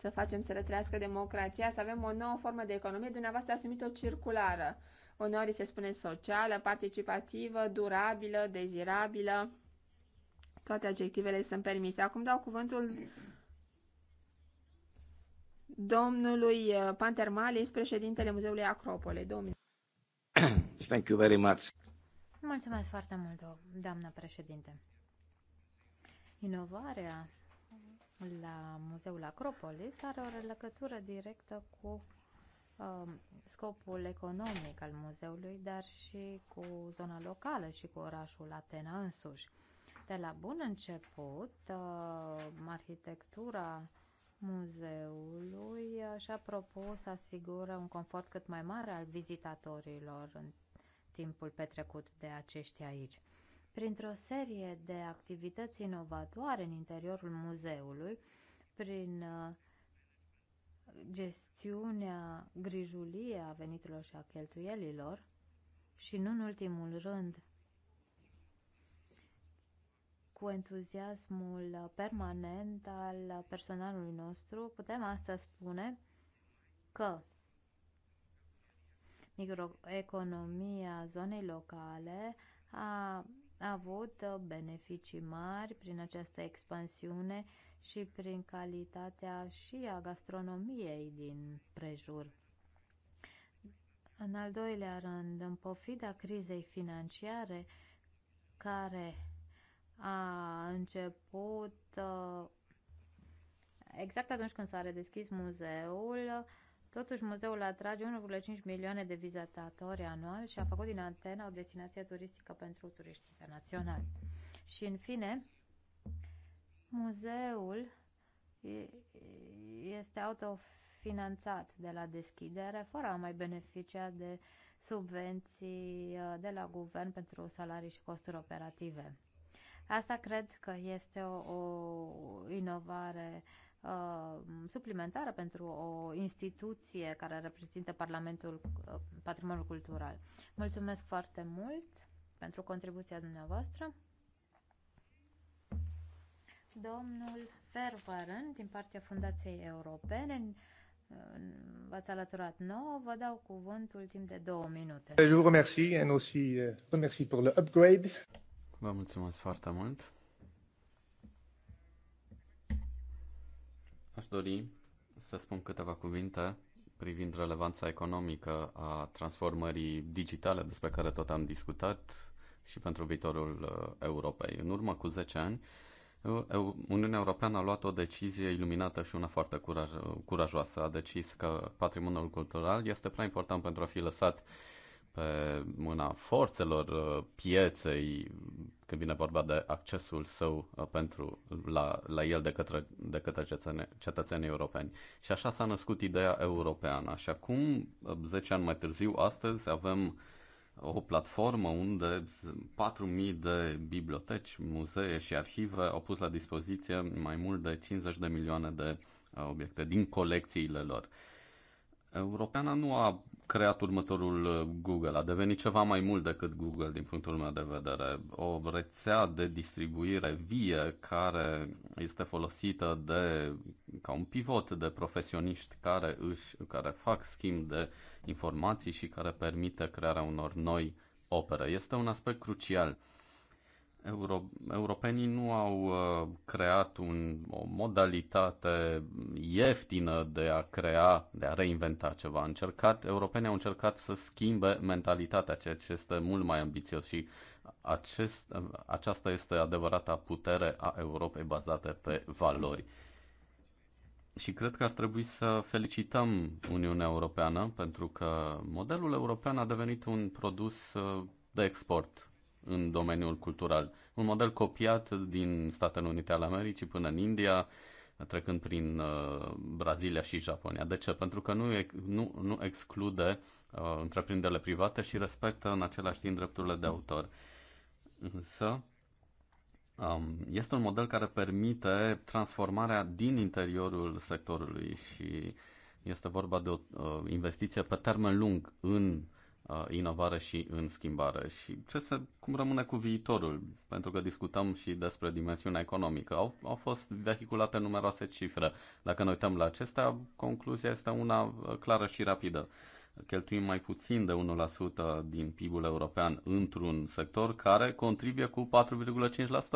să facem să retrăiască democrația, să avem o nouă formă de economie. Dumneavoastră ați numit o circulară uneori se spune socială, participativă, durabilă, dezirabilă. Toate adjectivele sunt permise. Acum dau cuvântul domnului uh, Panter Malis, președintele Muzeului Acropole. Domnul. Thank you very much. Mulțumesc foarte mult, doamnă președinte. Inovarea la Muzeul Acropolis are o legătură directă cu Um, scopul economic al muzeului, dar și cu zona locală și cu orașul Atena însuși. De la bun început, uh, arhitectura muzeului uh, și-a propus să asigură un confort cât mai mare al vizitatorilor în timpul petrecut de aceștia aici. Printr-o serie de activități inovatoare în interiorul muzeului, prin uh, gestiunea grijulie a veniturilor și a cheltuielilor și, nu în ultimul rând, cu entuziasmul permanent al personalului nostru, putem asta spune că microeconomia zonei locale a a avut uh, beneficii mari prin această expansiune și prin calitatea și a gastronomiei din prejur. În al doilea rând, în pofida crizei financiare care a început uh, exact atunci când s-a redeschis muzeul, Totuși, muzeul atrage 1,5 milioane de vizitatori anual și a făcut din Antena o destinație turistică pentru turiști internaționali. Și, în fine, muzeul este autofinanțat de la deschidere, fără a mai beneficia de subvenții uh, de la guvern pentru salarii și costuri operative. Asta cred că este o, o inovare uh, Uh, suplimentară pentru o instituție care reprezintă Parlamentul uh, Patrimoniul Cultural. Mulțumesc foarte mult pentru contribuția dumneavoastră. Domnul Fervaren, din partea Fundației Europene, v-ați alăturat nouă, vă dau cuvântul timp de două minute. Je vous remercie aussi euh, remercie pour le upgrade. Vă mulțumesc foarte mult. Aș dori să spun câteva cuvinte privind relevanța economică a transformării digitale despre care tot am discutat și pentru viitorul uh, Europei. În urmă cu 10 ani, Uniunea Europeană a luat o decizie iluminată și una foarte uh, curajoasă. A decis că patrimoniul cultural este prea important pentru a fi lăsat pe mâna forțelor uh, pieței când vine vorba de accesul său uh, pentru, la, la el de către, de către cetățenii, cetățenii europeni. Și așa s-a născut ideea europeană. Și acum, 10 uh, ani mai târziu, astăzi avem o platformă unde 4.000 de biblioteci, muzee și arhive au pus la dispoziție mai mult de 50 de milioane de obiecte din colecțiile lor. Europeana nu a creat următorul uh, Google, a devenit ceva mai mult decât Google din punctul meu de vedere. O rețea de distribuire vie care este folosită de, ca un pivot de profesioniști care, își, care fac schimb de informații și care permite crearea unor noi opere. Este un aspect crucial Euro, europenii nu au uh, creat un, o modalitate ieftină de a crea, de a reinventa ceva. A încercat, europenii au încercat să schimbe mentalitatea, ceea ce este mult mai ambițios și acest, aceasta este adevărata putere a Europei bazată pe valori. Și cred că ar trebui să felicităm Uniunea Europeană pentru că modelul european a devenit un produs uh, de export în domeniul cultural. Un model copiat din Statele Unite ale Americii până în India, trecând prin uh, Brazilia și Japonia. De ce? Pentru că nu, nu, nu exclude uh, întreprinderile private și respectă în același timp drepturile de autor. Însă, um, este un model care permite transformarea din interiorul sectorului și este vorba de o uh, investiție pe termen lung în Uh, inovare și în schimbare. Și ce se, cum rămâne cu viitorul? Pentru că discutăm și despre dimensiunea economică. Au, au fost vehiculate numeroase cifre. Dacă ne uităm la acestea, concluzia este una uh, clară și rapidă. Cheltuim mai puțin de 1% din PIB-ul european într-un sector care contribuie cu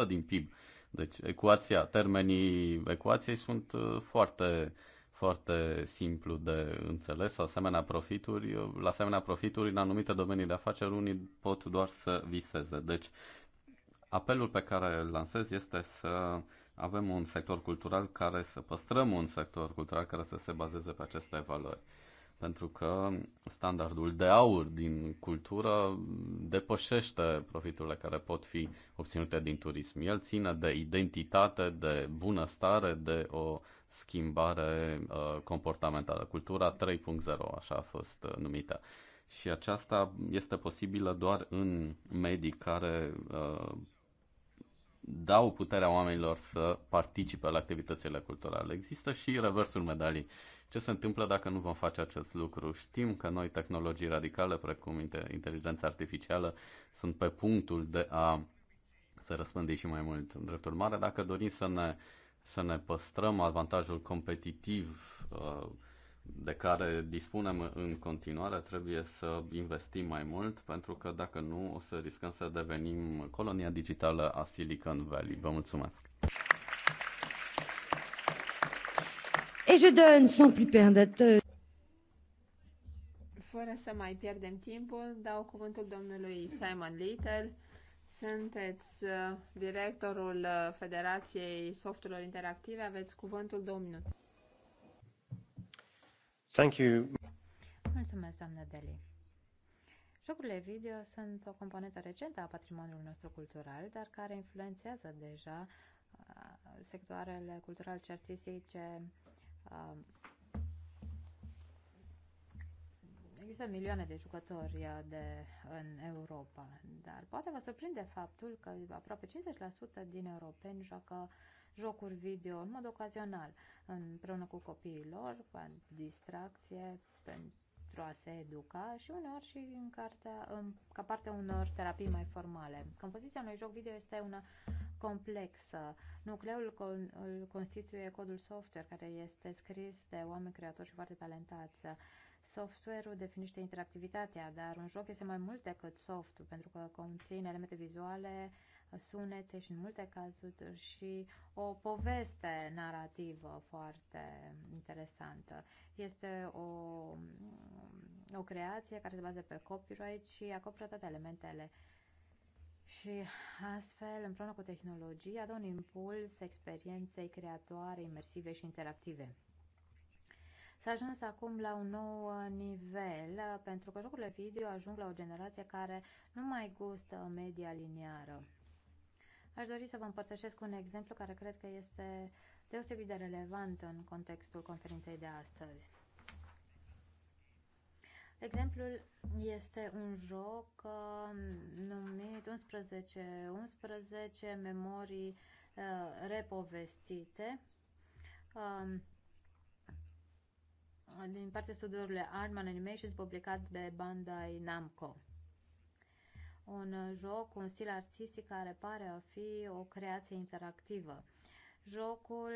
4,5% din PIB. Deci ecuația, termenii ecuației sunt uh, foarte uh, foarte simplu de înțeles. Asemenea profituri, la asemenea profituri, în anumite domenii de afaceri, unii pot doar să viseze. Deci, apelul pe care îl lansez este să avem un sector cultural care să păstrăm un sector cultural care să se bazeze pe aceste valori. Pentru că standardul de aur din cultură depășește profiturile care pot fi obținute din turism. El ține de identitate, de bunăstare, de o uh, schimbare uh, comportamentală, cultura 3.0, așa a fost uh, numită. Și aceasta este posibilă doar în medii care uh, dau puterea oamenilor să participe la activitățile culturale. Există și reversul medalii. Ce se întâmplă dacă nu vom face acest lucru? Știm că noi tehnologii radicale, precum inteligența artificială, sunt pe punctul de a se răspândi și mai mult. În dreptul mare. dacă dorim să ne uh, să ne păstrăm avantajul competitiv uh, de care dispunem în continuare, trebuie să investim mai mult, pentru că dacă nu, o să riscăm să devenim colonia digitală a Silicon Valley. Vă mulțumesc! Et je donne sans plus perdre de Fără să mai pierdem timpul, dau cuvântul domnului Simon Little, sunteți uh, directorul uh, Federației Softurilor Interactive, aveți cuvântul două minute. Thank you. Mulțumesc, doamnă Deli. Jocurile video sunt o componentă recentă a patrimoniului nostru cultural, dar care influențează deja uh, sectoarele culturale și artistice există milioane de jucători de, în Europa, dar poate vă surprinde faptul că aproape 50% din europeni joacă jocuri video în mod ocazional, împreună cu copiii lor, ca distracție, pentru a se educa și uneori și în cartea, în, ca parte unor terapii mai formale. Compoziția unui joc video este una complexă. Nucleul con, îl constituie codul software care este scris de oameni creatori și foarte talentați Software-ul definește interactivitatea, dar un joc este mai mult decât soft pentru că conține elemente vizuale, sunete și în multe cazuri și o poveste narrativă foarte interesantă. Este o, o creație care se bazează pe copyright și acoperă toate elementele și astfel, împreună cu tehnologia, dă un impuls experienței creatoare, imersive și interactive. S-a ajuns acum la un nou uh, nivel, uh, pentru că jocurile video ajung la o generație care nu mai gustă media liniară. Aș dori să vă împărtășesc un exemplu care cred că este deosebit de relevant în contextul conferinței de astăzi. Exemplul este un joc uh, numit 11 11 memorii repovestite. Um, din partea studiului Arman Animations publicat de Bandai Namco. Un joc cu un stil artistic care pare a fi o creație interactivă. Jocul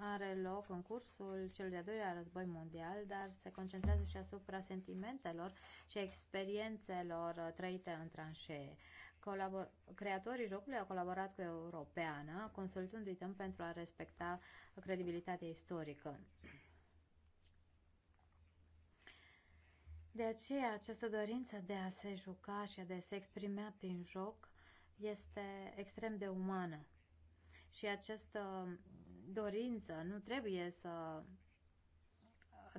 are loc în cursul celui de-al doilea război mondial, dar se concentrează și asupra sentimentelor și experiențelor trăite în tranșee. Colabor- creatorii jocului au colaborat cu Europeană, consultându-i pentru a respecta credibilitatea istorică. De aceea, această dorință de a se juca și de a se exprima prin joc este extrem de umană. Și această dorință nu trebuie să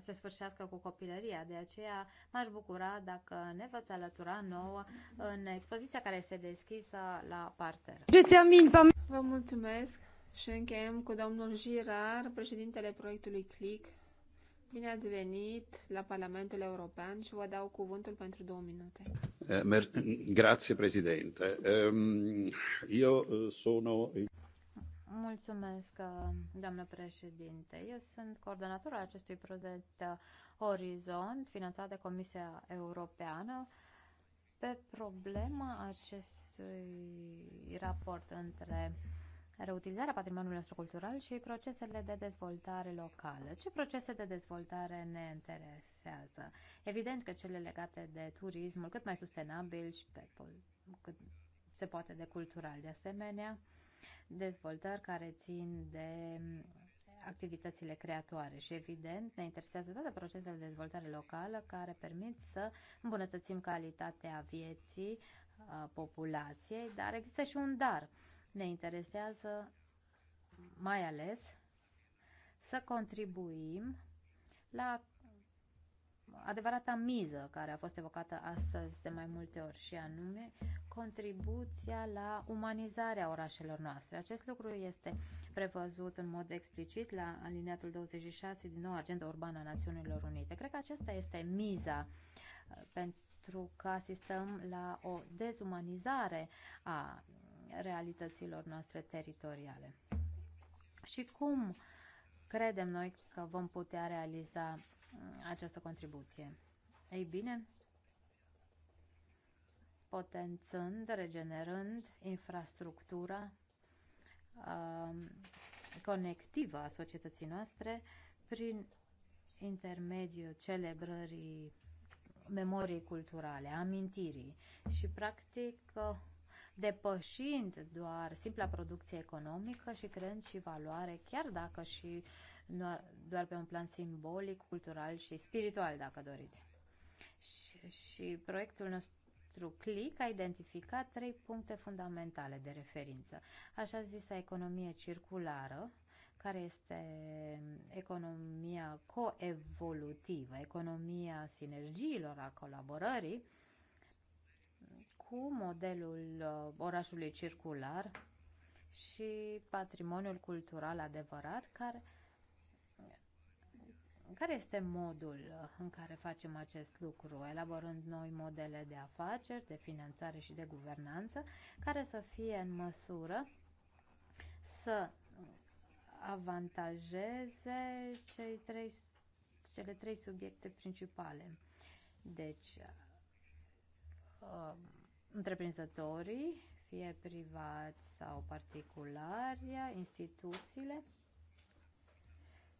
se sfârșească cu copilăria. De aceea m-aș bucura dacă ne veți alătura nouă în expoziția care este deschisă la parter. Vă mulțumesc și încheiem cu domnul Girar, președintele proiectului CLIC, Bine ați venit la Parlamentul European și vă dau cuvântul pentru două minute. Eh, grazie, președinte. Eu ehm, eh, sunt. Mulțumesc, eh, doamnă președinte. Eu sunt coordonatorul acestui proiect Horizont, finanțat de Comisia Europeană, pe problema acestui raport între reutilizarea patrimoniului nostru cultural și procesele de dezvoltare locală. Ce procese de dezvoltare ne interesează? Evident că cele legate de turismul cât mai sustenabil și pe, cât se poate de cultural. De asemenea, dezvoltări care țin de activitățile creatoare și, evident, ne interesează toate procesele de dezvoltare locală care permit să îmbunătățim calitatea vieții populației, dar există și un dar. Ne interesează mai ales să contribuim la adevărata miză care a fost evocată astăzi de mai multe ori și anume contribuția la umanizarea orașelor noastre. Acest lucru este prevăzut în mod explicit la aliniatul 26 din nou Agenda Urbană a Națiunilor Unite. Cred că acesta este miza uh, pentru că asistăm la o dezumanizare a realităților noastre teritoriale. Și cum credem noi că vom putea realiza uh, această contribuție? Ei bine, potențând, regenerând infrastructura uh, conectivă a societății noastre prin intermediul celebrării memoriei culturale, amintirii și practic uh, depășind doar simpla producție economică și creând și valoare, chiar dacă și doar pe un plan simbolic, cultural și spiritual, dacă doriți. Și, și proiectul nostru CLIC a identificat trei puncte fundamentale de referință. Așa zisa economie circulară, care este economia coevolutivă, economia sinergiilor a colaborării, cu modelul uh, orașului circular și patrimoniul cultural adevărat care care este modul uh, în care facem acest lucru, elaborând noi modele de afaceri, de finanțare și de guvernanță, care să fie în măsură să avantajeze cei trei, cele trei subiecte principale. Deci, uh, întreprinzătorii, fie privați sau particulari, instituțiile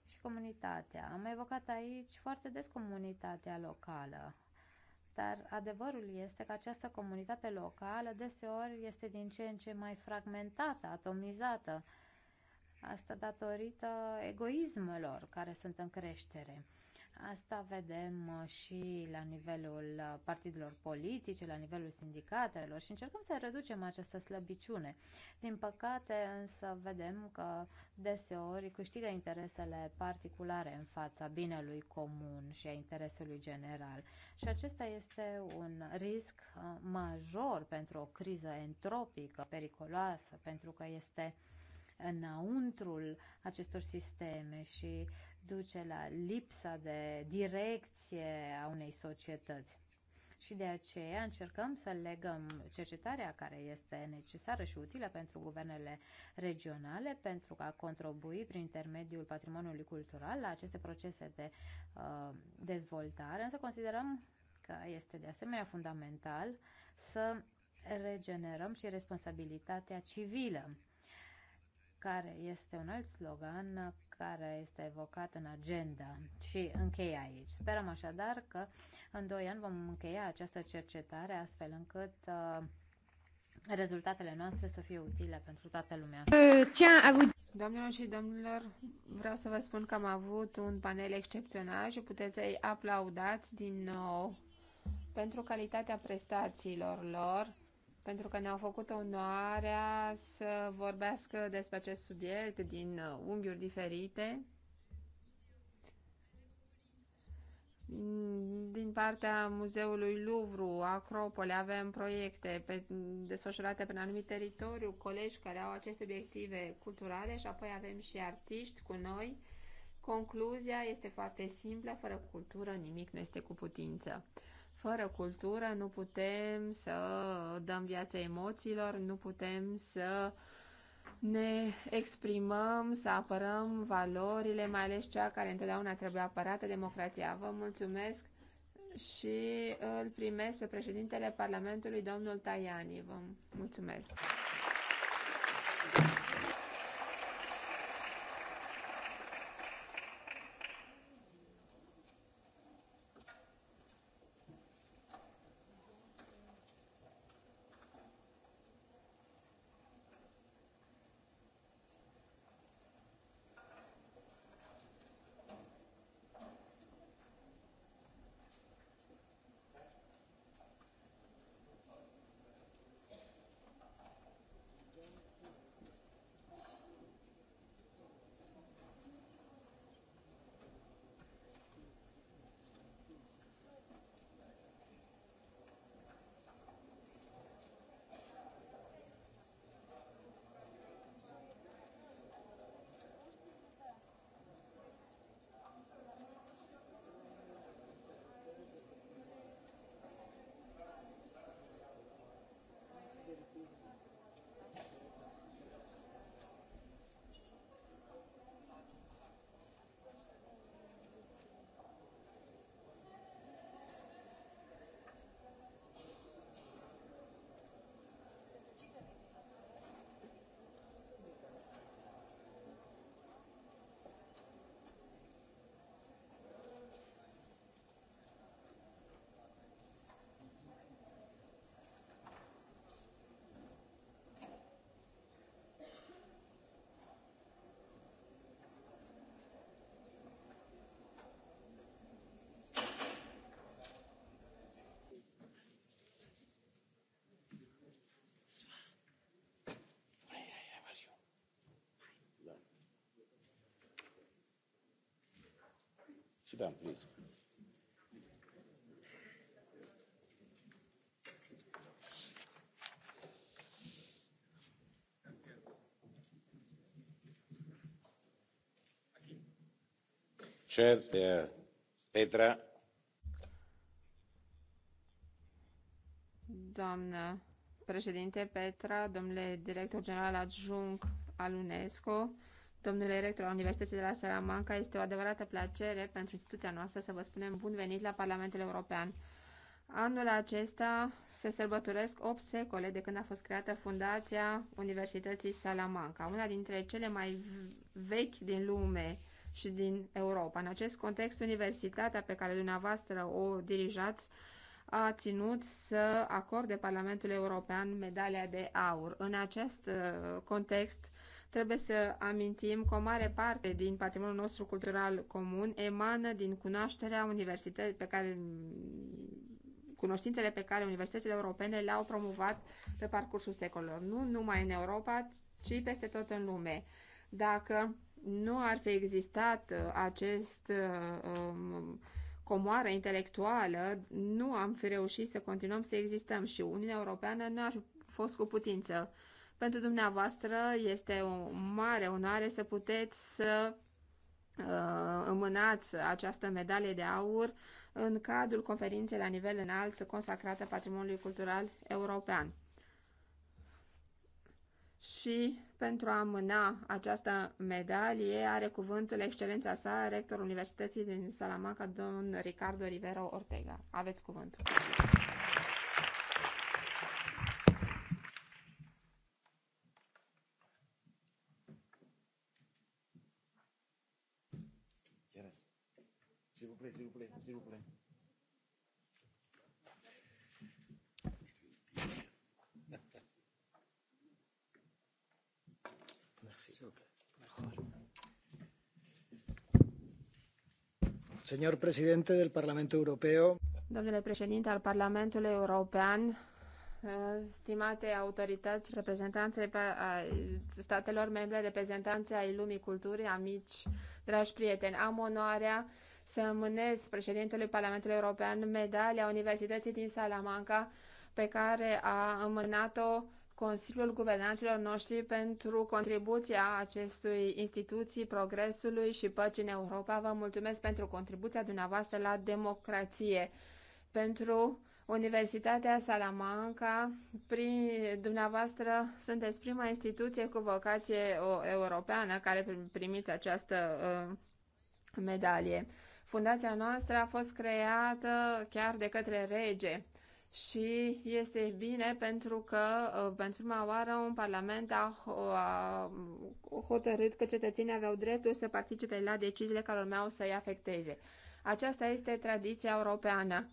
și comunitatea. Am evocat aici foarte des comunitatea locală, dar adevărul este că această comunitate locală deseori este din ce în ce mai fragmentată, atomizată, asta datorită egoismelor care sunt în creștere. Asta vedem uh, și la nivelul uh, partidelor politice, la nivelul sindicatelor și încercăm să reducem această slăbiciune. Din păcate, însă, vedem că deseori câștigă interesele particulare în fața binelui comun și a interesului general. Și acesta este un risc uh, major pentru o criză entropică, periculoasă, pentru că este înăuntrul acestor sisteme și uh, duce la lipsa de direcție a unei societăți. Și de aceea încercăm să legăm cercetarea care este necesară și utilă pentru guvernele regionale pentru a contribui prin intermediul patrimoniului cultural la aceste procese de uh, dezvoltare, însă considerăm că este de asemenea fundamental să regenerăm și responsabilitatea civilă, care este un alt slogan care este evocat în agenda și încheie aici. Sperăm așadar că în 2 ani vom încheia această cercetare astfel încât uh, rezultatele noastre să fie utile pentru toată lumea. avut uh, Doamnelor și domnilor, vreau să vă spun că am avut un panel excepțional și puteți să-i aplaudați din nou pentru calitatea prestațiilor lor pentru că ne-au făcut onoarea să vorbească despre acest subiect din uh, unghiuri diferite. Mm, din partea Muzeului Louvre, Acropole, avem proiecte pe, desfășurate pe anumit teritoriu, colegi care au aceste obiective culturale și apoi avem și artiști cu noi. Concluzia este foarte simplă, fără cultură nimic nu este cu putință. Fără cultură nu putem să dăm viață emoțiilor, nu putem să ne exprimăm, să apărăm valorile, mai ales cea care întotdeauna trebuie apărată, democrația. Vă mulțumesc și îl primesc pe președintele Parlamentului, domnul Tajani. Vă mulțumesc! Sit down, please. Chair, uh, Petra. Doamnă președinte Petra, domnule director general adjunct al UNESCO, Domnule rector al Universității de la Salamanca, este o adevărată plăcere pentru instituția noastră să vă spunem bun venit la Parlamentul European. Anul acesta se sărbătoresc 8 secole de când a fost creată Fundația Universității Salamanca, una dintre cele mai vechi din lume și din Europa. În acest context, universitatea pe care dumneavoastră o dirijați a ținut să acorde Parlamentul European medalia de aur. În acest uh, context, Trebuie să amintim că o mare parte din patrimoniul nostru cultural comun emană din cunoașterea universității pe care cunoștințele pe care universitățile europene le-au promovat pe parcursul secolelor, nu numai în Europa, ci peste tot în lume. Dacă nu ar fi existat uh, acest uh, um, comoară intelectuală, nu am fi reușit să continuăm să existăm și Uniunea Europeană nu ar fi fost cu putință. Pentru dumneavoastră este o mare onoare să puteți să uh, îmânați această medalie de aur în cadrul conferinței la nivel înalt consacrată patrimoniului cultural european. Și pentru a mâna această medalie are cuvântul excelența sa rectorul Universității din Salamanca, domn Ricardo Rivero Ortega. Aveți cuvântul. plaît, s'il vous plaît, s'il vous plaît. Merci. Señor presidente del Parlamento Europeo. Domnule președinte al Parlamentului European, eh, stimate autorități, reprezentanțe statelor membre, reprezentanțe ai lumii culturii, amici, dragi prieteni, am onoarea să mânez președintelui Parlamentului European medalia Universității din Salamanca pe care a înmânat-o Consiliul Guvernanților noștri pentru contribuția acestui instituții, progresului și păcii în Europa. Vă mulțumesc pentru contribuția dumneavoastră la democrație, pentru Universitatea Salamanca. Prin dumneavoastră sunteți prima instituție cu vocație europeană care primiți această uh, medalie. Fundația noastră a fost creată chiar de către rege și este bine pentru că uh, pentru prima oară un parlament a, a hotărât că cetățenii aveau dreptul să participe la deciziile care urmeau să-i afecteze. Aceasta este tradiția europeană.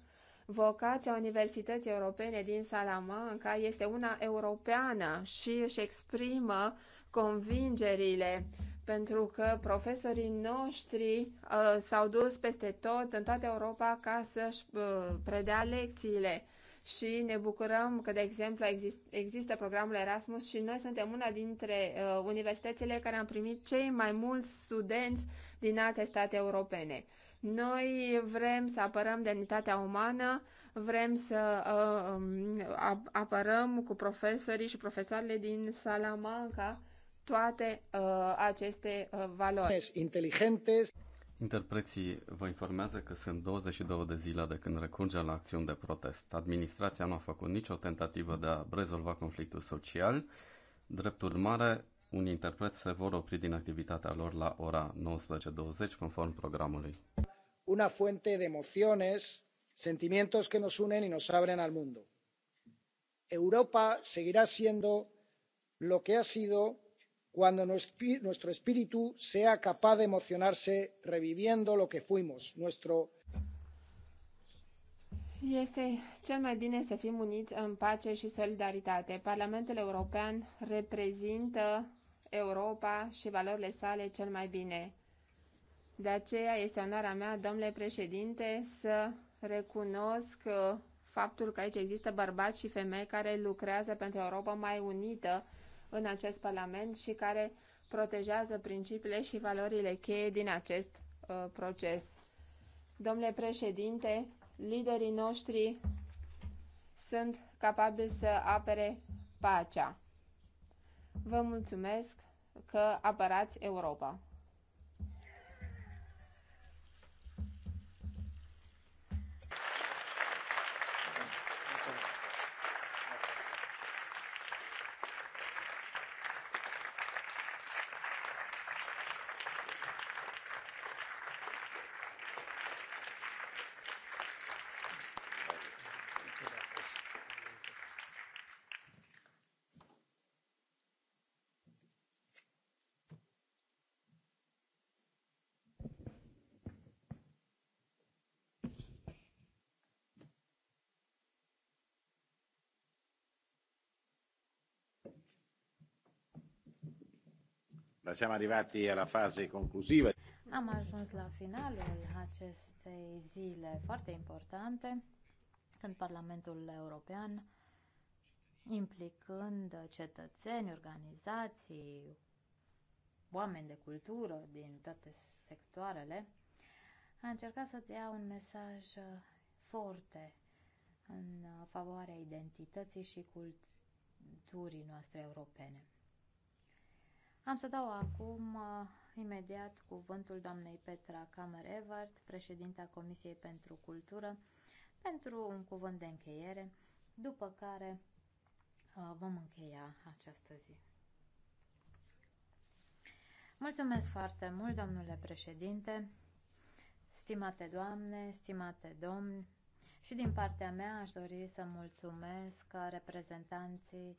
Vocația Universității Europene din Salamanca este una europeană și își exprimă convingerile pentru că profesorii noștri uh, s-au dus peste tot, în toată Europa, ca să-și uh, predea lecțiile. Și ne bucurăm că, de exemplu, exist- există programul Erasmus și noi suntem una dintre uh, universitățile care am primit cei mai mulți studenți din alte state europene. Noi vrem să apărăm demnitatea umană, vrem să uh, um, apărăm cu profesorii și profesoarele din Salamanca toate uh, aceste uh, valori. Inteligente. Interpreții vă informează că sunt 22 de zile de când recurge la acțiuni de protest. Administrația nu a făcut nicio tentativă de a rezolva conflictul social. Drept urmare, unii interpreți se vor opri din activitatea lor la ora 19.20, conform programului. Una fuente de emociones, sentimientos que nos unen y nos abren al mundo. Europa seguirá siendo lo que ha sido cuando nuestro espíritu sea capaz de emocionarse reviviendo lo que fuimos, nuestro este cel mai bine să fim uniți în pace și solidaritate. Parlamentul European reprezintă Europa și valorile sale cel mai bine. De aceea este onoarea mea, domnule președinte, să recunosc uh, faptul că aici există bărbați și femei care lucrează pentru Europa mai unită în acest Parlament și care protejează principiile și valorile cheie din acest uh, proces. Domnule președinte, liderii noștri sunt capabili să apere pacea. Vă mulțumesc că apărați Europa. siamo arrivati alla fase conclusiva. Am ajuns la finalul acestei zile foarte importante în Parlamentul European, implicând cetățeni, organizații, oameni de cultură din toate sectoarele, a încercat să dea un mesaj forte în favoarea identității și culturii noastre europene. Am să dau acum uh, imediat cuvântul doamnei Petra Kammer-Evert, președinta Comisiei pentru Cultură, pentru un cuvânt de încheiere, după care uh, vom încheia această zi. Mulțumesc foarte mult, domnule președinte, stimate doamne, stimate domni, și din partea mea aș dori să mulțumesc reprezentanții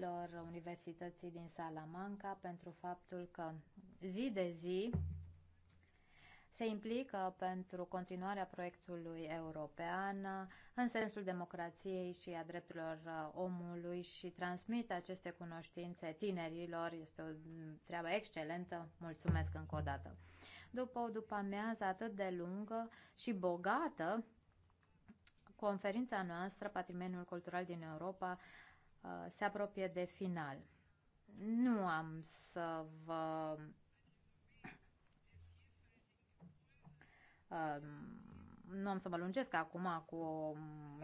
lor Universității din Salamanca pentru faptul că zi de zi se implică pentru continuarea proiectului european în sensul democrației și a drepturilor uh, omului și transmit aceste cunoștințe tinerilor. Este o treabă excelentă. Mulțumesc încă o dată. După o după amiază atât de lungă și bogată, conferința noastră, Patrimoniul Cultural din Europa, Uh, se apropie de final. Nu am să vă um, nu am să mă lungesc acum cu o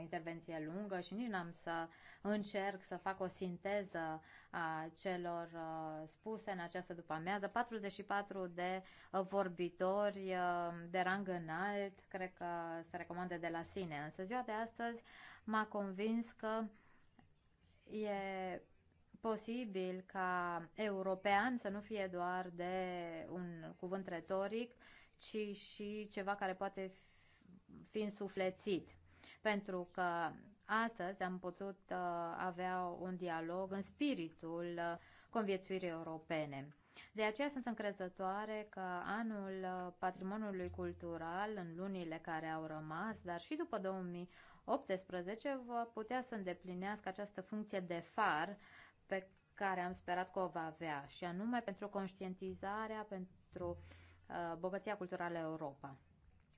intervenție lungă și nici n-am să încerc să fac o sinteză a celor uh, spuse în această după-amiază. 44 de uh, vorbitori de rang înalt, cred că se recomandă de la sine. Însă ziua de astăzi m-a convins că e posibil ca european să nu fie doar de un cuvânt retoric, ci și ceva care poate fi însuflețit. Pentru că astăzi am putut uh, avea un dialog în spiritul uh, conviețuirii europene. De aceea sunt încrezătoare că anul uh, patrimoniului cultural, în lunile care au rămas, dar și după 2018, va putea să îndeplinească această funcție de far pe care am sperat că o va avea, și anume pentru conștientizarea, pentru uh, bogăția culturală Europa.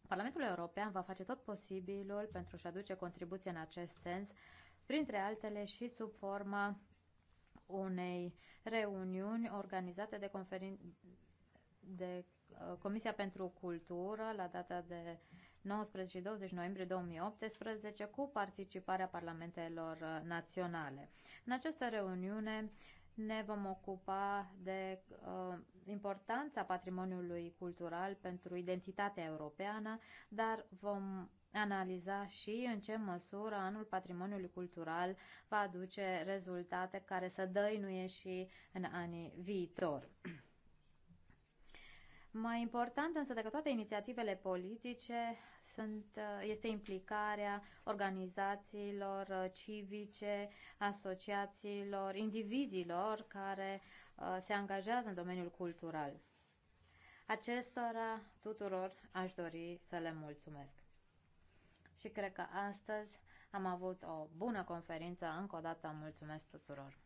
Parlamentul European va face tot posibilul pentru a-și aduce contribuție în acest sens, printre altele și sub forma unei reuniuni organizate de, conferin- de uh, Comisia pentru Cultură la data de 19 și 20 noiembrie 2018 cu participarea parlamentelor uh, naționale. În această reuniune ne vom ocupa de uh, importanța patrimoniului cultural pentru identitatea europeană, dar vom analiza și în ce măsură anul patrimoniului cultural va aduce rezultate care să dăinuie și în anii viitor. Mai important însă decât toate inițiativele politice sunt, este implicarea organizațiilor civice, asociațiilor, indivizilor care uh, se angajează în domeniul cultural. Acestora tuturor aș dori să le mulțumesc și cred că astăzi am avut o bună conferință. Încă o dată mulțumesc tuturor!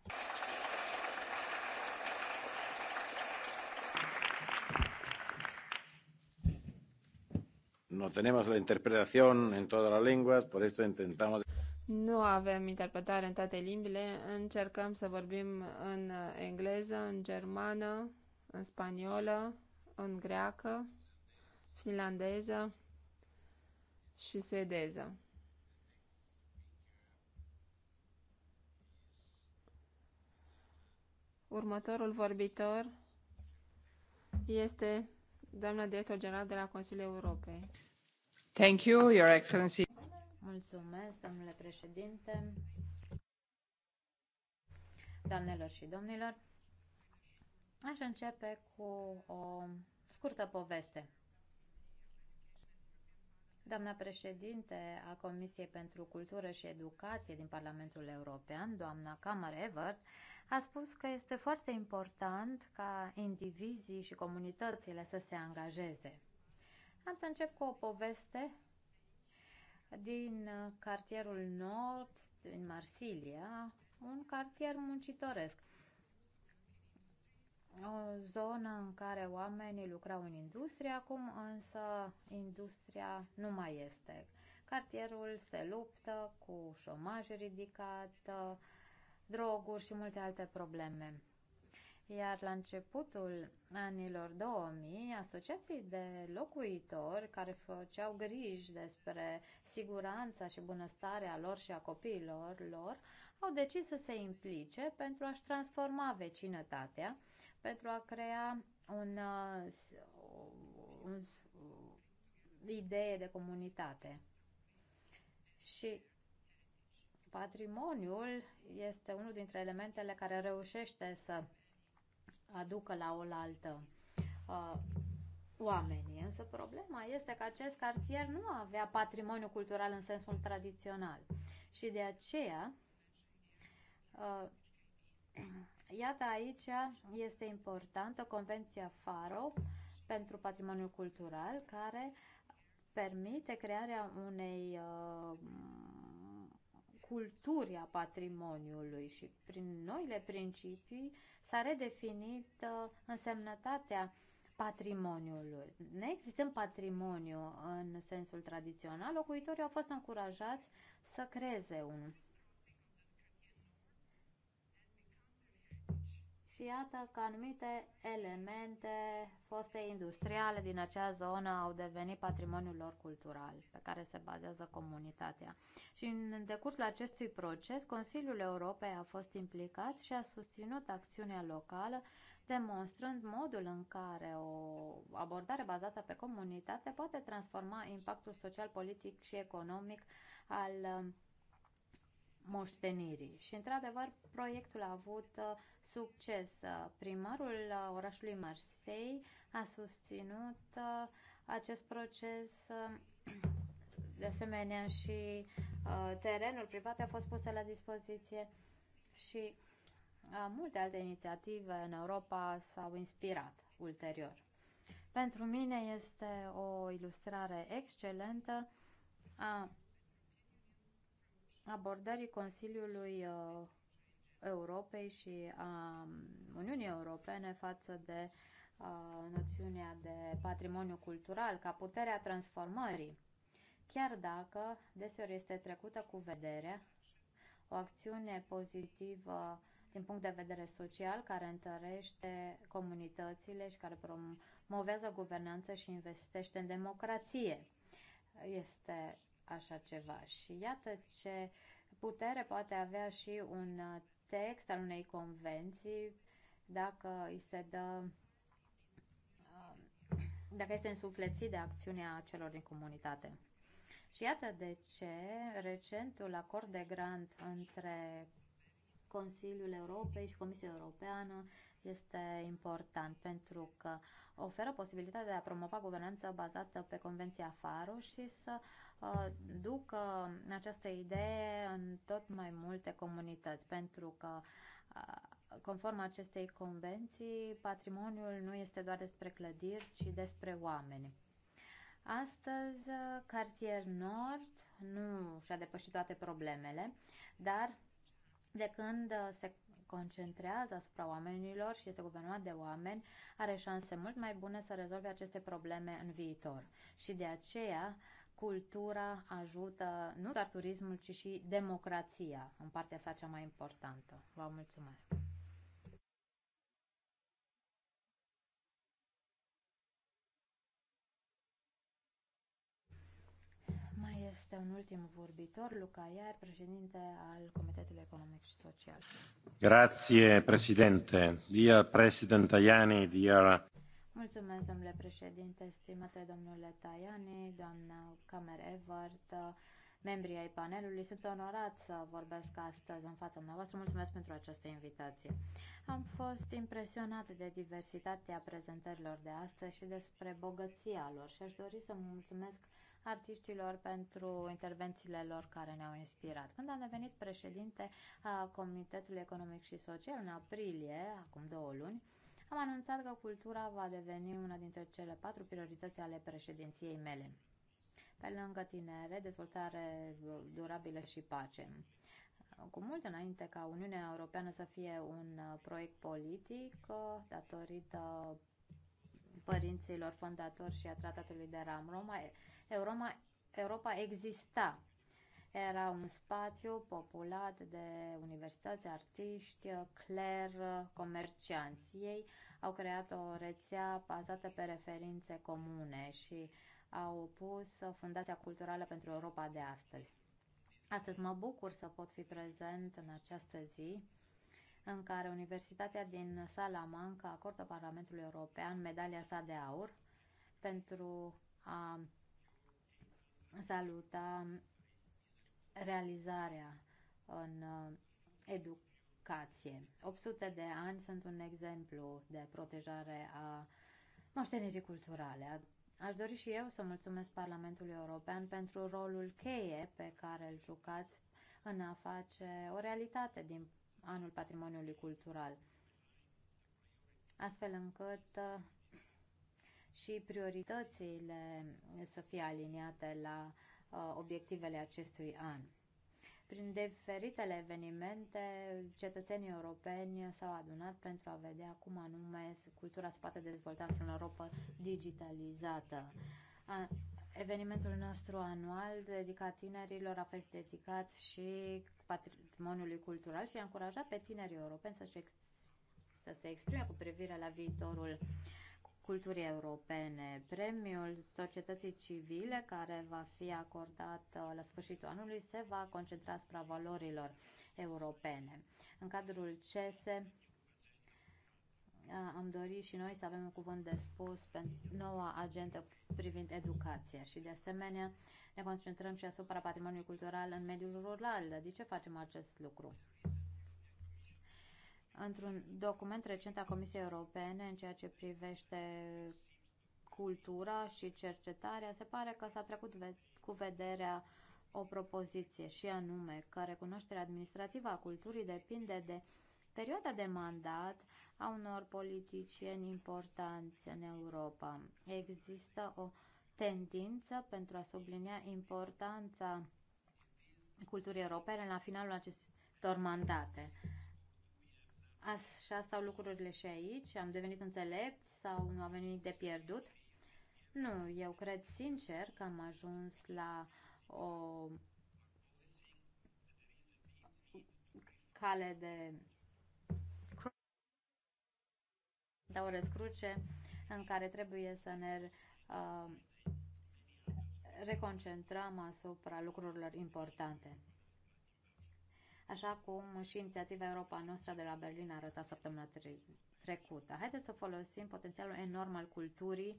No tenemos la interpretación en todas las lenguas, por eso intentamos... Nu avem interpretare în toate limbile, încercăm să vorbim în engleză, în germană, în spaniolă, în greacă, finlandeză și suedeză. Următorul vorbitor este doamna director general de la Consiliul Europei. Thank you, Your Excellency. Mulțumesc, domnule președinte. Doamnelor și domnilor, aș începe cu o scurtă poveste doamna președinte a Comisiei pentru Cultură și Educație din Parlamentul European, doamna Kamar Evert, a spus că este foarte important ca indivizii și comunitățile să se angajeze. Am să încep cu o poveste din cartierul nord, din Marsilia, un cartier muncitoresc o zonă în care oamenii lucrau în industrie, acum însă industria nu mai este. Cartierul se luptă cu șomaj ridicat, droguri și multe alte probleme. Iar la începutul anilor 2000, asociații de locuitori care făceau griji despre siguranța și bunăstarea lor și a copiilor lor, au decis să se implice pentru a-și transforma vecinătatea pentru a crea un, uh, un, o idee de comunitate. Și patrimoniul este unul dintre elementele care reușește să aducă la oaltă uh, oamenii. Însă problema este că acest cartier nu avea patrimoniu cultural în sensul tradițional. Și de aceea uh, Iată aici este importantă Convenția FARO pentru patrimoniul cultural care permite crearea unei uh, culturi a patrimoniului și prin noile principii s-a redefinit uh, însemnătatea patrimoniului. Ne Neexistând patrimoniu în sensul tradițional, locuitorii au fost încurajați să creeze un Și iată că anumite elemente foste industriale din acea zonă au devenit patrimoniul lor cultural, pe care se bazează comunitatea. Și în decursul acestui proces, Consiliul Europei a fost implicat și a susținut acțiunea locală, demonstrând modul în care o abordare bazată pe comunitate poate transforma impactul social, politic și economic al moștenirii. Și, într-adevăr, proiectul a avut uh, succes. Uh, primarul uh, orașului Marseille a susținut acest proces. De asemenea, și terenul privat a fost pus la dispoziție și multe alte inițiative în Europa s-au inspirat ulterior. Pentru mine este o ilustrare excelentă a abordării Consiliului uh, Europei și a Uniunii Europene față de uh, noțiunea de patrimoniu cultural ca puterea transformării, chiar dacă deseori este trecută cu vedere, o acțiune pozitivă din punct de vedere social, care întărește comunitățile și care promovează guvernanță și investește în democrație. Este așa ceva. Și iată ce putere poate avea și un uh, text al unei convenții dacă îi se dă um, dacă este însuflețit de acțiunea celor din comunitate. Și iată de ce recentul acord de grant între Consiliul Europei și Comisia Europeană este important pentru că oferă posibilitatea de a promova guvernanță bazată pe Convenția FARO și să uh, ducă această idee în tot mai multe comunități, pentru că uh, conform acestei convenții, patrimoniul nu este doar despre clădiri, ci despre oameni. Astăzi, uh, cartier nord nu și-a depășit toate problemele, dar de când uh, se concentrează asupra oamenilor și este guvernat de oameni, are șanse mult mai bune să rezolve aceste probleme în viitor. Și de aceea, cultura ajută nu doar turismul, ci și democrația, în partea sa cea mai importantă. Vă mulțumesc! Este un ultim vorbitor, Luca Iar, președinte al Comitetului Economic și Social. Grazie, președinte. Dear President Tajani, dear... Mulțumesc, domnule președinte, stimate domnule Tajani, doamna Camer Evert, membrii ai panelului. Sunt onorat să vorbesc astăzi în fața dumneavoastră. Mulțumesc pentru această invitație. Am fost impresionat de diversitatea prezentărilor de astăzi și despre bogăția lor și aș dori să mulțumesc artiștilor pentru intervențiile lor care ne-au inspirat. Când a devenit președinte a Comitetului Economic și Social în aprilie, acum două luni, am anunțat că cultura va deveni una dintre cele patru priorități ale președinției mele. Pe lângă tinere, dezvoltare durabilă și pace. Cu mult înainte ca Uniunea Europeană să fie un uh, proiect politic, uh, datorită părinților fondatori și a tratatului de Ram Roma, Europa, Europa exista. Era un spațiu populat de universități, artiști, cler, comercianți. Ei au creat o rețea bazată pe referințe comune și au pus Fundația Culturală pentru Europa de astăzi. Astăzi mă bucur să pot fi prezent în această zi în care Universitatea din Salamanca acordă Parlamentului European medalia sa de aur pentru a saluta realizarea în uh, educație. 800 de ani sunt un exemplu de protejare a moștenirii culturale. Aș dori și eu să mulțumesc Parlamentului European pentru rolul cheie pe care îl jucați în a face o realitate din anul patrimoniului cultural, astfel încât uh, și prioritățile să fie aliniate la uh, obiectivele acestui an. Prin diferitele evenimente, cetățenii europeni s-au adunat pentru a vedea cum anume cultura se poate dezvolta într-o Europa digitalizată. A, evenimentul nostru anual dedicat tinerilor a fost dedicat și patrimoniului cultural și a încurajat pe tinerii europeni să-și ex- să se exprime cu privire la viitorul uh, culturii europene. Premiul societății civile, care va fi acordat uh, la sfârșitul anului, se va concentra asupra valorilor europene. În cadrul CESE uh, am dorit și noi să avem un cuvânt de spus pentru noua agentă privind educația și, de asemenea, ne concentrăm și asupra patrimoniului cultural în mediul rural. De ce facem acest lucru? într-un document recent a Comisiei Europene în ceea ce privește cultura și cercetarea, se pare că s-a trecut cu vederea o propoziție și anume că recunoașterea administrativă a culturii depinde de perioada de mandat a unor politicieni importanți în Europa. Există o tendință pentru a sublinia importanța culturii europene la finalul acestor mandate. Așa stau lucrurile și aici? Am devenit înțelepți sau nu am venit de pierdut? Nu, eu cred sincer că am ajuns la o cale de da o răscruce în care trebuie să ne uh, reconcentrăm asupra lucrurilor importante așa cum și inițiativa Europa Noastră de la Berlin a arătat săptămâna trecută. Haideți să folosim potențialul enorm al culturii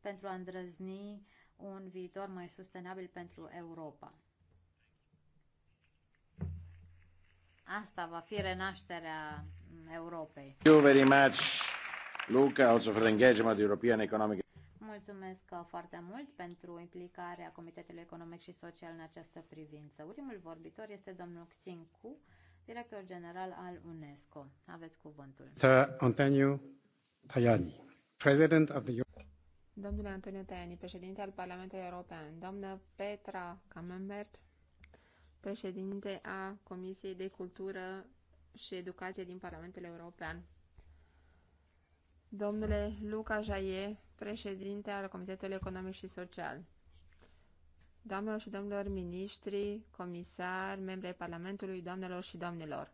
pentru a îndrăzni un viitor mai sustenabil pentru Europa. Asta va fi renașterea Europei. Thank you very much, Luca, also for the engagement of the European Economic Mulțumesc uh, foarte mult pentru implicarea Comitetului Economic și Social în această privință. Ultimul vorbitor este domnul Cu, director general al UNESCO. Aveți cuvântul. Sir Antonio Tajani, president of the Domnule Antonio Tajani, președinte al Parlamentului European, doamnă Petra Camembert, președinte a Comisiei de Cultură și Educație din Parlamentul European, domnule Luca Jaie, președinte al Comitetului Economic și Social. Doamnelor și domnilor miniștri, comisari, membrii Parlamentului, doamnelor și domnilor.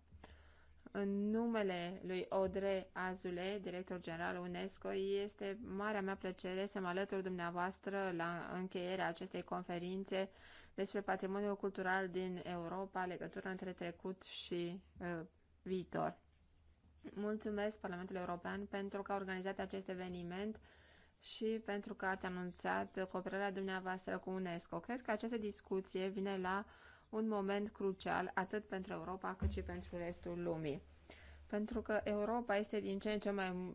În numele lui Audrey Azule, director general UNESCO, este marea mea plăcere să mă alătur dumneavoastră la încheierea acestei conferințe despre patrimoniul cultural din Europa, legătura între trecut și uh, viitor. Mulțumesc Parlamentului European pentru că a organizat acest eveniment și pentru că ați anunțat cooperarea dumneavoastră cu UNESCO. Cred că această discuție vine la un moment crucial atât pentru Europa cât și pentru restul lumii. Pentru că Europa este din ce în ce mai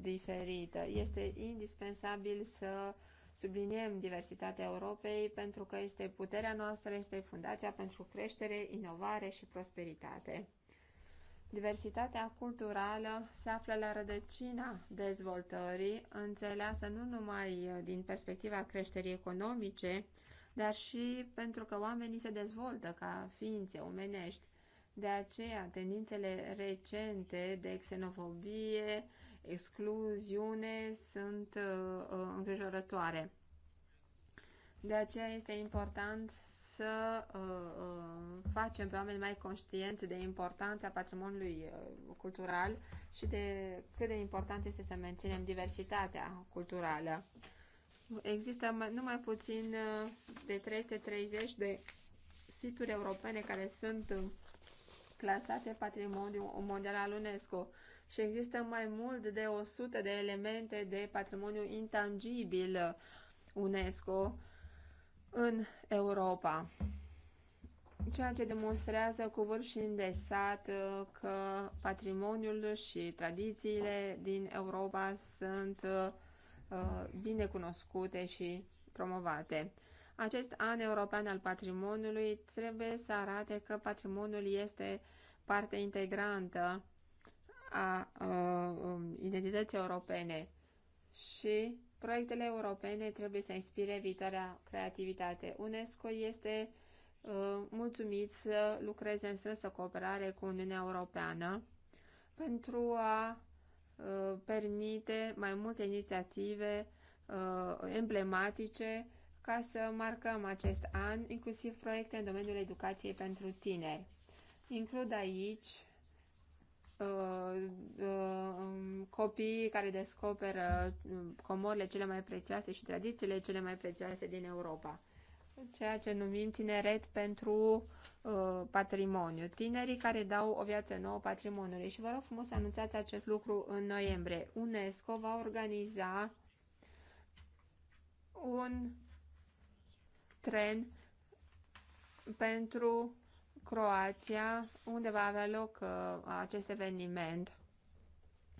diferită. Este indispensabil să subliniem diversitatea Europei pentru că este puterea noastră, este fundația pentru creștere, inovare și prosperitate. Diversitatea culturală se află la rădăcina dezvoltării, înțeleasă nu numai uh, din perspectiva creșterii economice, dar și pentru că oamenii se dezvoltă ca ființe omenești. De aceea, tendințele recente de xenofobie, excluziune sunt uh, uh îngrijorătoare. De aceea este important să uh, uh, facem pe oameni mai conștienți de importanța patrimoniului uh, cultural și de cât de important este să menținem diversitatea culturală. Există mai, numai puțin uh, de 330 de situri europene care sunt uh, clasate patrimoniu mondial al UNESCO și există mai mult de 100 de elemente de patrimoniu intangibil uh, UNESCO în Europa. Ceea ce demonstrează cu vârf și îndesat uh, că patrimoniul și tradițiile din Europa sunt uh, uh, bine cunoscute și promovate. Acest an european al patrimoniului trebuie să arate că patrimoniul este parte integrantă a, a, a um, identității europene și Proiectele europene trebuie să inspire viitoarea creativitate. UNESCO este uh, mulțumit să lucreze în strânsă cooperare cu Uniunea Europeană pentru a uh, permite mai multe inițiative uh, emblematice ca să marcăm acest an, inclusiv proiecte în domeniul educației pentru tineri. Includ aici uh, uh, copii care descoperă uh, comorile cele mai prețioase și tradițiile cele mai prețioase din Europa. Ceea ce numim tineret pentru uh, patrimoniu. Tinerii care dau o viață nouă patrimoniului. Și vă rog frumos să anunțați acest lucru în noiembrie. UNESCO va organiza un tren pentru Croația, unde va avea loc uh, acest eveniment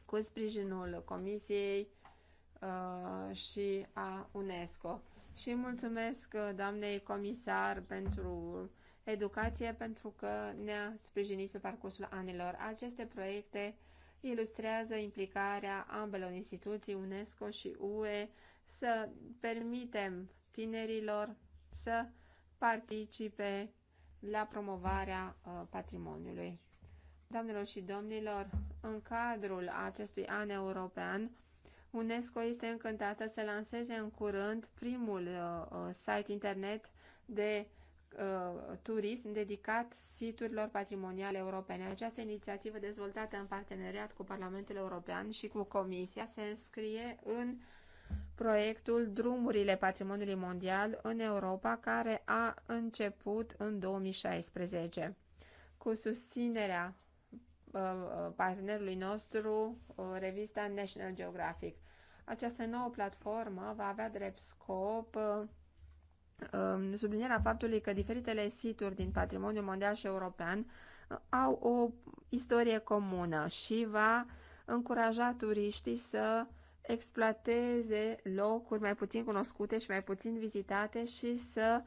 cu sprijinul Comisiei uh, și a UNESCO. Și mulțumesc uh, doamnei comisar pentru educație, pentru că ne-a sprijinit pe parcursul anilor. Aceste proiecte ilustrează implicarea ambelor instituții, UNESCO și UE, să permitem tinerilor să participe la promovarea uh, patrimoniului. Doamnelor și domnilor, în cadrul acestui an european, UNESCO este încântată să lanseze în curând primul uh, uh, site internet de uh, turism dedicat siturilor patrimoniale europene. Această inițiativă dezvoltată în parteneriat cu Parlamentul European și cu Comisia se înscrie în proiectul Drumurile Patrimoniului Mondial în Europa, care a început în 2016. Cu susținerea uh, uh, partenerului nostru, uh, revista National Geographic. Această nouă platformă va avea drept scop um, sublinierea faptului că diferitele situri din patrimoniul mondial și european au o istorie comună și va încuraja turiștii să uh, exploateze locuri mai puțin cunoscute și mai puțin vizitate și să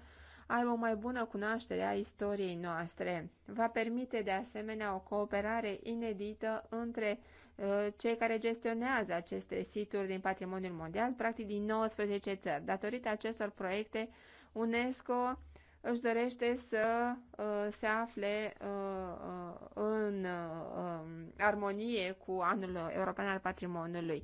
aibă o mai bună cunoaștere a istoriei noastre. Va permite de asemenea o cooperare inedită între uh, cei care gestionează aceste situri din patrimoniul mondial, practic din 19 țări. Datorită acestor proiecte, UNESCO își dorește să uh, se afle uh, în um, armonie cu anul european al patrimoniului.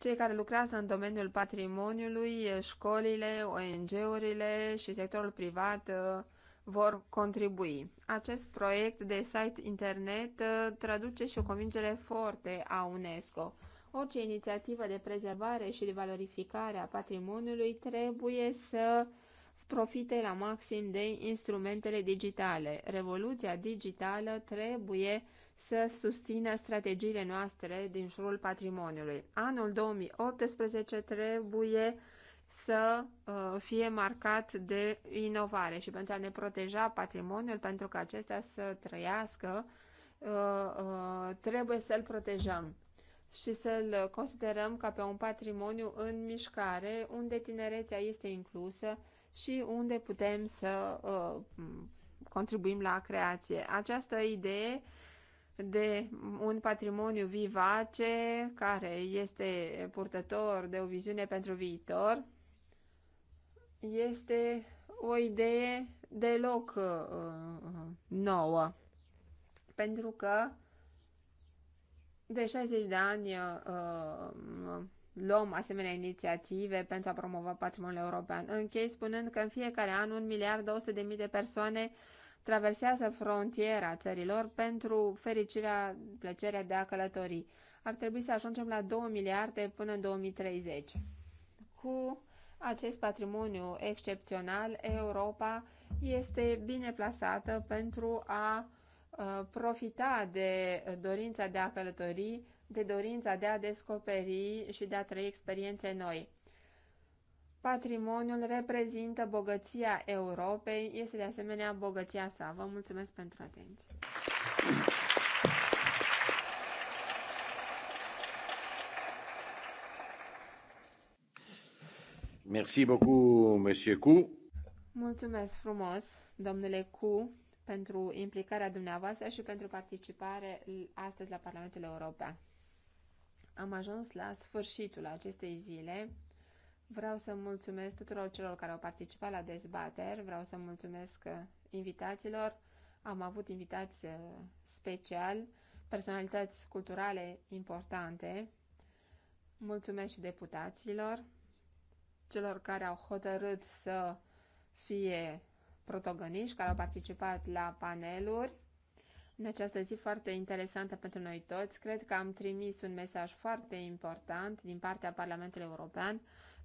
cei care lucrează în domeniul patrimoniului, școlile, ONG-urile și sectorul privat uh, vor contribui. Acest proiect de site internet uh, traduce și o convingere forte a UNESCO. Orice inițiativă de prezervare și de valorificare a patrimoniului trebuie să profite la maxim de instrumentele digitale. Revoluția digitală trebuie să susțină strategiile noastre din jurul patrimoniului. Anul 2018 trebuie să uh, fie marcat de inovare și pentru a ne proteja patrimoniul, pentru că acesta să trăiască, uh, uh, trebuie să-l protejăm și să-l considerăm ca pe un patrimoniu în mișcare, unde tinerețea este inclusă și unde putem să contribuim la creație. Această idee de un patrimoniu vivace care este purtător de o viziune pentru viitor este o idee deloc uh, uh, nouă. Pentru că de 60 de ani uh, luăm asemenea inițiative pentru a promova patrimoniul european. Închei spunând că în fiecare an un miliard 200 de mii de persoane uh, traversează frontiera țărilor pentru fericirea, plăcerea de a călători. Ar trebui să ajungem la 2 miliarde până în 2030. Cu acest patrimoniu excepțional, Europa este bine plasată pentru a ă, profita de dorința de a călători, de dorința de a descoperi și de a trăi experiențe noi. Patrimoniul reprezintă bogăția Europei, este de asemenea bogăția sa. Vă mulțumesc pentru atenție. Merci beaucoup, monsieur Cu. Mulțumesc frumos, domnule Cu, pentru implicarea dumneavoastră și pentru participare astăzi la Parlamentul European. Am ajuns la sfârșitul acestei zile. Vreau să mulțumesc tuturor celor care au participat la dezbateri, vreau să mulțumesc uh, invitațiilor. Am avut invitați uh, speciali, personalități culturale importante. Mulțumesc și deputaților, celor care au hotărât să fie protagoniști, care au participat la paneluri. În această zi foarte interesantă pentru noi toți, cred că am trimis un mesaj foarte important din partea Parlamentului European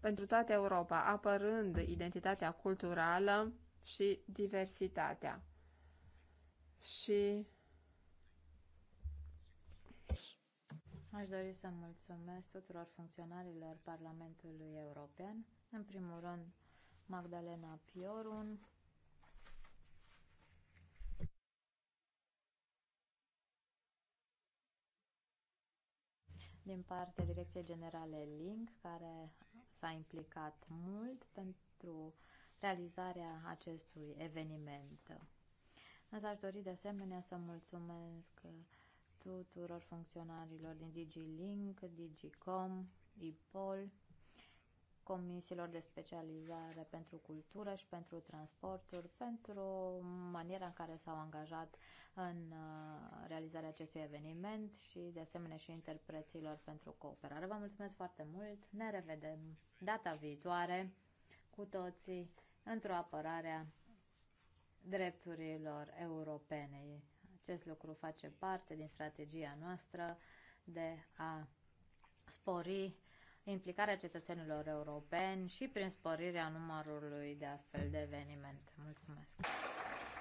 pentru toată Europa, apărând identitatea culturală și diversitatea. Și Aș dori să mulțumesc tuturor funcționarilor Parlamentului European, în primul rând Magdalena Piorun, din partea Direcției Generale Link, care s-a implicat mult pentru realizarea acestui eveniment. Însă aș dori de asemenea să mulțumesc tuturor funcționarilor din DigiLink, DigiCom, IPOL comisiilor de specializare pentru cultură și pentru transporturi, pentru maniera în care s-au angajat în uh, realizarea acestui eveniment și de asemenea și interpreților pentru cooperare. Vă mulțumesc foarte mult, ne revedem data viitoare cu toții într-o apărare a drepturilor europene. Acest lucru face parte din strategia noastră de a spori implicarea cetățenilor europeni și prin sporirea numărului de astfel de evenimente. Mulțumesc!